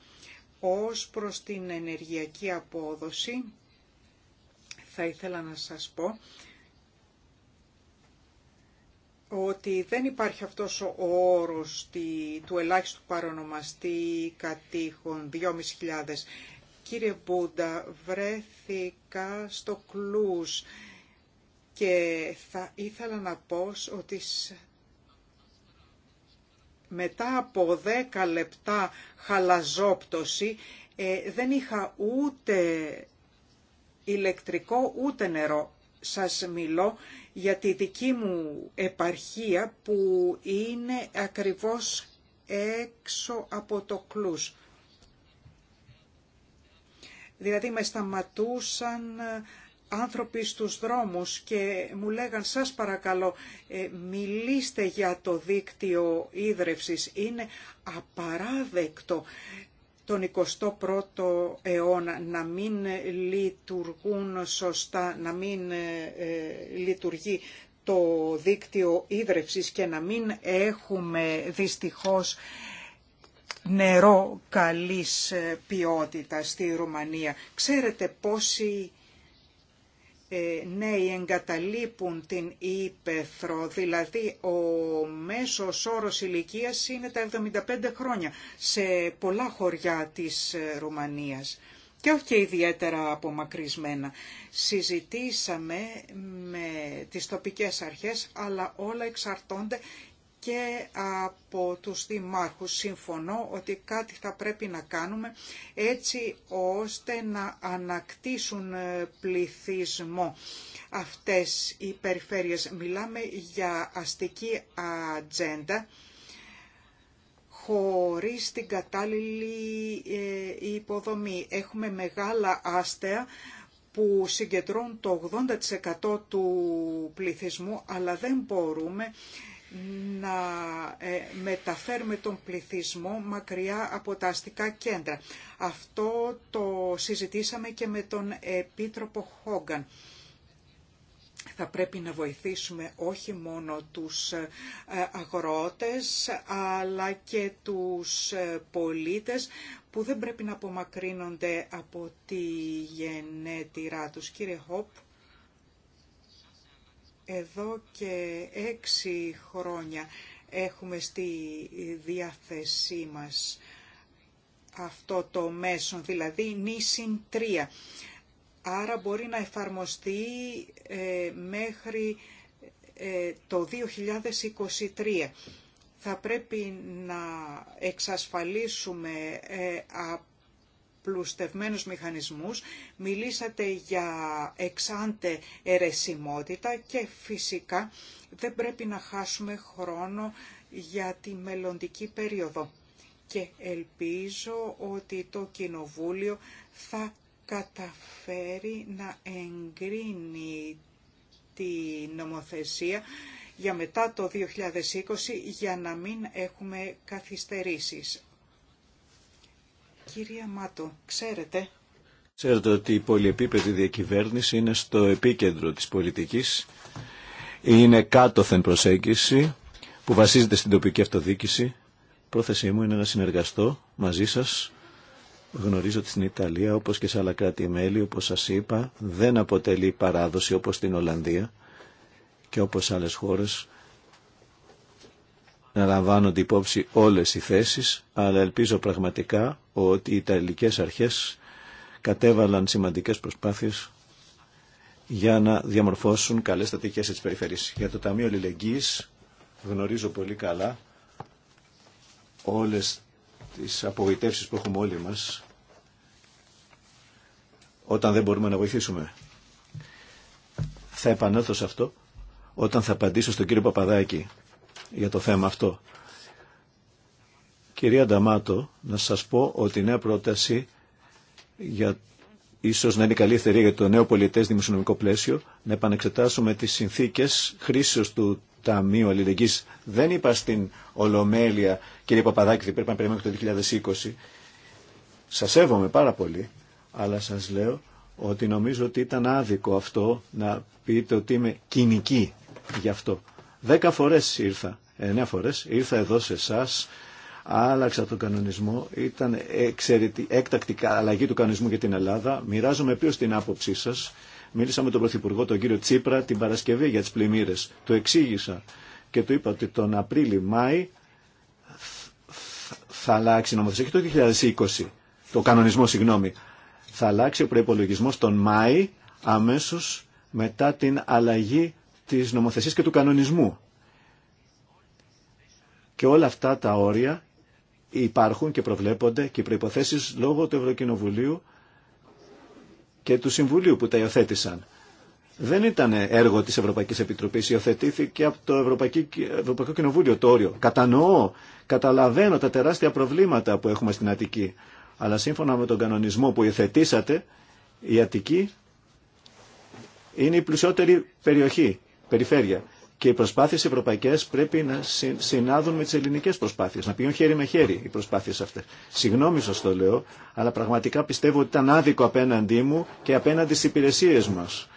ως προς την ενεργειακή απόδοση θα ήθελα να σας πω ότι δεν υπάρχει αυτός ο όρος του ελάχιστου παρονομαστή κατήχων 2.500. Κύριε Μπούντα, βρέθηκα στο κλούς και θα ήθελα να πω ότι μετά από 10 λεπτά χαλαζόπτωση ε, δεν είχα ούτε ηλεκτρικό ούτε νερό. Σας μιλώ για τη δική μου επαρχία που είναι ακριβώς έξω από το κλούς. Δηλαδή με σταματούσαν άνθρωποι στους δρόμους και μου λέγαν σας παρακαλώ ε, μιλήστε για το δίκτυο ίδρευσης. Είναι απαράδεκτο τον 21ο αιώνα να μην λειτουργούν σωστά, να μην ε, λειτουργεί το δίκτυο ίδρευσης και να μην έχουμε δυστυχώς νερό καλής ε, ποιότητας στη Ρουμανία. Ξέρετε πόσοι ε, νέοι εγκαταλείπουν την ύπεθρο, δηλαδή ο μέσος όρος ηλικίας είναι τα 75 χρόνια σε πολλά χωριά της ε, Ρουμανίας και όχι και ιδιαίτερα απομακρυσμένα. Συζητήσαμε με τις τοπικές αρχές, αλλά όλα εξαρτώνται και από τους δημάρχους. Συμφωνώ ότι κάτι θα πρέπει να κάνουμε έτσι ώστε να ανακτήσουν ε, πληθυσμό αυτές οι περιφέρειες. Μιλάμε για αστική ατζέντα χωρίς την κατάλληλη ε, υποδομή. Έχουμε μεγάλα άστεα που συγκεντρώνουν το 80% του πληθυσμού, αλλά δεν μπορούμε να ε, μεταφέρουμε τον πληθυσμό μακριά από τα αστικά κέντρα. Αυτό το συζητήσαμε και με τον Επίτροπο Χόγκαν. Θα πρέπει να βοηθήσουμε όχι μόνο τους ε, αγρότες, αλλά και τους ε, πολίτες που δεν πρέπει να απομακρύνονται από τη γενέτειρά τους. Κύριε Χόπ, εδώ και έξι χρόνια έχουμε στη διάθεσή μας αυτό το μέσο, δηλαδή νήσιν 3. Άρα μπορεί να εφαρμοστεί ε, μέχρι ε, το 2023. Θα πρέπει να εξασφαλίσουμε ε, πλουστευμένους μηχανισμούς, μιλήσατε για εξάντε ερεσιμότητα και φυσικά δεν πρέπει να χάσουμε χρόνο για τη μελλοντική περίοδο. Και ελπίζω ότι το Κοινοβούλιο θα καταφέρει να εγκρίνει τη νομοθεσία για μετά το 2020 για να μην έχουμε καθυστερήσεις. Κυρία Μάτο, ξέρετε... Ξέρετε ότι η πολυεπίπεδη διακυβέρνηση είναι στο επίκεντρο της πολιτικής. Είναι κάτωθεν προσέγγιση που βασίζεται στην τοπική αυτοδίκηση. Πρόθεσή μου είναι να συνεργαστώ μαζί σας. Γνωρίζω ότι στην Ιταλία, όπως και σε άλλα κράτη-μέλη, όπως σας είπα, δεν αποτελεί παράδοση όπως στην Ολλανδία και όπως σε άλλες χώρες να λαμβάνονται υπόψη όλες οι θέσεις, αλλά ελπίζω πραγματικά ότι οι Ιταλικές αρχές κατέβαλαν σημαντικές προσπάθειες για να διαμορφώσουν καλές στατικές της περιφερής. Για το Ταμείο Λιλεγγύης γνωρίζω πολύ καλά όλες τις απογοητεύσεις που έχουμε όλοι μας όταν δεν μπορούμε να βοηθήσουμε. Θα επανέλθω σε αυτό όταν θα απαντήσω στον κύριο Παπαδάκη για το θέμα αυτό. Κυρία Νταμάτο, να σας πω ότι η νέα πρόταση για ίσως να είναι καλύτερη για το νέο πολιτές δημοσιονομικό πλαίσιο να επανεξετάσουμε τις συνθήκες χρήσεως του Ταμείου Αλληλεγγύης. Δεν είπα στην Ολομέλεια, κύριε Παπαδάκη, ότι πρέπει να περιμένουμε το 2020. Σας σέβομαι πάρα πολύ, αλλά σας λέω ότι νομίζω ότι ήταν άδικο αυτό να πείτε ότι είμαι κοινική γι' αυτό. Δέκα φορές ήρθα, εννέα φορές ήρθα εδώ σε εσά. Άλλαξα τον κανονισμό, ήταν εξαιρετη, έκτακτη αλλαγή του κανονισμού για την Ελλάδα. Μοιράζομαι ποιο στην άποψή σα. Μίλησα με τον Πρωθυπουργό, τον κύριο Τσίπρα, την Παρασκευή για τι πλημμύρε. Το εξήγησα και του είπα ότι τον Απρίλιο-Μάη θα αλλάξει η νομοθεσία και το 2020. Το κανονισμό, συγγνώμη. Θα αλλάξει ο προπολογισμό τον Μάη αμέσω μετά την αλλαγή της νομοθεσίας και του κανονισμού. Και όλα αυτά τα όρια υπάρχουν και προβλέπονται και οι προϋποθέσεις λόγω του Ευρωκοινοβουλίου και του Συμβουλίου που τα υιοθέτησαν. Δεν ήταν έργο της Ευρωπαϊκής Επιτροπής, υιοθετήθηκε από το Ευρωπαϊκό Κοινοβούλιο το όριο. Κατανοώ, καταλαβαίνω τα τεράστια προβλήματα που έχουμε στην Αττική, αλλά σύμφωνα με τον κανονισμό που υιοθετήσατε, η Αττική είναι η πλουσιότερη περιοχή περιφέρεια. Και οι προσπάθειες ευρωπαϊκέ πρέπει να συνάδουν με τις ελληνικές προσπάθειες, να πηγαίνουν χέρι με χέρι οι προσπάθειες αυτές. Συγγνώμη σας το λέω, αλλά πραγματικά πιστεύω ότι ήταν άδικο απέναντί μου και απέναντι στις υπηρεσίες μας.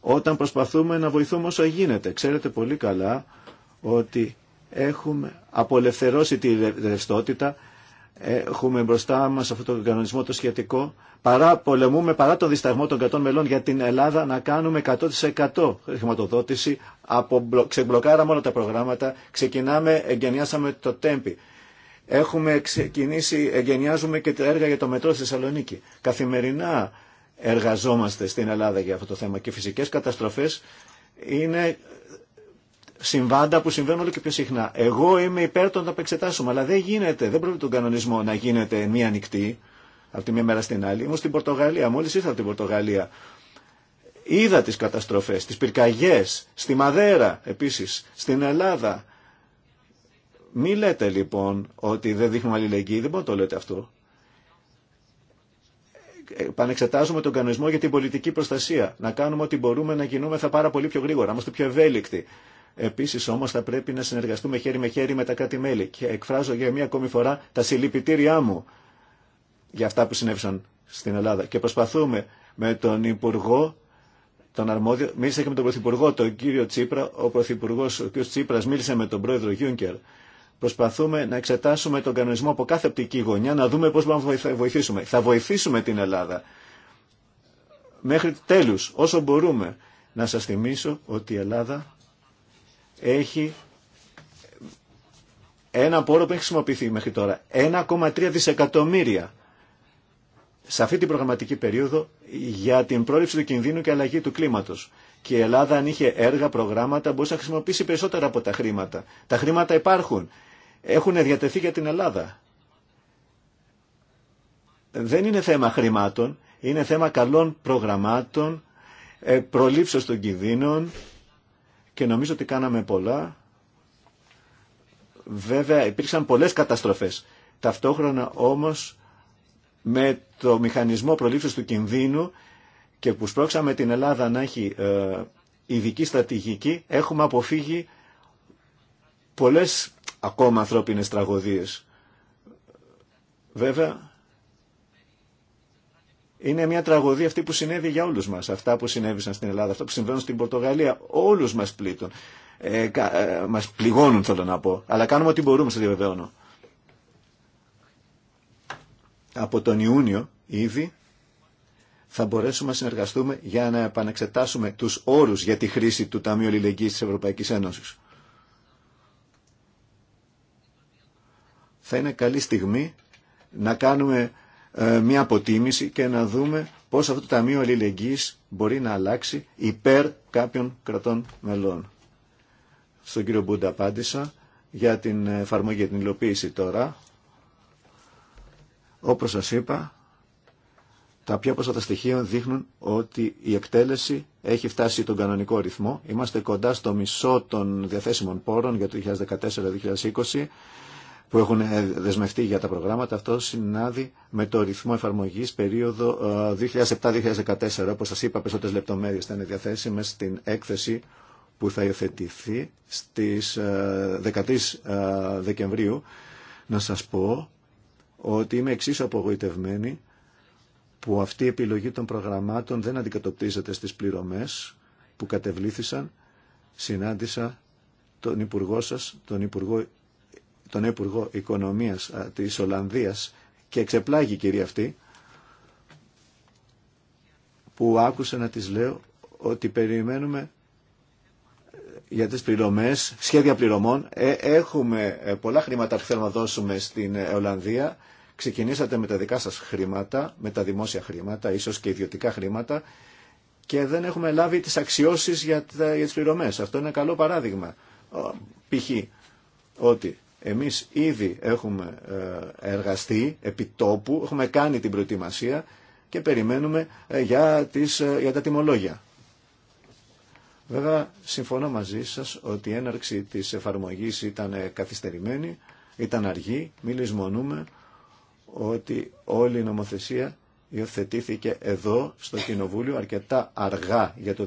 Όταν προσπαθούμε να βοηθούμε όσο γίνεται. Ξέρετε πολύ καλά ότι έχουμε απολευθερώσει τη ρευστότητα, έχουμε μπροστά μας αυτό το κανονισμό το σχετικό, παρά, πολεμούμε παρά τον δισταγμό των 100 μελών για την Ελλάδα να κάνουμε 100% χρηματοδότηση, από, ξεμπλοκάραμε όλα τα προγράμματα, ξεκινάμε, εγγενιάσαμε το τέμπι. Έχουμε ξεκινήσει, εγγενιάζουμε και τα έργα για το μετρό στη Θεσσαλονίκη. Καθημερινά εργαζόμαστε στην Ελλάδα για αυτό το θέμα και φυσικές καταστροφές είναι συμβάντα που συμβαίνουν όλο και πιο συχνά. Εγώ είμαι υπέρ των να επεξετάσουμε, αλλά δεν γίνεται, δεν πρέπει τον κανονισμό να γίνεται μία νυχτή από τη μία μέρα στην άλλη. Ήμουν στην Πορτογαλία, μόλι ήρθα από την Πορτογαλία. Είδα τι καταστροφέ, τι πυρκαγιέ, στη Μαδέρα επίση, στην Ελλάδα. Μη λέτε λοιπόν ότι δεν δείχνουμε αλληλεγγύη, δεν μπορείτε να το λέτε αυτό. Πανεξετάζουμε τον κανονισμό για την πολιτική προστασία. Να κάνουμε ό,τι μπορούμε να γινόμεθα πάρα πολύ πιο γρήγορα, να είμαστε πιο ευέλικτοι. Επίσης όμως θα πρέπει να συνεργαστούμε χέρι με χέρι με τα κράτη-μέλη και εκφράζω για μία ακόμη φορά τα συλληπιτήριά μου για αυτά που συνέβησαν στην Ελλάδα και προσπαθούμε με τον Υπουργό τον αρμόδιο, μίλησα και με τον Πρωθυπουργό, τον κύριο Τσίπρα. Ο Πρωθυπουργό, ο κύριο Τσίπρα, μίλησε με τον πρόεδρο Γιούνκερ. Προσπαθούμε να εξετάσουμε τον κανονισμό από κάθε οπτική γωνιά, να δούμε πώ μπορούμε να βοηθήσουμε. Θα βοηθήσουμε την Ελλάδα. Μέχρι τέλους, όσο μπορούμε, να σας θυμίσω ότι η Ελλάδα έχει ένα πόρο που έχει χρησιμοποιηθεί μέχρι τώρα. 1,3 δισεκατομμύρια σε αυτή την προγραμματική περίοδο για την πρόληψη του κινδύνου και αλλαγή του κλίματος. Και η Ελλάδα αν είχε έργα, προγράμματα, μπορούσε να χρησιμοποιήσει περισσότερα από τα χρήματα. Τα χρήματα υπάρχουν. Έχουν διατεθεί για την Ελλάδα. Δεν είναι θέμα χρημάτων, είναι θέμα καλών προγραμμάτων, ε, προλήψεως των κινδύνων και νομίζω ότι κάναμε πολλά. Βέβαια υπήρξαν πολλές καταστροφές. Ταυτόχρονα όμως με το μηχανισμό προλήψης του κινδύνου και που σπρώξαμε την Ελλάδα να έχει ε, ειδική στρατηγική, έχουμε αποφύγει πολλές ακόμα ανθρώπινες τραγωδίες. Βέβαια, είναι μια τραγωδία αυτή που συνέβη για όλους μας. Αυτά που συνέβησαν στην Ελλάδα, αυτά που συμβαίνουν στην Πορτογαλία, όλους μας πλήττουν. Ε, ε μας πληγώνουν θέλω να πω. Αλλά κάνουμε ό,τι μπορούμε, σε διαβεβαιώνω. Από τον Ιούνιο ήδη θα μπορέσουμε να συνεργαστούμε για να επαναξετάσουμε τους όρους για τη χρήση του Ταμείου Αλληλεγγύης της Ευρωπαϊκής Ένωσης. Θα είναι καλή στιγμή να κάνουμε ε, μια αποτίμηση και να δούμε πώς αυτό το Ταμείο Αλληλεγγύης μπορεί να αλλάξει υπέρ κάποιων κρατών μελών. Στον κύριο Μπούντα απάντησα για την εφαρμογή και την υλοποίηση τώρα. Όπως σας είπα, τα πιο πρόσφατα στοιχεία δείχνουν ότι η εκτέλεση έχει φτάσει τον κανονικό ρυθμό. Είμαστε κοντά στο μισό των διαθέσιμων πόρων για το 2014-2020 που έχουν ε, δεσμευτεί για τα προγράμματα. Αυτό συνάδει με το ρυθμό εφαρμογής περίοδο 2007-2014. Ε, Όπως σα είπα, περισσότερε λεπτομέρειες θα είναι διαθέσιμε στην έκθεση που θα υιοθετηθεί στις 13 ε, Δεκεμβρίου. Να σας πω ότι είμαι εξίσου απογοητευμένη που αυτή η επιλογή των προγραμμάτων δεν αντικατοπτρίζεται στις πληρωμές που κατεβλήθησαν. Συνάντησα τον Υπουργό σας, τον Υπουργό τον Υπουργό Οικονομίας της Ολλανδίας και εξεπλάγει η κυρία αυτή που άκουσα να της λέω ότι περιμένουμε ε, για τις πληρωμές, σχέδια πληρωμών. Ε, έχουμε ε, πολλά χρήματα που θέλουμε να δώσουμε στην Ολλανδία. Ξεκινήσατε με τα δικά σας χρήματα, με τα δημόσια χρήματα, ίσως και ιδιωτικά χρήματα και δεν έχουμε λάβει τις αξιώσεις για, τι για Αυτό είναι ένα καλό παράδειγμα. Π.χ. ότι εμείς ήδη έχουμε ε, εργαστεί επί τόπου, έχουμε κάνει την προετοιμασία και περιμένουμε ε, για, τις, ε, για τα τιμολόγια. Βέβαια, συμφωνώ μαζί σας ότι η έναρξη της εφαρμογής ήταν καθυστερημένη, ήταν αργή, μη ότι όλη η νομοθεσία υιοθετήθηκε εδώ στο Κοινοβούλιο αρκετά αργά για το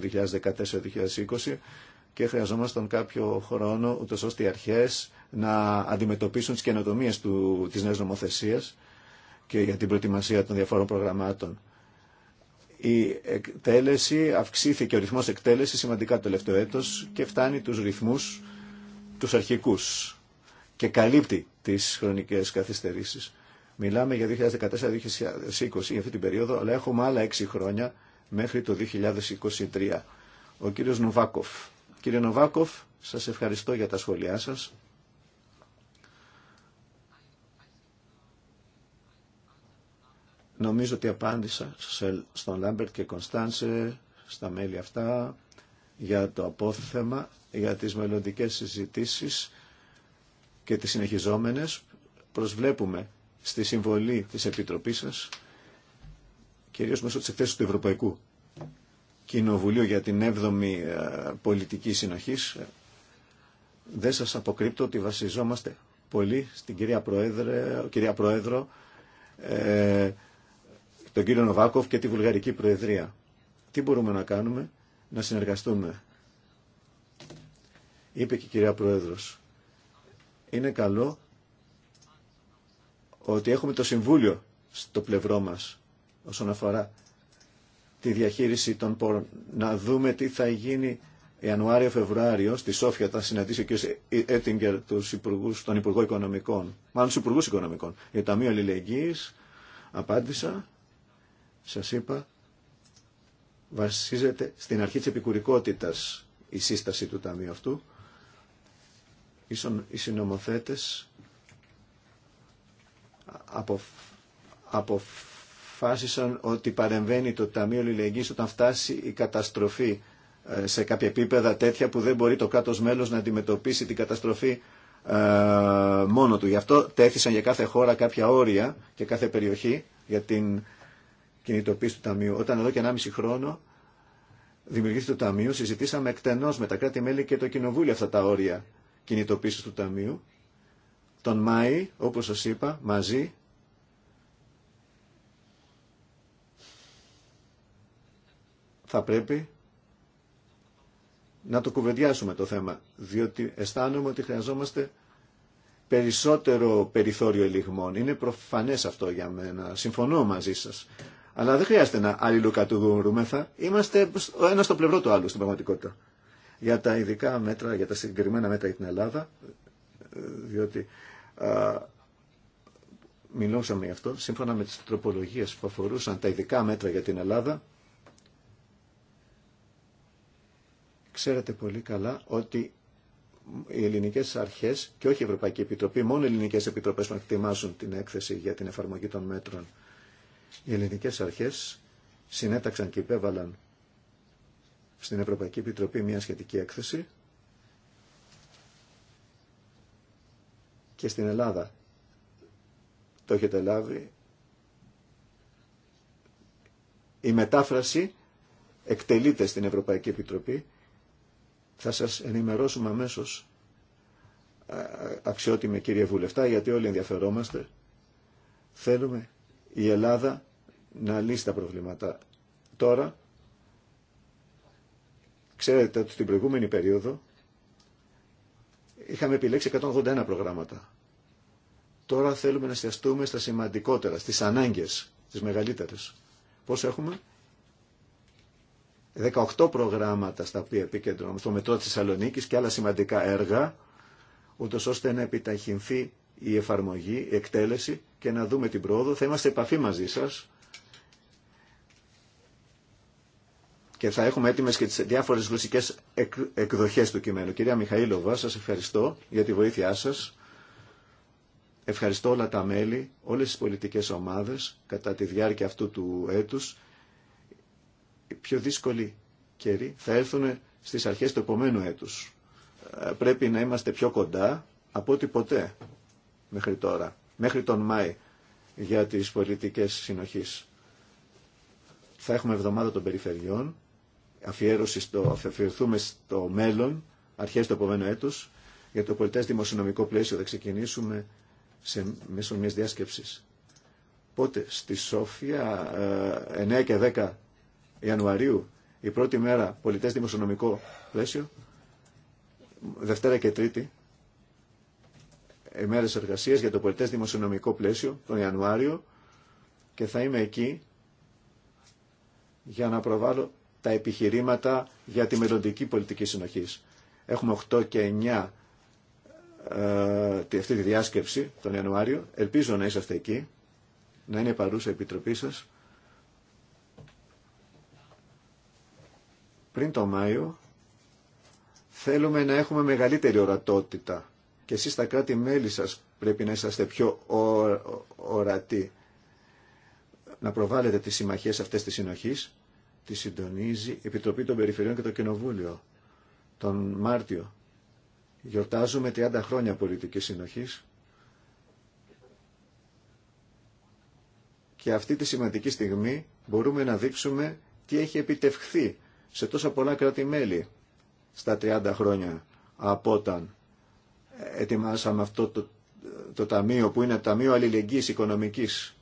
2014-2020 και χρειαζόμασταν κάποιο χρόνο ούτως ώστε οι αρχές να αντιμετωπίσουν τις καινοτομίες του, της νέας νομοθεσίας και για την προετοιμασία των διαφόρων προγραμμάτων. Η εκτέλεση αυξήθηκε, ο ρυθμός εκτέλεσης σημαντικά το τελευταίο έτος και φτάνει τους ρυθμούς τους αρχικούς και καλύπτει τις χρονικές καθυστερήσεις. Μιλάμε για 2014-2020 για αυτή την περίοδο, αλλά έχουμε άλλα έξι χρόνια μέχρι το 2023. Ο κύριος Νοβάκοφ. Κύριε Νοβάκοφ, σας ευχαριστώ για τα σχόλιά σας. Νομίζω ότι απάντησα στον Λάμπερτ και Κωνστάνσε στα μέλη αυτά για το απόθεμα, για τις μελλοντικέ συζητήσεις και τις συνεχιζόμενες. Προσβλέπουμε στη συμβολή της Επιτροπής σας, κυρίως μέσω της εκθέσεως του Ευρωπαϊκού Κοινοβουλίου για την 7η ε, Πολιτική Συνοχής. Δεν σας αποκρύπτω ότι βασιζόμαστε πολύ στην κυρία Πρόεδρε, κυρία Πρόεδρο, ε, τον κύριο Νοβάκοφ και τη Βουλγαρική Προεδρία. Τι μπορούμε να κάνουμε, να συνεργαστούμε. Είπε και η κυρία Πρόεδρος. Είναι καλό ότι έχουμε το Συμβούλιο στο πλευρό μας όσον αφορά τη διαχείριση των πόρων. Να δούμε τι θα γίνει Ιανουάριο-Φεβρουάριο. Στη Σόφια θα συναντήσει ο κ. Έτιγκερ τον Υπουργό Οικονομικών, μάλλον του Υπουργού Οικονομικών, για το Ταμείο Αλληλεγγύης. Απάντησα σας είπα, βασίζεται στην αρχή της επικουρικότητας η σύσταση του Ταμείου αυτού. Οι συνομοθέτες αποφάσισαν ότι παρεμβαίνει το Ταμείο Λιλεγγύης όταν φτάσει η καταστροφή ε, σε κάποια επίπεδα τέτοια που δεν μπορεί το κάτω μέλος να αντιμετωπίσει την καταστροφή ε, μόνο του. Γι' αυτό τέθησαν για κάθε χώρα κάποια όρια και κάθε περιοχή για την κινητοποίηση του Ταμείου. Όταν εδώ και 1,5 χρόνο δημιουργήθηκε το Ταμείο, συζητήσαμε εκτενώς με τα κράτη-μέλη και το Κοινοβούλιο αυτά τα όρια κινητοποίηση του Ταμείου. Τον Μάη, όπω σα είπα, μαζί θα πρέπει να το κουβεντιάσουμε το θέμα, διότι αισθάνομαι ότι χρειαζόμαστε περισσότερο περιθώριο ελιγμών. Είναι προφανές αυτό για μένα. Συμφωνώ μαζί σας. Αλλά δεν χρειάζεται να αλληλοκατηγορούμεθα. Είμαστε ο ένα στο πλευρό του άλλου στην πραγματικότητα. Για τα ειδικά μέτρα, για τα συγκεκριμένα μέτρα για την Ελλάδα, διότι α, μιλώσαμε γι' αυτό, σύμφωνα με τις τροπολογίες που αφορούσαν τα ειδικά μέτρα για την Ελλάδα, ξέρετε πολύ καλά ότι οι ελληνικές αρχές και όχι η Ευρωπαϊκή Επιτροπή, μόνο οι ελληνικές επιτροπές που να την έκθεση για την εφαρμογή των μέτρων οι ελληνικές αρχές συνέταξαν και υπέβαλαν στην Ευρωπαϊκή Επιτροπή μια σχετική έκθεση και στην Ελλάδα το έχετε λάβει η μετάφραση εκτελείται στην Ευρωπαϊκή Επιτροπή θα σας ενημερώσουμε αμέσως ε, αξιότιμε κύριε Βουλευτά γιατί όλοι ενδιαφερόμαστε θέλουμε η Ελλάδα να λύσει τα προβλήματα. Τώρα, ξέρετε ότι στην προηγούμενη περίοδο είχαμε επιλέξει 181 προγράμματα. Τώρα θέλουμε να εστιαστούμε στα σημαντικότερα, στις ανάγκες, στις μεγαλύτερες. Πώς έχουμε? 18 προγράμματα στα οποία επικεντρώνουμε, στο μετρό της Θεσσαλονίκη και άλλα σημαντικά έργα, ούτως ώστε να επιταχυνθεί η εφαρμογή, η εκτέλεση και να δούμε την πρόοδο. Θα είμαστε επαφή μαζί σας και θα έχουμε έτοιμες και τις διάφορες γλωσσικές εκδοχές του κειμένου. Κυρία Μιχαήλοβα, σας ευχαριστώ για τη βοήθειά σας. Ευχαριστώ όλα τα μέλη, όλες τις πολιτικές ομάδες κατά τη διάρκεια αυτού του έτους. Οι πιο δύσκολοι καιροί θα έρθουν στις αρχές του επόμενου έτους. Ε, πρέπει να είμαστε πιο κοντά από ό,τι ποτέ μέχρι τώρα, μέχρι τον Μάη για τις πολιτικές συνοχής. Θα έχουμε εβδομάδα των περιφερειών, αφιέρωση στο, αφιερωθούμε στο μέλλον, αρχές του επόμενου έτους, για το πολιτές δημοσιονομικό πλαίσιο θα ξεκινήσουμε σε, μέσω μιας διάσκεψης. Πότε στη Σόφια, 9 ε, και 10 Ιανουαρίου, η πρώτη μέρα πολιτές δημοσιονομικό πλαίσιο, Δευτέρα και Τρίτη, μέρες εργασίας για το πολιτές δημοσιονομικό πλαίσιο τον Ιανουάριο και θα είμαι εκεί για να προβάλλω τα επιχειρήματα για τη μελλοντική πολιτική συνοχής. Έχουμε 8 και 9 ε, αυτή τη διάσκεψη τον Ιανουάριο. Ελπίζω να είσαστε εκεί, να είναι παρούσα η Επιτροπή σας. Πριν τον Μάιο θέλουμε να έχουμε μεγαλύτερη ορατότητα και εσείς τα κράτη-μέλη σας πρέπει να είσαστε πιο ορατοί να προβάλλετε τις συμμαχίες αυτές της συνοχής, τη συντονίζει η Επιτροπή των Περιφερειών και το Κοινοβούλιο. Τον Μάρτιο γιορτάζουμε 30 χρόνια πολιτικής συνοχής και αυτή τη σημαντική στιγμή μπορούμε να δείξουμε τι έχει επιτευχθεί σε τόσα πολλά κράτη-μέλη στα 30 χρόνια από όταν ετοιμάσαμε αυτό το, το ταμείο που είναι το Ταμείο Αλληλεγγύης Οικονομικής.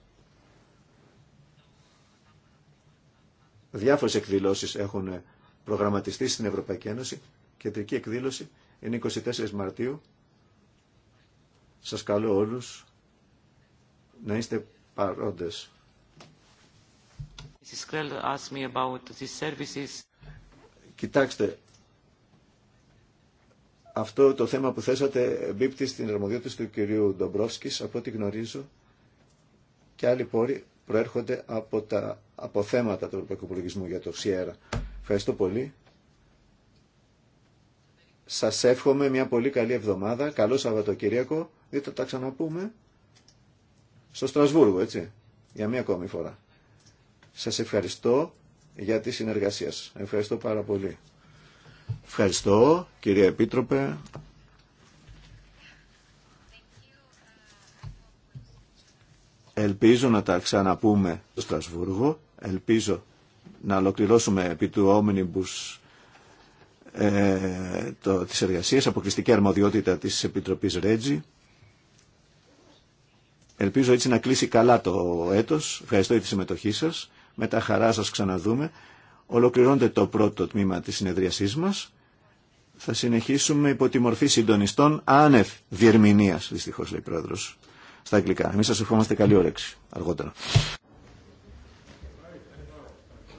Διάφορες εκδηλώσεις έχουν προγραμματιστεί στην Ευρωπαϊκή Ένωση. Κεντρική εκδήλωση είναι 24 Μαρτίου. Σας καλώ όλους να είστε παρόντες. Κοιτάξτε, αυτό το θέμα που θέσατε μπίπτει στην αρμοδιότητα του κυρίου Ντομπρόφσκης, από ό,τι γνωρίζω, και άλλοι πόροι προέρχονται από τα αποθέματα του Ευρωπαϊκού Υπολογισμού για το ΣΥΕΡΑ. Ευχαριστώ πολύ. Σας εύχομαι μια πολύ καλή εβδομάδα. Καλό Σαββατοκύριακο. Δεν τα ξαναπούμε. Στο Στρασβούργο, έτσι. Για μια ακόμη φορά. Σας ευχαριστώ για τη συνεργασία σας. Ευχαριστώ πάρα πολύ. Ευχαριστώ, κυρία Επίτροπε. Ελπίζω να τα ξαναπούμε στο Στρασβούργο. Ελπίζω να ολοκληρώσουμε επί του όμνιμπους ε, το, τις εργασίες αποκριστική αρμοδιότητα της Επιτροπής Ρέτζη. Ελπίζω έτσι να κλείσει καλά το έτος. Ευχαριστώ για τη συμμετοχή σας. Με τα χαρά σας ξαναδούμε. Ολοκληρώνεται το πρώτο τμήμα της συνεδρίασής μας. Θα συνεχίσουμε υπό τη μορφή συντονιστών άνευ διερμηνίας, δυστυχώς λέει ο Πρόεδρος, στα αγγλικά. Εμείς σας ευχόμαστε καλή όρεξη αργότερα.